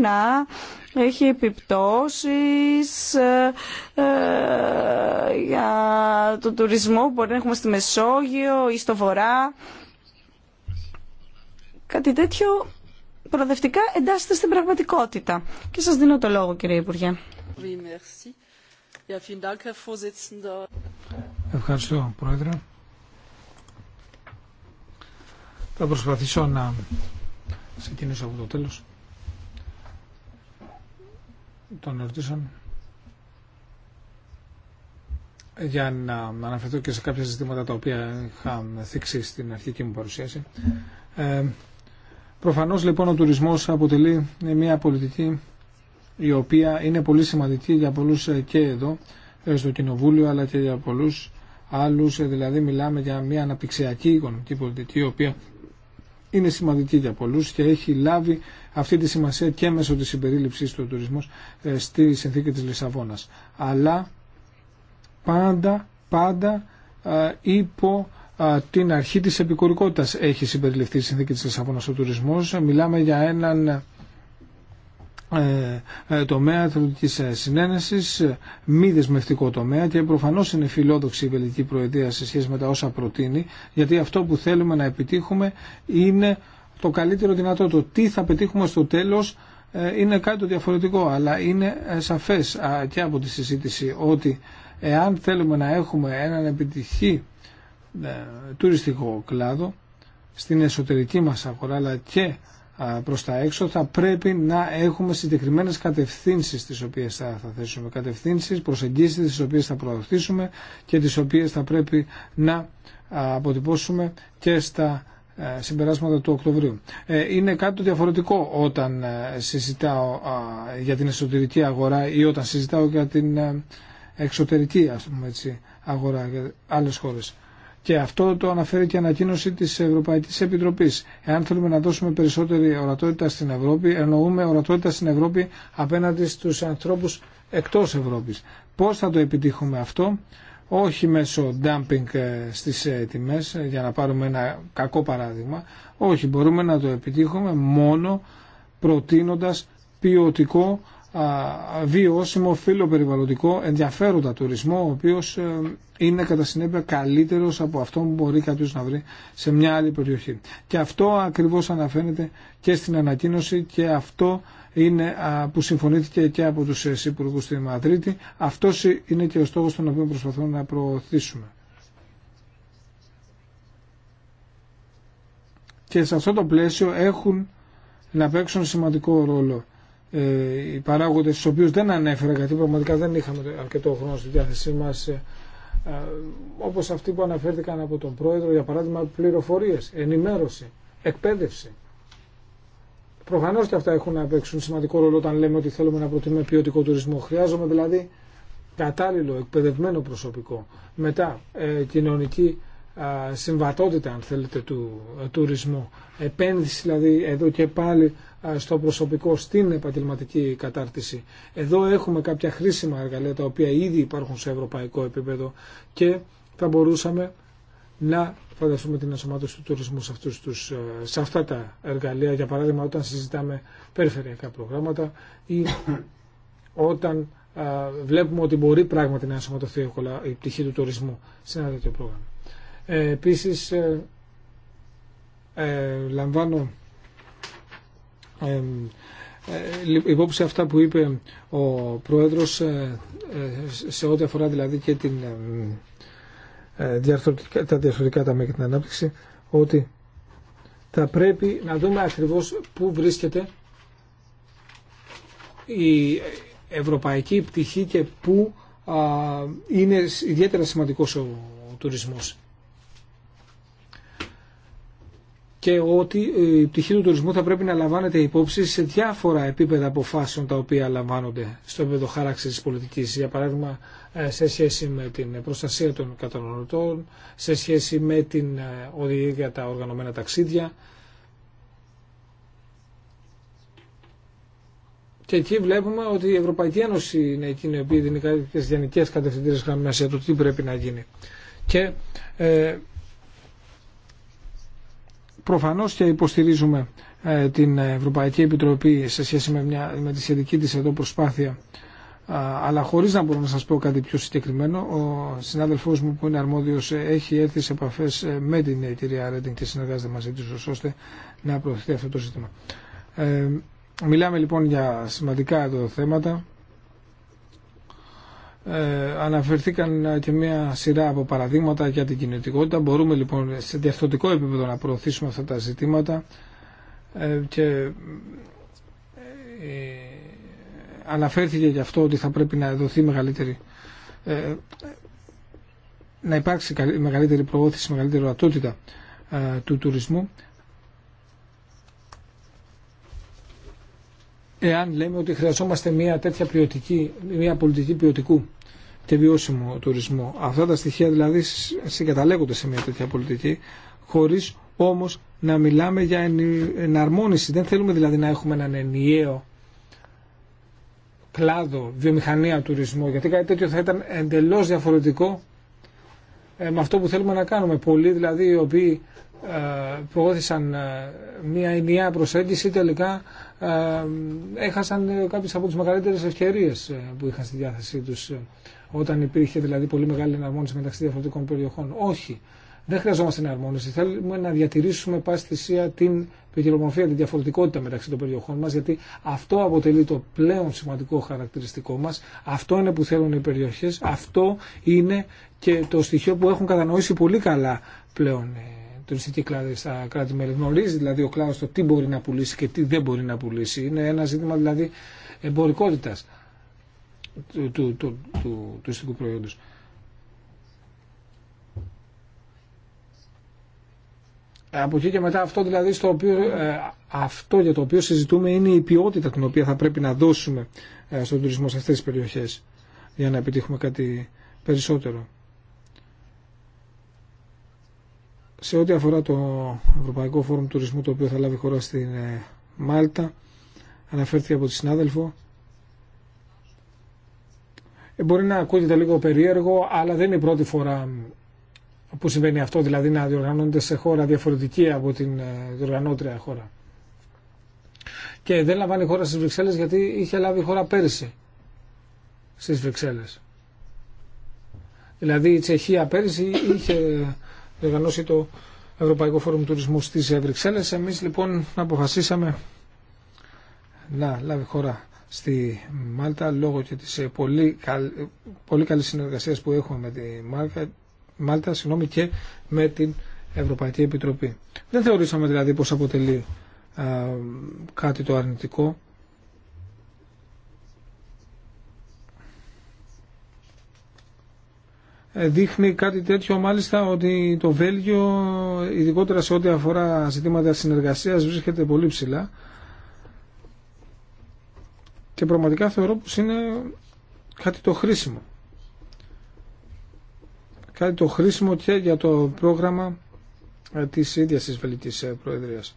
Speaker 2: να έχει επιπτώσεις ε, ε, για τον τουρισμό που μπορεί να έχουμε στη Μεσόγειο ή στο Βορρά. Κάτι τέτοιο προοδευτικά εντάσσεται στην πραγματικότητα. Και σας δίνω το λόγο κύριε Υπουργέ. Ευχαριστώ Πρόεδρε.
Speaker 4: Θα προσπαθήσω να ξεκινήσω από το τέλος των ερωτήσεων για να αναφερθώ και σε κάποια ζητήματα τα οποία είχα θίξει στην αρχική μου παρουσίαση. Ε, προφανώς λοιπόν ο τουρισμός αποτελεί μια πολιτική η οποία είναι πολύ σημαντική για πολλούς και εδώ ε, στο Κοινοβούλιο αλλά και για πολλούς άλλους. Ε, δηλαδή μιλάμε για μια αναπτυξιακή οικονομική πολιτική η οποία είναι σημαντική για πολλού και έχει λάβει αυτή τη σημασία και μέσω της συμπεριληψή του τουρισμού ε, στη συνθήκη της Λισαβόνα. Αλλά πάντα, πάντα ε, υπό ε, την αρχή της επικουρικότητας έχει συμπεριληφθεί η συνθήκη της Λισαβόνα, ο τουρισμό. Μιλάμε για έναν ε, ε, τομέα της ε, συνένεση, μη δεσμευτικό τομέα και προφανώς είναι φιλόδοξη η Βελική Προεδρία σε σχέση με τα όσα προτείνει γιατί αυτό που θέλουμε να επιτύχουμε είναι το καλύτερο δυνατό. Το τι θα πετύχουμε στο τέλος είναι κάτι το διαφορετικό αλλά είναι σαφές και από τη συζήτηση ότι εάν θέλουμε να έχουμε έναν επιτυχή τουριστικό κλάδο στην εσωτερική μας αγορά αλλά και προς τα έξω θα πρέπει να έχουμε συγκεκριμένες κατευθύνσεις τις οποίες θα, θα θέσουμε κατευθύνσεις, προσεγγίσεις τις οποίες θα προωθήσουμε και τις οποίες θα πρέπει να αποτυπώσουμε και στα συμπεράσματα του Οκτωβρίου. Ε, είναι κάτι το διαφορετικό όταν ε, συζητάω για την εσωτερική αγορά ή όταν συζητάω για την ε, εξωτερική ας πούμε αγορά για άλλες χώρες. Και αυτό το αναφέρει και η ανακοίνωση τη Ευρωπαϊκή Επιτροπή. Εάν θέλουμε να δώσουμε περισσότερη ορατότητα στην Ευρώπη, εννοούμε ορατότητα στην Ευρώπη απέναντι στου ανθρώπου εκτό Ευρώπη. Πώ θα το επιτύχουμε αυτό, όχι μέσω dumping ε, στις ε, τιμές, ε, για να πάρουμε ένα κακό παράδειγμα. Όχι, μπορούμε να το επιτύχουμε μόνο προτείνοντας ποιοτικό βιώσιμο περιβαλλοντικό ενδιαφέροντα τουρισμό, ο οποίος ε, είναι κατά συνέπεια καλύτερος από αυτό που μπορεί κάποιος να βρει σε μια άλλη περιοχή. Και αυτό ακριβώς αναφέρεται και στην ανακοίνωση και αυτό είναι, που συμφωνήθηκε και από τους ε, υπουργού στη Μαδρίτη. Αυτός είναι και ο στόχος τον οποίο προσπαθούμε να προωθήσουμε. Και σε αυτό το πλαίσιο έχουν να παίξουν σημαντικό ρόλο ε, οι παράγοντες στους οποίους δεν ανέφερα γιατί πραγματικά δεν είχαμε αρκετό χρόνο στη διάθεσή μας ε, ε, όπως αυτοί που αναφέρθηκαν από τον πρόεδρο για παράδειγμα πληροφορίες, ενημέρωση, εκπαίδευση. Προφανώ και αυτά έχουν να παίξουν σημαντικό ρόλο όταν λέμε ότι θέλουμε να προτείνουμε ποιοτικό τουρισμό. Χρειάζομαι δηλαδή κατάλληλο εκπαιδευμένο προσωπικό. Μετά ε, κοινωνική συμβατότητα αν θέλετε του ε, τουρισμού. Επένδυση δηλαδή εδώ και πάλι στο προσωπικό, στην επαγγελματική κατάρτιση. Εδώ έχουμε κάποια χρήσιμα εργαλεία τα οποία ήδη υπάρχουν σε ευρωπαϊκό επίπεδο και θα μπορούσαμε να φανταστούμε την ασωματώση του τουρισμού σε, αυτούς τους, ε, σε αυτά τα εργαλεία. Για παράδειγμα όταν συζητάμε περιφερειακά προγράμματα ή όταν βλέπουμε ότι μπορεί πράγματι να ενσωματωθεί η πτυχή του τουρισμού σε ένα τέτοιο πρόγραμμα. Ε, επίσης, ε, ε, λαμβάνω υπόψη αυτά που είπε ο Πρόεδρος σε ό,τι αφορά δηλαδή και την, τα διαρθρωτικά τα και την ανάπτυξη ότι θα πρέπει να δούμε ακριβώς πού βρίσκεται η ευρωπαϊκή πτυχή και πού είναι ιδιαίτερα σημαντικός ο τουρισμός. και ότι ε, η πτυχή του τουρισμού θα πρέπει να λαμβάνεται υπόψη σε διάφορα επίπεδα αποφάσεων τα οποία λαμβάνονται στο επίπεδο χάραξη τη πολιτική. Για παράδειγμα, ε, σε σχέση με την προστασία των καταναλωτών, σε σχέση με την ε, οδηγία για τα οργανωμένα ταξίδια. Και εκεί βλέπουμε ότι η Ευρωπαϊκή Ένωση είναι εκείνη η οποία δίνει κάποιε γενικέ κατευθυντήρε γραμμέ για το τι πρέπει να γίνει. Και ε, Προφανώς και υποστηρίζουμε ε, την Ευρωπαϊκή Επιτροπή σε σχέση με, μια, με τη σχετική της εδώ προσπάθεια αλλά χωρίς να μπορώ να σας πω κάτι πιο συγκεκριμένο, ο συνάδελφός μου που είναι αρμόδιος ε, έχει έρθει σε επαφές ε, με την εταιρεία Ρέντιν και συνεργάζεται μαζί της ώστε να προωθηθεί αυτό το ζήτημα. Ε, μιλάμε λοιπόν για σημαντικά εδώ θέματα ε, αναφερθήκαν και μια σειρά από παραδείγματα για την κινητικότητα. Μπορούμε λοιπόν σε διαφθορτικό επίπεδο να προωθήσουμε αυτά τα ζητήματα ε, και ε, αναφέρθηκε γι' αυτό ότι θα πρέπει να δοθεί μεγαλύτερη να υπάρξει μεγαλύτερη προώθηση, μεγαλύτερη ορατότητα του τουρισμού. Εάν λέμε ότι χρειαζόμαστε μια τέτοια ποιοτική, μια πολιτική ποιοτικού και βιώσιμο τουρισμό. Αυτά τα στοιχεία δηλαδή συγκαταλέγονται σε μια τέτοια πολιτική χωρί όμω να μιλάμε για εναρμόνιση. Δεν θέλουμε δηλαδή να έχουμε έναν ενιαίο κλάδο, βιομηχανία, τουρισμού, γιατί κάτι τέτοιο θα ήταν εντελώ διαφορετικό ε, με αυτό που θέλουμε να κάνουμε. Πολλοί δηλαδή οι οποίοι ε, προώθησαν ε, μια ενιαία προσέγγιση τελικά έχασαν κάποιες από τις μεγαλύτερες ευκαιρίες που είχαν στη διάθεσή τους όταν υπήρχε δηλαδή πολύ μεγάλη εναρμόνιση μεταξύ διαφορετικών περιοχών. Όχι. Δεν χρειαζόμαστε εναρμόνιση. Θέλουμε να διατηρήσουμε πάση θυσία την ποικιλομορφία, την διαφορετικότητα μεταξύ των περιοχών μα, γιατί αυτό αποτελεί το πλέον σημαντικό χαρακτηριστικό μα. Αυτό είναι που θέλουν οι περιοχέ. Αυτό είναι και το στοιχείο που έχουν κατανοήσει πολύ καλά πλέον οι ε, τουριστικοί στα κράτη-μέλη. Γνωρίζει δηλαδή ο κλάδο το τι μπορεί να πουλήσει και τι δεν μπορεί να πουλήσει. Είναι ένα ζήτημα δηλαδή εμπορικότητα του, του, του, του τουριστικού προϊόντος. Από εκεί και μετά αυτό δηλαδή στο οποίο, ε, αυτό για το οποίο συζητούμε είναι η ποιότητα την οποία θα πρέπει να δώσουμε ε, στον τουρισμό σε αυτές τις περιοχές για να επιτύχουμε κάτι περισσότερο. Σε ό,τι αφορά το Ευρωπαϊκό Φόρουμ Τουρισμού το οποίο θα λάβει χώρα στην ε, Μάλτα αναφέρθηκε από τη συνάδελφο ε, μπορεί να ακούγεται λίγο περίεργο, αλλά δεν είναι η πρώτη φορά που συμβαίνει αυτό, δηλαδή να διοργανώνεται σε χώρα διαφορετική από την ε, διοργανώτρια χώρα. Και δεν λαμβάνει χώρα στις Βρυξέλλες γιατί είχε λάβει χώρα πέρυσι στις Βρυξέλλες. Δηλαδή η Τσεχία πέρυσι είχε διοργανώσει το Ευρωπαϊκό Φόρουμ Τουρισμού στις Βρυξέλλες. Εμείς λοιπόν αποφασίσαμε να λάβει χώρα στη Μάλτα λόγω και της ε, πολύ, καλ, ε, πολύ καλής συνεργασίας που έχουμε με τη Μάλτα, Μάλτα και με την Ευρωπαϊκή Επιτροπή. Δεν θεωρήσαμε δηλαδή πως αποτελεί κάτι το αρνητικό. Ε, δείχνει κάτι τέτοιο μάλιστα ότι το Βέλγιο ειδικότερα σε ό,τι αφορά ζητήματα συνεργασίας βρίσκεται πολύ ψηλά και πραγματικά θεωρώ πως είναι κάτι το χρήσιμο. Κάτι το χρήσιμο και για το πρόγραμμα ε, της ίδιας της Βελικής ε, Προεδρίας.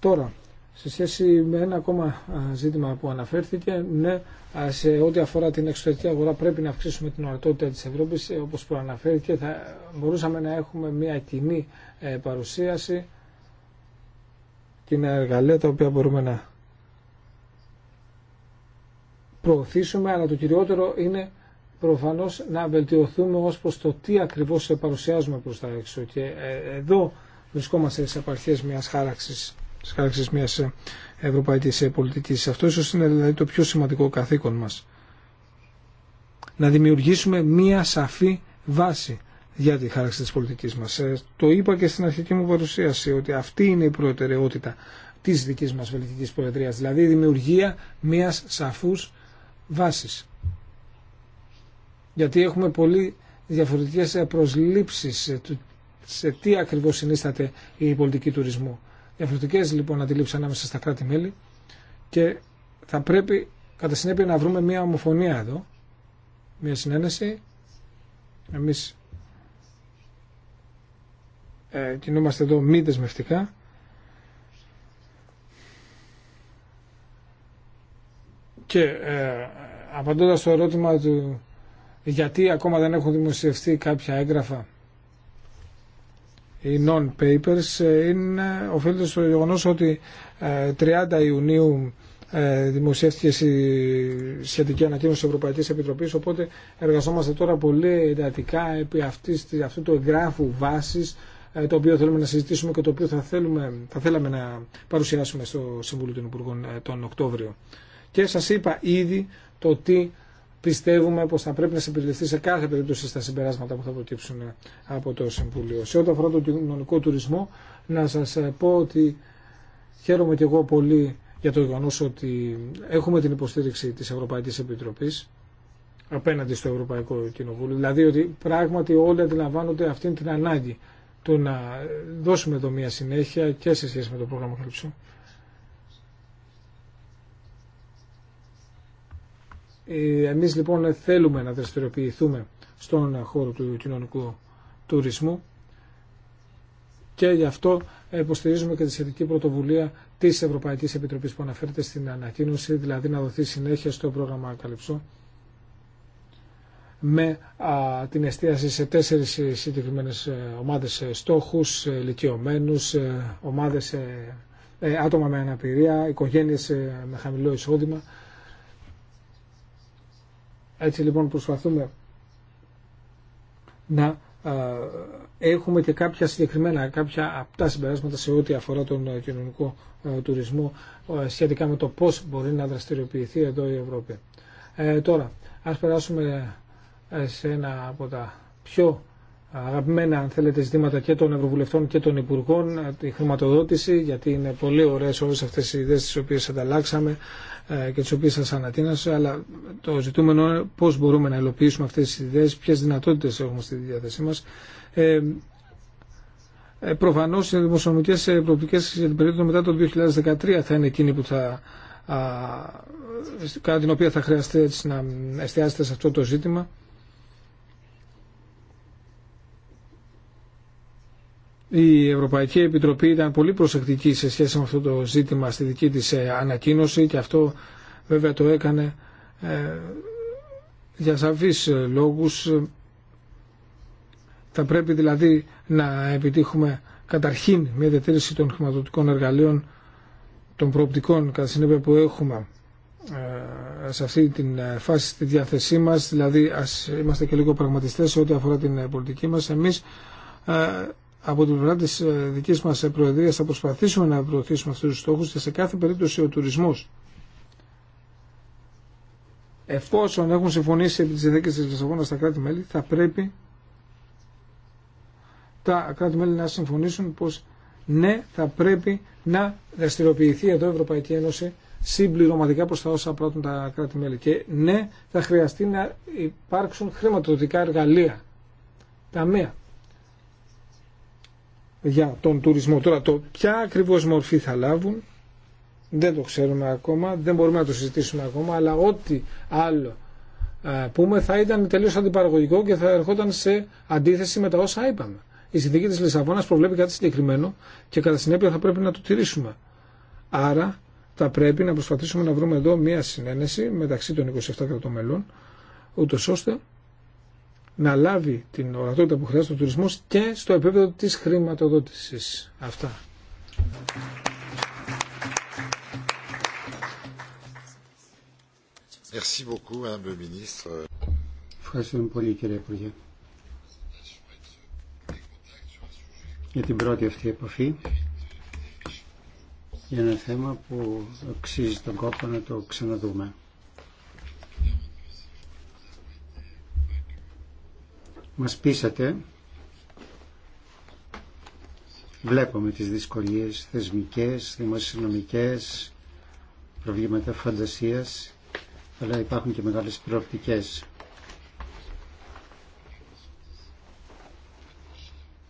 Speaker 4: Τώρα, σε σχέση με ένα ακόμα ε, ζήτημα που αναφέρθηκε, ναι, σε ό,τι αφορά την εξωτερική αγορά πρέπει να αυξήσουμε την ορατότητα της Ευρώπης, όπως προαναφέρθηκε, θα μπορούσαμε να έχουμε μια κοινή παρουσίαση είναι εργαλεία τα οποία μπορούμε να προωθήσουμε, αλλά το κυριότερο είναι προφανώς να βελτιωθούμε ως προς το τι ακριβώς παρουσιάζουμε προς τα έξω. Και ε, εδώ βρισκόμαστε σε επαρχές μιας χάραξης, της χάραξης μιας ε, ευρωπαϊκής ε, πολιτικής. Αυτό ίσως είναι δηλαδή, το πιο σημαντικό καθήκον μας. Να δημιουργήσουμε μια σαφή βάση για τη χάραξη της πολιτικής μας. Ε, το είπα και στην αρχική μου παρουσίαση ότι αυτή είναι η προτεραιότητα της δικής μας πολιτικής προεδρίας, δηλαδή η δημιουργία μιας σαφούς βάσης. Γιατί έχουμε πολύ διαφορετικές ε, προσλήψεις σε τι ακριβώς συνίσταται η πολιτική τουρισμού. Διαφορετικές λοιπόν αντιλήψεις ανάμεσα στα κράτη-μέλη και θα πρέπει κατά συνέπεια να βρούμε μια ομοφωνία εδώ, μια συνένεση. Εμείς ε, κινούμαστε εδώ μη δεσμευτικά. Και ε, απαντώντας στο ερώτημα του γιατί ακόμα δεν έχουν δημοσιευτεί κάποια έγγραφα οι non-papers ε, είναι οφείλεται στο γεγονό ότι 30 ε, Ιουνίου δημοσιεύτηκε η σχετική ανακοίνωση της Ευρωπαϊκής Επιτροπής οπότε εργαζόμαστε τώρα πολύ εντατικά επί αυτής, αυτού του εγγράφου βάσης ε, το οποίο θέλουμε να συζητήσουμε και το οποίο θα, θέλουμε, θα θέλαμε να παρουσιάσουμε στο Συμβούλιο των Υπουργών ε, τον Οκτώβριο. Και σας είπα ήδη το τι πιστεύουμε πως θα πρέπει να συμπεριληφθεί σε κάθε περίπτωση στα συμπεράσματα που θα προκύψουν ε, από το Συμβούλιο. Σε ό,τι αφορά τον κοινωνικό τουρισμό, να σας πω ότι χαίρομαι και εγώ πολύ για το γεγονό ότι έχουμε την υποστήριξη της Ευρωπαϊκής Επιτροπής απέναντι στο Ευρωπαϊκό Κοινοβούλιο. Δηλαδή ότι πράγματι όλοι αντιλαμβάνονται αυτή την ανάγκη το να δώσουμε εδώ μια συνέχεια και σε σχέση με το πρόγραμμα Καλύψο. Ε, εμείς λοιπόν θέλουμε να δραστηριοποιηθούμε στον χώρο του κοινωνικού τουρισμού και γι' αυτό υποστηρίζουμε και τη σχετική πρωτοβουλία της Ευρωπαϊκής Επιτροπής που αναφέρεται στην ανακοίνωση, δηλαδή να δοθεί συνέχεια στο πρόγραμμα Καλυψό με την εστίαση σε τέσσερις ε, συγκεκριμένε ε, ομάδες ε, στόχους, ηλικιωμένους, ομάδες, άτομα με αναπηρία, οικογένειες με χαμηλό εισόδημα. Έτσι λοιπόν προσπαθούμε να έχουμε και κάποια συγκεκριμένα, κάποια απτά συμπεράσματα σε ό,τι αφορά τον κοινωνικό τουρισμό σχετικά με το πώς μπορεί να δραστηριοποιηθεί εδώ η Ευρώπη. Ε, τώρα, ας περάσουμε σε ένα από τα πιο αγαπημένα αν θέλετε ζητήματα και των Ευρωβουλευτών και των Υπουργών τη χρηματοδότηση γιατί είναι πολύ ωραίες όλες αυτές οι ιδέες τις οποίες ανταλλάξαμε ε, και τις οποίες σας ανατείνασα αλλά το ζητούμενο είναι πώς μπορούμε να υλοποιήσουμε αυτές τις ιδέες ποιες δυνατότητες έχουμε στη διάθεσή μας ε, ε Προφανώ οι δημοσιονομικές προοπτικές για την περίοδο μετά το 2013 θα είναι εκείνη που θα, α, ε, κατά την οποία θα χρειαστεί έτσι, να εστιάσετε σε αυτό το ζήτημα. η Ευρωπαϊκή Επιτροπή ήταν πολύ προσεκτική σε σχέση με αυτό το ζήτημα στη δική της ε, ανακοίνωση και αυτό βέβαια το έκανε ε, για σαφείς λόγους. Θα πρέπει δηλαδή να επιτύχουμε καταρχήν μια διατήρηση των χρηματοδοτικών εργαλείων των προοπτικών κατά συνέπεια που έχουμε ε, σε αυτή τη φάση στη διάθεσή μας, δηλαδή ας είμαστε και λίγο πραγματιστές σε ό,τι αφορά την πολιτική μας. Εμείς από την πλευρά τη ε, δική μα ε, Προεδρία θα προσπαθήσουμε να προωθήσουμε αυτού του στόχου και σε κάθε περίπτωση ο τουρισμό. Εφόσον έχουν συμφωνήσει επί τη τη Λισαβόνα τα κράτη-μέλη, θα πρέπει τα κράτη-μέλη να συμφωνήσουν πω ναι, θα πρέπει να δραστηριοποιηθεί εδώ η Ευρωπαϊκή Ένωση συμπληρωματικά προ τα όσα πρότουν τα κράτη-μέλη. Και ναι, θα χρειαστεί να υπάρξουν χρηματοδοτικά εργαλεία, ταμεία για τον τουρισμό. Τώρα το ποια ακριβώς μορφή θα λάβουν δεν το ξέρουμε ακόμα, δεν μπορούμε να το συζητήσουμε ακόμα, αλλά ό,τι άλλο ε, πούμε θα ήταν τελείως αντιπαραγωγικό και θα ερχόταν σε αντίθεση με τα όσα είπαμε. Η συνθήκη της Λισαβόνας προβλέπει κάτι συγκεκριμένο και κατά συνέπεια θα πρέπει να το τηρήσουμε. Άρα θα πρέπει να προσπαθήσουμε να βρούμε εδώ μία συνένεση μεταξύ των 27 κρατών μελών, ούτως ώστε να λάβει την ορατότητα που χρειάζεται ο τουρισμός και στο επίπεδο της χρηματοδότησης. Αυτά.
Speaker 3: Ευχαριστούμε πολύ κύριε Υπουργέ για την πρώτη αυτή επαφή για ένα θέμα που αξίζει τον κόπο να το ξαναδούμε. Μας πείσατε, βλέπουμε τις δυσκολίες θεσμικές, δημοσιονομικές, προβλήματα φαντασίας, αλλά υπάρχουν και μεγάλες προοπτικές.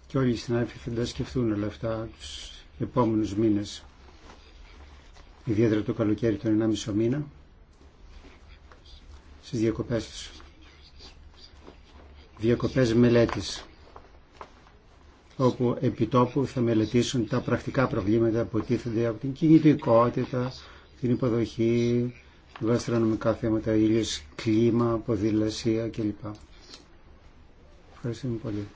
Speaker 3: Και όλοι οι συνάδελφοι θα τα σκεφτούν όλα αυτά τους επόμενους μήνες, ιδιαίτερα το καλοκαίρι των 1,5 μήνα, στις διακοπές τους διακοπές μελέτης όπου επιτόπου θα μελετήσουν τα πρακτικά προβλήματα που τίθενται από την κινητικότητα, την υποδοχή, γαστρονομικά θέματα, ήλιος, κλίμα, ποδηλασία κλπ. Ευχαριστούμε πολύ.